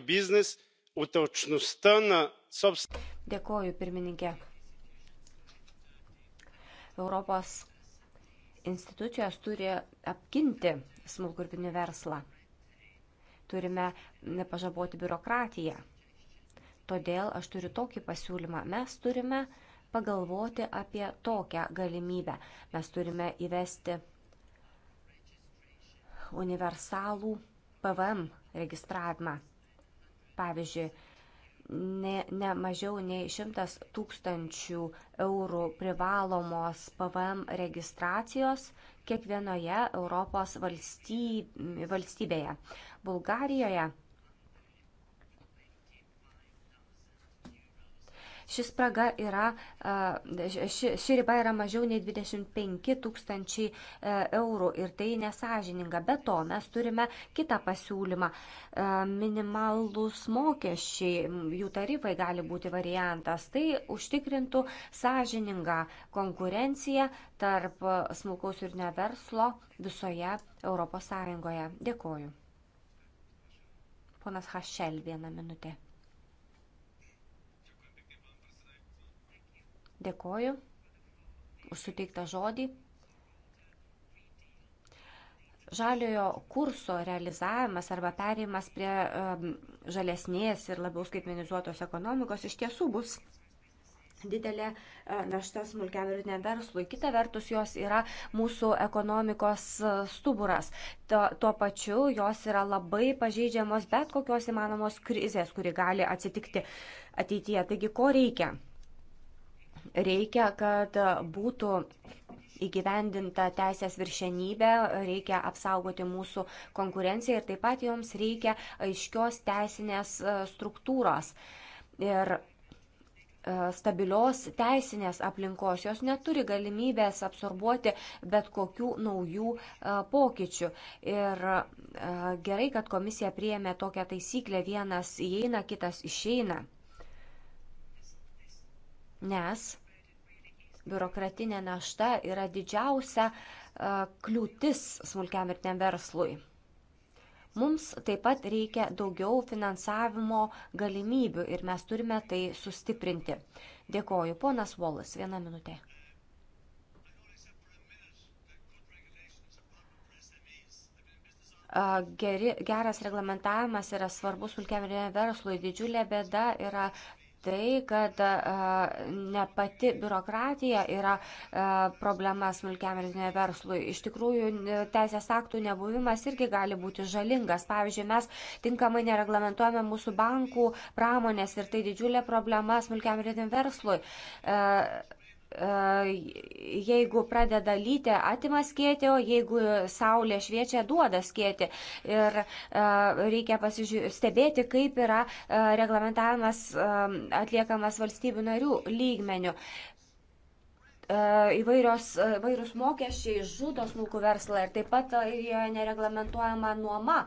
Business u točnostта на собствените. Dėkoju, pirmininkė. Europos institucijos turi apginti smulkurbinį verslą. Turime nepažaboti biurokratiją. Todėl aš turiu tokį pasiūlymą. Mes turime pagalvoti apie tokią galimybę. Mes turime įvesti universalų PVM registravimą. Pavyzdžiui, ne, ne mažiau nei 100 tūkstančių eurų privalomos PVM registracijos kiekvienoje Europos valstyb, valstybėje. Bulgarijoje Ši spraga yra, e, ši, ši riba yra mažiau nei 25 tūkstančiai e, eurų ir tai nesažininga. Be to, mes turime kitą pasiūlymą. E, Minimalus mokesčiai, jų tarifai gali būti variantas. Tai užtikrintų sažiningą konkurenciją tarp smulkaus ir neverslo visoje Europos Sąjungoje. Dėkoju. Ponas Hašel, vieną minutę. Dėkoju už suteiktą žodį. Žaliojo kurso realizavimas arba perėjimas prie um, žalesnės ir labiau skaitmenizuotos ekonomikos iš tiesų bus didelė e, našta smulkiam ir neverslui. Kita vertus, jos yra mūsų ekonomikos e, stuburas. Tuo, tuo pačiu jos yra labai pažeidžiamos bet kokios įmanomos krizės, kuri gali atsitikti ateityje. Taigi, ko reikia? Reikia, kad būtų įgyvendinta teisės viršenybė, reikia apsaugoti mūsų konkurenciją ir taip pat joms reikia aiškios teisinės e, struktūros. Ir e, stabilios teisinės aplinkos, jos neturi galimybės absorbuoti bet kokių naujų e, pokyčių. Ir gerai, kad komisija priėmė tokią taisyklę, vienas įeina, kitas išeina nes biurokratinė našta yra didžiausia e, kliūtis smulkiam ir tiem verslui. Mums taip pat reikia daugiau finansavimo galimybių ir mes turime tai sustiprinti. Dėkoju, ponas Volas, vieną minutę. geri, geras reglamentavimas yra svarbus smulkiam verslui. Didžiulė bėda yra tai, kad ne pati biurokratija yra problema smulkiam ir didiniam verslui. Iš tikrųjų, teisės aktų nebuvimas irgi gali būti žalingas. Pavyzdžiui, mes tinkamai nereglamentuojame mūsų bankų pramonės ir tai didžiulė problema smulkiam ir didiniam verslui. Uh E, jeigu pradeda lyti, atima skėti, o jeigu saulė šviečia, duoda skėti. Ir e, reikia stebėti, kaip yra e, reglamentavimas atliekamas valstybių narių lygmenių. Įvairios, įvairius mokesčiai žudo smulkų verslą ir taip pat nereglamentuojama nuoma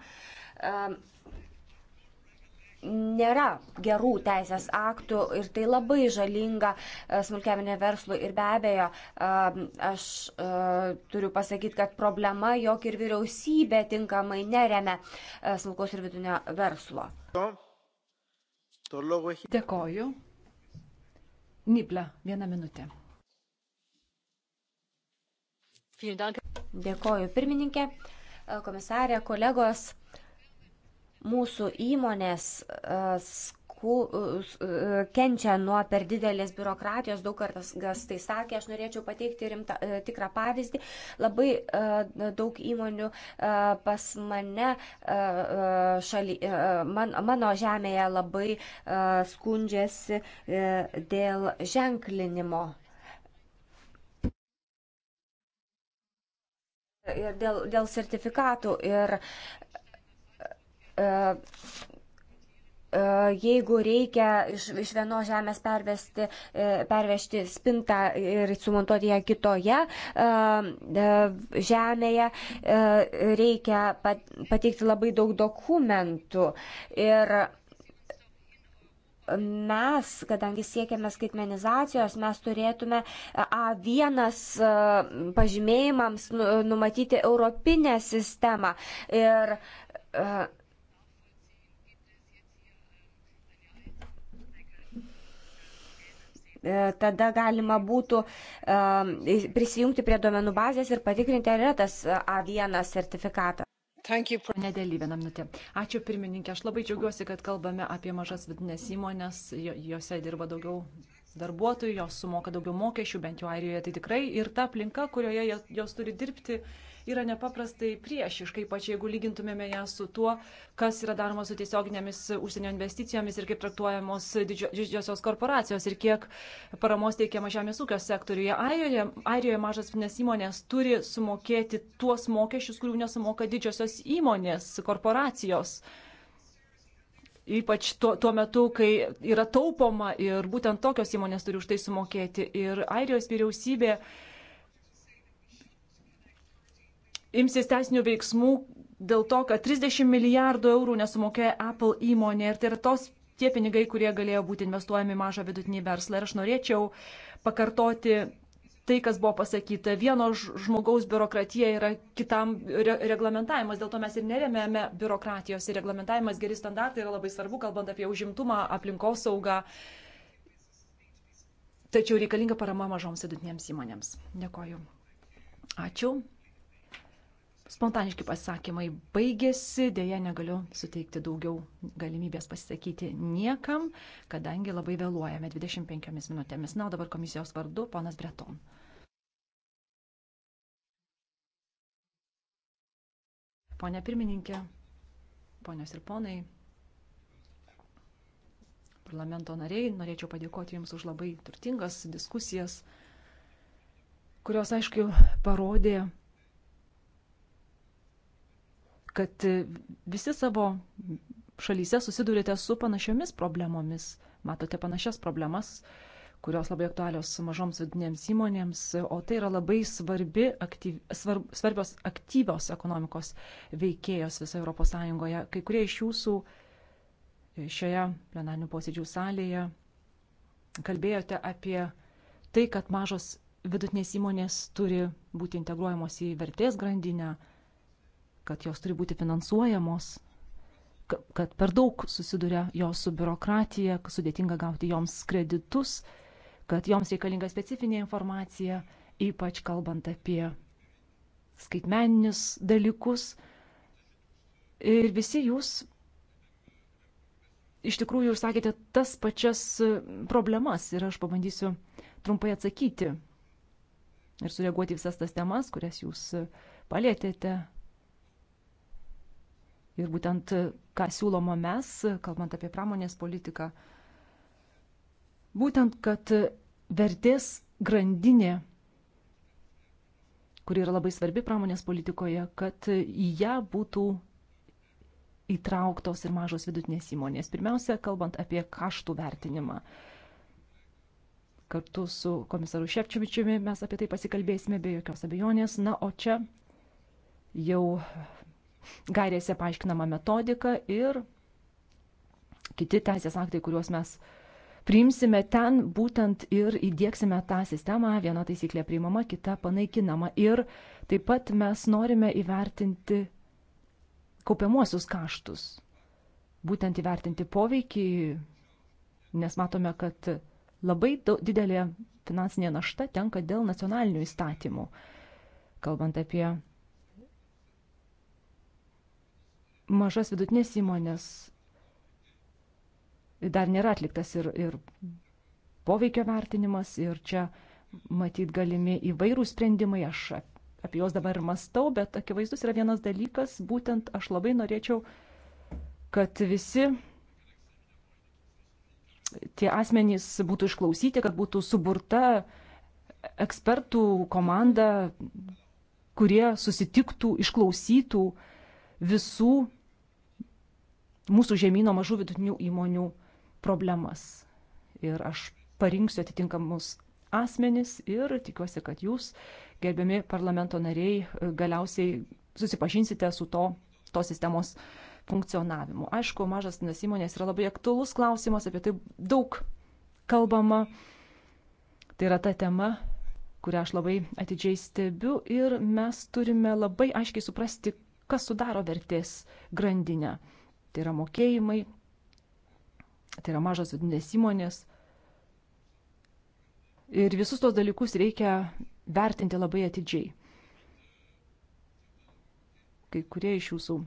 nėra gerų teisės aktų ir tai labai žalinga e, smulkiaminė verslui. Ir be abejo, e, aš e, turiu pasakyti, kad problema, jog ir vyriausybė tinkamai neremia smulkaus ir vidutinio verslo. Dėkoju. Nibla, vieną minutę. Dėkoju, pirmininkė, komisarė, kolegos mūsų įmonės e, e, e, kenčia nuo per didelės biurokratijos, daug kartas gas tai sakė, aš norėčiau pateikti rimta, tikrą pavyzdį. Labai daug įmonių pas mane, šaly, man, mano žemėje labai skundžiasi dėl ženklinimo ir dėl, dėl sertifikatų. Ir E, e, jeigu reikia iš, iš vienos žemės pervesti, e, pervežti spintą ir sumontuoti ją kitoje žemėje, reikia pateikti labai daug dokumentų. Ir mes, kadangi siekiame skaitmenizacijos, mes turėtume A1 pažymėjimams nu, numatyti europinę sistemą. Ir uh, E, tada galima būtų e, prisijungti prie duomenų bazės ir patikrinti, ar yra tas A1 sertifikatas. Nedėlį vieną minutę. Ačiū pirmininkė, aš labai džiaugiuosi, kad kalbame apie mažas vidinės įmonės, jose dirba daugiau darbuotojų, jos sumoka daugiau mokesčių, bent jau Airijoje tai tikrai, ir ta aplinka, kurioje jos turi dirbti, uh, yra nepaprastai priešiška, ypač jeigu lygintumėme ją su tuo, kas yra daroma su tiesioginėmis užsienio investicijomis ir kaip traktuojamos didžiosios korporacijos ir kiek paramos teikiama žemės ūkio sektoriuje. Airijoje, Airijoje mažas finas įmonės turi sumokėti tuos mokesčius, kurių nesumoka didžiosios įmonės, korporacijos ypač tuo, tuo metu, kai yra taupoma ir būtent tokios įmonės turi už tai sumokėti. Ir Airijos vyriausybė uh, imsis teisinių veiksmų dėl to, kad 30 milijardų eurų nesumokėjo Apple įmonė ir tai yra tos tie pinigai, kurie galėjo būti investuojami į mažą vidutinį verslą. Ir aš norėčiau pakartoti tai, kas buvo pasakyta. Vieno žmogaus biurokratija yra kitam re reglamentavimas, dėl to mes ir neremėme biurokratijos. Ir reglamentavimas, geri standartai yra labai svarbu, kalbant apie užimtumą, aplinkos saugą. Tačiau reikalinga parama mažoms vidutinėms įmonėms. Dėkoju. Ačiū. Spontaniški pasakymai baigėsi, dėja negaliu suteikti daugiau galimybės pasisakyti niekam, kadangi labai vėluojame 25 minutėmis. Na, o dabar komisijos vardu ponas Breton. Pone pirmininkė, ponios ir ponai, parlamento nariai, norėčiau padėkoti Jums už labai turtingas diskusijas, kurios, aišku, parodė, kad visi savo šalyse susidurite su panašiomis problemomis, matote panašias problemas, kurios labai aktualios mažoms vidinėms įmonėms, o tai yra labai svarbi, aktyv, svarb, svarbios aktyvios ekonomikos veikėjos visoje Europos Sąjungoje. Kai kurie iš jūsų šioje plenarnių posėdžių salėje kalbėjote apie tai, kad mažos vidutinės įmonės turi būti integruojamos į vertės grandinę, kad jos turi būti finansuojamos, kad per daug susiduria jos su biurokratija, sudėtinga gauti joms kreditus, kad joms reikalinga specifinė informacija, ypač kalbant apie skaitmeninius dalykus. Ir visi jūs iš tikrųjų užsakėte tas pačias e, problemas ir aš pabandysiu trumpai atsakyti ir sureaguoti visas tas temas, kurias jūs e, palėtėte Ir būtent e, ką siūloma mes, e, kalbant apie pramonės politiką, būtent, kad e, vertės grandinė, kuri yra labai svarbi pramonės politikoje, kad į ją būtų įtrauktos ir mažos vidutinės įmonės. Pirmiausia, kalbant apie kaštų vertinimą. Kartu su komisaru Šepčiovičiumi mes apie tai pasikalbėsime be jokios abejonės. Na, o čia jau gairėse paaiškinama metodika ir kiti teisės aktai, kuriuos mes priimsime ten būtent ir įdėksime tą sistemą, viena taisyklė priimama, kita panaikinama. Ir taip pat mes norime įvertinti kaupiamuosius kaštus, būtent įvertinti poveikį, nes matome, kad labai didelė finansinė našta tenka dėl nacionalinių įstatymų, kalbant apie mažas vidutinės įmonės dar nėra atliktas ir, ir poveikio vertinimas ir čia matyt galimi įvairių sprendimai. Aš apie juos dabar ir mastau, bet akivaizdus yra vienas dalykas, būtent aš labai norėčiau, kad visi tie asmenys būtų išklausyti, kad būtų suburta ekspertų komanda, kurie susitiktų, išklausytų visų mūsų žemyno mažų vidutinių įmonių problemas. Ir aš parinksiu atitinkamus asmenis ir tikiuosi, kad jūs, gerbiami parlamento nariai, galiausiai susipažinsite su to, to sistemos funkcionavimu. Aišku, mažas nes įmonės yra labai aktuolus klausimas, apie tai daug kalbama. Tai yra ta tema, kurią aš labai atidžiai stebiu ir mes turime labai aiškiai suprasti, kas sudaro vertės grandinę tai yra mokėjimai, tai yra mažas vidinės įmonės. Ir visus tos dalykus reikia vertinti labai atidžiai. Kai kurie iš jūsų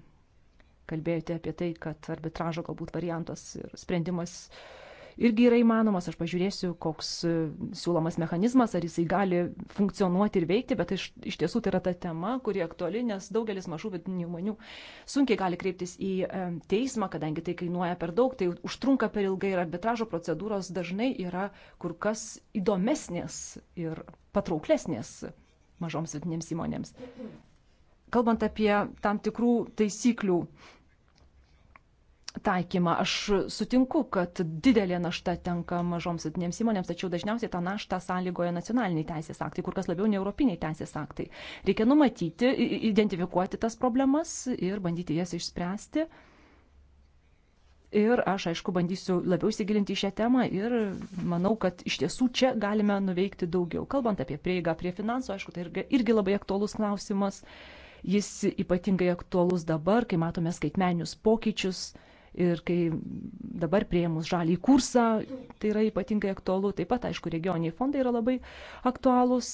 kalbėjote apie tai, kad arbitražo galbūt variantas ir sprendimas uh, irgi yra įmanomas. Aš pažiūrėsiu, koks e, siūlomas mechanizmas, ar jisai gali funkcionuoti ir veikti, bet iš, iš tiesų tai yra ta tema, kuri aktuali, nes daugelis mažų vidutinių įmonių sunkiai gali kreiptis į e, teismą, kadangi tai kainuoja per daug, tai užtrunka per ilgai ir arbitražo procedūros dažnai yra kur kas įdomesnės ir patrauklesnės mažoms vidutinėms įmonėms. Kalbant apie tam tikrų taisyklių taikymą. Aš sutinku, kad didelė našta tenka mažoms didinėms įmonėms, tačiau dažniausiai tą naštą sąlygoja nacionaliniai teisės aktai, kur kas labiau ne europiniai teisės aktai. Reikia numatyti, identifikuoti tas problemas ir bandyti jas išspręsti. Ir aš, aišku, bandysiu labiau įsigilinti į šią temą ir manau, kad iš tiesų čia galime nuveikti daugiau. Kalbant apie prieigą prie finansų, aišku, tai irgi labai aktuolus klausimas. Jis ypatingai aktuolus dabar, kai matome skaitmenius pokyčius Ir kai dabar prieimus žalį kursą, tai yra ypatingai aktualu. Taip pat, aišku, regioniai fondai yra labai aktualūs.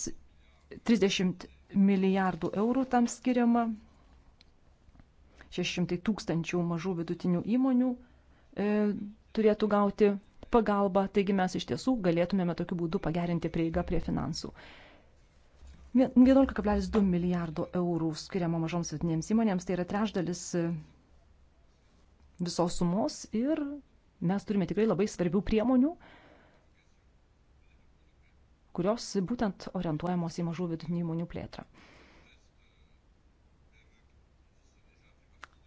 30 milijardų eurų tam skiriama. 600 tūkstančių mažų vidutinių įmonių e, turėtų gauti pagalbą. Taigi mes iš tiesų galėtumėme tokiu būdu pagerinti prieigą prie finansų. 11,2 milijardo eurų skiriama mažoms vidutinėms įmonėms, tai yra trešdalis visos sumos ir mes turime tikrai labai svarbių priemonių, kurios būtent orientuojamos į mažų vidutinių įmonių plėtrą.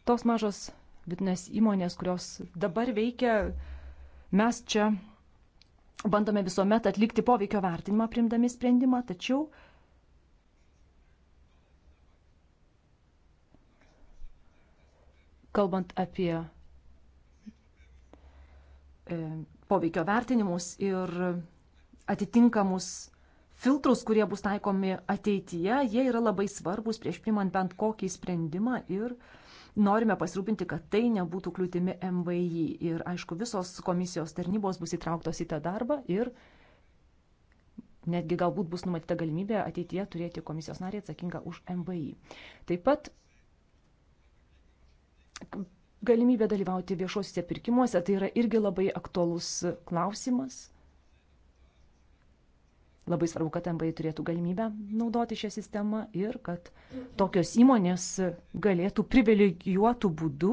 Tos mažos vidutinės įmonės, kurios dabar veikia, mes čia bandome visuomet atlikti poveikio vertinimą, primdami sprendimą, tačiau kalbant apie E, poveikio vertinimus ir atitinkamus filtrus, kurie bus taikomi ateityje, jie yra labai svarbus prieš primant bent kokį sprendimą ir norime pasirūpinti, kad tai nebūtų kliūtimi MVI. Ir aišku, visos komisijos tarnybos bus įtrauktos į tą darbą ir netgi galbūt bus numatyta galimybė ateityje turėti komisijos narį atsakingą už MVI. Taip pat galimybė dalyvauti viešuosiuose pirkimuose, tai yra irgi labai aktuolus klausimas. Labai svarbu, kad MBI turėtų galimybę naudoti šią sistemą ir kad tokios įmonės galėtų privilegijuotų būdų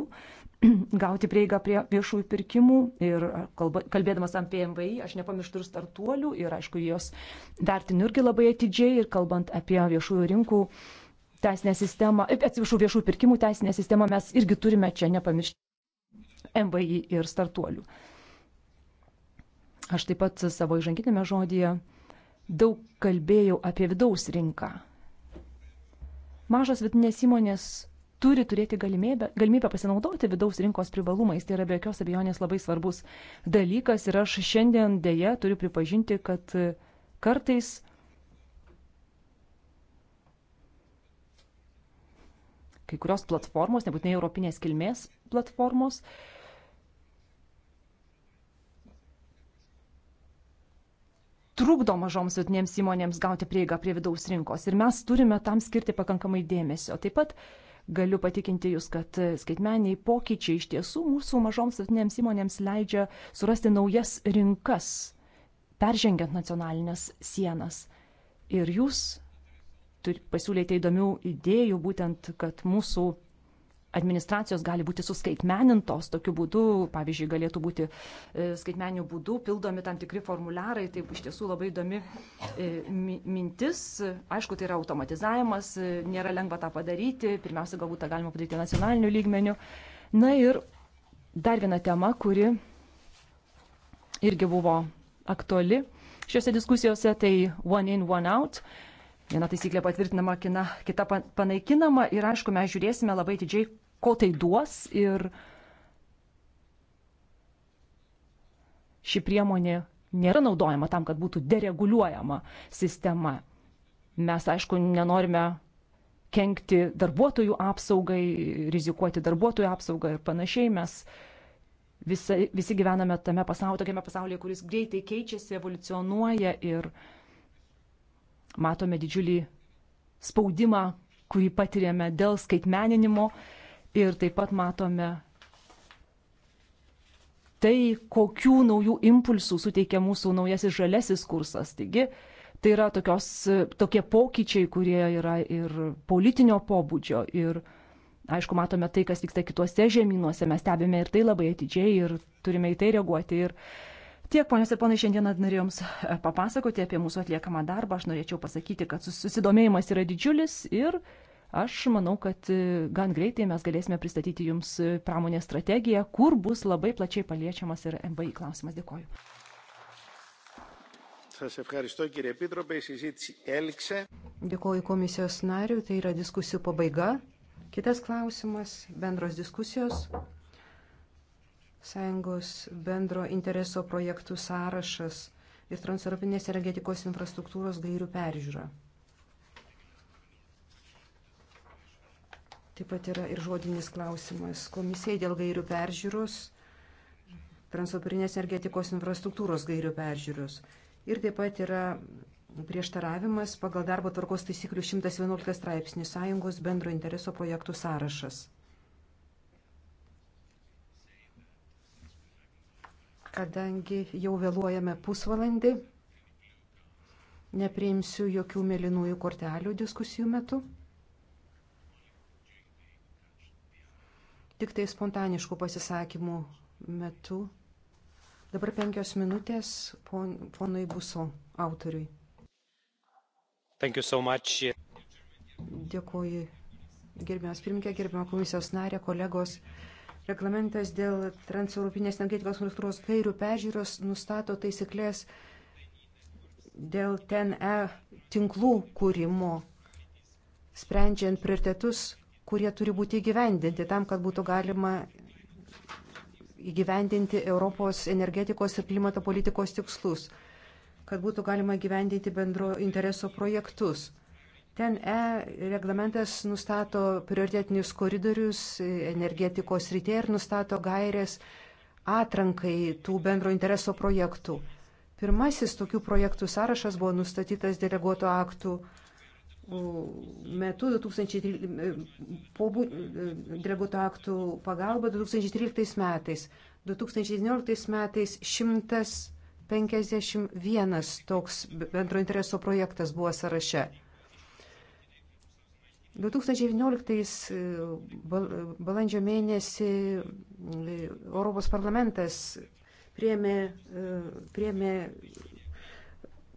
gauti prieigą prie viešųjų pirkimų. Ir kalba, kalbėdamas apie MVI, aš nepamirštu ir startuolių ir aišku, jos vertinu irgi labai atidžiai ir kalbant apie viešųjų rinkų uh, teisinę sistemą, e, atsiprašau, viešų pirkimų teisinę sistemą mes irgi turime čia nepamiršti MVI ir startuolių. Aš taip pat savo įžanginėme žodėje daug kalbėjau apie vidaus rinką. Mažos vidinės įmonės turi turėti galimybę, galimybę pasinaudoti vidaus rinkos privalumais. Tai yra be jokios abejonės labai svarbus dalykas ir aš šiandien dėje turiu pripažinti, kad kartais uh, kai kurios platformos, nebūtinai europinės kilmės platformos, trukdo mažoms vidutinėms įmonėms gauti prieigą prie vidaus rinkos ir mes turime tam skirti pakankamai dėmesio. Taip pat galiu patikinti Jūs, kad skaitmeniai pokyčiai iš tiesų mūsų mažoms vidutinėms įmonėms leidžia surasti naujas rinkas, peržengiant nacionalinės sienas. Ir Jūs pasiūlėte įdomių idėjų, būtent, kad mūsų administracijos gali būti suskaitmenintos tokiu būdu, pavyzdžiui, galėtų būti e, skaitmeniniu būdu pildomi tam tikri formularai, tai iš tiesų labai įdomi e, mintis. Aišku, tai yra automatizavimas, e, nėra lengva tą padaryti, pirmiausia, galbūt tą galima padaryti nacionaliniu lygmeniu. Na ir dar viena tema, kuri irgi buvo aktuali šiuose diskusijose, tai one in, one out. Uh, Viena taisyklė patvirtinama, kina, kita panaikinama ir aišku, mes žiūrėsime labai didžiai, ko tai duos ir ši priemonė nėra naudojama tam, kad būtų dereguliuojama sistema. Mes, aišku, nenorime kenkti darbuotojų apsaugai, rizikuoti darbuotojų apsaugą ir panašiai. Mes visa, visi gyvename tame pasaulyje, tokiame pasaulyje, kuris greitai keičiasi, evoliucionuoja ir uh, matome didžiulį spaudimą, kurį patiriame dėl skaitmeninimo ir taip pat matome tai, kokių naujų impulsų suteikia mūsų naujasis žalesis kursas. Taigi, tai yra tokios, tokie pokyčiai, kurie yra ir politinio pobūdžio, ir, aišku, matome tai, kas vyksta kituose žemynuose, mes stebime ir tai labai atidžiai ir turime į tai reaguoti. Ir Tiek, ponios ir ponai, šiandieną norėjom e, papasakoti apie mūsų atliekamą darbą. Aš norėčiau pasakyti, kad susidomėjimas yra didžiulis ir aš manau, kad e, gan greitai mes galėsime pristatyti jums e, pramonės strategiją, kur bus labai plačiai paliečiamas ir MVI klausimas. Dėkoju. Dėkoju komisijos nariu, tai yra diskusijų pabaiga. Kitas klausimas - bendros diskusijos sąjungos bendro intereso projektų sąrašas ir transeuropinės energetikos infrastruktūros gairių peržiūra. Taip pat yra ir žodinis klausimas komisijai dėl gairių peržiūros, transeuropinės energetikos infrastruktūros gairių peržiūros. Ir taip pat yra prieštaravimas pagal darbo tvarkos taisyklių 111 straipsnį sąjungos bendro intereso projektų sąrašas. Kadangi jau vėluojame pusvalandį, nepriimsiu jokių mėlynųjų kortelių diskusijų metu. Tik tai spontaniškų pasisakymų metu. Dabar penkios minutės pon, ponui Buso autoriui. So much. Dėkuoju. Gerbiamas pirmininkė, gerbiamas komisijos narė, kolegos. Reglamentas dėl transeuropinės energetikos infrastruktūros gairių peržiūros nustato taisyklės dėl ten e tinklų kūrimo, sprendžiant prioritetus, kurie turi būti įgyvendinti tam, kad būtų galima įgyvendinti Europos energetikos ir klimato politikos tikslus, kad būtų galima įgyvendinti bendro intereso projektus Ten E reglamentas nustato prioritetinius koridorius energetikos rytėje ir nustato gairės atrankai tų bendro intereso projektų. Pirmasis tokių projektų sąrašas buvo nustatytas deleguoto aktų metu 2013, po deleguoto aktų pagalba 2013 metais. 2019 metais 151 toks bendro intereso projektas buvo sąraše. 2019 e, balandžio mėnesį e, Europos parlamentas priemė, e, priemė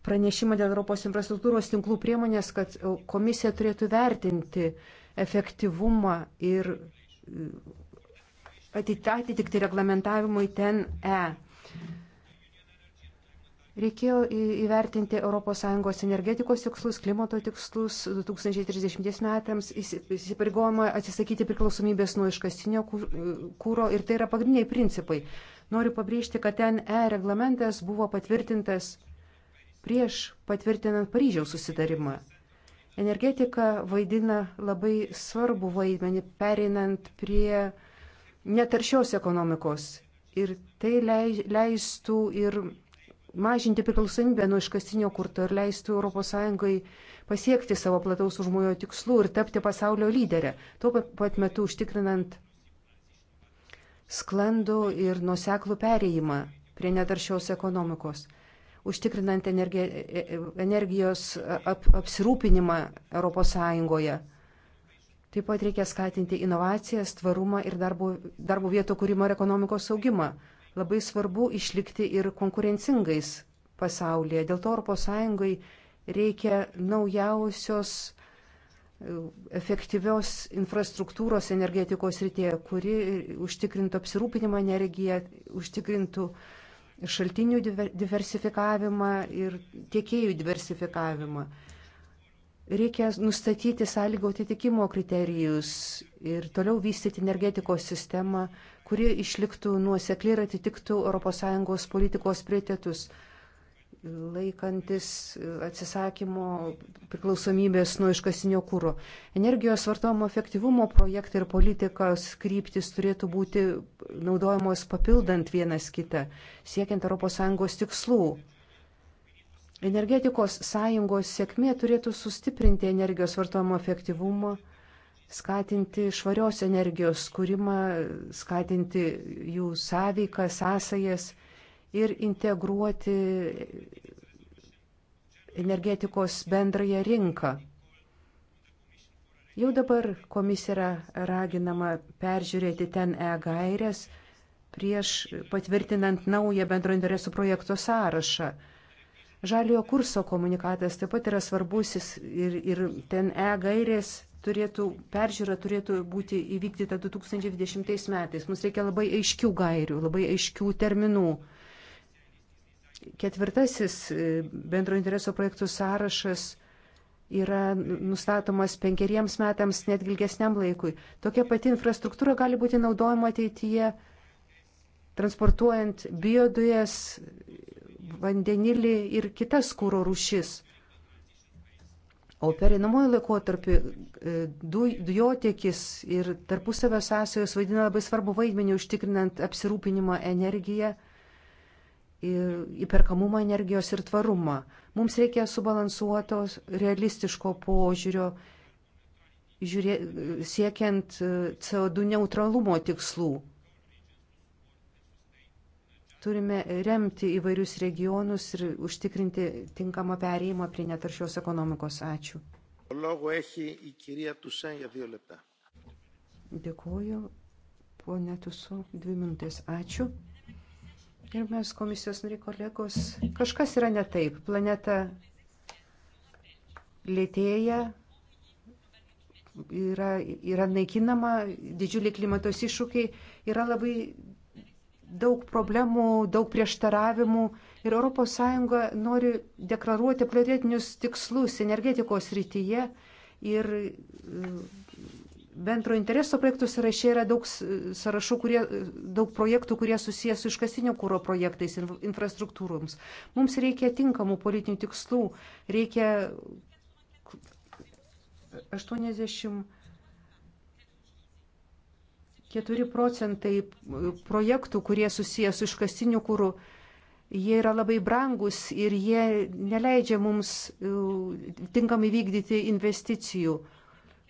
pranešimą dėl Europos infrastruktūros tinklų priemonės, kad komisija turėtų vertinti efektyvumą ir atitikti reglamentavimui ten E. Reikėjo įvertinti ES energetikos tikslus, klimato tikslus 2030 metams, įsipareigojama atsisakyti priklausomybės nuo iškastinio kūro ir tai yra pagrindiniai principai. Noriu pabrėžti, kad ten e-reglamentas buvo patvirtintas prieš patvirtinant Paryžiaus susitarimą. Energetika vaidina labai svarbu vaidmenį pereinant prie netaršios ekonomikos ir tai leistų ir mažinti priklausomybę nuo iškastinio kurto ir leistų ES pasiekti savo plataus užmojo tikslų ir tapti pasaulio lyderę, tuo pat metu užtikrinant sklandų ir nuseklų perėjimą prie netaršios ekonomikos, užtikrinant e-, e-, energijos ap, apsirūpinimą ES. Taip pat reikia skatinti inovacijas, tvarumą ir darbo, darbo vietų kūrimą ir ekonomikos saugimą. Labai svarbu išlikti ir konkurencingais pasaulyje. Dėl to ES reikia naujausios e, efektyvios infrastruktūros energetikos rytėje, kuri užtikrintų apsirūpinimą energiją, užtikrintų šaltinių diversifikavimą ir tiekėjų diversifikavimą. Reikia nustatyti sąlygų atitikimo kriterijus ir toliau vystyti energetikos sistemą, kuri išliktų nuosekliai ir atitiktų ES politikos prioritetus, laikantis e, atsisakymo priklausomybės nuo iškasinio kūro. Energijos vartojimo efektyvumo projektai ir politikos kryptis turėtų būti naudojamos papildant vienas kitą, siekiant ES tikslų. Energetikos sąjungos sėkmė turėtų sustiprinti energijos vartojimo efektyvumą skatinti švarios energijos skūrimą, skatinti jų sąveiką, sąsajas ir integruoti energetikos bendrąją rinką. Jau dabar komisija yra raginama peržiūrėti ten e-gairės prieš patvirtinant naują bendro interesų projekto sąrašą. Žaliojo kurso komunikatas taip pat yra svarbus ir, ir ten e-gairės turėtų, peržiūra turėtų būti įvykdyta 2020 metais. Mums reikia labai aiškių gairių, labai aiškių terminų. Ketvirtasis e, bendro intereso projektų sąrašas yra nustatomas penkeriems metams, net ilgesniam laikui. Tokia pati infrastruktūra gali būti naudojama ateityje, transportuojant biodujas, vandenilį ir kitas kūro rušis. O perinamojo laikotarpiu e, du, dujotiekis ir tarpusavio sąsajos vaidina labai svarbu vaidmenį užtikrinant apsirūpinimą energiją, įperkamumą energijos ir tvarumą. Mums reikia subalansuotos, realistiško požiūrio, žiūrė, siekiant e, CO2 neutralumo tikslų. Turime remti įvairius regionus ir užtikrinti tinkamą perėjimą prie netaršios ekonomikos. Ačiū. Dėkuoju, ponė Tusu, dvi minutės. Ačiū. Ir mes komisijos nariai kolegos, kažkas yra ne taip. Planeta lėtėja, yra, yra naikinama, didžiuliai klimatos iššūkiai, yra labai daug problemų, daug prieštaravimų ir ES nori deklaruoti prioritetinius tikslus energetikos rytyje ir e, bendro intereso projektų sąraše yra daug, sąrašų, kurie, daug projektų, kurie susijęs su iškasinio kūro projektais ir infrastruktūroms. Mums reikia tinkamų politinių tikslų, reikia 80 4 procentai projektų, kurie susijęs su iškastiniu kūru, jie yra labai brangus ir jie neleidžia mums e, tinkamai vykdyti investicijų,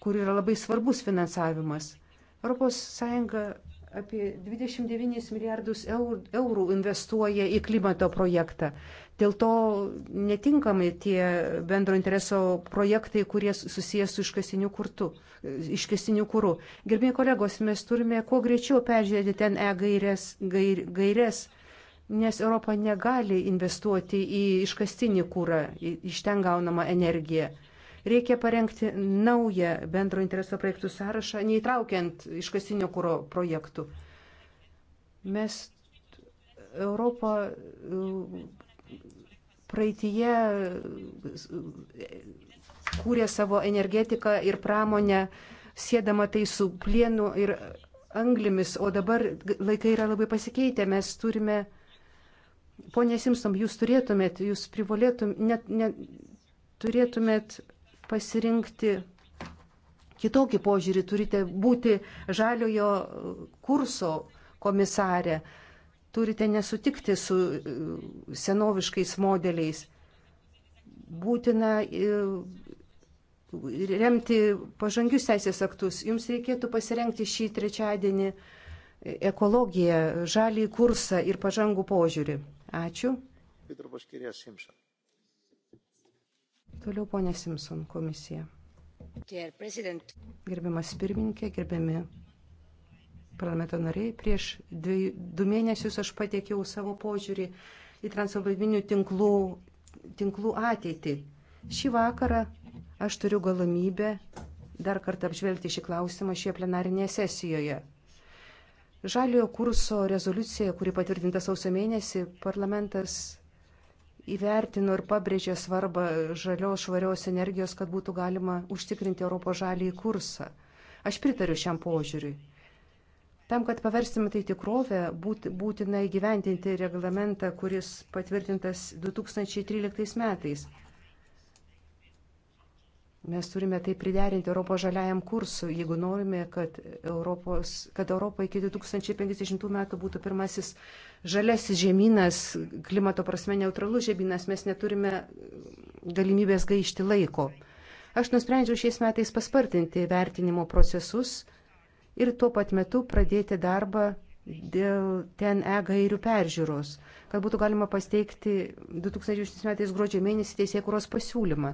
kur yra labai svarbus finansavimas. ES apie 29 milijardus eurų investuoja į klimato projektą. Dėl to netinkami tie bendro intereso projektai, kurie susijęs su iškasiniu, kurtu, iškasiniu kūru. Gerbėjai kolegos, mes turime kuo greičiau peržiūrėti ten e gairės, gair, gairės, nes Europa negali investuoti į iškastinį kūrą, iš ten gaunamą energiją. Reikia parengti naują bendro intereso projektų sąrašą, neįtraukiant iškasinio kūro projektų. Mes Europą praeitie kūrė savo energetiką ir pramonę, sėdama tai su plienu ir anglimis, o dabar laikai yra labai pasikeitę, mes turime, ponė Simstom, jūs turėtumėt, jūs privalėtumėt, net, net turėtumėt pasirinkti kitokį požiūrį, turite būti žaliojo kurso komisarė turite nesutikti su e, senoviškais modeliais. Būtina e, remti pažangius teisės aktus. Jums reikėtų pasirenkti šį trečiadienį e, ekologiją, žalį kursą ir pažangų požiūrį. Ačiū. Toliau ponė Simpson komisija. Gerbiamas pirmininkė, gerbiami parlamento nariai, prieš dviejų, du mėnesius aš patiekiau savo požiūrį į transeuropinių tinklų, tinklų ateitį. Šį vakarą aš turiu galimybę dar kartą apžvelgti šį klausimą šioje plenarinėje sesijoje. Žaliojo kurso rezoliucija, kuri patvirtinta sausio mėnesį, parlamentas įvertino ir pabrėžė svarbą žalios švarios energijos, kad būtų galima užtikrinti Europos žalį kursą. Aš pritariu šiam požiūriui. Tam, kad paversime tai tikrovę, būt, būtina įgyventinti reglamentą, kuris patvirtintas 2013 metais. Mes turime tai priderinti Europos žaliajam kursui, jeigu norime, kad, Europos, kad Europa iki 2050 metų būtų pirmasis žalesis žemynas, klimato prasme neutralus žemynas, mes neturime galimybės gaišti laiko. Aš nusprendžiau šiais metais paspartinti vertinimo procesus ir tuo pat metu pradėti darbą dėl ten e gairių peržiūros, kad būtų galima pasteikti 2006 metais gruodžio mėnesį teisėkuros pasiūlymą.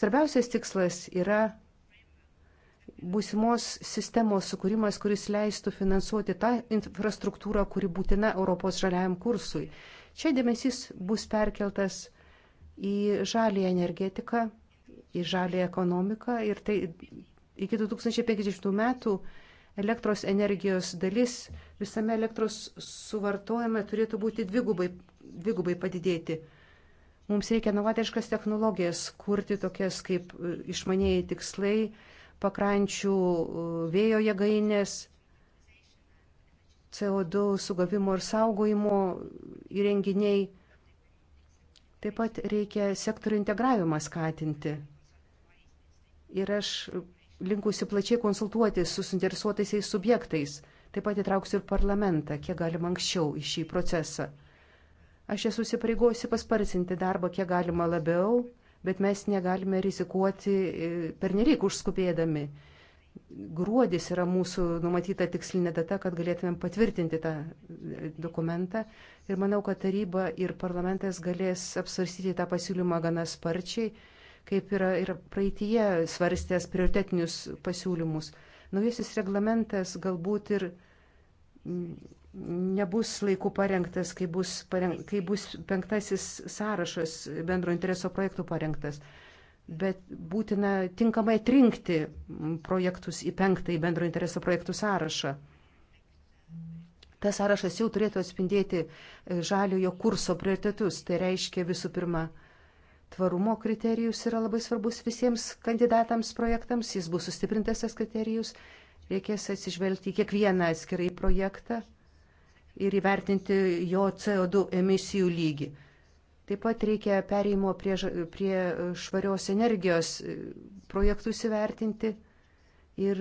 Svarbiausias tikslas yra būsimos sistemos sukūrimas, kuris leistų finansuoti tą infrastruktūrą, kuri būtina Europos žaliajam kursui. Čia dėmesys bus perkeltas į žalį energetiką, į žalį ekonomiką ir tai iki 2050 metų elektros energijos dalis visame elektros suvartojime turėtų būti dvigubai, dvigubai padidėti. Mums reikia novatiškas technologijas, kurti tokias kaip e, išmanėjai tikslai, pakrančių e, vėjo jėgainės, CO2 sugavimo ir saugojimo įrenginiai. Taip pat reikia sektorių integravimą skatinti. Ir aš linkusi plačiai konsultuoti su suinteresuotaisiais subjektais, taip pat įtrauksiu ir parlamentą, kiek galima anksčiau į šį procesą. Aš esu įsipareigojusi pasparsinti darbą kiek galima labiau, bet mes negalime rizikuoti e, pernelyg užskupėdami. Gruodis yra mūsų numatyta tikslinė data, kad galėtumėm patvirtinti tą e, dokumentą ir manau, kad taryba ir parlamentas galės apsvarstyti tą pasiūlymą gana sparčiai kaip yra ir praeitie svarstęs prioritetinius pasiūlymus. Naujasis reglamentas galbūt ir nebus laiku parengtas, kai bus, pareng, kai bus penktasis sąrašas bendro intereso projektų parengtas bet būtina tinkamai atrinkti projektus į penktąjį bendro intereso projektų sąrašą. Tas sąrašas jau turėtų atspindėti žaliojo kurso prioritetus. Tai reiškia visų pirma Tvarumo kriterijus yra labai svarbus visiems kandidatams projektams, jis bus sustiprintas tas kriterijus, reikės atsižvelgti į kiekvieną atskirai projektą ir įvertinti jo CO2 emisijų lygį. Taip pat reikia pereimo prie, prie švarios energijos e, projektus įvertinti ir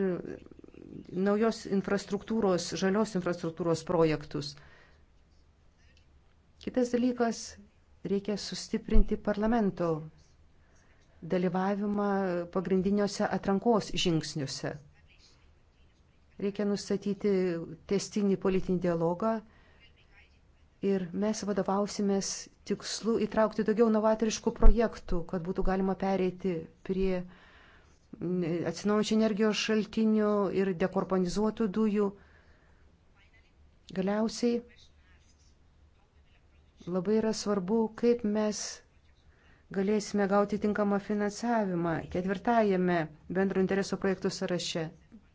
naujos infrastruktūros, žalios infrastruktūros projektus. Kitas dalykas Reikia sustiprinti parlamento dalyvavimą pagrindiniuose atrankos žingsniuose. Reikia nustatyti testinį politinį dialogą ir mes vadovausimės tikslu įtraukti daugiau novatoriškų projektų, kad būtų galima pereiti prie atsinaujančių energijos šaltinių ir dekarbonizuotų dujų. Galiausiai Labai yra svarbu, kaip mes galėsime gauti tinkamą finansavimą ketvirtajame bendro intereso projektų sąraše.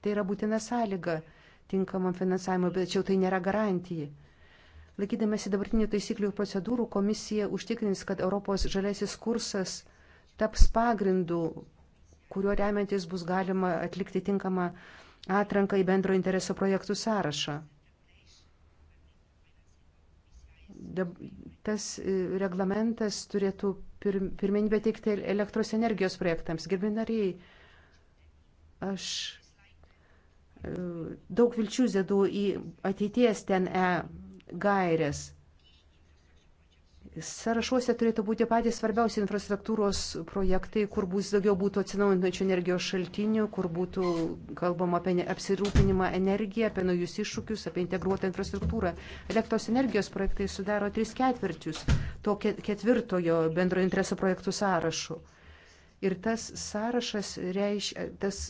Tai yra būtina sąlyga tinkamam finansavimui, bet čia tai nėra garantija. Laikydamėsi dabartinių taisyklių ir procedūrų, komisija užtikrins, kad Europos žalesis kursas taps pagrindu, kuriuo remiantis bus galima atlikti tinkamą atranką į bendro intereso projektų sąrašą tas e, reglamentas turėtų pirmenybę teikti elektros energijos projektams. Gerbinariai, aš e, daug vilčių zėdu į ateities ten e gairės. Sąrašuose turėtų būti patys svarbiausi infrastruktūros projektai, kur bus daugiau būtų atsinaujinančių energijos šaltinių, kur būtų kalbama apie apsirūpinimą energiją, apie naujus iššūkius, apie integruotą infrastruktūrą. Elektros energijos projektai sudaro tris ketvirčius to ketvirtojo bendro interesų projektų sąrašų. Ir tas sąrašas reiškia, tas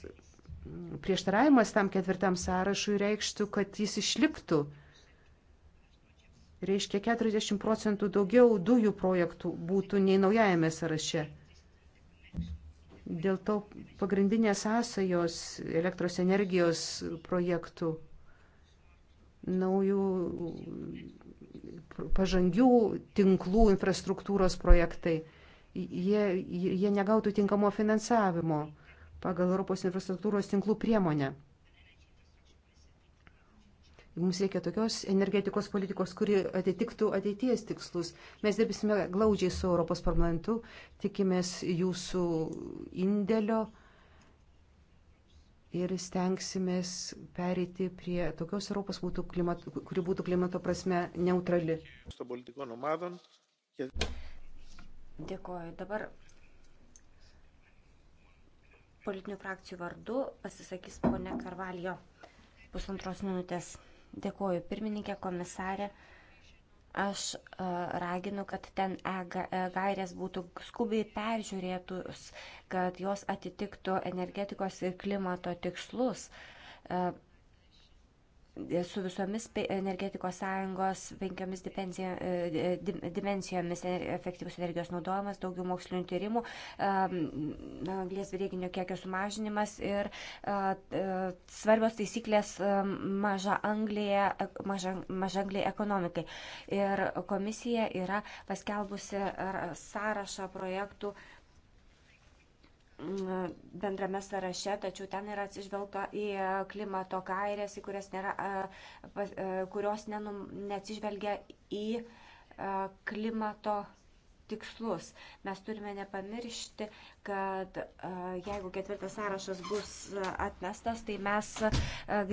prieštaravimas tam ketvirtam sąrašui reikštų, kad jis išliktų reiškia 40 procentų daugiau dujų projektų būtų nei naujajame sąraše. Dėl to pagrindinės sąsajos elektros energijos projektų, naujų pažangių tinklų infrastruktūros projektai, jie, jie negautų tinkamo finansavimo pagal Europos infrastruktūros tinklų priemonę. Mums reikia tokios energetikos politikos, kuri atitiktų ateities tikslus. Mes dirbsime glaudžiai su Europos parlamentu, tikimės jūsų indėlio ir stengsimės perėti prie tokios Europos, būtų klimato, kuri būtų klimato prasme neutrali. Dėkuoju. Dabar politinių frakcijų vardu pasisakys ponė Karvalijo pusantros minutės. Dėkuoju pirmininkė, komisarė. Aš raginu, kad ten e, e gairės būtų skubiai peržiūrėtus, kad jos atitiktų energetikos ir klimato tikslus su visomis energetikos sąjungos penkiomis e, e, dimensijomis e, - efektyvus energijos naudojimas, daugiau mokslinių tyrimų, anglės dvideginio kiekio sumažinimas ir svarbios taisyklės maža anglėje, maža, maža anglėje ekonomikai. Ir komisija yra paskelbusi sąrašą projektų, Mm, bendrame sąraše, tačiau ten yra atsižvelgta į e, klimato gairės, į kurias nėra, e, e, kurios nenum, neatsižvelgia į klimato tikslus. Mes turime nepamiršti, kad jeigu ketvirtas sąrašas bus atmestas, tai mes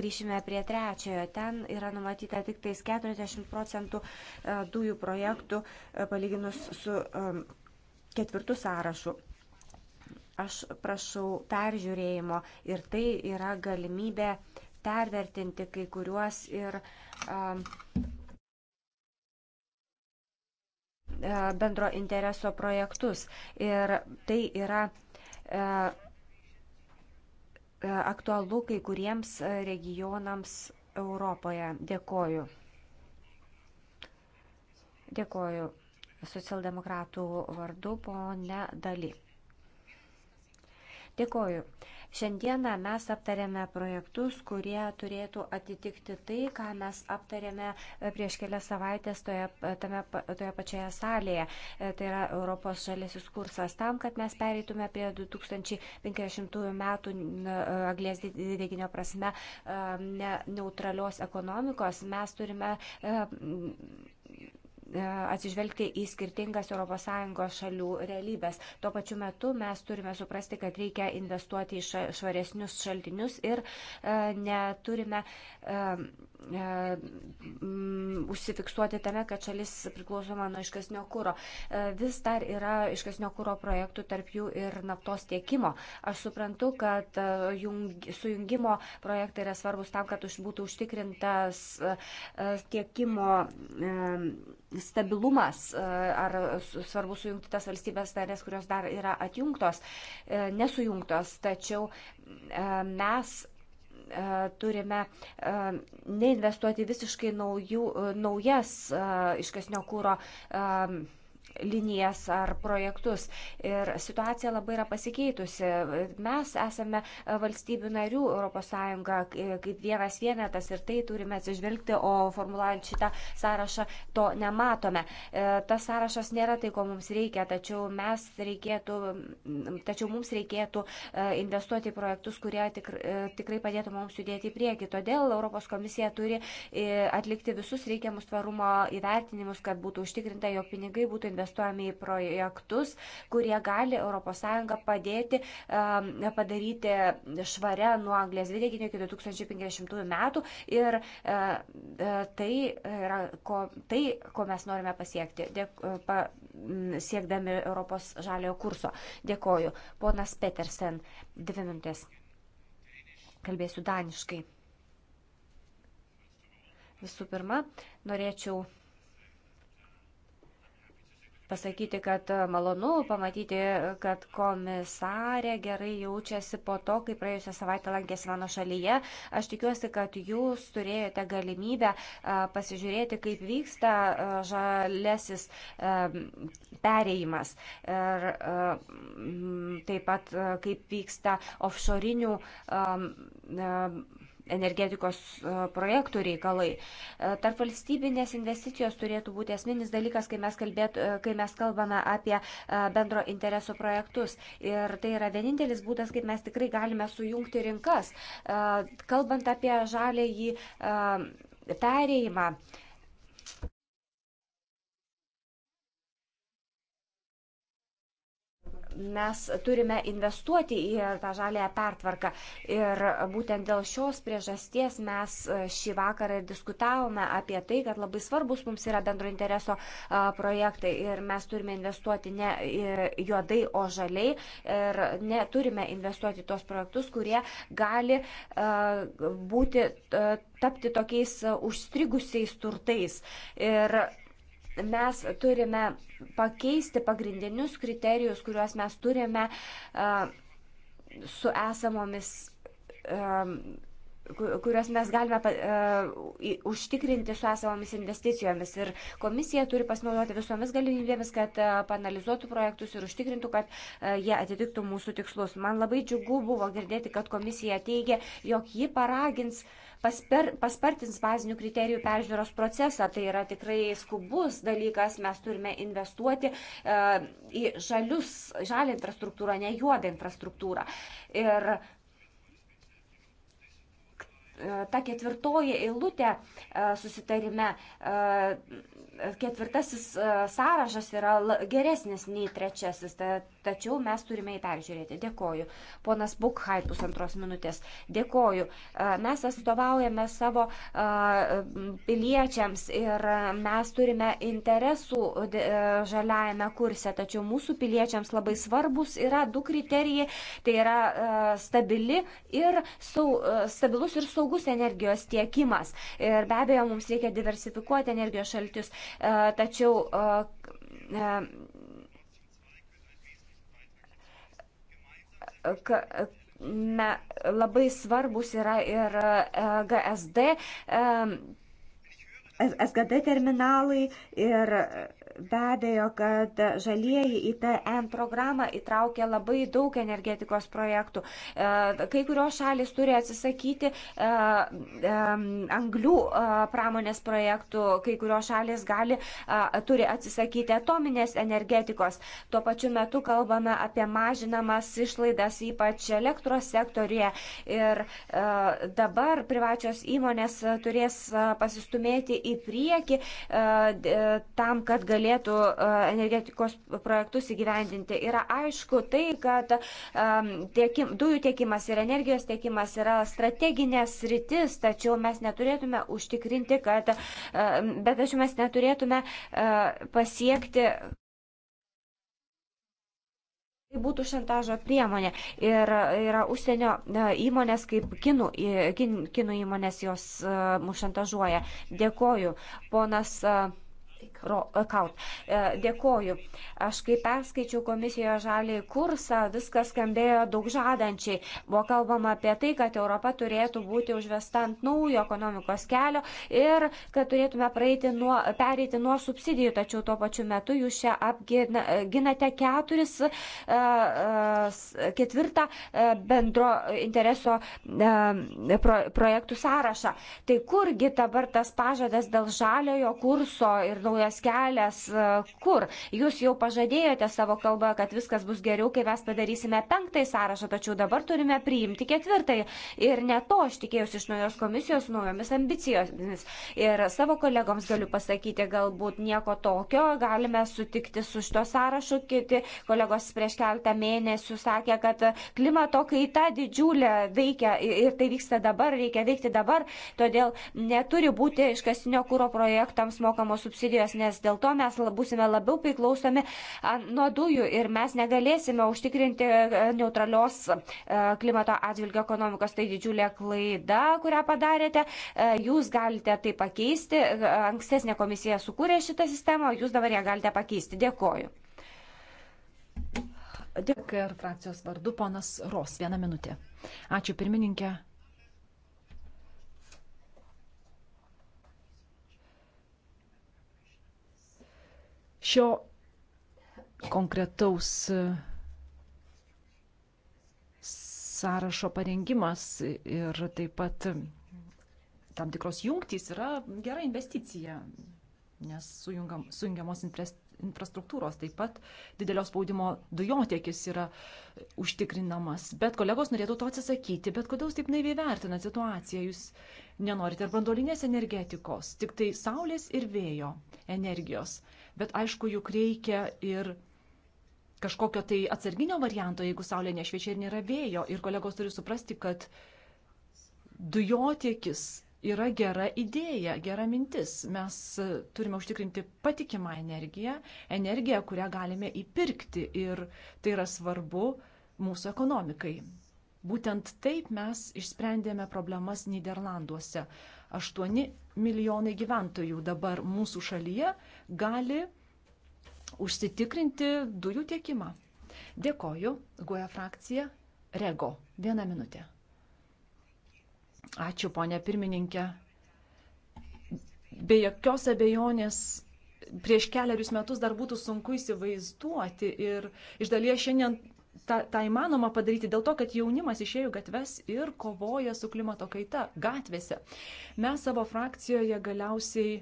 grįšime prie trečiojo. Ten yra numatyta tik tais 40 procentų dujų projektų palyginus su ketvirtu sąrašu. Aš prašau peržiūrėjimo ir tai yra galimybė pervertinti kai kuriuos ir um, e, bendro intereso projektus. Ir tai yra uh, aktualu kai kuriems regionams Europoje. Dėkoju. Dėkoju. Socialdemokratų vardu, ponė Dali. Dėkoju. Šiandieną mes aptarėme projektus, kurie turėtų atitikti tai, ką mes aptarėme e, prieš kelias savaitės toje, e, tame, toje pačioje salėje. E, tai yra Europos žalėsis kursas tam, kad mes pereitume prie 2050 metų anglės dvideginio prasme neutralios ekonomikos. Mes turime E, atsižvelgti į skirtingas ES šalių realybės. Tuo pačiu metu mes turime suprasti, kad reikia investuoti į švaresnius šaltinius ir e, neturime e, E, užsifiksuoti tame, kad šalis priklausoma nuo iškasnio kūro. E, vis dar yra iškasnio kūro projektų, tarp jų ir naftos tiekimo. Aš suprantu, kad e, sujungimo projektai yra svarbus tam, kad būtų užtikrintas tiekimo stabilumas, ar svarbu sujungti tas valstybės narės, kurios dar yra atjungtos, nesujungtos. Tačiau mes E, turime e, neinvestuoti visiškai naujų, e, naujas iškasnio kūro linijas ar projektus. Ir situacija labai yra pasikeitusi. Mes esame e, valstybių narių ES e, kaip vienas vienetas ir tai turime atsižvelgti, o formuluojant šitą sąrašą to nematome. E, tas sąrašas nėra tai, ko mums reikia, tačiau, reikėtų, tačiau mums reikėtų investuoti į projektus, kurie tikr, tikrai padėtų mums judėti į priekį. Todėl Europos komisija turi atlikti visus reikiamus tvarumo įvertinimus, kad būtų užtikrinta, jog pinigai būtų investuoti investuojame į projektus, kurie gali ES padėti padaryti švarę nuo anglės dvideginio iki 2050 metų ir e, e, tai yra, ko, tai, ko mes norime pasiekti, dėk, e, pa, siekdami Europos žaliojo kurso. Dėkoju. Ponas Petersen, dvi minutės. Kalbėsiu daniškai. Visų pirma, norėčiau pasakyti, kad e, malonu pamatyti, kad komisarė gerai jaučiasi po to, kai praėjusią savaitę lankėsi mano šalyje. Aš tikiuosi, kad jūs turėjote galimybę e, pasižiūrėti, kaip vyksta e, žalesis perėjimas ir taip pat kaip vyksta offshorinių energetikos e, projektų reikalai. E, tarp valstybinės investicijos turėtų būti esminis dalykas, kai mes, kalbėt, e, kai mes kalbame apie bendro interesų projektus. Ir tai yra vienintelis būdas, kaip mes tikrai galime sujungti rinkas. Kalbant apie žalę į perėjimą, mes turime investuoti į tą žalėją pertvarką. Ir būtent dėl šios priežasties mes e, šį vakarą ir diskutavome apie tai, kad labai svarbus mums yra bendro intereso e, projektai ir mes turime investuoti ne juodai, o žaliai ir neturime investuoti tos projektus, kurie gali e, būti tapti tokiais užstrigusiais turtais. Ir mes turime pakeisti pagrindinius kriterijus, kuriuos mes turime su esamomis kurias mes galime uh, užtikrinti su esamomis investicijomis. Ir komisija turi pasinaudoti visomis galimybėmis, kad uh, panalizuotų projektus ir užtikrintų, kad uh, jie atitiktų mūsų tikslus. Man labai džiugu buvo girdėti, kad komisija teigia, jog ji paragins pasper, paspartins bazinių kriterijų peržiūros procesą. Tai yra tikrai skubus dalykas, mes turime investuoti uh, į žalius, žalę infrastruktūrą, ne juodą infrastruktūrą. Ir uh, ta ketvirtoji eilutė e, susitarime e, ketvirtasis e, sąrašas yra geresnis nei trečiasis, tačiau mes turime jį peržiūrėti. Dėkoju. Ponas Bukhai, pusantros minutės. Dėkoju. E, mes atstovaujame savo e, piliečiams ir mes turime interesų žaliajame kurse, tačiau mūsų piliečiams labai svarbus yra du kriterijai. Tai yra stabili ir sau, stabilus ir saugus energijos tiekimas. Ir be abejo, mums reikia diversifikuoti energijos šaltinius šaltis. E, tačiau e, e, me, labai svarbus yra ir GSD, SGD terminalai ir be abejo, kad žalieji į TN programą įtraukia labai daug energetikos projektų. E, kai kurios šalis turi atsisakyti e, e, anglių pramonės projektų, kai kurios šalis gali, turi atsisakyti atominės energetikos. Tuo pačiu metu kalbame apie mažinamas išlaidas, ypač elektros sektorėje. Ir dabar privačios įmonės turės pasistumėti į priekį tam, kad galėtų galėtų e, energetikos projektus įgyvendinti. Yra aišku tai, kad tiekim, dujų tiekimas ir energijos tiekimas yra strateginės rytis, tačiau mes neturėtume užtikrinti, kad, bet tačiau mes neturėtume e, pasiekti tai būtų šantažo priemonė. Ir yra užsienio e, įmonės kaip kinų, kin, kinų įmonės jos mus šantažuoja. Dėkoju, ponas. Account. E, dėkoju. Aš kai perskaičiau komisijoje žalį kursą, viskas skambėjo daug žadančiai. Buvo kalbama apie tai, kad Europa turėtų būti užvesta ant naujo ekonomikos kelio ir kad turėtume nuo, pereiti nuo subsidijų, tačiau tuo pačiu metu jūs čia apginate keturis, e, e, ketvirtą bendro intereso projektų sąrašą. Tai kurgi dabar tas pažadas dėl žaliojo kurso ir naujų naujas kelias, e, kur. Jūs jau pažadėjote savo kalbą, kad viskas bus geriau, kai mes padarysime penktąjį sąrašą, tačiau dabar turime priimti ketvirtąjį. Ir ne to aš tikėjausi iš naujos komisijos, naujomis ambicijomis. Ir savo kolegoms galiu pasakyti, galbūt nieko tokio, galime sutikti su šito sąrašu. Kiti kolegos prieš keltą mėnesių sakė, kad klimato kaita didžiulė veikia ir tai vyksta dabar, reikia veikti dabar, todėl neturi būti iškastinio kūro projektams mokamos subsidijos energijos, nes dėl to mes būsime labiau priklausomi nuo dujų ir mes negalėsime užtikrinti e, neutralios e, klimato atžvilgio ekonomikos. Tai didžiulė klaida, kurią padarėte. E, jūs galite tai pakeisti. Ankstesnė komisija sukūrė šitą sistemą, jūs dabar ją galite pakeisti. Dėkoju. Dėkui ir frakcijos vardu, ponas Ros, vieną minutę. Ačiū pirmininkė. šio konkretaus e, sąrašo parengimas ir taip pat tam tikros jungtys yra gera investicija, nes sujungam, sujungiamos infrastruktūros taip pat didelio spaudimo dujotiekis yra užtikrinamas. Bet kolegos norėtų to atsisakyti, bet kodėl jūs taip naiviai vertinat situaciją? Jūs nenorite ir brandolinės energetikos, tik tai saulės ir vėjo energijos bet aišku, juk reikia ir kažkokio tai atsarginio varianto, jeigu saulė nešviečia ir nėra vėjo. Ir kolegos turi suprasti, kad dujotiekis yra gera idėja, gera mintis. Mes e, turime užtikrinti patikimą energiją, energiją, kurią galime įpirkti. Ir tai yra svarbu mūsų ekonomikai. Būtent taip mes išsprendėme problemas Niderlanduose. 8 milijonai gyventojų dabar mūsų šalyje gali užsitikrinti dujų tiekimą. Dėkoju, Goja frakcija, Rego. Vieną minutę. Ačiū, ponė pirmininkė. Be jokios abejonės prieš keliarius metus dar būtų sunku įsivaizduoti ir iš dalies šiandien tą, tą įmanoma padaryti dėl to, kad jaunimas išėjo gatves ir kovoja su klimato kaita gatvėse. Mes savo frakcijoje galiausiai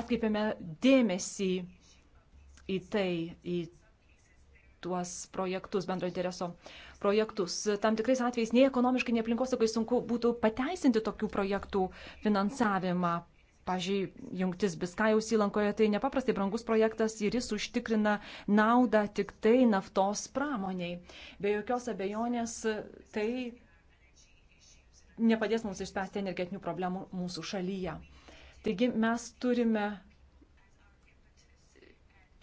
atkreipėme dėmesį į tai, į tuos projektus, bendro intereso projektus. Tam tikrais atvejais nei ekonomiškai, nei aplinkosaugai sunku būtų pateisinti tokių projektų finansavimą. Pavyzdžiui, jungtis Biskajaus įlankoje tai nepaprastai brangus projektas ir jis užtikrina naudą tik tai naftos pramoniai. Be jokios abejonės tai nepadės mums išspręsti energetinių problemų mūsų šalyje. Taigi mes turime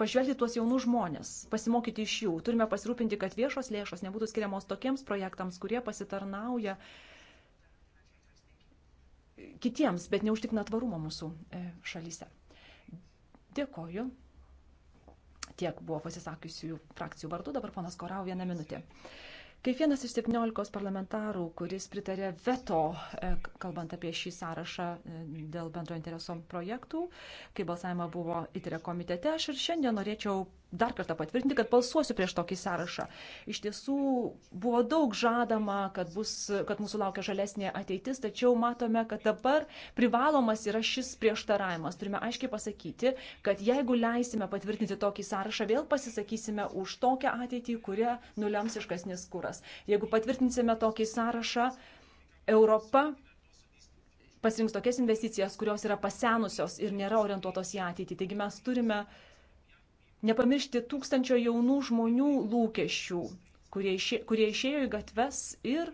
pažvelgti tuos jaunus žmonės, pasimokyti iš jų. Turime pasirūpinti, kad viešos lėšos nebūtų skiriamos tokiems projektams, kurie pasitarnauja uh, kitiems, bet neužtikrina tvarumo mūsų e, šalyse. Dėkoju. Tiek buvo pasisakiusių frakcijų vardu, dabar ponas Korau vieną minutę. Kaip vienas iš 17 parlamentarų, kuris pritarė veto, e, kalbant apie šį sąrašą e, dėl bendro intereso projektų, kai balsavimą buvo įtirė komitete, aš ir šiandien norėčiau dar kartą patvirtinti, kad balsuosiu prieš tokį sąrašą. Iš tiesų buvo daug žadama, kad, bus, kad mūsų laukia žalesnė ateitis, tačiau matome, kad dabar privalomas yra šis prieštaravimas. Turime aiškiai pasakyti, kad jeigu leisime patvirtinti tokį sąrašą, vėl pasisakysime už tokią ateitį, kurią nulems iškasnis kuras. Jeigu patvirtinsime tokį sąrašą, Europa pasirinks tokias investicijas, kurios yra pasenusios ir nėra orientuotos į ateitį. Taigi mes turime uh, nepamiršti tūkstančio jaunų žmonių lūkesčių, kurie, išė, kurie išėjo į gatves ir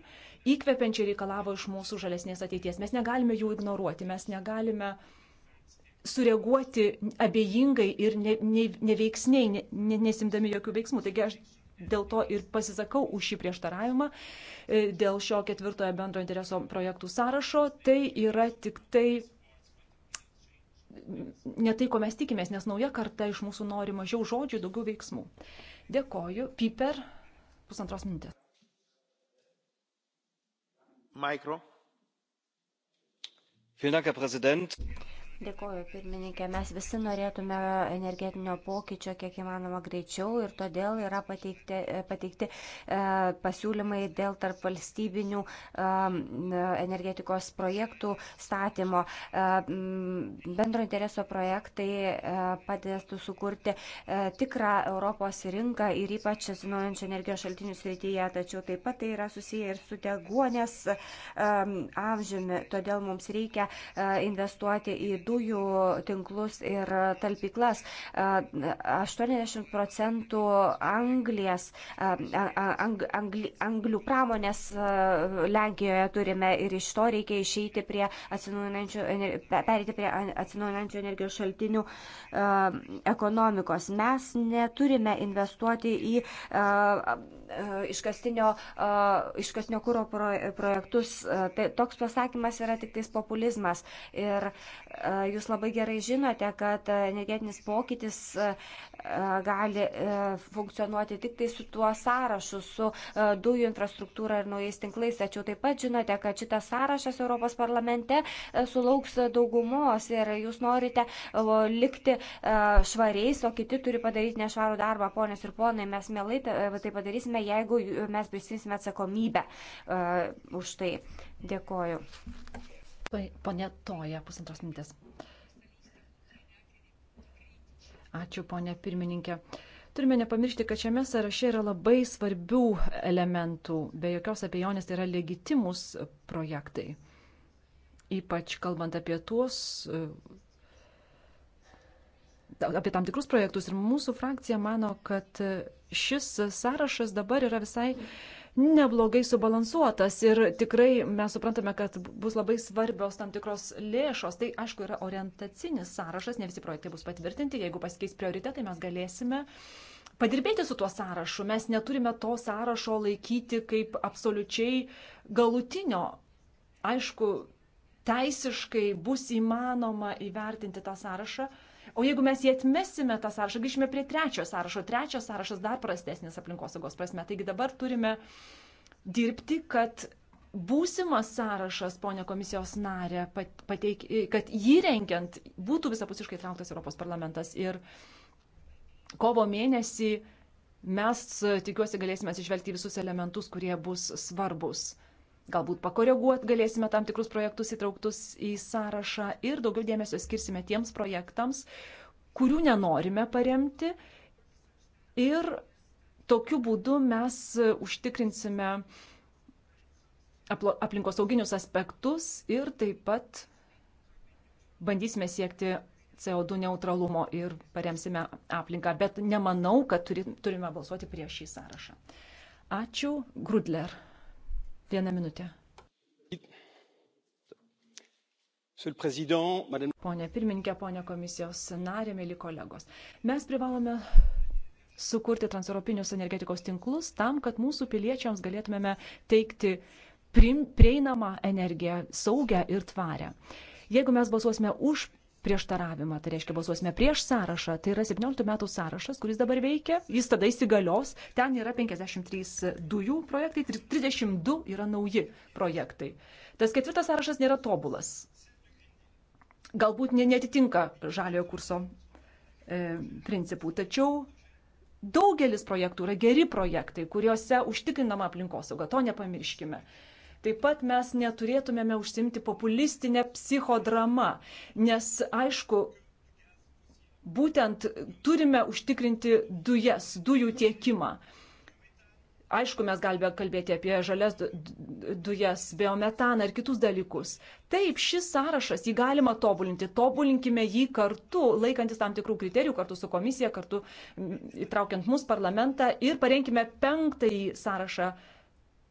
įkvepiančiai reikalavo iš mūsų žalesnės ateities. Mes negalime jų ignoruoti, mes negalime sureaguoti abejingai ir ne, ne, neveiksniai, ne, ne, nesimdami jokių veiksmų. Taigi aš dėl to ir pasisakau už šį prieštaravimą, e, dėl šio ketvirtojo bendro intereso projektų sąrašo. Tai yra tik tai ne tai, ko mes tikimės, nes nauja karta iš mūsų nori mažiau žodžių, daugiau veiksmų. Dėkoju. Piper, pusantros minutės. Mikro. Vielen Dank, Herr Präsident. Dėkuoju, pirmininkė. Mes visi norėtume energetinio pokyčio kiek įmanoma greičiau ir todėl yra pateikti, pateikti e, pasiūlymai dėl tarp valstybinių e, energetikos projektų statymo. E, bendro intereso projektai e, padėtų sukurti e, tikrą Europos rinką ir ypač atsinaujančių energijos šaltinių srityje, tačiau taip pat tai yra susiję ir su deguonės e, amžiumi. Todėl mums reikia e, investuoti į du dujų tinklus ir talpyklas. 80 procentų anglės, ang, angli, anglių pramonės Lenkijoje turime ir iš to reikia išeiti prie atsinaujinančių, perėti prie atsinaujinančių energijos šaltinių ekonomikos. Mes neturime investuoti į iškastinio, iškastinio kūro projektus. Tai toks pasakymas yra tik tais populizmas. Ir Jūs labai gerai žinote, kad energetinis pokytis e, gali e, funkcionuoti tik tai su tuo sąrašu, su e, dujų infrastruktūra ir naujais tinklais. Tačiau taip pat žinote, kad šitas sąrašas Europos parlamente sulauks daugumos ir jūs norite likti švariais, o kiti turi padaryti nešvarų darbą. Ponės ir ponai, mes mielai tai padarysime, jeigu mes prisimsime atsakomybę už tai. Dėkoju. Pone Toja, pusantros minutės. Ačiū, ponė pirmininkė. Turime nepamiršti, kad šiame sąraše yra labai svarbių elementų, be jokios abejonės tai yra legitimus projektai. Ypač kalbant apie tuos, apie tam tikrus projektus. Ir mūsų frakcija mano, kad šis sąrašas dabar yra visai. Mm neblogai subalansuotas ir tikrai mes suprantame, kad bus labai svarbios tam tikros lėšos. Tai aišku yra orientacinis sąrašas, ne visi projektai bus patvirtinti, jeigu pasikeis prioritetai mes galėsime. Padirbėti su tuo sąrašu, mes neturime to sąrašo laikyti kaip absoliučiai galutinio. Aišku, teisiškai bus įmanoma įvertinti tą sąrašą, O jeigu mes jį atmesime tą sąrašą, grįžime prie trečio sąrašo. Trečias sąrašas dar prastesnis aplinkosaugos prasme. Taigi dabar turime dirbti, kad būsimas sąrašas, ponė komisijos narė, pateik, kad jį renkiant būtų visapusiškai trauktas Europos parlamentas. Ir kovo mėnesį mes, tikiuosi, galėsime atsižvelgti visus elementus, kurie bus svarbus Galbūt pakoreguot galėsime tam tikrus projektus įtrauktus į sąrašą ir daugiau dėmesio skirsime tiems projektams, kurių nenorime paremti. Ir tokiu būdu mes užtikrinsime aplinkosauginius aspektus ir taip pat bandysime siekti CO2 neutralumo ir paremsime aplinką. Bet nemanau, kad turime balsuoti prieš šį sąrašą. Ačiū, Grudler. Vieną minutę. Pone pirmininkė, pone komisijos narė, mėly kolegos. Mes privalome sukurti transeuropinius energetikos tinklus tam, kad mūsų piliečiams galėtumėme teikti prieinamą energiją, saugę ir tvarę. Jeigu mes balsuosime už prieštaravimą. Tai reiškia, balsuosime prieš sąrašą. Tai yra 17 metų sąrašas, kuris dabar veikia. Jis tada įsigalios. Ten yra 53 dujų projektai, 32 yra nauji projektai. Tas ketvirtas sąrašas nėra tobulas. Galbūt netitinka žaliojo kurso e, principų, tačiau daugelis projektų yra geri projektai, kuriuose užtikrinama aplinkosauga. To nepamirškime. Taip pat mes neturėtumėme užsimti populistinę psichodramą, nes aišku, būtent turime užtikrinti dujas, dujų tiekimą. Aišku, mes galime kalbėti apie žalias dujas, biometaną ir kitus dalykus. Taip, šis sąrašas jį galima tobulinti. Tobulinkime jį kartu, laikantis tam tikrų kriterijų, kartu su komisija, kartu įtraukiant mūsų parlamentą ir parenkime penktąjį sąrašą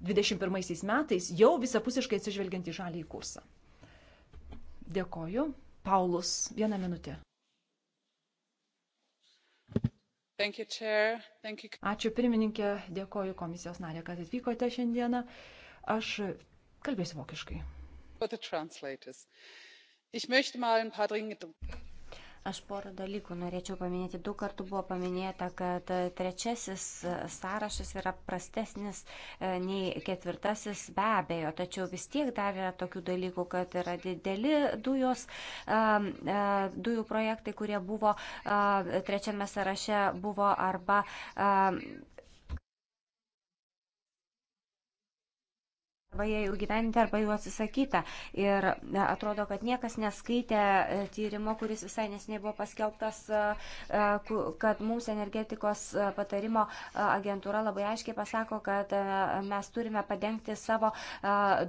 21 metais, jau visapusiškai atsižvelgiant į žalį į kursą. Dėkoju. Paulus, vieną minutę. Ačiū pirmininkė, dėkoju komisijos narė, kad atvykote šiandieną. Aš kalbėsiu vokiškai. Aš porą dalykų norėčiau paminėti. Du kartų buvo paminėta, kad e, trečiasis e, sąrašas yra prastesnis e, nei ketvirtasis be abejo, tačiau vis tiek dar yra tokių dalykų, kad yra dideli dujos, dujų projektai, kurie buvo trečiame sąraše, buvo arba arba jie jau gyventi, arba jų atsisakyta. Ir atrodo, kad niekas neskaitė e, tyrimo, kuris visai nesiniai buvo paskelbtas, e, e, kad mūsų energetikos patarimo agentūra labai aiškiai pasako, kad mes turime padengti savo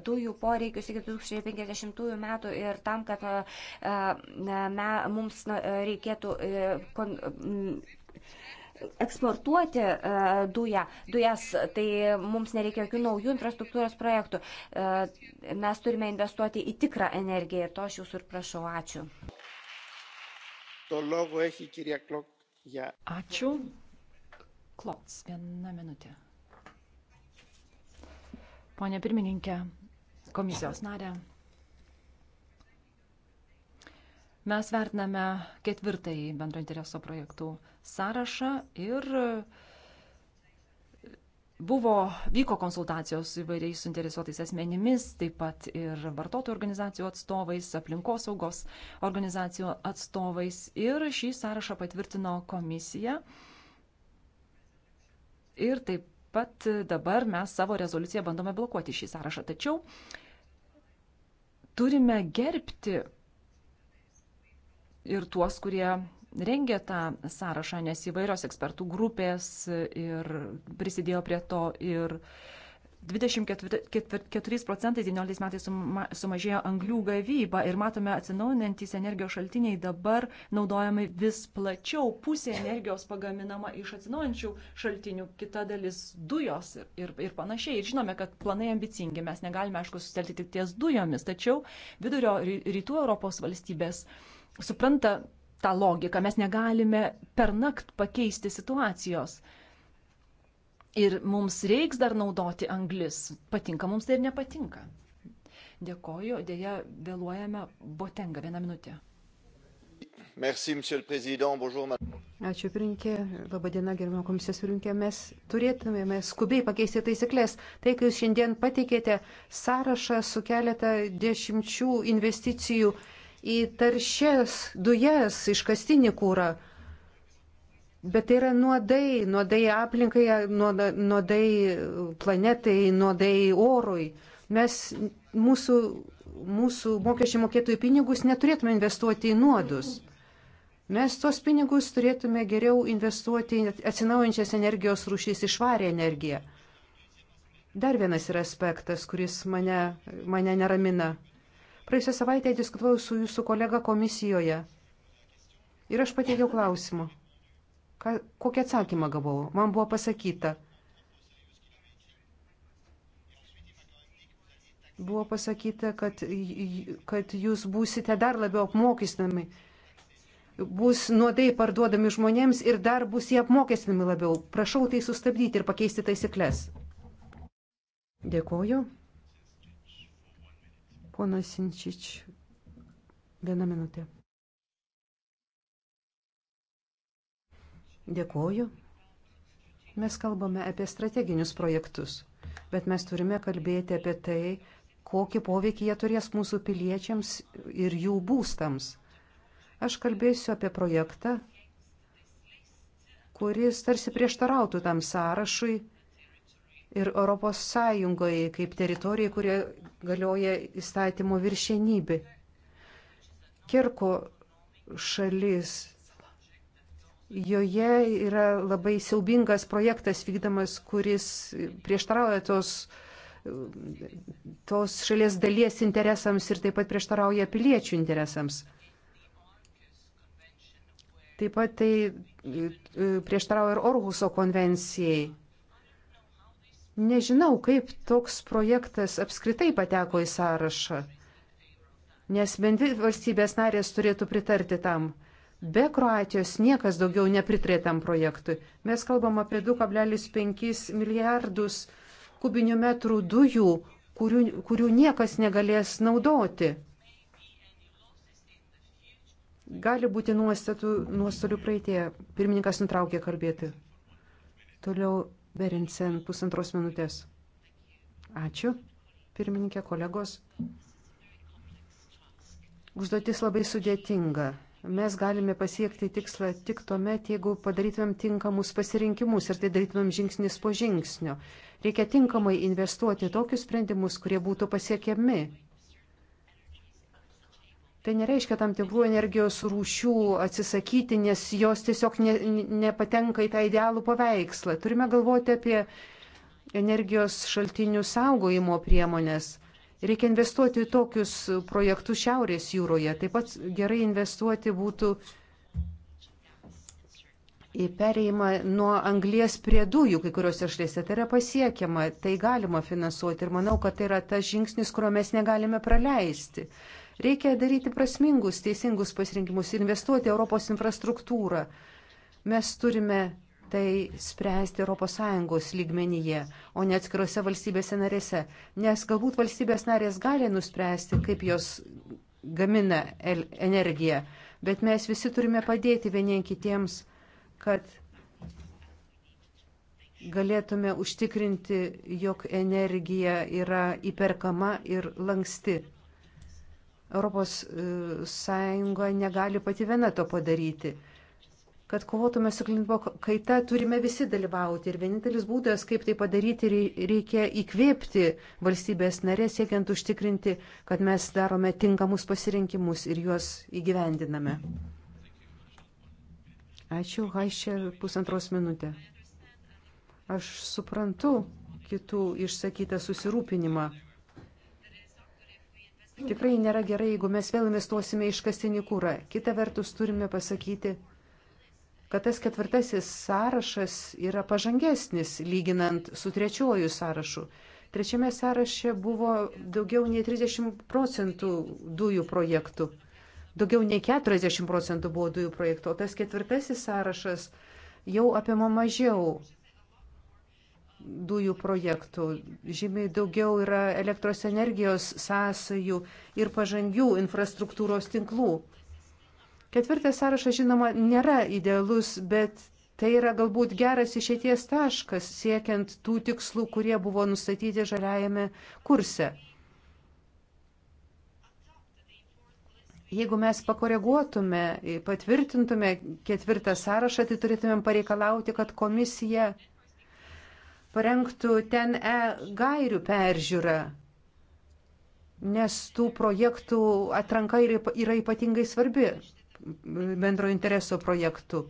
dujų poreikius iki 2050 metų ir tam, kad me, mums reikėtų. Kon, eksportuoti e, duja, dujas, tai mums nereikia jokių naujų infrastruktūros projektų. E, mes turime investuoti į tikrą energiją ir to aš jūsų ir prašau. Ačiū. Ačiū. Klots, viena minutė. Pone pirmininkė, komisijos narė. Mes vertiname ketvirtąjį bendro intereso projektų sąrašą ir buvo, vyko konsultacijos įvairiais suinteresuotais asmenimis, taip pat ir vartotojų organizacijų atstovais, aplinkosaugos organizacijų atstovais ir šį sąrašą patvirtino komisija. Ir taip pat dabar mes savo rezoliuciją bandome blokuoti šį sąrašą. Tačiau turime gerbti ir tuos, kurie rengė tą sąrašą, nes įvairios ekspertų grupės ir prisidėjo prie to ir 24 procentai 19 metais suma, sumažėjo anglių gavyba ir matome atsinaujinantys energijos šaltiniai dabar naudojami vis plačiau. Pusė energijos pagaminama iš atsinaujančių šaltinių, kita dalis dujos ir, ir, ir panašiai. Ir žinome, kad planai ambicingi, mes negalime, aišku, susitelti tik ties dujomis, tačiau vidurio rytų Europos valstybės uh, supranta tą logiką, mes negalime per nakt pakeisti situacijos. Ir mums reiks dar naudoti anglis, patinka mums tai ir nepatinka. Dėkoju, dėja vėluojame, botenga vieną minutę. Merci, Bonjour, Ačiū, pirinkė. Labadiena, gerbimo komisijos pirinkė. Mes turėtumėme skubiai pakeisti taisyklės. Tai, kai jūs šiandien pateikėte sąrašą su keletą dešimčių investicijų, uh, į taršes dujas, iškastinį kūrą. Bet tai yra nuodai, nuodai aplinkai, nuodai planetai, nuodai orui. Mes mūsų, mūsų mokesčių mokėtojų pinigus neturėtume investuoti į nuodus. Mes tos pinigus turėtume geriau investuoti į atsinaujančias energijos rūšys, išvarę energiją. Dar vienas yra aspektas, kuris mane, mane neramina. Praėjusią savaitę diskutavau su jūsų kolega komisijoje ir aš pateikiau klausimą. Ką, kokį atsakymą gavau? Man buvo pasakyta. Buvo pasakyta, kad, kad jūs būsite dar labiau apmokestinami bus nuodai parduodami žmonėms ir dar bus jie apmokestinami labiau. Prašau tai sustabdyti ir pakeisti taisyklės. Dėkuoju. Ponas Sinčič, vieną minutę. Dėkoju. Mes kalbame apie strateginius projektus, bet mes turime kalbėti apie tai, kokį poveikį jie turės mūsų piliečiams ir jų būstams. Aš kalbėsiu apie projektą, kuris tarsi prieštarautų tam sąrašui, ir Europos Sąjungoje kaip teritorijai, kurie galioja įstatymo viršenybė. Kirko šalis. Joje yra labai siaubingas projektas vykdamas, kuris prieštarauja tos, tos šalies dalies interesams ir taip pat prieštarauja piliečių interesams. Taip pat tai e, prieštarauja ir Orhuso konvencijai Nežinau, kaip toks projektas apskritai pateko į sąrašą, nes bendri valstybės narės turėtų pritarti tam. Be Kroatijos niekas daugiau nepritarė tam projektui. Mes kalbam apie 2,5 milijardus kubinių metrų dujų, kurių, kurių niekas negalės naudoti. Gali būti nuostatų, nuostolių praeitėje. Pirmininkas nutraukė kalbėti. Toliau Berinsen, pusantros minutės. Ačiū, pirmininkė, kolegos. Užduotis labai sudėtinga. Mes galime pasiekti tikslą tik tuomet, jeigu padarytumėm tinkamus pasirinkimus ir tai darytumėm žingsnis po žingsnio. Reikia tinkamai investuoti tokius sprendimus, kurie būtų pasiekiami Tai nereiškia tam tikrų energijos rūšių atsisakyti, nes jos tiesiog ne, nepatenka į tą idealų paveikslą. Turime galvoti apie energijos šaltinių saugojimo priemonės. Reikia investuoti į tokius projektus Šiaurės jūroje. Taip pat gerai investuoti būtų į pereimą nuo anglies prie dujų kai kuriuose šalyse. Tai yra pasiekiama, tai galima finansuoti ir manau, kad tai yra tas žingsnis, kurio mes negalime praleisti. Reikia daryti prasmingus, teisingus pasirinkimus, investuoti Europos infrastruktūrą. Mes turime tai spręsti ES lygmenyje, o ne atskirose valstybėse narėse, nes galbūt valstybės narės gali nuspręsti, kaip jos gamina energiją, bet mes visi turime padėti vienien kitiems, kad galėtume užtikrinti, jog energija yra įperkama ir lanksti. ES e, negali pati viena to padaryti. Kad kovotume su klimato kaita, turime visi dalyvauti. Ir vienintelis būdas, kaip tai padaryti, reikia įkvėpti valstybės narės, siekiant užtikrinti, kad mes darome tinkamus pasirinkimus ir juos įgyvendiname. Ačiū, Haišė, pusantros minutė. Aš suprantu kitų išsakytą susirūpinimą Tikrai nėra gerai, jeigu mes vėl investuosime iškastinį kūrą. Kita vertus turime pasakyti, kad tas ketvirtasis sąrašas yra pažangesnis lyginant su trečiuoju sąrašu. Trečiame sąraše buvo daugiau nei 30 procentų dujų projektų. Daugiau nei 40 procentų buvo dujų projektų, o tas ketvirtasis sąrašas jau apima mažiau dujų projektų, žymiai daugiau yra elektros energijos sąsajų ir pažangių infrastruktūros tinklų. Ketvirtas sąrašas, žinoma, nėra idealus, bet tai yra galbūt geras išėties taškas siekiant tų tikslų, kurie buvo nustatyti žaliajame kurse. Jeigu mes pakoreguotume, patvirtintume ketvirtą sąrašą, tai turėtumėm pareikalauti, kad komisija parengtų ten e gairių peržiūrą, nes tų projektų atranka yra ypatingai svarbi bendro intereso projektų.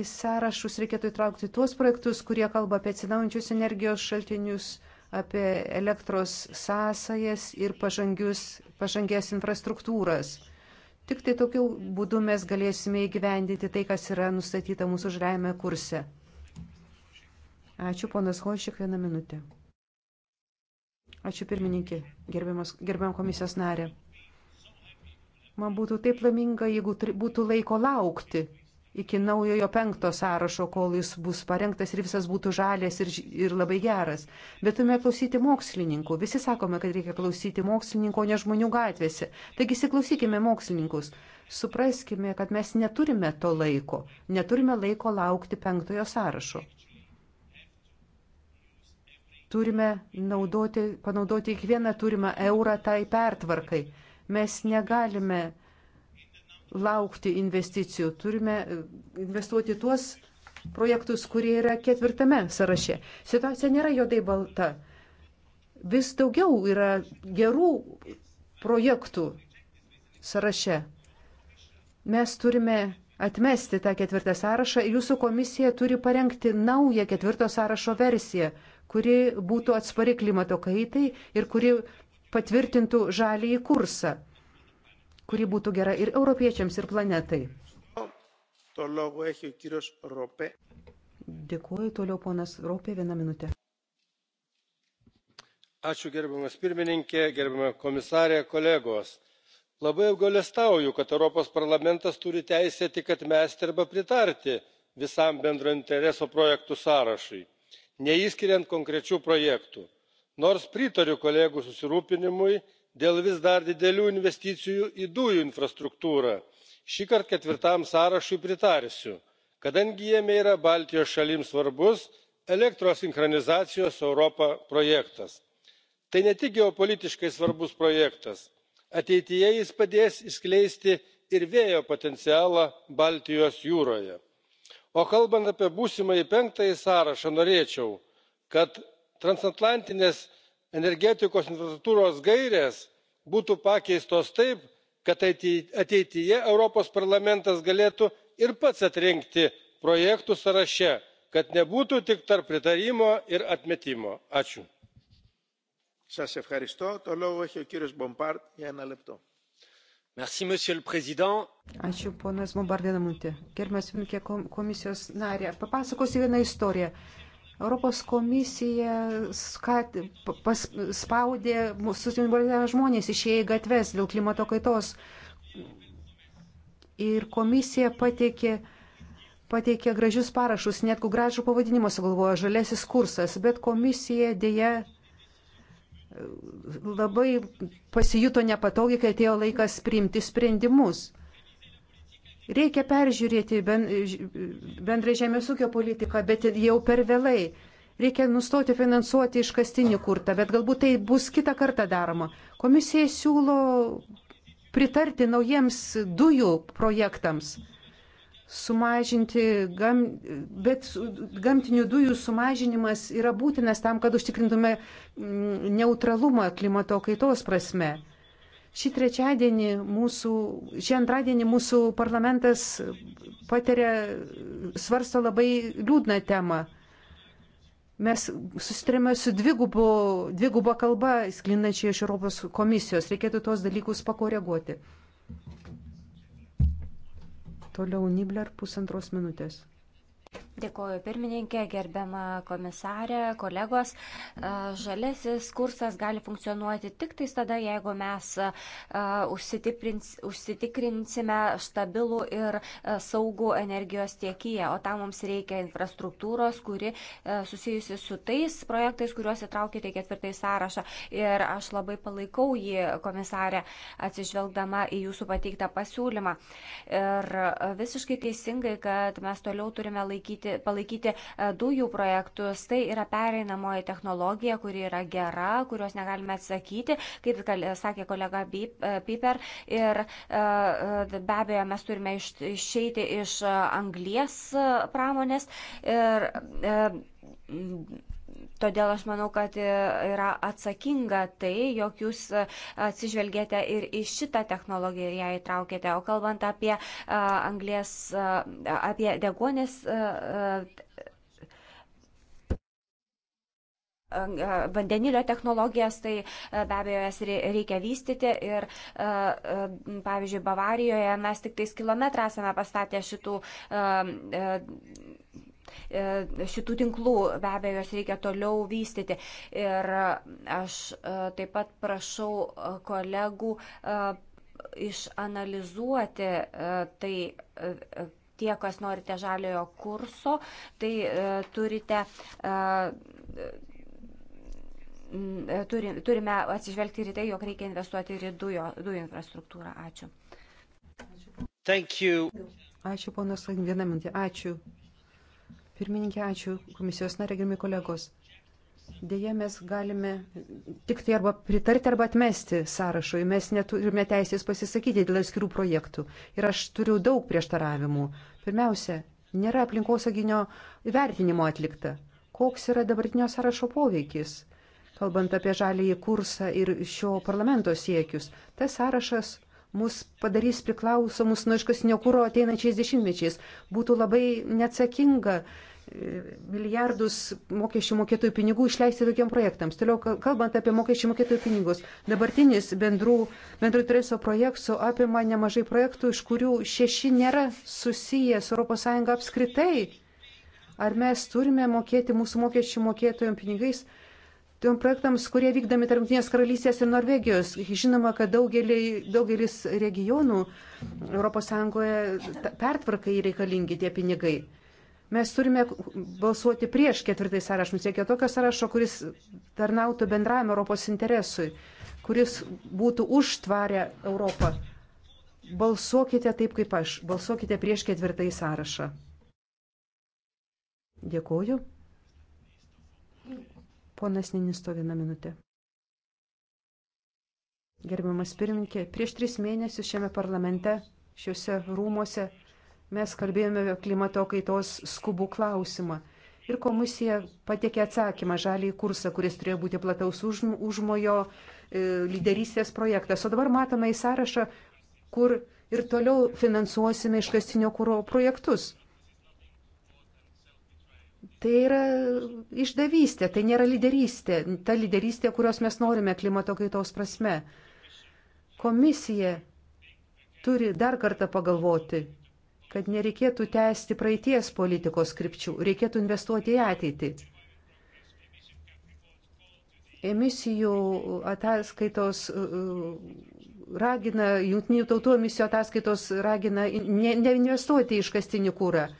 Į sąrašus reikėtų įtraukti tuos projektus, kurie kalba apie atsinaujančius energijos šaltinius, apie elektros sąsajas ir pažangius, pažangės infrastruktūras. Tik tai tokiu būdu mes galėsime įgyvendyti tai, kas yra nustatyta mūsų žaliajame kurse. Ačiū, ponas Holšik, vieną minutę. Ačiū pirmininkė, gerbiam komisijos narė. Man būtų taip laiminga, jeigu būtų laiko laukti iki naujojo penkto sąrašo, kol jis bus parengtas ir visas būtų žalės ir, ir labai geras. Bet turime klausyti mokslininkų. Visi sakome, kad reikia klausyti mokslininko, ne žmonių gatvėse. Taigi įsiklausykime mokslininkus. Supraskime, kad mes neturime to laiko. Neturime laiko laukti penktojo sąrašo. Turime naudoti, panaudoti kiekvieną turimą eurą tai pertvarkai. Mes negalime laukti investicijų, turime e, investuoti tuos projektus, kurie yra ketvirtame sąraše. Situacija nėra jodai balta. Vis daugiau yra gerų projektų sąraše. Mes turime atmesti tą ketvirtą sąrašą ir jūsų komisija turi parengti naują ketvirto sąrašo versiją, kuri būtų atspari klimato kaitai ir kuri patvirtintų žalį į kursą, kuri būtų gera ir europiečiams, ir planetai. Dėkuoju toliau ponas Ropė vieną minutę. Ačiū gerbiamas pirmininkė, gerbiama komisarė, kolegos labai apgailestauju kad europos parlamentas turi teisę tik atmesti arba pritarti visam bendro intereso projektų sąrašui neišskiriant konkrečių projektų nors pritariu kolegų susirūpinimui dėl vis dar didelių investicijų į dujų infrastruktūrą šįkart ketvirtam sąrašui pritarsiu kadangi jame yra baltijos šalims svarbus elektros sinchronizacijos su europa projektas. tai ne tik geopolitiškai svarbus projektas ateityje jis padės išskleisti ir vėjo potencialą baltijos jūroje o kalbant apie būsimąjį penktąjį sąrašą norėčiau kad transatlantinės energetikos infrastruktūros gairės būtų pakeistos taip kad ateityje europos parlamentas galėtų ir pats atrinkti projektų sąraše kad nebūtų tik tarp pritarimo ir atmetimo. ačiū. Merci, monsieur le président. Ačiū, ponas Bombardinamutė. Gerbiamas Vinkė komisijos narė, papasakosiu vieną istoriją. Europos komisija skat, pas, spaudė susimbalizavę žmonės išėję į gatves dėl klimato kaitos. Ir komisija pateikė, pateikė gražius parašus, net gražų pavadinimą sugalvojo žalesis kursas, bet komisija dėja labai pasijuto nepatogiai, kai atėjo laikas priimti sprendimus. Reikia peržiūrėti bendrą žemės ūkio politiką, bet jau per vėlai. Reikia nustoti finansuoti iškastinį kurtą, bet galbūt tai bus kitą kartą daroma. Komisija siūlo pritarti naujiems dujų projektams sumažinti, gam, bet gamtinių dujų sumažinimas yra būtinas tam, kad užtikrintume mm, neutralumą klimato kaitos prasme. Šį trečiadienį mūsų, šį antradienį mūsų parlamentas patiria, svarsto labai liūdną temą. Mes susitarėme su dvigubo, dvigubo kalba, sklindančia iš Europos komisijos. Reikėtų tos dalykus pakoreguoti. Toliau Nibler pusantros minutės. Dėkoju pirmininkė, gerbiama komisarė, kolegos. Žalesis kursas gali funkcionuoti tik tais tada, jeigu mes užsitikrinsime stabilų ir saugų energijos tiekyje. O tam mums reikia infrastruktūros, kuri susijusi su tais projektais, kuriuos įtraukite į ketvirtąjį sąrašą. Ir aš labai palaikau jį, komisarė, atsižvelgdama į jūsų pateiktą pasiūlymą. Ir visiškai teisingai, kad mes toliau turime laikyti palaikyti, palaikyti e, dujų projektus. Tai yra pereinamoji technologija, kuri yra gera, kurios negalime atsakyti, kaip sakė kolega e, Piper. Ir e, be abejo, mes turime išeiti iš anglies pramonės. Ir, Todėl aš manau, kad e, yra atsakinga tai, jog jūs e, atsižvelgėte ir į šitą technologiją ją įtraukėte. O kalbant apie e, anglės, apie degonės vandenilio technologijas, tai be abejo jas reikia vystyti ir pavyzdžiui Bavarijoje mes tik tais kilometrą esame pastatę šitų E, šitų tinklų, be abejo, jos reikia toliau vystyti. Ir aš e, taip pat prašau e, kolegų išanalizuoti tai tie, kas norite žaliojo kurso, tai turite turime atsižvelgti ir į tai, jog reikia investuoti ir į dujo, dujų infrastruktūrą. Ačiū. Ačiū, ponas Lang, vieną mintį. Ačiū. Pirmininkė, ačiū komisijos narė, gerbimi kolegos. Deja, mes galime tik tai arba pritarti, arba atmesti sąrašui. Mes neturime teisės pasisakyti dėl atskirų projektų. Ir aš turiu daug prieštaravimų. Pirmiausia, nėra aplinkosauginio vertinimo atlikta. Koks yra dabartinio sąrašo poveikis, kalbant apie žalįjį kursą ir šio parlamento siekius? Tas sąrašas mus padarys priklausomus nuo iškasnio kūro ateinačiais dešimtmečiais. Būtų labai neatsakinga e, milijardus mokesčių mokėtojų pinigų išleisti tokiam projektams. Toliau, kalbant apie mokesčių mokėtojų pinigus, dabartinis bendrų, bendrų intereso projektų apima nemažai projektų, iš kurių šeši nėra susiję su ES apskritai. Ar mes turime mokėti mūsų mokesčių mokėtojų pinigais tiem projektams, kurie vykdami tarp Junktinės karalystės ir Norvegijos. Žinoma, kad daugelį, daugelis regionų ES pertvarkai reikalingi tie pinigai. Mes turime balsuoti prieš ketvirtąjį sąrašą. Mums reikia tokio sąrašo, kuris tarnautų bendram Europos interesui, kuris būtų užtvarę Europą. Balsuokite taip kaip aš. Balsuokite prieš ketvirtąjį sąrašą. Dėkuoju. Ponas Ninisto vieną minutę. Gerbiamas pirmininkė, prieš tris mėnesius šiame parlamente, šiuose rūmose, mes kalbėjome apie klimato kaitos skubų klausimą. Ir komisija patiekė atsakymą žalį kursą, kuris turėjo būti plataus užmojo e, lyderystės projektas. O dabar matome į sąrašą, kur ir toliau finansuosime iškastinio kūro projektus. Tai yra išdavystė, tai nėra lyderystė, ta lyderystė, kurios mes norime klimato kaitos prasme. Komisija turi dar kartą pagalvoti, kad nereikėtų tęsti praeities politikos skripčių, reikėtų investuoti į ateitį. Emisijų ataskaitos uh, uh, ragina, jungtinių tautų emisijų ataskaitos ragina neinvestuoti ne į iškastinį kūrą.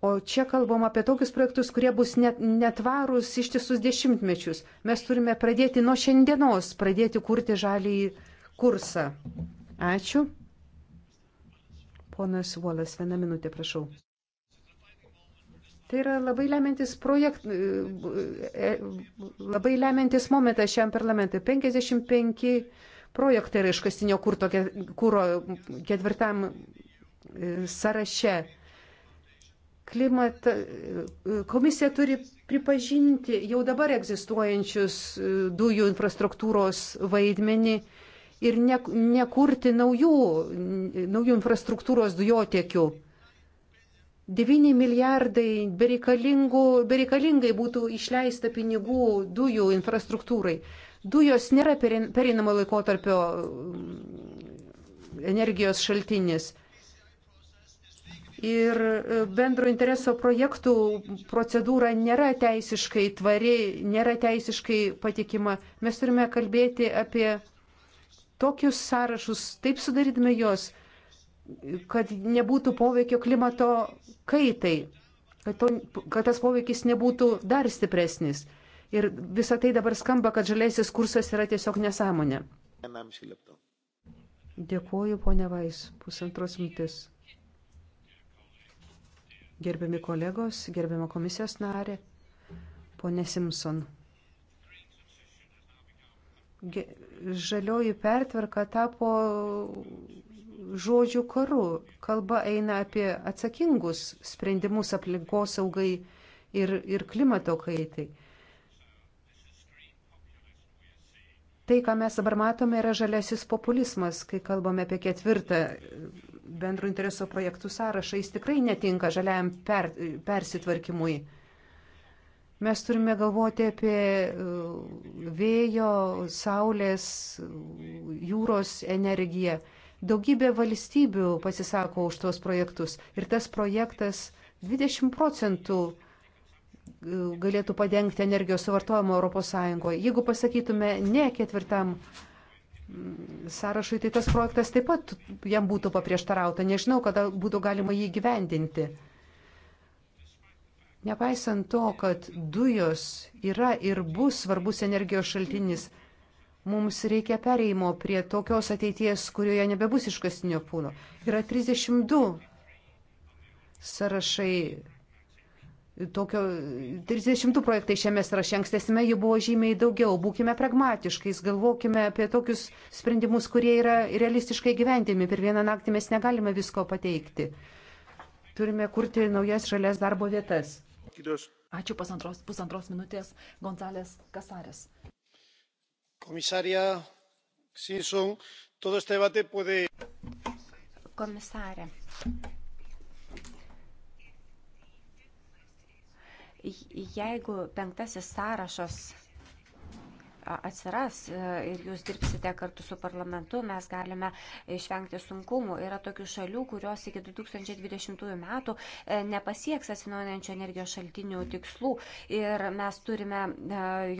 O čia kalbam apie tokius projektus, kurie bus net, netvarūs ištisus dešimtmečius. Mes turime pradėti nuo šiandienos, pradėti kurti žalį kursą. Ačiū. Ponas Volas, vieną minutę, prašau. Tai yra labai lemiantis projekt, e, e, labai lemiantis momentas šiam parlamentui. 55 projektai yra iškastinio kūro ketvirtam e, sąraše. Klimata, komisija turi pripažinti jau dabar egzistuojančius e, dujų infrastruktūros vaidmenį ir ne, nekurti naujų, naujų infrastruktūros dujotiekių. 9 milijardai bereikalingai būtų išleista pinigų dujų infrastruktūrai. Dujos nėra pereinamo laikotarpio energijos šaltinis. Ir e, bendro intereso projektų procedūra nėra teisiškai tvari, nėra teisiškai patikima. Mes turime kalbėti apie tokius sąrašus, taip sudarydami juos, kad nebūtų poveikio klimato kaitai, kad, to, kad tas poveikis nebūtų dar stipresnis. Ir visą tai dabar skamba, kad žaliasis kursas yra tiesiog nesąmonė. Dėkuoju, ponia Vais, pusantros mintis gerbiami kolegos, gerbiama komisijos narė, ponė Simpson. Ge žalioji pertvarka tapo žodžių karu. Kalba eina apie atsakingus sprendimus aplinkosaugai ir, ir klimato kaitai. Tai, ką mes dabar matome, yra žaliasis populizmas, kai kalbame apie ketvirtą bendro intereso projektų sąrašą, jis tikrai netinka žaliajam per, persitvarkymui. Mes turime galvoti apie uh, vėjo, saulės, uh, jūros energiją. Daugybė valstybių pasisako už tuos projektus ir tas projektas 20 procentų uh, galėtų padengti energijos suvartojimo ES. Jeigu pasakytume ne ketvirtam sąrašui, tai tas projektas taip pat jam būtų paprieštarauta. Nežinau, kada būtų galima jį gyvendinti. Nepaisant to, kad dujos yra ir bus svarbus energijos šaltinis, mums reikia pereimo prie tokios ateities, kurioje nebebus iškastinio pūno. Yra 32 sąrašai Tokio 30 projektai šiame sąraše ankstesime jų buvo žymiai daugiau. Būkime pragmatiškais, galvokime apie tokius sprendimus, kurie yra realistiškai gyventimi. Per vieną naktį mes negalime visko pateikti. Turime kurti naujas šalies darbo vietas. Ačiū pusantros, pusantros minutės. Gonzalės Kasarės. Komisarija Simpson, todo este debate puede. Komisarė. Jeigu penktasis sąrašas atsiras e, ir jūs dirbsite kartu su parlamentu, mes galime išvengti sunkumų. Yra tokių šalių, kurios iki 2020 metų e, nepasieks atsinaujančio energijos šaltinių tikslų ir mes turime e,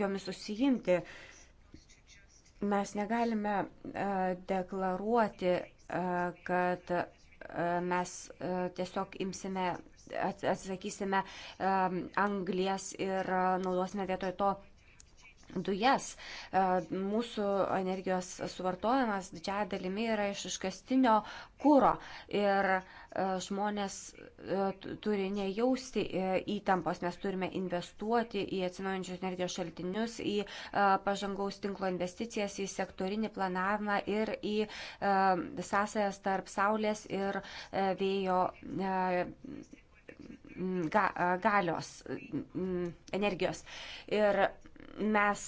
jomis susijimti. Mes negalime deklaruoti, kad mes tiesiog imsime atsakysime anglies ir e, naudosime vietoj to dujas. E, mūsų energijos suvartojimas didžiaja dalimi yra iš iškastinio kūro ir e, žmonės turi nejausti įtampos, mes turime investuoti į atsinaujančius energijos šaltinius, į pažangaus tinklo investicijas, į sektorinį planavimą ir į sąsajas tarp saulės ir vėjo Mm, ga, galios, mm, energijos. Ir mes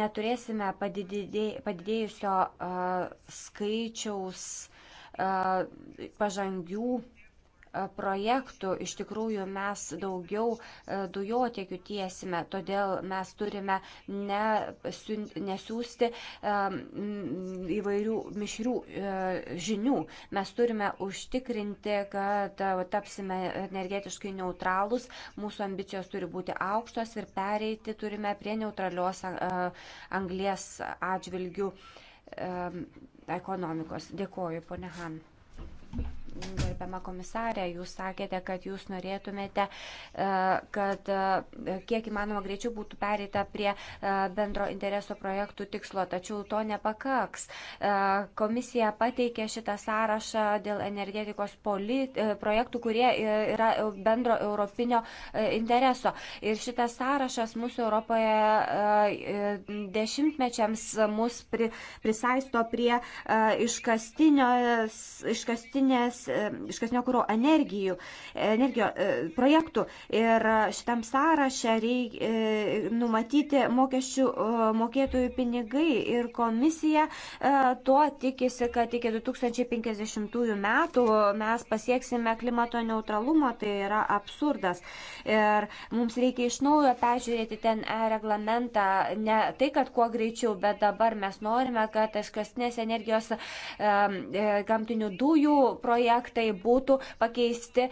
neturėsime padidėjusio skaičiaus pažangių projektų iš tikrųjų mes daugiau e, dujotiekių tiesime, todėl mes turime nesiųsti e, įvairių mišrių e, žinių. Mes turime užtikrinti, kad tapsime energetiškai neutralus, mūsų ambicijos turi būti aukštos ir pereiti turime prie neutralios anglės atžvilgių ekonomikos. Dėkoju, ponė Han gerbiama komisarė, jūs sakėte, kad jūs norėtumėte, e, kad e, kiek įmanoma greičiau būtų pereita prie e, bendro intereso projektų tikslo, tačiau to nepakaks. Komisija pateikė šitą sąrašą dėl energetikos projektų, kurie yra bendro europinio intereso. Ir šitas sąrašas mūsų Europoje dešimtmečiams mus pri, prisaisto prie iškastinės, iškastinės, kokybiškesnio kūro energijų, energijo e, projektų. Ir šitam sąraše reikia e, numatyti mokesčių mokėtojų pinigai ir komisija e, tuo tikisi, kad iki 2050 metų mes pasieksime klimato neutralumą, tai yra absurdas. Ir mums reikia iš naujo peržiūrėti ten reglamentą, ne tai, kad kuo greičiau, bet dabar mes norime, kad iškastinės energijos gamtinių dujų projektai būtų pakeisti e,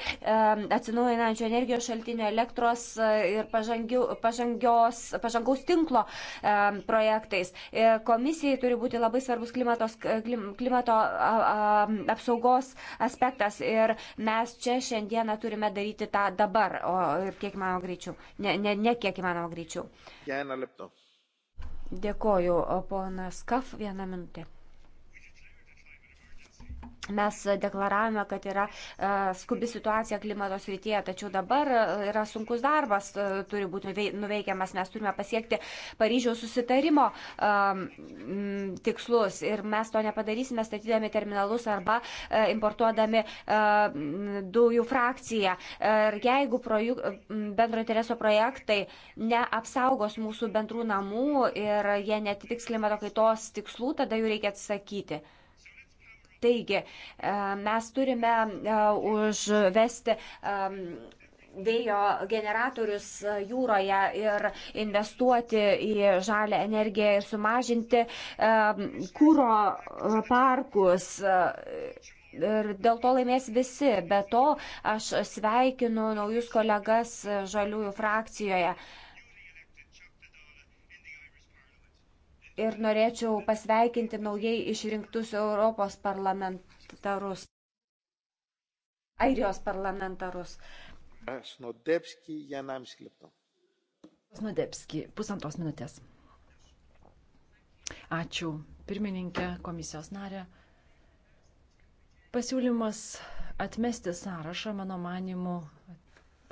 atsinaujinančio energijos šaltinio elektros e, ir pažangių, pažangios, pažangaus tinklo e, projektais. Komisijai turi būti labai svarbus klimatos, klimato apsaugos aspektas ir mes čia šiandieną turime daryti tą dabar, o ir kiek įmanoma greičiau. Ne, ne, ne kiek įmanoma greičiau. Dėkoju, ponas Kaf, vieną minutę. Mes deklaravome, kad yra e, skubi situacija klimato srityje, tačiau dabar e, yra sunkus darbas, e, turi būti nuveikiamas, mes turime pasiekti Paryžiaus susitarimo tikslus ir mes to nepadarysime statydami terminalus arba importuodami dujų frakciją. Ir jeigu projek, bendro intereso projektai neapsaugos mūsų bendrų namų ir jie netitiks klimato kaitos tikslų, tada jų reikia atsisakyti. Taigi, e, mes turime e, užvesti e, vėjo generatorius jūroje ir investuoti į žalę energiją ir sumažinti kūro parkus. Ir dėl to laimės visi. Be to, aš sveikinu naujus kolegas žaliųjų frakcijoje. ir norėčiau pasveikinti naujai išrinktus Europos parlamentarus. Airijos parlamentarus. Snodepski, vienam skilipto. Snodepski, pusantros minutės. Ačiū, pirmininkė, komisijos narė. Pasiūlymas atmesti sąrašą, mano manimu,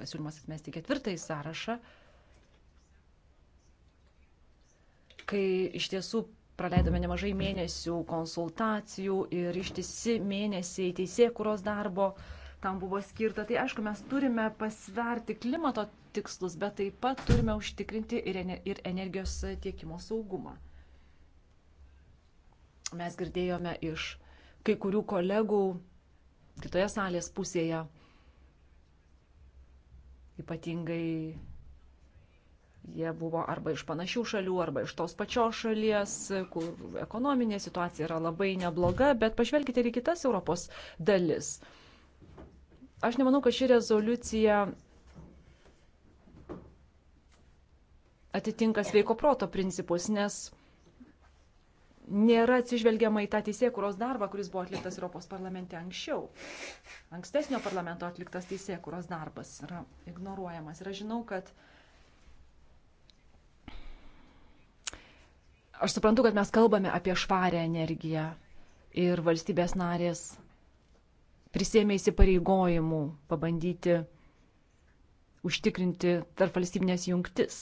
pasiūlymas atmesti ketvirtąjį sąrašą kai iš tiesų praleidome nemažai mėnesių konsultacijų ir ištisi mėnesiai teisėkuros darbo tam buvo skirta. Tai aišku, mes turime pasverti klimato tikslus, bet taip pat turime užtikrinti ir energijos tiekimo saugumą. Mes girdėjome iš kai kurių kolegų kitoje salės pusėje, ypatingai Jie buvo arba iš panašių šalių, arba iš tos pačios šalies, kur ekonominė situacija yra labai nebloga, bet pažvelkite ir į kitas Europos dalis. Aš nemanau, kad ši rezoliucija atitinka sveiko proto principus, nes nėra atsižvelgiama į tą teisėkuros darbą, kuris buvo atliktas Europos parlamente anksčiau. Ankstesnio parlamento atliktas teisėkuros darbas yra ignoruojamas. Ir aš žinau, kad uh, Aš suprantu, kad mes kalbame apie švarę energiją ir valstybės narės prisėmė įsipareigojimų pabandyti užtikrinti tarp valstybinės jungtis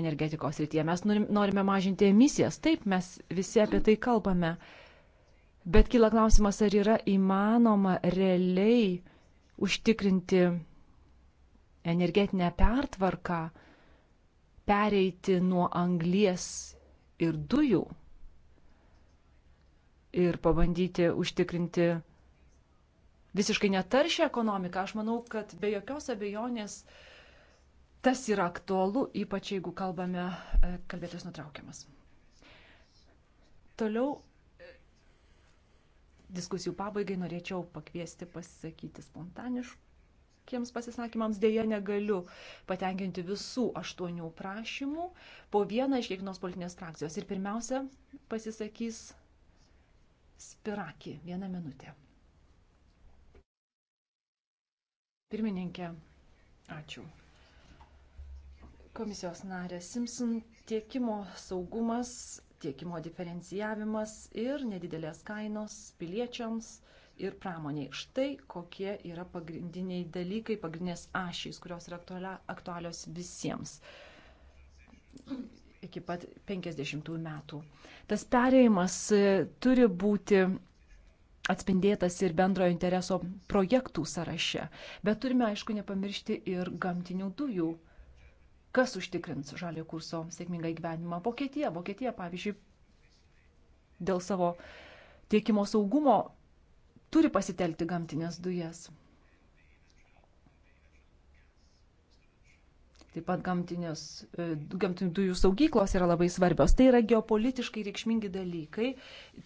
energetikos rytyje. Mes norime mažinti emisijas, taip mes visi apie tai kalbame. Bet kyla klausimas, ar yra įmanoma realiai užtikrinti energetinę pertvarką, pereiti nuo anglies ir dujų ir pabandyti užtikrinti visiškai netaršę ekonomiką, aš manau, kad be jokios abejonės tas yra aktualu, ypač jeigu kalbame, e, kalbėtas nutraukiamas. Toliau e, diskusijų pabaigai norėčiau pakviesti pasisakyti spontaniškų tokiems pasisakymams dėja negaliu patenkinti visų aštuonių prašymų po vieną iš kiekvienos politinės frakcijos. Ir pirmiausia pasisakys Spiraki. Vieną minutę. Pirmininkė, ačiū. Komisijos narė Simpson tiekimo saugumas, tiekimo diferencijavimas ir nedidelės kainos piliečiams – ir pramoniai. Štai kokie yra pagrindiniai dalykai, pagrindinės ašys, kurios yra aktualios visiems iki pat 50 metų. Tas perėjimas e, turi būti atspindėtas ir bendrojo intereso projektų sąraše. Bet turime, aišku, nepamiršti ir gamtinių dujų. Kas užtikrins žalio kurso sėkmingą įgyvenimą? Vokietija. Vokietija, pavyzdžiui, dėl savo tiekimo saugumo turi pasitelkti gamtinės dujas. Taip pat gamtinės, e, gamtinių dujų saugyklos yra labai svarbios. Tai yra geopolitiškai reikšmingi dalykai.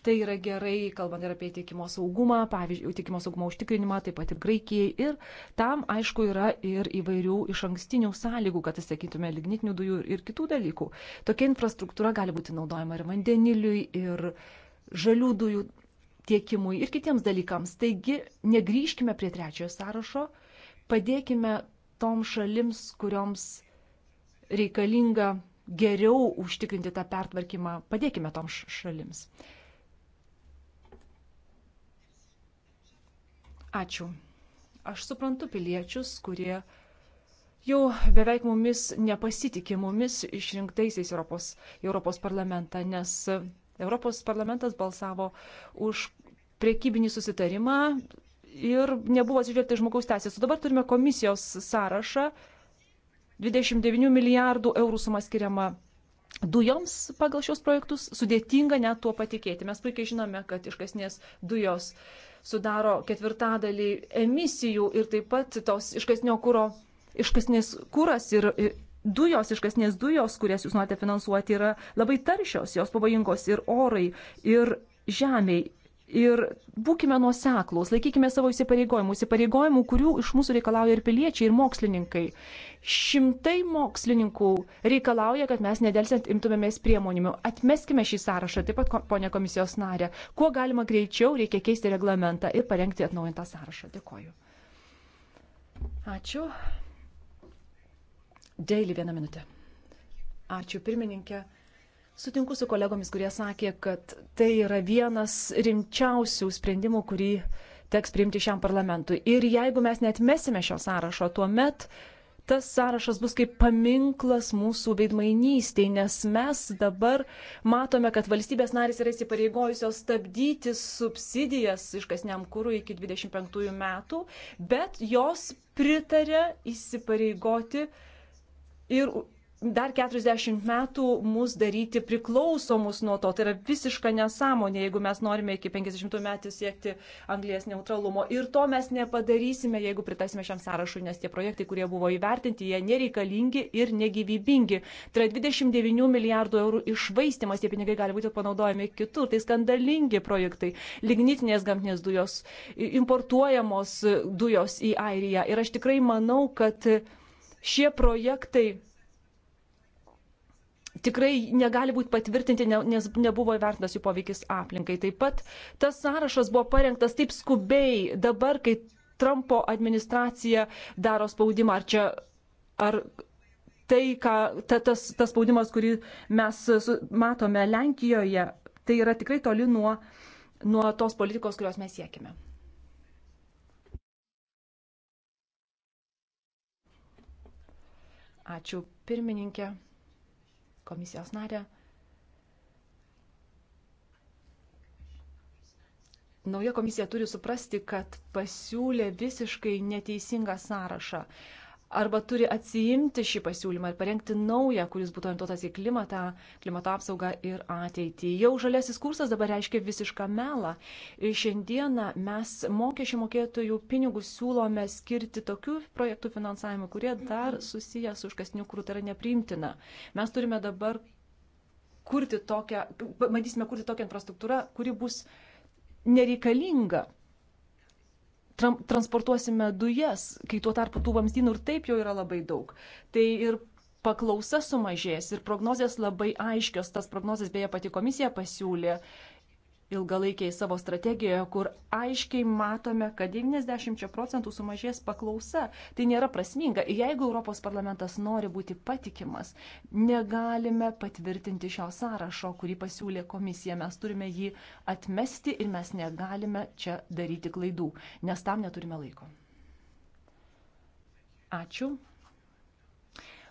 Tai yra gerai, kalbant ir apie tiekimo saugumą, pavyzdžiui, tiekimo saugumo užtikrinimą, taip pat ir Graikijai. Ir tam, aišku, yra ir įvairių iš ankstinių sąlygų, kad įsakytume lignitinių dujų ir kitų dalykų. Tokia infrastruktūra gali būti naudojama ir vandeniliui, ir žalių dujų tiekimui ir kitiems dalykams. Taigi negryžkime prie trečiojo sąrašo, padėkime tom šalims, kurioms reikalinga geriau užtikrinti tą pertvarkymą, padėkime tom šalims. Ačiū. Aš suprantu piliečius, kurie jau beveik mumis nepasitikė, mumis išrinktaisiais Europos, Europos parlamentą, nes Europos parlamentas balsavo už priekybinį susitarimą ir nebuvo atsižvelgta žmogaus teisės. O dabar turime komisijos sąrašą. 29 milijardų eurų suma skiriama dujoms pagal šios projektus. Sudėtinga net tuo patikėti. Mes puikiai žinome, kad iškasnės dujos sudaro ketvirtadalį emisijų ir taip pat tos iškasnio kūro, iškasnės kūras ir, ir dujos, iškasnės dujos, kurias jūs norite finansuoti, yra labai taršios, jos pavojingos ir orai, ir žemiai. Ir būkime nuoseklus, laikykime savo įsipareigojimų, įsipareigojimų, kurių iš mūsų reikalauja ir piliečiai, ir mokslininkai. Šimtai mokslininkų reikalauja, kad mes nedelsiant imtumėmės priemonėmių. Atmeskime šį sąrašą, taip pat, ponė komisijos narė, kuo galima greičiau reikia keisti reglamentą ir parengti atnaujintą sąrašą. Dėkoju. Ačiū. Dėlį vieną minutę. Ačiū pirmininkė. Sutinku su kolegomis, kurie sakė, kad tai yra vienas rimčiausių sprendimų, kurį teks priimti šiam parlamentui. Ir jeigu mes netmesime šio sąrašo, tuomet tas sąrašas bus kaip paminklas mūsų veidmainystiai, nes mes dabar matome, kad valstybės narys yra įsipareigojusios stabdyti subsidijas iškasniam kūrui iki 25 metų, bet jos pritarė įsipareigoti uh, ir dar 40 metų mus daryti priklausomus nuo to. Tai yra visiška nesąmonė, jeigu mes norime iki 50 metų siekti anglės neutralumo. Ir to mes nepadarysime, jeigu pritaisime šiam sąrašui, nes tie projektai, kurie buvo įvertinti, jie nereikalingi ir negyvybingi. Tai yra 29 milijardų eurų išvaistimas, tie pinigai gali būti panaudojami kitur. Tai skandalingi projektai. Lignitinės gamtinės dujos, importuojamos dujos į Airiją. Ir aš tikrai manau, kad šie projektai tikrai negali būti patvirtinti, nes nebuvo įvertintas jų poveikis aplinkai. Taip pat tas sąrašas buvo parengtas taip skubiai dabar, kai Trumpo administracija daro spaudimą. Ar čia, ar tai, ką, ta, tas, tas spaudimas, kurį mes matome Lenkijoje, tai yra tikrai toli nuo, nuo tos politikos, kurios mes siekime. Ačiū pirmininkė, komisijos narė. Nauja komisija turi suprasti, kad pasiūlė visiškai neteisingą sąrašą arba turi atsiimti šį pasiūlymą ir parengti naują, kuris būtų orientuotas į klimatą, klimato apsaugą ir ateitį. Jau žaliasis kursas dabar reiškia visišką melą. Ir šiandieną mes mokesčių mokėtojų pinigus siūlome skirti tokių projektų finansavimą, kurie dar susiję su užkasniu kūru, tai yra nepriimtina. Mes turime dabar kurti tokią, bandysime kurti tokią infrastruktūrą, kuri bus nereikalinga transportuosime dujas, kai tuo tarpu tų vamzdynų ir taip jau yra labai daug. Tai ir paklausa sumažės ir prognozės labai aiškios. Tas prognozės beje pati komisija pasiūlė ilgalaikiai savo strategijoje, kur aiškiai matome, kad 90 procentų sumažės paklausa. Tai nėra prasminga. Jeigu Europos parlamentas nori būti patikimas, negalime patvirtinti šio sąrašo, kurį pasiūlė komisija. Mes turime jį atmesti ir mes negalime čia daryti klaidų, nes tam neturime laiko. Ačiū.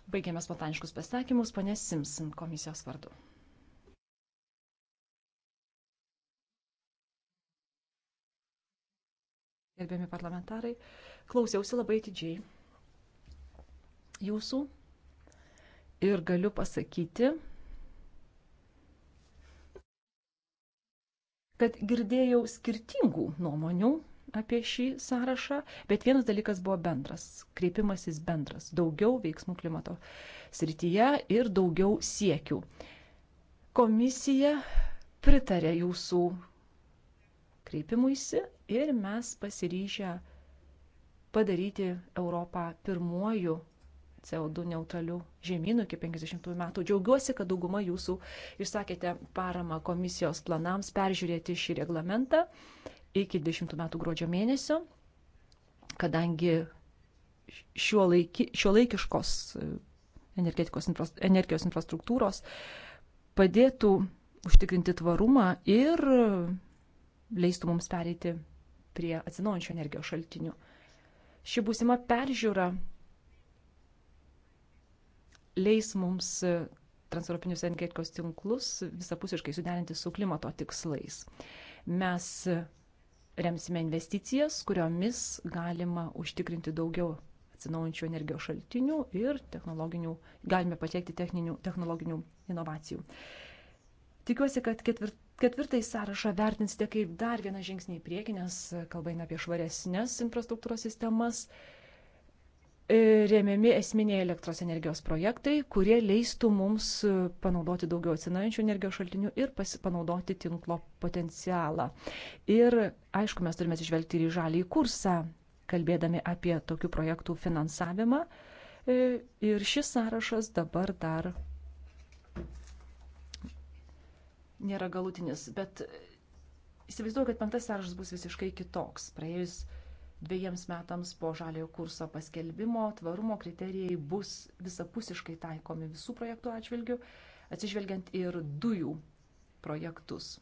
Baigėme spontaniškus pasakymus, ponės Simpson komisijos vardu. Gerbiami parlamentarai, klausiausi labai atidžiai jūsų ir galiu pasakyti, kad girdėjau skirtingų nuomonių apie šį sąrašą, bet vienas dalykas buvo bendras, kreipimasis bendras, daugiau veiksmų klimato srityje ir daugiau siekių. Komisija pritarė jūsų kreipimuisi ir mes pasiryžę padaryti Europą pirmuoju CO2 neutraliu žemynu iki 50 metų. Džiaugiuosi, kad dauguma jūsų išsakėte paramą komisijos planams peržiūrėti šį reglamentą iki 10 metų gruodžio mėnesio, kadangi šio, laiki, šio laikiškos e, energetikos infras, energijos infrastruktūros padėtų užtikrinti tvarumą ir leistų mums pereiti prie atsinaujančio energijos šaltinių. Ši būsima peržiūra leis mums transeuropinius energetikos tinklus visapusiškai suderinti su klimato tikslais. Mes remsime investicijas, kuriomis galima užtikrinti daugiau atsinaujančių energijos šaltinių ir technologinių, galime pateikti techninių, technologinių inovacijų. Tikiuosi, kad ketvirt, ketvirtąjį sąrašą vertinsite kaip dar vieną žingsnį į priekį, nes kalba eina apie švaresnės infrastruktūros sistemas, e, remiami esminiai elektros energijos projektai, kurie leistų mums panaudoti daugiau atsinaujančių energijos šaltinių ir panaudoti tinklo potencialą. Ir aišku, mes turime atsižvelgti ir į žalį kursą, kalbėdami apie tokių projektų finansavimą. E, ir šis sąrašas dabar dar nėra galutinis, bet įsivaizduoju, kad penktas sąrašas bus visiškai kitoks. Praėjus dviejams metams po žaliojo kurso paskelbimo tvarumo kriterijai bus visapusiškai taikomi visų projektų atžvilgių, atsižvelgiant ir dujų projektus.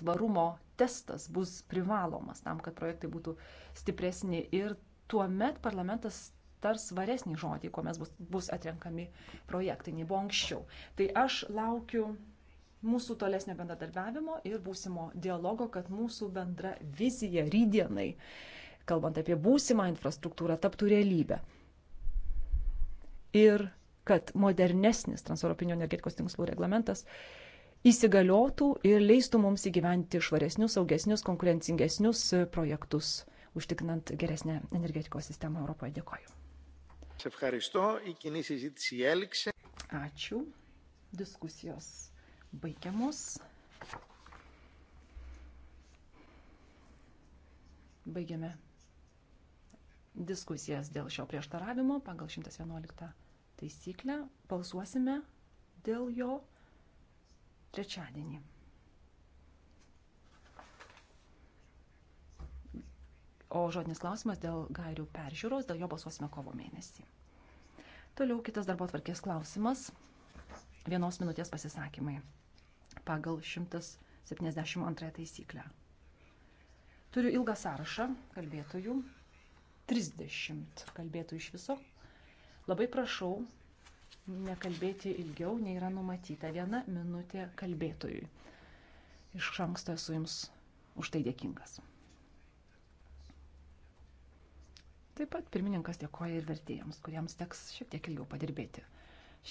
Tvarumo testas bus privalomas tam, kad projektai būtų stipresni ir tuomet parlamentas tar svaresnį žodį, kuomet bus, bus atrenkami projektai, nei buvo anksčiau. Tai aš laukiu mūsų tolesnio bendradarbiavimo ir būsimo dialogo, kad mūsų bendra vizija rydienai, kalbant apie būsimą infrastruktūrą, taptų realybę. Ir kad modernesnis transeuropinio energetikos tinklų reglamentas įsigaliotų ir leistų mums įgyventi švaresnius, saugesnius, konkurencingesnius projektus, užtikrinant geresnę energetikos sistemą Europoje. Dėkoju. Ačiū. Diskusijos baigiamos. Baigiame diskusijas dėl šio prieštaravimo pagal 111 taisyklę. Balsuosime dėl jo trečiadienį. O žodinis klausimas dėl gairių peržiūros, dėl jo balsuosime kovo mėnesį. Toliau kitas darbo tvarkės klausimas. Vienos minutės pasisakymai pagal 172 taisyklę. Turiu ilgą sąrašą kalbėtojų, 30 kalbėtojų iš viso. Labai prašau nekalbėti ilgiau, nei yra numatyta viena minutė kalbėtojui. Iš anksto esu jums už tai dėkingas. Taip pat pirmininkas dėkoja ir vertėjams, kuriems teks šiek tiek ilgiau padirbėti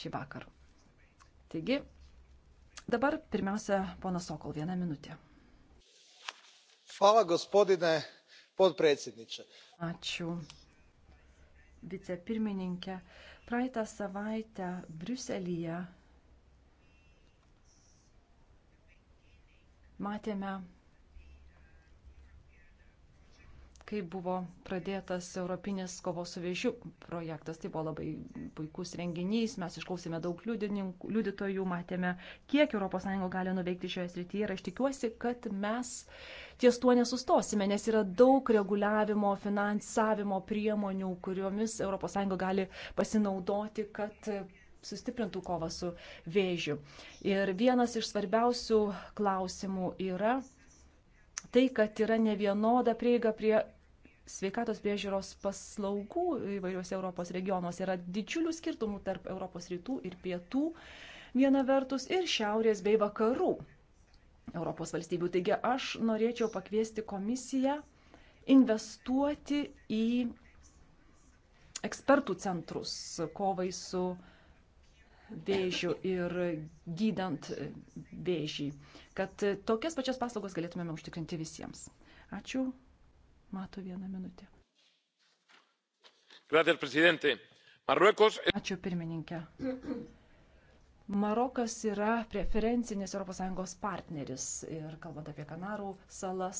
šį vakar. Taigi, Dabar pirmiausia, ponas Sokol, vieną minutę. Hvala, gospodine podpredsedniče. Ačiū. Vicepirmininkė, praeitą savaitę Briuselyje matėme kai buvo pradėtas Europinės kovos su vėžiu projektas. Tai buvo labai puikus renginys, mes išklausėme daug liudytojų, matėme, kiek ES gali nuveikti šioje srityje ir aš tikiuosi, kad mes ties tuo nesustosime, nes yra daug reguliavimo, finansavimo priemonių, kuriomis ES gali pasinaudoti, kad sustiprintų kovą su vėžiu. Ir vienas iš svarbiausių klausimų yra tai, kad yra nevienoda prieiga prie sveikatos priežiūros paslaugų įvairiuose Europos regionuose yra didžiulių skirtumų tarp Europos rytų ir pietų viena vertus ir šiaurės bei vakarų Europos valstybių. Taigi aš norėčiau pakviesti komisiją investuoti į ekspertų centrus kovai su vėžiu ir gydant vėžį, kad tokias pačias paslaugas galėtumėme užtikrinti visiems. Ačiū. Mato vieną minutę. Gracias, presidente. Marruecos. Ačiū pirmininkė. Marokas yra preferencinis ES partneris ir kalbant apie Kanarų salas,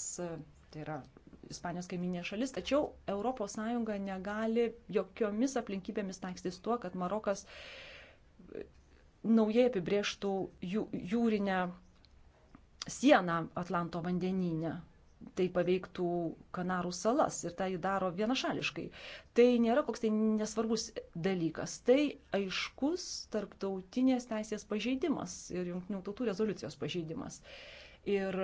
tai yra Ispanijos kaiminė šalis, tačiau ES negali jokiomis aplinkybėmis taikstytis tuo, kad Marokas naujai apibrieštų jūrinę sieną Atlanto vandenyne tai paveiktų Kanarų salas ir tą tai jį daro vienašališkai. Tai nėra koks tai nesvarbus dalykas. Tai aiškus tarptautinės teisės pažeidimas ir jungtinių tautų rezoliucijos pažeidimas. Ir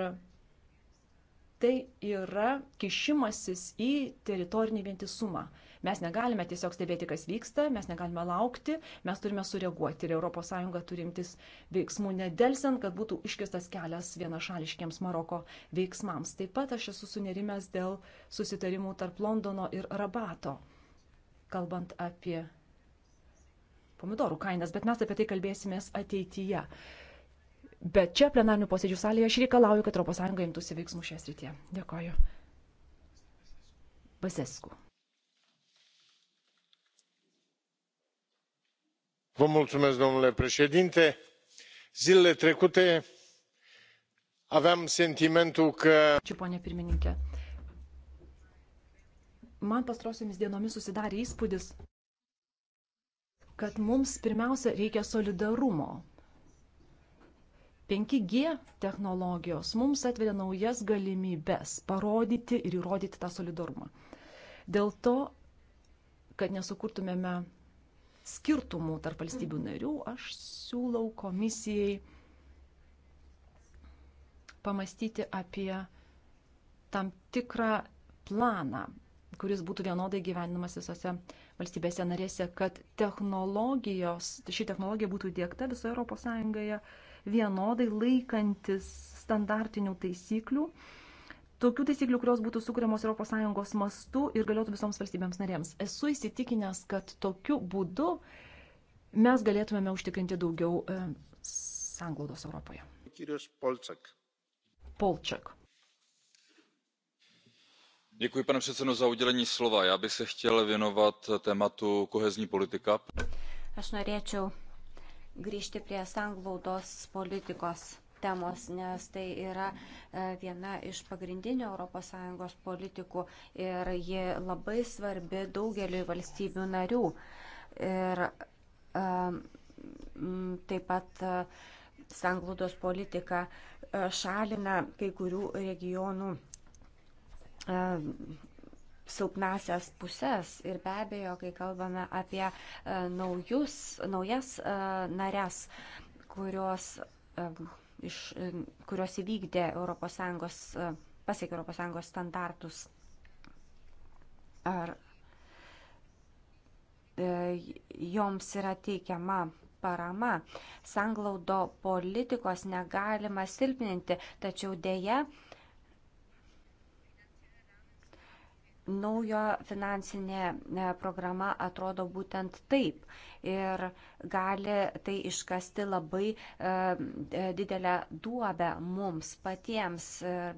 tai yra kišimasis į teritorinį vientisumą. Mes negalime tiesiog stebėti, kas vyksta, mes negalime laukti, mes turime sureaguoti ir ES turi imtis veiksmų nedelsiant, kad būtų iškistas kelias vienašališkiams Maroko veiksmams. Taip pat aš esu sunerimęs dėl susitarimų tarp Londono ir Rabato, kalbant apie pomidorų kainas, bet mes apie tai kalbėsimės ateityje. Bet čia plenarnių posėdžių salėje aš reikalauju, kad ES imtųsi veiksmų šią srityje. Dėkoju. Basesku. domnule președinte zilele trecute aveam sentimentul că. ačiū pone pirmininke man pastarosiomis dienomis susidarė įspūdis kad mums pirmiausia reikia solidarumo. 5G technologijos mums atveria naujas galimybes parodyti ir įrodyti tą solidarumą. Dėl to, kad nesukurtumėme skirtumų tarp valstybių narių, aš siūlau komisijai pamastyti apie tam tikrą planą, kuris būtų vienodai gyvenimas visose valstybėse narėse, kad technologijos, ši technologija būtų dėkta visoje ES vienodai laikantis standartinių taisyklių, tokių taisyklių, kurios būtų sukūriamos ES mastu ir galėtų visoms valstybėms narėms. Esu įsitikinęs, kad tokiu būdu mes galėtumėme užtikrinti daugiau e, sanglaudos Europoje. Polčak. Polčak. Děkuji, pane předsedo, za udělení slova. Já bych se chtěl věnovat tématu kohezní politika. Aš norėčiau grįžti prie sanglaudos politikos temos, nes tai yra e, viena iš pagrindinių ES politikų ir ji labai svarbi daugeliu valstybių narių. Ir e, taip pat e, sanglūdos politika šalina kai kurių regionų silpnasias puses ir be abejo, kai kalbame apie naujus, naujas nares, kurios iš, e, kurios įvykdė ES, e, pasiekė ES standartus. Ar e, joms yra teikiama parama. Sanglaudo politikos negalima silpninti, tačiau dėja, naujo finansinė e, programa atrodo būtent taip ir gali tai iškasti labai e, e, didelę duobę mums patiems.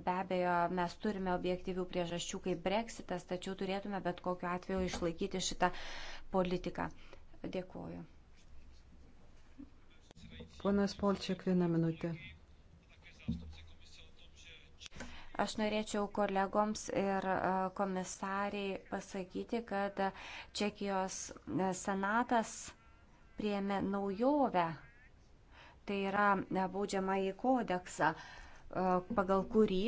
Be abejo, mes turime objektyvių priežasčių kaip breksitas, tačiau turėtume bet kokiu atveju išlaikyti šitą politiką. Dėkuoju. Ponas Polčiak, vieną minutę. Aš norėčiau kolegoms ir e, komisariai pasakyti, kad Čekijos e, senatas priėmė naujovę, tai yra e, baudžiamą į kodeksą, pagal kurį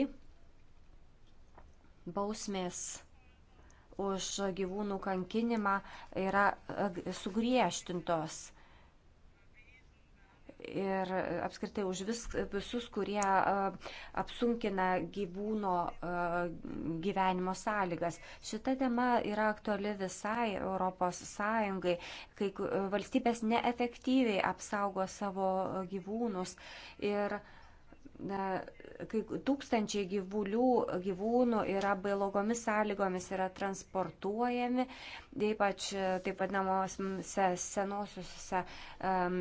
bausmės už gyvūnų kankinimą yra sugriežtintos ir e, apskritai už vis, visus, kurie e, apsunkina gyvūno e, gyvenimo sąlygas. Šita tema yra aktuali visai ES, kai valstybės neefektyviai apsaugo savo gyvūnus. Ir na, kai tūkstančiai gyvulių, gyvūnų yra bailogomis sąlygomis, yra transportuojami, ypač e, taip vadinamosiose senosiuose um,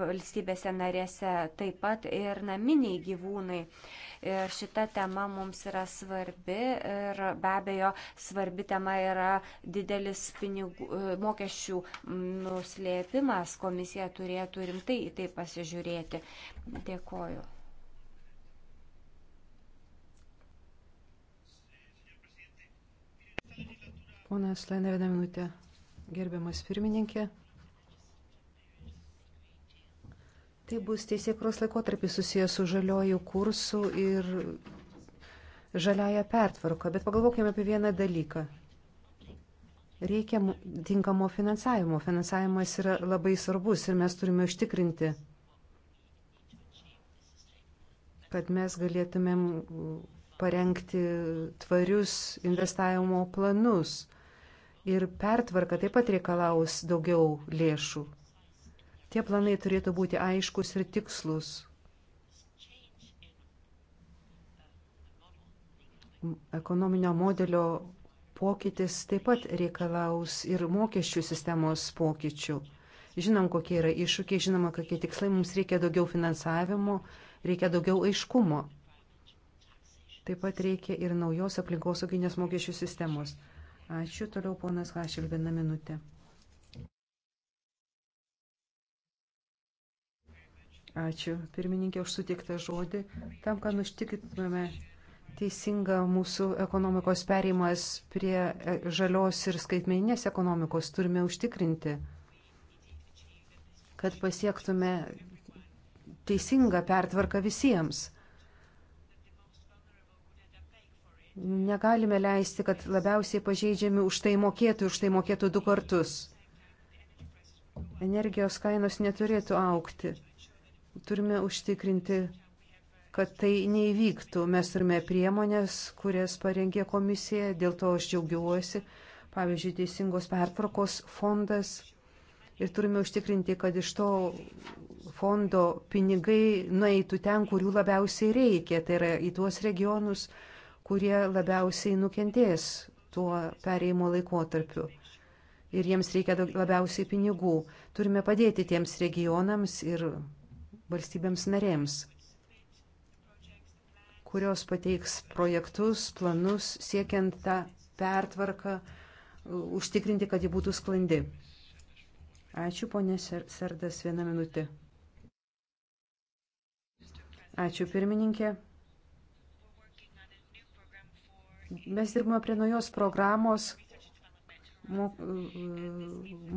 valstybėse narėse taip pat ir naminiai gyvūnai. Ir šita tema mums yra svarbi ir be abejo svarbi tema yra didelis pinigų, e, mokesčių nuslėpimas. Komisija turėtų rimtai į tai pasižiūrėti. Dėkoju. Ponas Lenė, vieną minutę. Gerbiamas pirmininkė. Tai bus teisėkros laikotarpis susijęs su žaliojų kursų ir žaliaja pertvarka. Bet pagalvokime apie vieną dalyką. Reikia tinkamo finansavimo. Finansavimas yra labai svarbus ir mes turime užtikrinti, kad mes galėtumėm parengti tvarius investavimo planus ir pertvarka taip pat reikalaus daugiau lėšų. Tie planai turėtų būti aiškus ir tikslus. Ekonominio modelio pokytis taip pat reikalaus ir mokesčių sistemos pokyčių. Žinom, kokie yra iššūkiai, žinoma, kokie tikslai, mums reikia daugiau finansavimo, reikia daugiau aiškumo. Taip pat reikia ir naujos aplinkosauginės mokesčių sistemos. Ačiū. Toliau ponas Hašel vieną minutę. Ačiū pirmininkė už sutiktą žodį. Tam, kad užtikrintume teisingą mūsų ekonomikos perėjimas prie e, žalios ir skaitmeninės ekonomikos, turime užtikrinti, kad pasiektume teisingą pertvarką visiems. Negalime leisti, kad labiausiai pažeidžiami už tai mokėtų, už tai mokėtų du kartus. Energijos kainos neturėtų aukti. Turime užtikrinti, kad tai neįvyktų. Mes turime priemonės, kurias parengė komisija, dėl to aš džiaugiuosi. Pavyzdžiui, Teisingos pertvarkos fondas. Ir turime užtikrinti, kad iš to fondo pinigai nueitų ten, kurių labiausiai reikia. Tai yra į tuos regionus, kurie labiausiai nukentės tuo pereimo laikotarpiu. Ir jiems reikia labiausiai pinigų. Turime padėti tiems regionams ir valstybėms narėms, kurios pateiks projektus, planus, siekiant tą pertvarką, užtikrinti, kad ji būtų sklandi. Ačiū, ponė Serdas, vieną minutę. Ačiū, pirmininkė. Mes dirbame prie naujos programos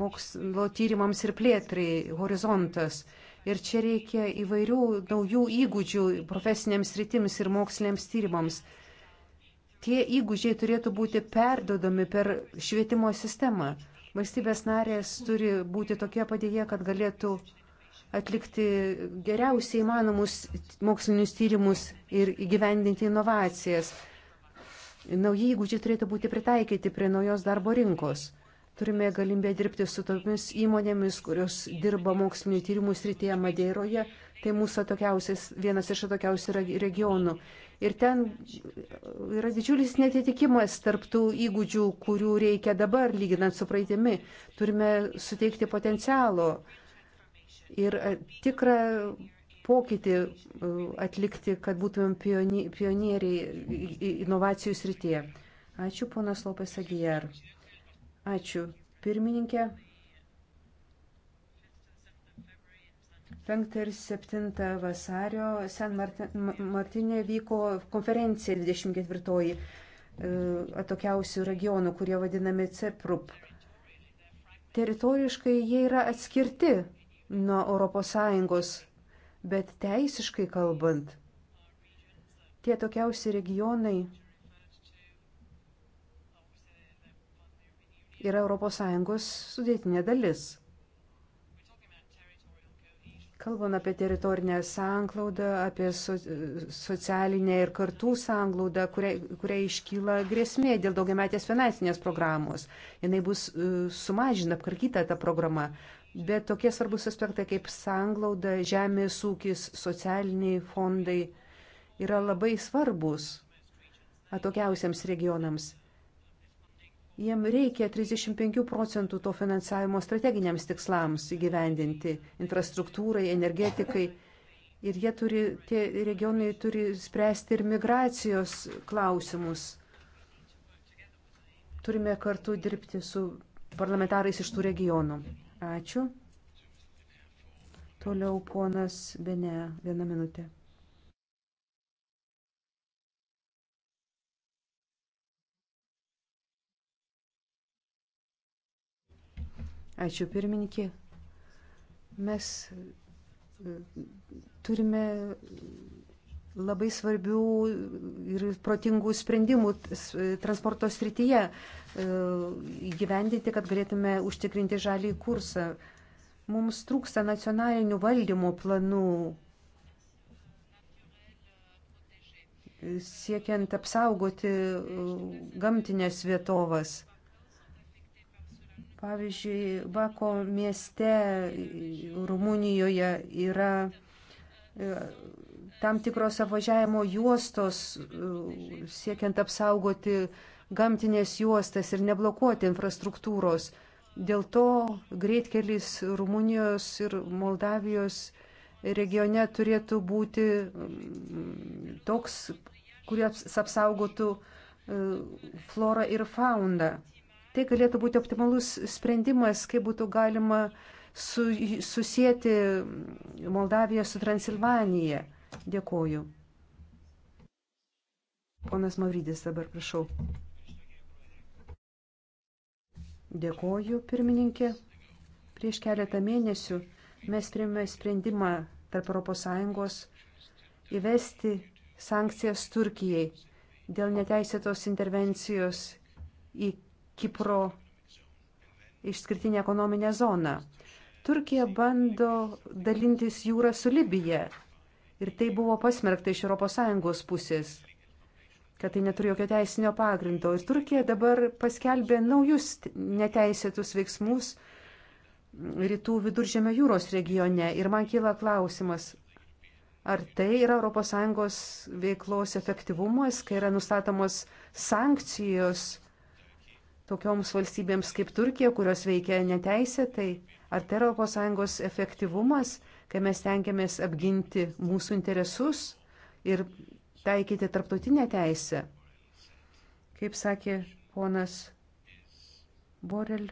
mokslo tyrimams ir plėtrai, horizontas. Ir čia reikia įvairių naujų įgūdžių profesinėms rytims ir moksliniams tyrimams. Tie įgūdžiai turėtų būti perdodami per švietimo sistemą. Valstybės narės turi būti tokie padėję, kad galėtų atlikti geriausiai įmanomus mokslinius tyrimus ir įgyvendinti inovacijas. Nauji įgūdžiai turėtų būti pritaikyti prie naujos darbo rinkos. Turime galimybę dirbti su tomis įmonėmis, kurios dirba mokslinio tyrimų srityje Madeiroje. Tai mūsų atokiausias, vienas iš atokiausių regionų. Ir ten yra didžiulis netitikimas tarptų įgūdžių, kurių reikia dabar, lyginant su praeitimi. Turime suteikti potencialo ir e, tikrą pokytį e, atlikti, kad būtumėm pionieriai inovacijų srityje. Ačiū, ponas Lopes Agijar. Ačiū, pirmininkė. 5 ir 7 vasario Sen Martinė vyko konferencija 24 e, atokiausių regionų, kurie vadinami CEPRUP. Teritoriškai jie yra atskirti nuo ES bet teisiškai kalbant, tie tokiausi regionai yra ES sudėtinė dalis. Kalbant apie teritorinę sąnglaudą, apie so, socialinę ir kartų sąnglaudą, kuriai, kuriai iškyla grėsmė dėl daugiametės finansinės programos. Jis bus e, sumažinta, apkarkyta ta programa bet tokie svarbus aspektai kaip sanglauda, žemės ūkis, socialiniai fondai yra labai svarbus atokiausiams regionams. Jiem reikia 35 procentų to finansavimo strateginiams tikslams įgyvendinti - infrastruktūrai, energetikai. Ir jie turi, tie regionai turi spręsti ir migracijos klausimus. Turime kartu dirbti su parlamentarais iš tų regionų. Ačiū. Toliau ponas Bene, vieną minutę. Ačiū pirmininkė. Mes e, turime labai svarbių ir protingų sprendimų transporto srityje e, įgyvendinti, kad galėtume užtikrinti žalį kursą. Mums trūksta nacionalinių valdymo planų siekiant apsaugoti e, gamtinės vietovas. Pavyzdžiui, Bako mieste Rumunijoje yra e, tam tikros apvažiavimo juostos, e, siekiant apsaugoti gamtinės juostas ir neblokuoti infrastruktūros. Dėl to greitkelis Rumunijos ir Moldavijos regione turėtų būti mm, toks, kuris apsaugotų e, florą ir fauną. Tai galėtų būti optimalus sprendimas, kaip būtų galima su, susijęti Moldaviją su Transilvanija. Dėkoju. Ponas Mavrydis dabar, prašau. Dėkoju, pirmininkė. Prieš keletą mėnesių mes priėmėme sprendimą tarp ES įvesti sankcijas Turkijai dėl neteisėtos intervencijos į Kipro išskirtinę ekonominę zoną. Turkija bando dalintis jūrą su Libija Ir tai buvo pasmerkta iš ES pusės, kad tai neturi jokio teisinio pagrindo. Ir Turkija dabar paskelbė naujus neteisėtus veiksmus rytų viduržėmio jūros regione. Ir man kyla klausimas, ar tai yra ES veiklos efektyvumas, kai yra nustatomos sankcijos tokioms valstybėms kaip Turkija, kurios veikia neteisėtai, ar tai yra ES efektyvumas kai mes tenkiamės apginti mūsų interesus ir taikyti tarptautinę teisę. Kaip sakė ponas Borel,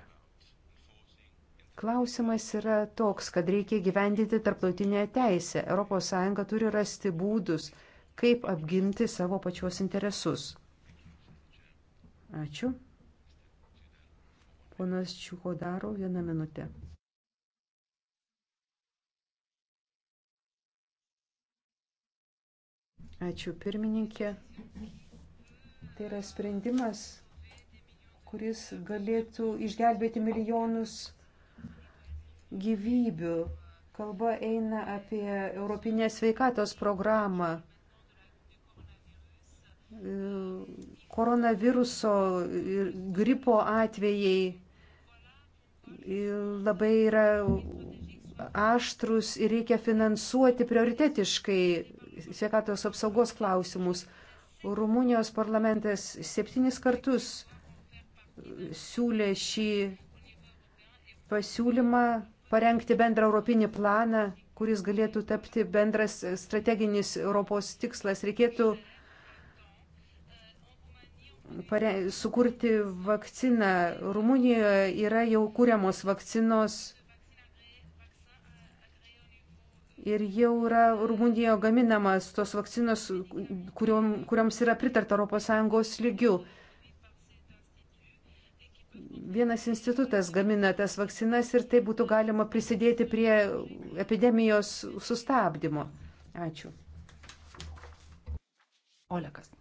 klausimas yra toks, kad reikia gyvendyti tarptautinę teisę. ES turi rasti būdus, kaip apginti savo pačios interesus. Ačiū. Ponas Čiuko daro vieną minutę. Ačiū pirmininkė. Tai yra sprendimas, kuris galėtų išgelbėti milijonus gyvybių. Kalba eina apie Europinę sveikatos programą. Koronaviruso ir gripo atvejai labai yra aštrus ir reikia finansuoti prioritetiškai sveikatos apsaugos klausimus. Rumunijos parlamentas septynis kartus siūlė šį pasiūlymą parengti bendrą europinį planą, kuris galėtų tapti bendras strateginis Europos tikslas. Reikėtų pare... sukurti vakciną. Rumunijoje yra jau kūriamos vakcinos ir jau yra Rumunijoje gaminamas tos vakcinos, kuriom, kurioms yra pritarta ES lygių. Vienas institutas gamina tas vakcinas ir tai būtų galima prisidėti prie epidemijos sustabdymo. Ačiū. Olekas.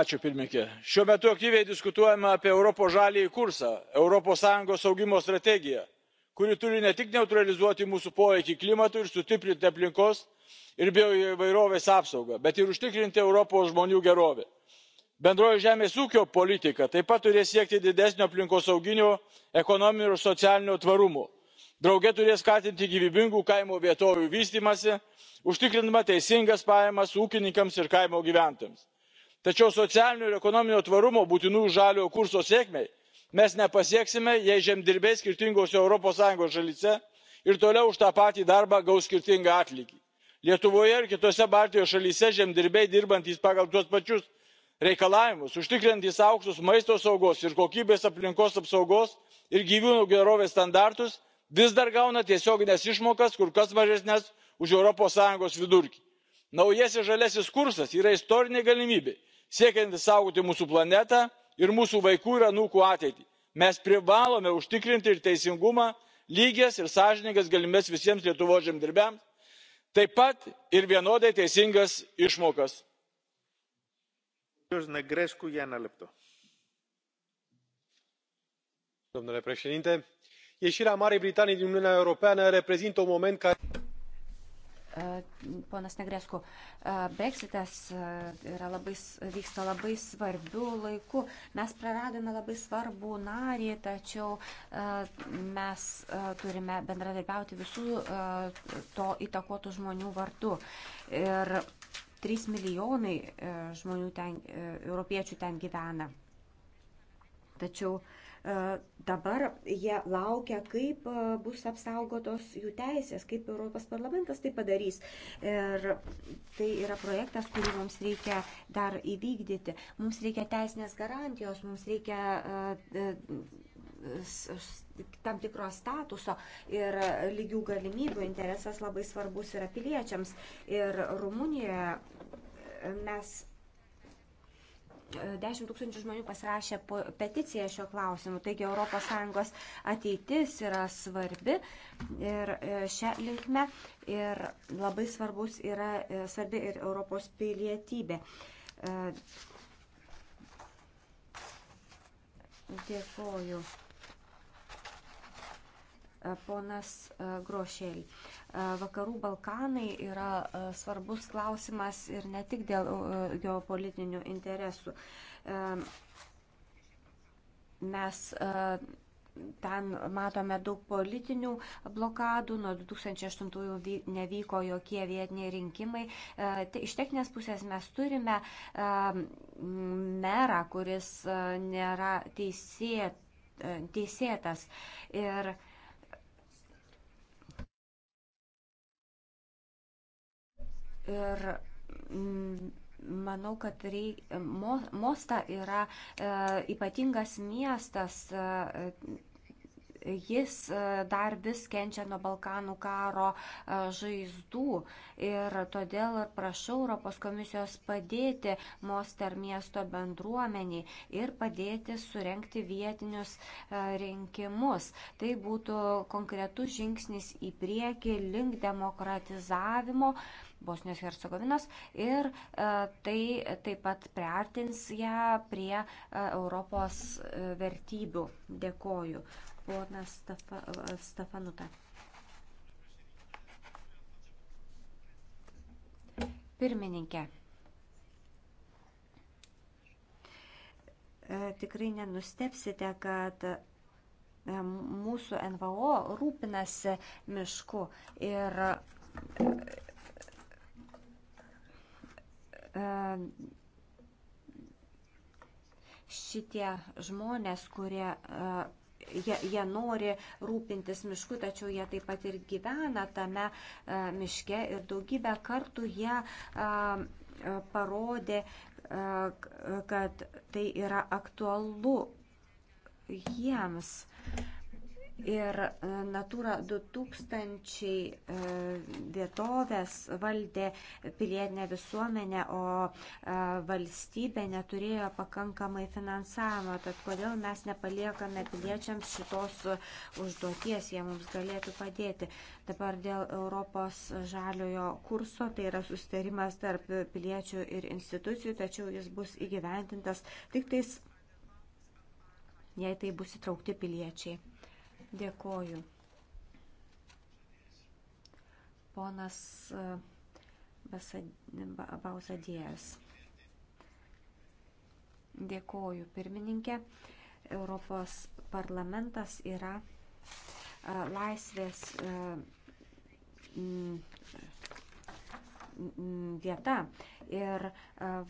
Ačiū pirmininkė. Šiuo metu aktyviai diskutuojama apie Europos žalį kursą, Europos Sąjungos augimo strategiją kuri turi ne tik neutralizuoti mūsų poveikį klimatui ir sustiprinti aplinkos ir bioįvairovės apsaugą bet ir užtikrinti europos žmonių gerovę. bendroji žemės ūkio politika taip pat turės siekti didesnio aplinkosauginio ekonominio ir socialinio tvarumo drauge turės skatinti gyvybingų kaimo vietovių vystymąsi užtikrindama teisingas pajamas ūkininkams ir kaimo gyventojams. tačiau socialinio ir ekonominio tvarumo būtinų žaliojo kurso sėkmei mes nepasieksime jei žemdirbiai skirtingose europos sąjungos šalyse ir toliau už tą patį darbą gaus skirtingą atlygį. lietuvoje ir kitose baltijos šalyse žemdirbiai dirbantys pagal tuos pačius reikalavimus užtikrinantys aukštus maisto saugos ir kokybės aplinkos apsaugos ir gyvūnų gerovės standartus vis dar gauna tiesiogines išmokas kur kas mažesnes už europos sąjungos vidurkį. naujasis žaliasis kursas yra istorinė galimybė siekiant išsaugoti mūsų planetą ir mūsų vaikų ir anūkų ateitį. mes privalome užtikrinti ir teisingumą lygias ir sąžiningas galimybes visiems lietuvos žemdirbiams taip pat ir vienodai teisingas išmokas. domnule președinte ieșirea marii britanii din uniunea europeană reprezintă un moment care. Ponas Negresku, Brexitas yra labai, vyksta labai svarbių laikų. Mes praradome labai svarbų narį, tačiau mes turime bendradarbiauti visų to įtakotų žmonių vardu. Ir 3 milijonai e, žmonių ten, e, europiečių ten gyvena. Tačiau uh, E, dabar jie laukia, kaip e, bus apsaugotos jų teisės, kaip Europos parlamentas tai padarys. Ir tai yra projektas, kurį mums reikia dar įvykdyti. Mums reikia teisinės garantijos, mums reikia e, tam tikro statuso ir lygių galimybių interesas labai svarbus yra piliečiams. Ir Rumunijoje mes 10 tūkstančių žmonių pasirašė peticiją šio klausimu, taigi ES ateitis yra svarbi ir e, šią linkme ir labai svarbus yra, e, svarbi ir Europos pilietybė. E, Dėkuoju. E, ponas e, Grošėlį. E, Vakarų Balkanai yra svarbus klausimas ir ne tik dėl geopolitinių interesų. Mes ten matome daug politinių blokadų, nuo 2008 nevyko jokie vietiniai rinkimai. Tai iš techninės pusės mes turime merą, kuris nėra teisėtas. Ir Ir mm, manau, kad reik, Mo, Mosta yra e, ypatingas miestas. E, e Jis e, dar vis kenčia nuo Balkanų karo e, žaizdų ir todėl ir prašau Europos komisijos padėti Moster miesto bendruomeniai ir padėti surenkti vietinius rinkimus. Tai būtų konkretus žingsnis į priekį link demokratizavimo. E, Bosnijos Hercegovinos ir e, tai taip pat priartins ją prie e, Europos e, vertybių. Dėkoju. Ponas Stafa, Stafanuta. Pirmininkė. Tikrai nenustepsite, kad mūsų NVO rūpinasi mišku ir E, šitie žmonės, kurie e, jie, jie nori rūpintis mišku, tačiau jie taip pat ir gyvena tame e, miške ir daugybę kartų jie parodė, kad tai yra aktualu jiems. Ir e, Natura 2000 e, vietovės valdė pilietinė visuomenė, o e, valstybė neturėjo pakankamai finansavimo. Tad kodėl mes nepaliekame piliečiams šitos užduoties, jie mums galėtų padėti. Dabar dėl Europos žaliojo kurso, tai yra sustarimas tarp piliečių ir institucijų, tačiau jis bus įgyventintas tik tais, jei tai bus įtraukti piliečiai. Dėkoju. Ponas e, Bausadėjas. Dėkoju, pirmininkė. Europos parlamentas yra e, laisvės e, vieta. Ir e,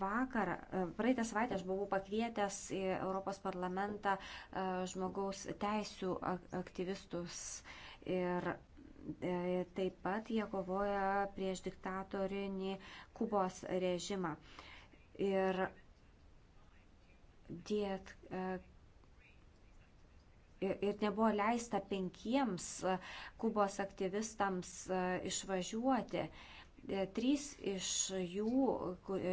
vakar, e, praeitą savaitę aš buvau pakvietęs į Europos parlamentą e, žmogaus teisų aktyvistus. Ir taip pat jie kovoja prieš diktatorinį Kubos režimą. Ir dėt, ir nebuvo leista penkiems Kubos aktyvistams išvažiuoti. E, trys iš jų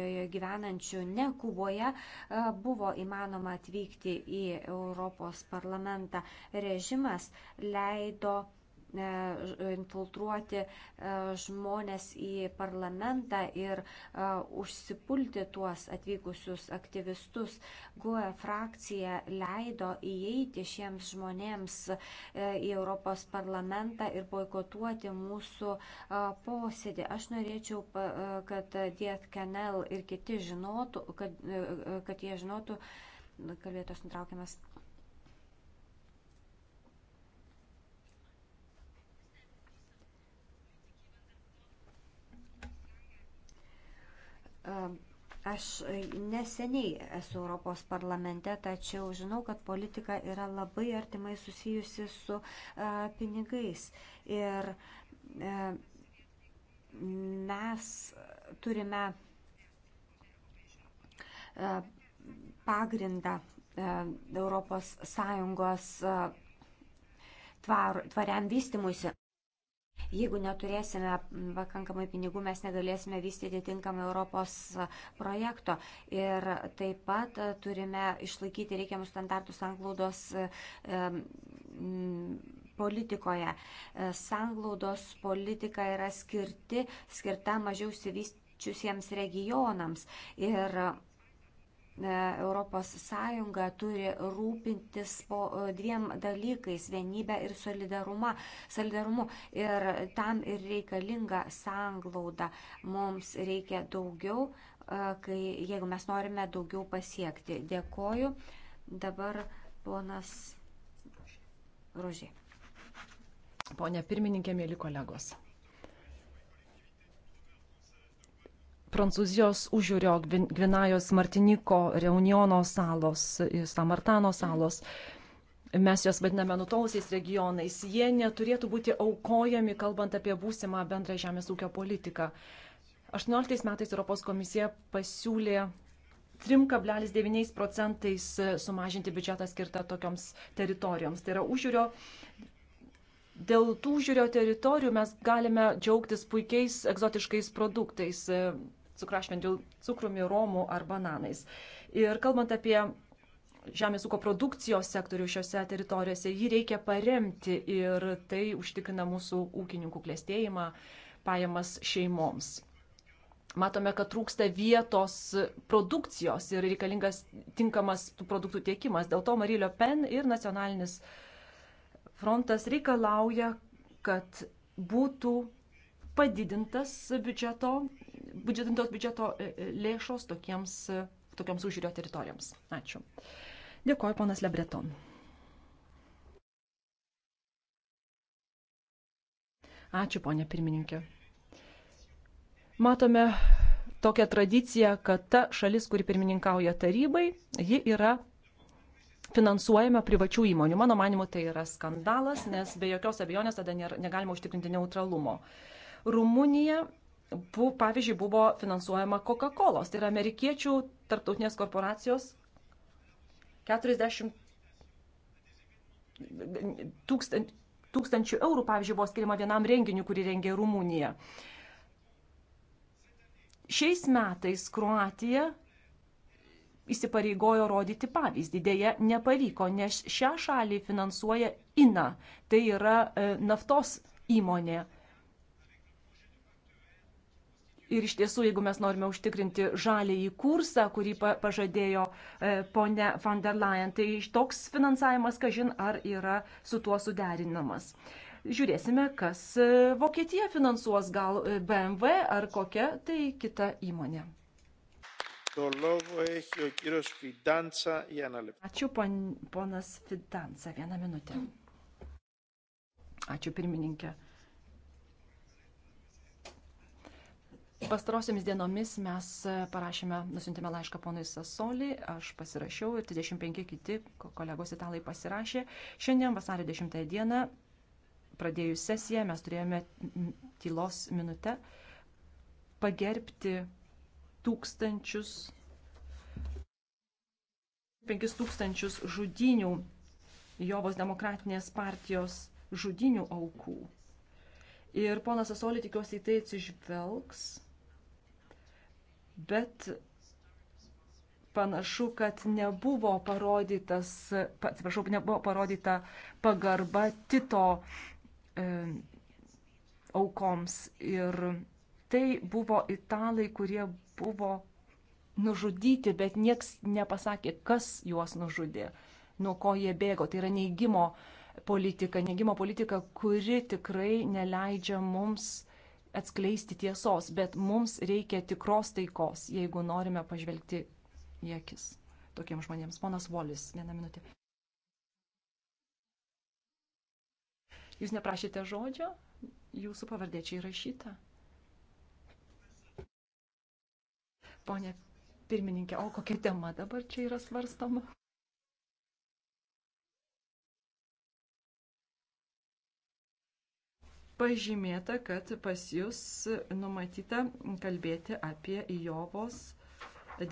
e, gyvenančių ne Kuboje e, buvo įmanoma atvykti į Europos parlamentą. Režimas leido infiltruoti e, žmonės į parlamentą ir e, užsipulti tuos atvykusius aktyvistus. GUE frakcija leido įeiti šiems žmonėms e, į Europos parlamentą ir boikotuoti mūsų posėdį. Aš norėčiau, kad Diet Kenel ir kiti žinotų, kad, kad jie žinotų, kalbėtos nutraukiamas. Aš neseniai esu Europos parlamente, tačiau žinau, kad politika yra labai artimai susijusi su a, e, pinigais. Ir a, e, mes turime a, e, pagrindą a, Europos Sąjungos a, tvar, tvariam vystimuisi. Jeigu neturėsime pakankamai pinigų, mes negalėsime vystyti tinkamą Europos projekto. Ir taip pat e, turime išlaikyti reikiamus standartus anglaudos e, politikoje. E, sanglaudos politika yra skirti, skirta mažiau įsivystyti regionams ir ES turi rūpintis po e, dviem dalykais - vienybę ir solidarumą, solidarumu. Ir tam ir reikalinga sanglauda. Mums reikia daugiau, e, kai, jeigu mes norime daugiau pasiekti. Dėkoju. Dabar ponas Rožė. Pone pirmininkė, mėly kolegos. Prancūzijos užjūrio Gvinajos Martiniko Reuniono salos, Samartano salos. Mes juos vadiname nutolusiais regionais. Jie neturėtų būti aukojami, kalbant apie būsimą bendrą žemės ūkio politiką. 18 metais Europos komisija pasiūlė 3,9 procentais sumažinti biudžetą skirtą tokioms teritorijoms. Tai yra užjūrio dėl tų žiūrio teritorijų mes galime džiaugtis puikiais egzotiškais produktais cukrašvendžių cukrumi, romų ar bananais. Ir kalbant apie žemės ūkio produkcijos sektorių šiuose teritorijose, jį reikia paremti ir tai užtikrina mūsų ūkininkų klėstėjimą, pajamas šeimoms. Matome, kad trūksta vietos produkcijos ir reikalingas tinkamas tų produktų tiekimas. Dėl to Marilio Pen ir nacionalinis frontas reikalauja, kad būtų padidintas biudžeto budžetintos biudžeto e, e, lėšos tokiems, e, tokioms užžiūrio teritorijoms. Ačiū. Dėkuoju, ponas Lebreton. Ačiū, ponė pirmininkė. Matome tokią tradiciją, kad ta šalis, kuri pirmininkauja tarybai, ji yra finansuojama privačių įmonių. Mano manimu, tai yra skandalas, nes be jokios abejonės tada negalima užtikrinti neutralumo. Rumunija bu, pavyzdžiui, buvo finansuojama Coca-Cola. Tai yra amerikiečių tarptautinės korporacijos 40 tūkstant, tūkstančių eurų, pavyzdžiui, buvo skiriama vienam renginiui, kurį rengė Rumunija. Šiais metais Kroatija įsipareigojo rodyti pavyzdį. Deja, nepavyko, nes šią šalį finansuoja INA, tai yra e, naftos įmonė Ir iš tiesų, jeigu mes norime užtikrinti žalėjį kursą, kurį pažadėjo e, ponia van der Leyen, tai toks finansavimas, kažin, ar yra su tuo suderinamas. Žiūrėsime, kas e, Vokietija finansuos, gal e, BMW ar kokia tai kita įmonė. Ačiū, ponas Fidansa, vieną minutę. Ačiū, pirmininkė. Pastarosiamis dienomis mes e, parašėme, nusintėme laišką ponui Sasoli, aš pasirašiau ir 35 kiti kolegos italai pasirašė. Šiandien vasario 10 dieną pradėjus sesiją mes turėjome tylos minutę pagerbti tūkstančius, 5 tūkstančius žudinių Jovos demokratinės partijos žudinių aukų. Ir ponas Asoli tikiuosi į tai atsižvelgs bet panašu, kad nebuvo parodytas, atsiprašau, nebuvo parodyta pagarba Tito e, aukoms. Ir tai buvo italai, kurie buvo nužudyti, bet nieks nepasakė, kas juos nužudė, nuo ko jie bėgo. Tai yra neigimo politika, neigimo politika, kuri tikrai neleidžia mums atskleisti tiesos, bet mums reikia tikros taikos, jeigu norime pažvelgti į akis tokiems žmonėms. Ponas Volis, vieną minutę. Jūs neprašėte žodžio, jūsų pavardė čia įrašyta. Pone pirmininkė, o kokia tema dabar čia yra svarstama? pažymėta, kad pas jūs numatyta kalbėti apie Jovos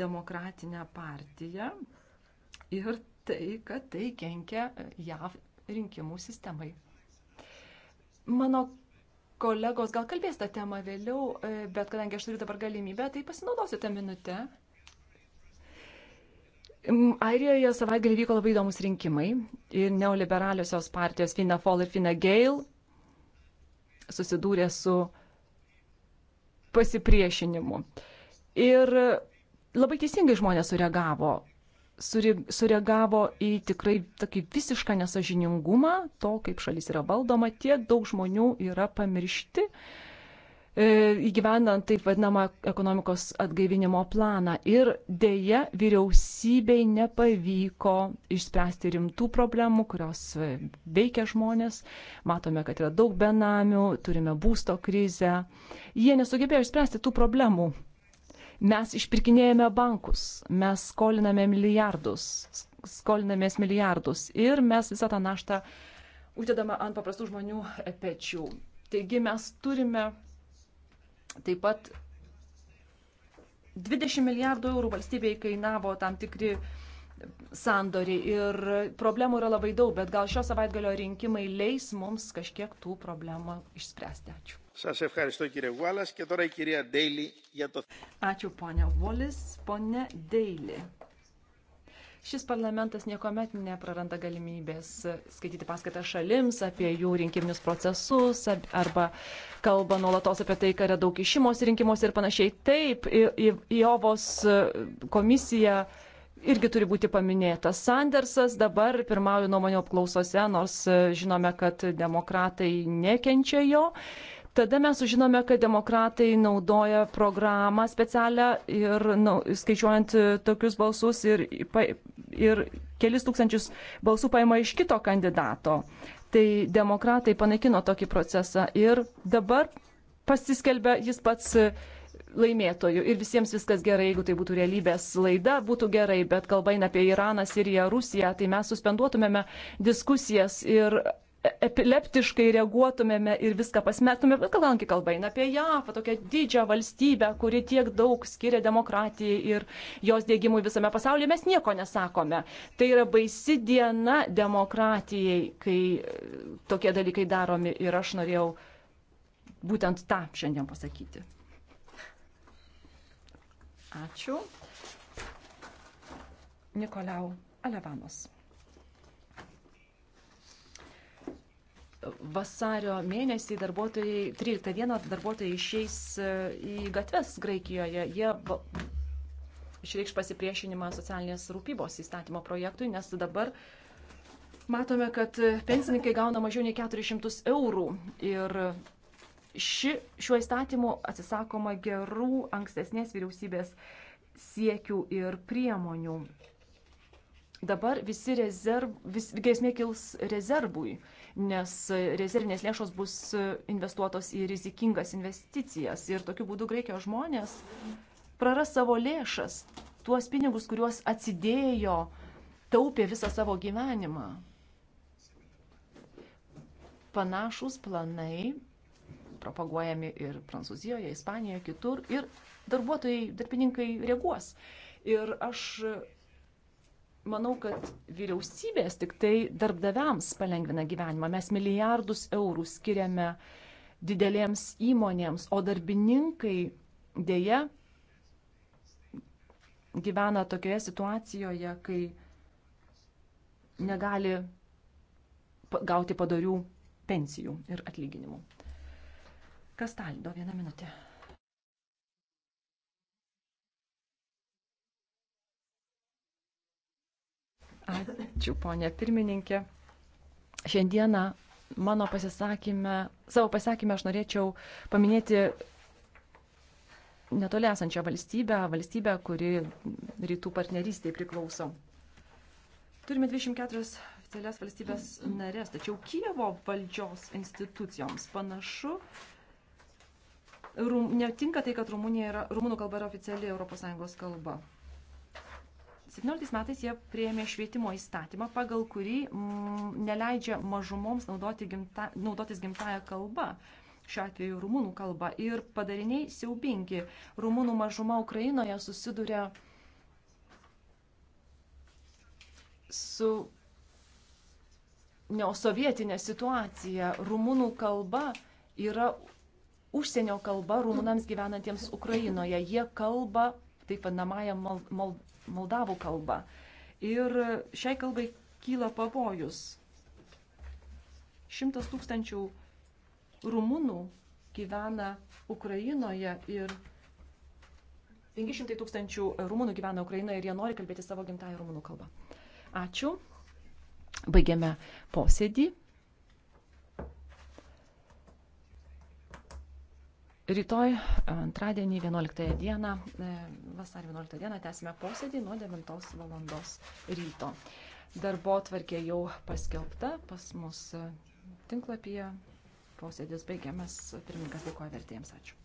demokratinę partiją ir tai, kad tai kenkia JAV rinkimų sistemai. Mano kolegos gal kalbės tą temą vėliau, e, bet kadangi aš turiu dabar galimybę, tai pasinaudosiu tą minutę. Airijoje savaitgalį vyko labai įdomus rinkimai ir neoliberaliosios partijos Fina Fall ir Fina Gale susidūrė su pasipriešinimu. Ir labai teisingai žmonės sureagavo. Sureagavo į tikrai tokį visišką nesažiningumą to, kaip šalis yra valdoma, tiek daug žmonių yra pamiršti. Uh, E, įgyvendant taip vadinamą ekonomikos atgaivinimo planą. Ir dėja, vyriausybei nepavyko išspręsti rimtų problemų, kurios e, veikia žmonės. Matome, kad yra daug benamių, turime būsto krizę. Jie nesugebėjo išspręsti tų problemų. Mes išpirkinėjame bankus, mes skoliname milijardus, skolinamės milijardus ir mes visą tą naštą uždedame ant paprastų žmonių e, pečių. Taigi mes turime Taip pat 20 milijardų eurų valstybei kainavo tam tikri sandoriai ir problemų yra labai daug, bet gal šio savaitgalio rinkimai leis mums kažkiek tų problemų išspręsti. Ačiū. Ačiū, ponia Volis, ponia Deili. Šis parlamentas niekuomet nepraranda galimybės skaityti paskaitą šalims apie jų rinkiminius procesus arba kalba nuolatos apie tai, kad yra daug išimos rinkimuose ir panašiai. Taip, Jovos komisija irgi turi būti paminėtas. Sandersas dabar pirmauja nuomonio apklausose, nors žinome, kad demokratai nekenčia jo. Tada mes sužinome, kad demokratai naudoja programą specialią ir na, skaičiuojant e, tokius balsus ir, ir kelis tūkstančius balsų paima iš kito kandidato. Tai demokratai panaikino tokį procesą ir dabar pasiskelbė jis pats e, laimėtojų ir visiems viskas gerai, jeigu tai būtų realybės laida, būtų gerai, bet kalba eina apie Iraną, Siriją, Rusiją, tai mes suspenduotumėme diskusijas ir epileptiškai reaguotumėme ir viską pasmetumėme, bet kadangi kalba eina apie JAV, tokią didžią valstybę, kuri tiek daug skiria demokratijai ir jos dėgymui visame pasaulyje, mes nieko nesakome. Tai yra baisi diena demokratijai, kai e, tokie dalykai daromi ir aš norėjau būtent tą šiandien pasakyti. Ačiū. Nikolau Alevanos. vasario mėnesį darbuotojai, 13 dieną darbuotojai išeis e, į gatves Graikijoje. Jie išreikš pasipriešinimą socialinės rūpybos įstatymo projektui, nes dabar matome, kad pensininkai gauna mažiau nei 400 eurų. Ir ši, šiuo įstatymu atsisakoma gerų ankstesnės vyriausybės siekių ir priemonių. Dabar visi rezerv, vis, grėsmė kils rezervui nes rezervinės lėšos bus investuotos į rizikingas investicijas ir tokiu būdu Graikijos žmonės praras savo lėšas, tuos pinigus, kuriuos atsidėjo, taupė visą savo gyvenimą. Panašus planai propaguojami ir Prancūzijoje, Ispanijoje, kitur ir darbuotojai, darbininkai reaguos. Ir aš manau, kad vyriausybės tik tai darbdaviams palengvina gyvenimą. Mes milijardus eurų skiriame didelėms įmonėms, o darbininkai dėja gyvena tokioje situacijoje, kai negali gauti padarių pensijų ir atlyginimų. Kastaldo, vieną minutę. Ačiū, ponė pirmininkė. Šiandieną mano pasisakymę, savo pasisakymę aš norėčiau paminėti netoli esančią valstybę, valstybę, kuri rytų partnerystėje priklauso. Turime 24 oficialias valstybės narės, tačiau Kievo valdžios institucijoms panašu, rum, netinka tai, kad Rumunija yra, rumunų kalba yra oficiali ES kalba. 17 metais jie prieėmė švietimo įstatymą, pagal kurį m, mm, neleidžia mažumoms naudoti gimta, naudotis gimtają kalbą, šiuo atveju rumūnų kalbą. Ir padariniai siaubingi. Rumūnų mažuma Ukrainoje susiduria su neosovietinė situacija. Rumūnų kalba yra užsienio kalba rumūnams gyvenantiems Ukrainoje. Jie kalba taip vadinamąją mal, mal, moldavų kalbą. Ir šiai kalbai kyla pavojus. Šimtas tūkstančių rumunų gyvena Ukrainoje ir 500 tūkstančių rumunų gyvena Ukrainoje ir jie nori kalbėti savo gimtąją rumunų kalbą. Ačiū. Baigiame posėdį. Rytoj, antradienį, 11 dieną, e, vasario 11 dieną, tęsime posėdį nuo 9 val. ryto. Darbo tvarkė jau paskelbta pas mus e, tinklapyje. Posėdis baigiamas. Pirmininkas dėkoja vertėjams. Ačiū.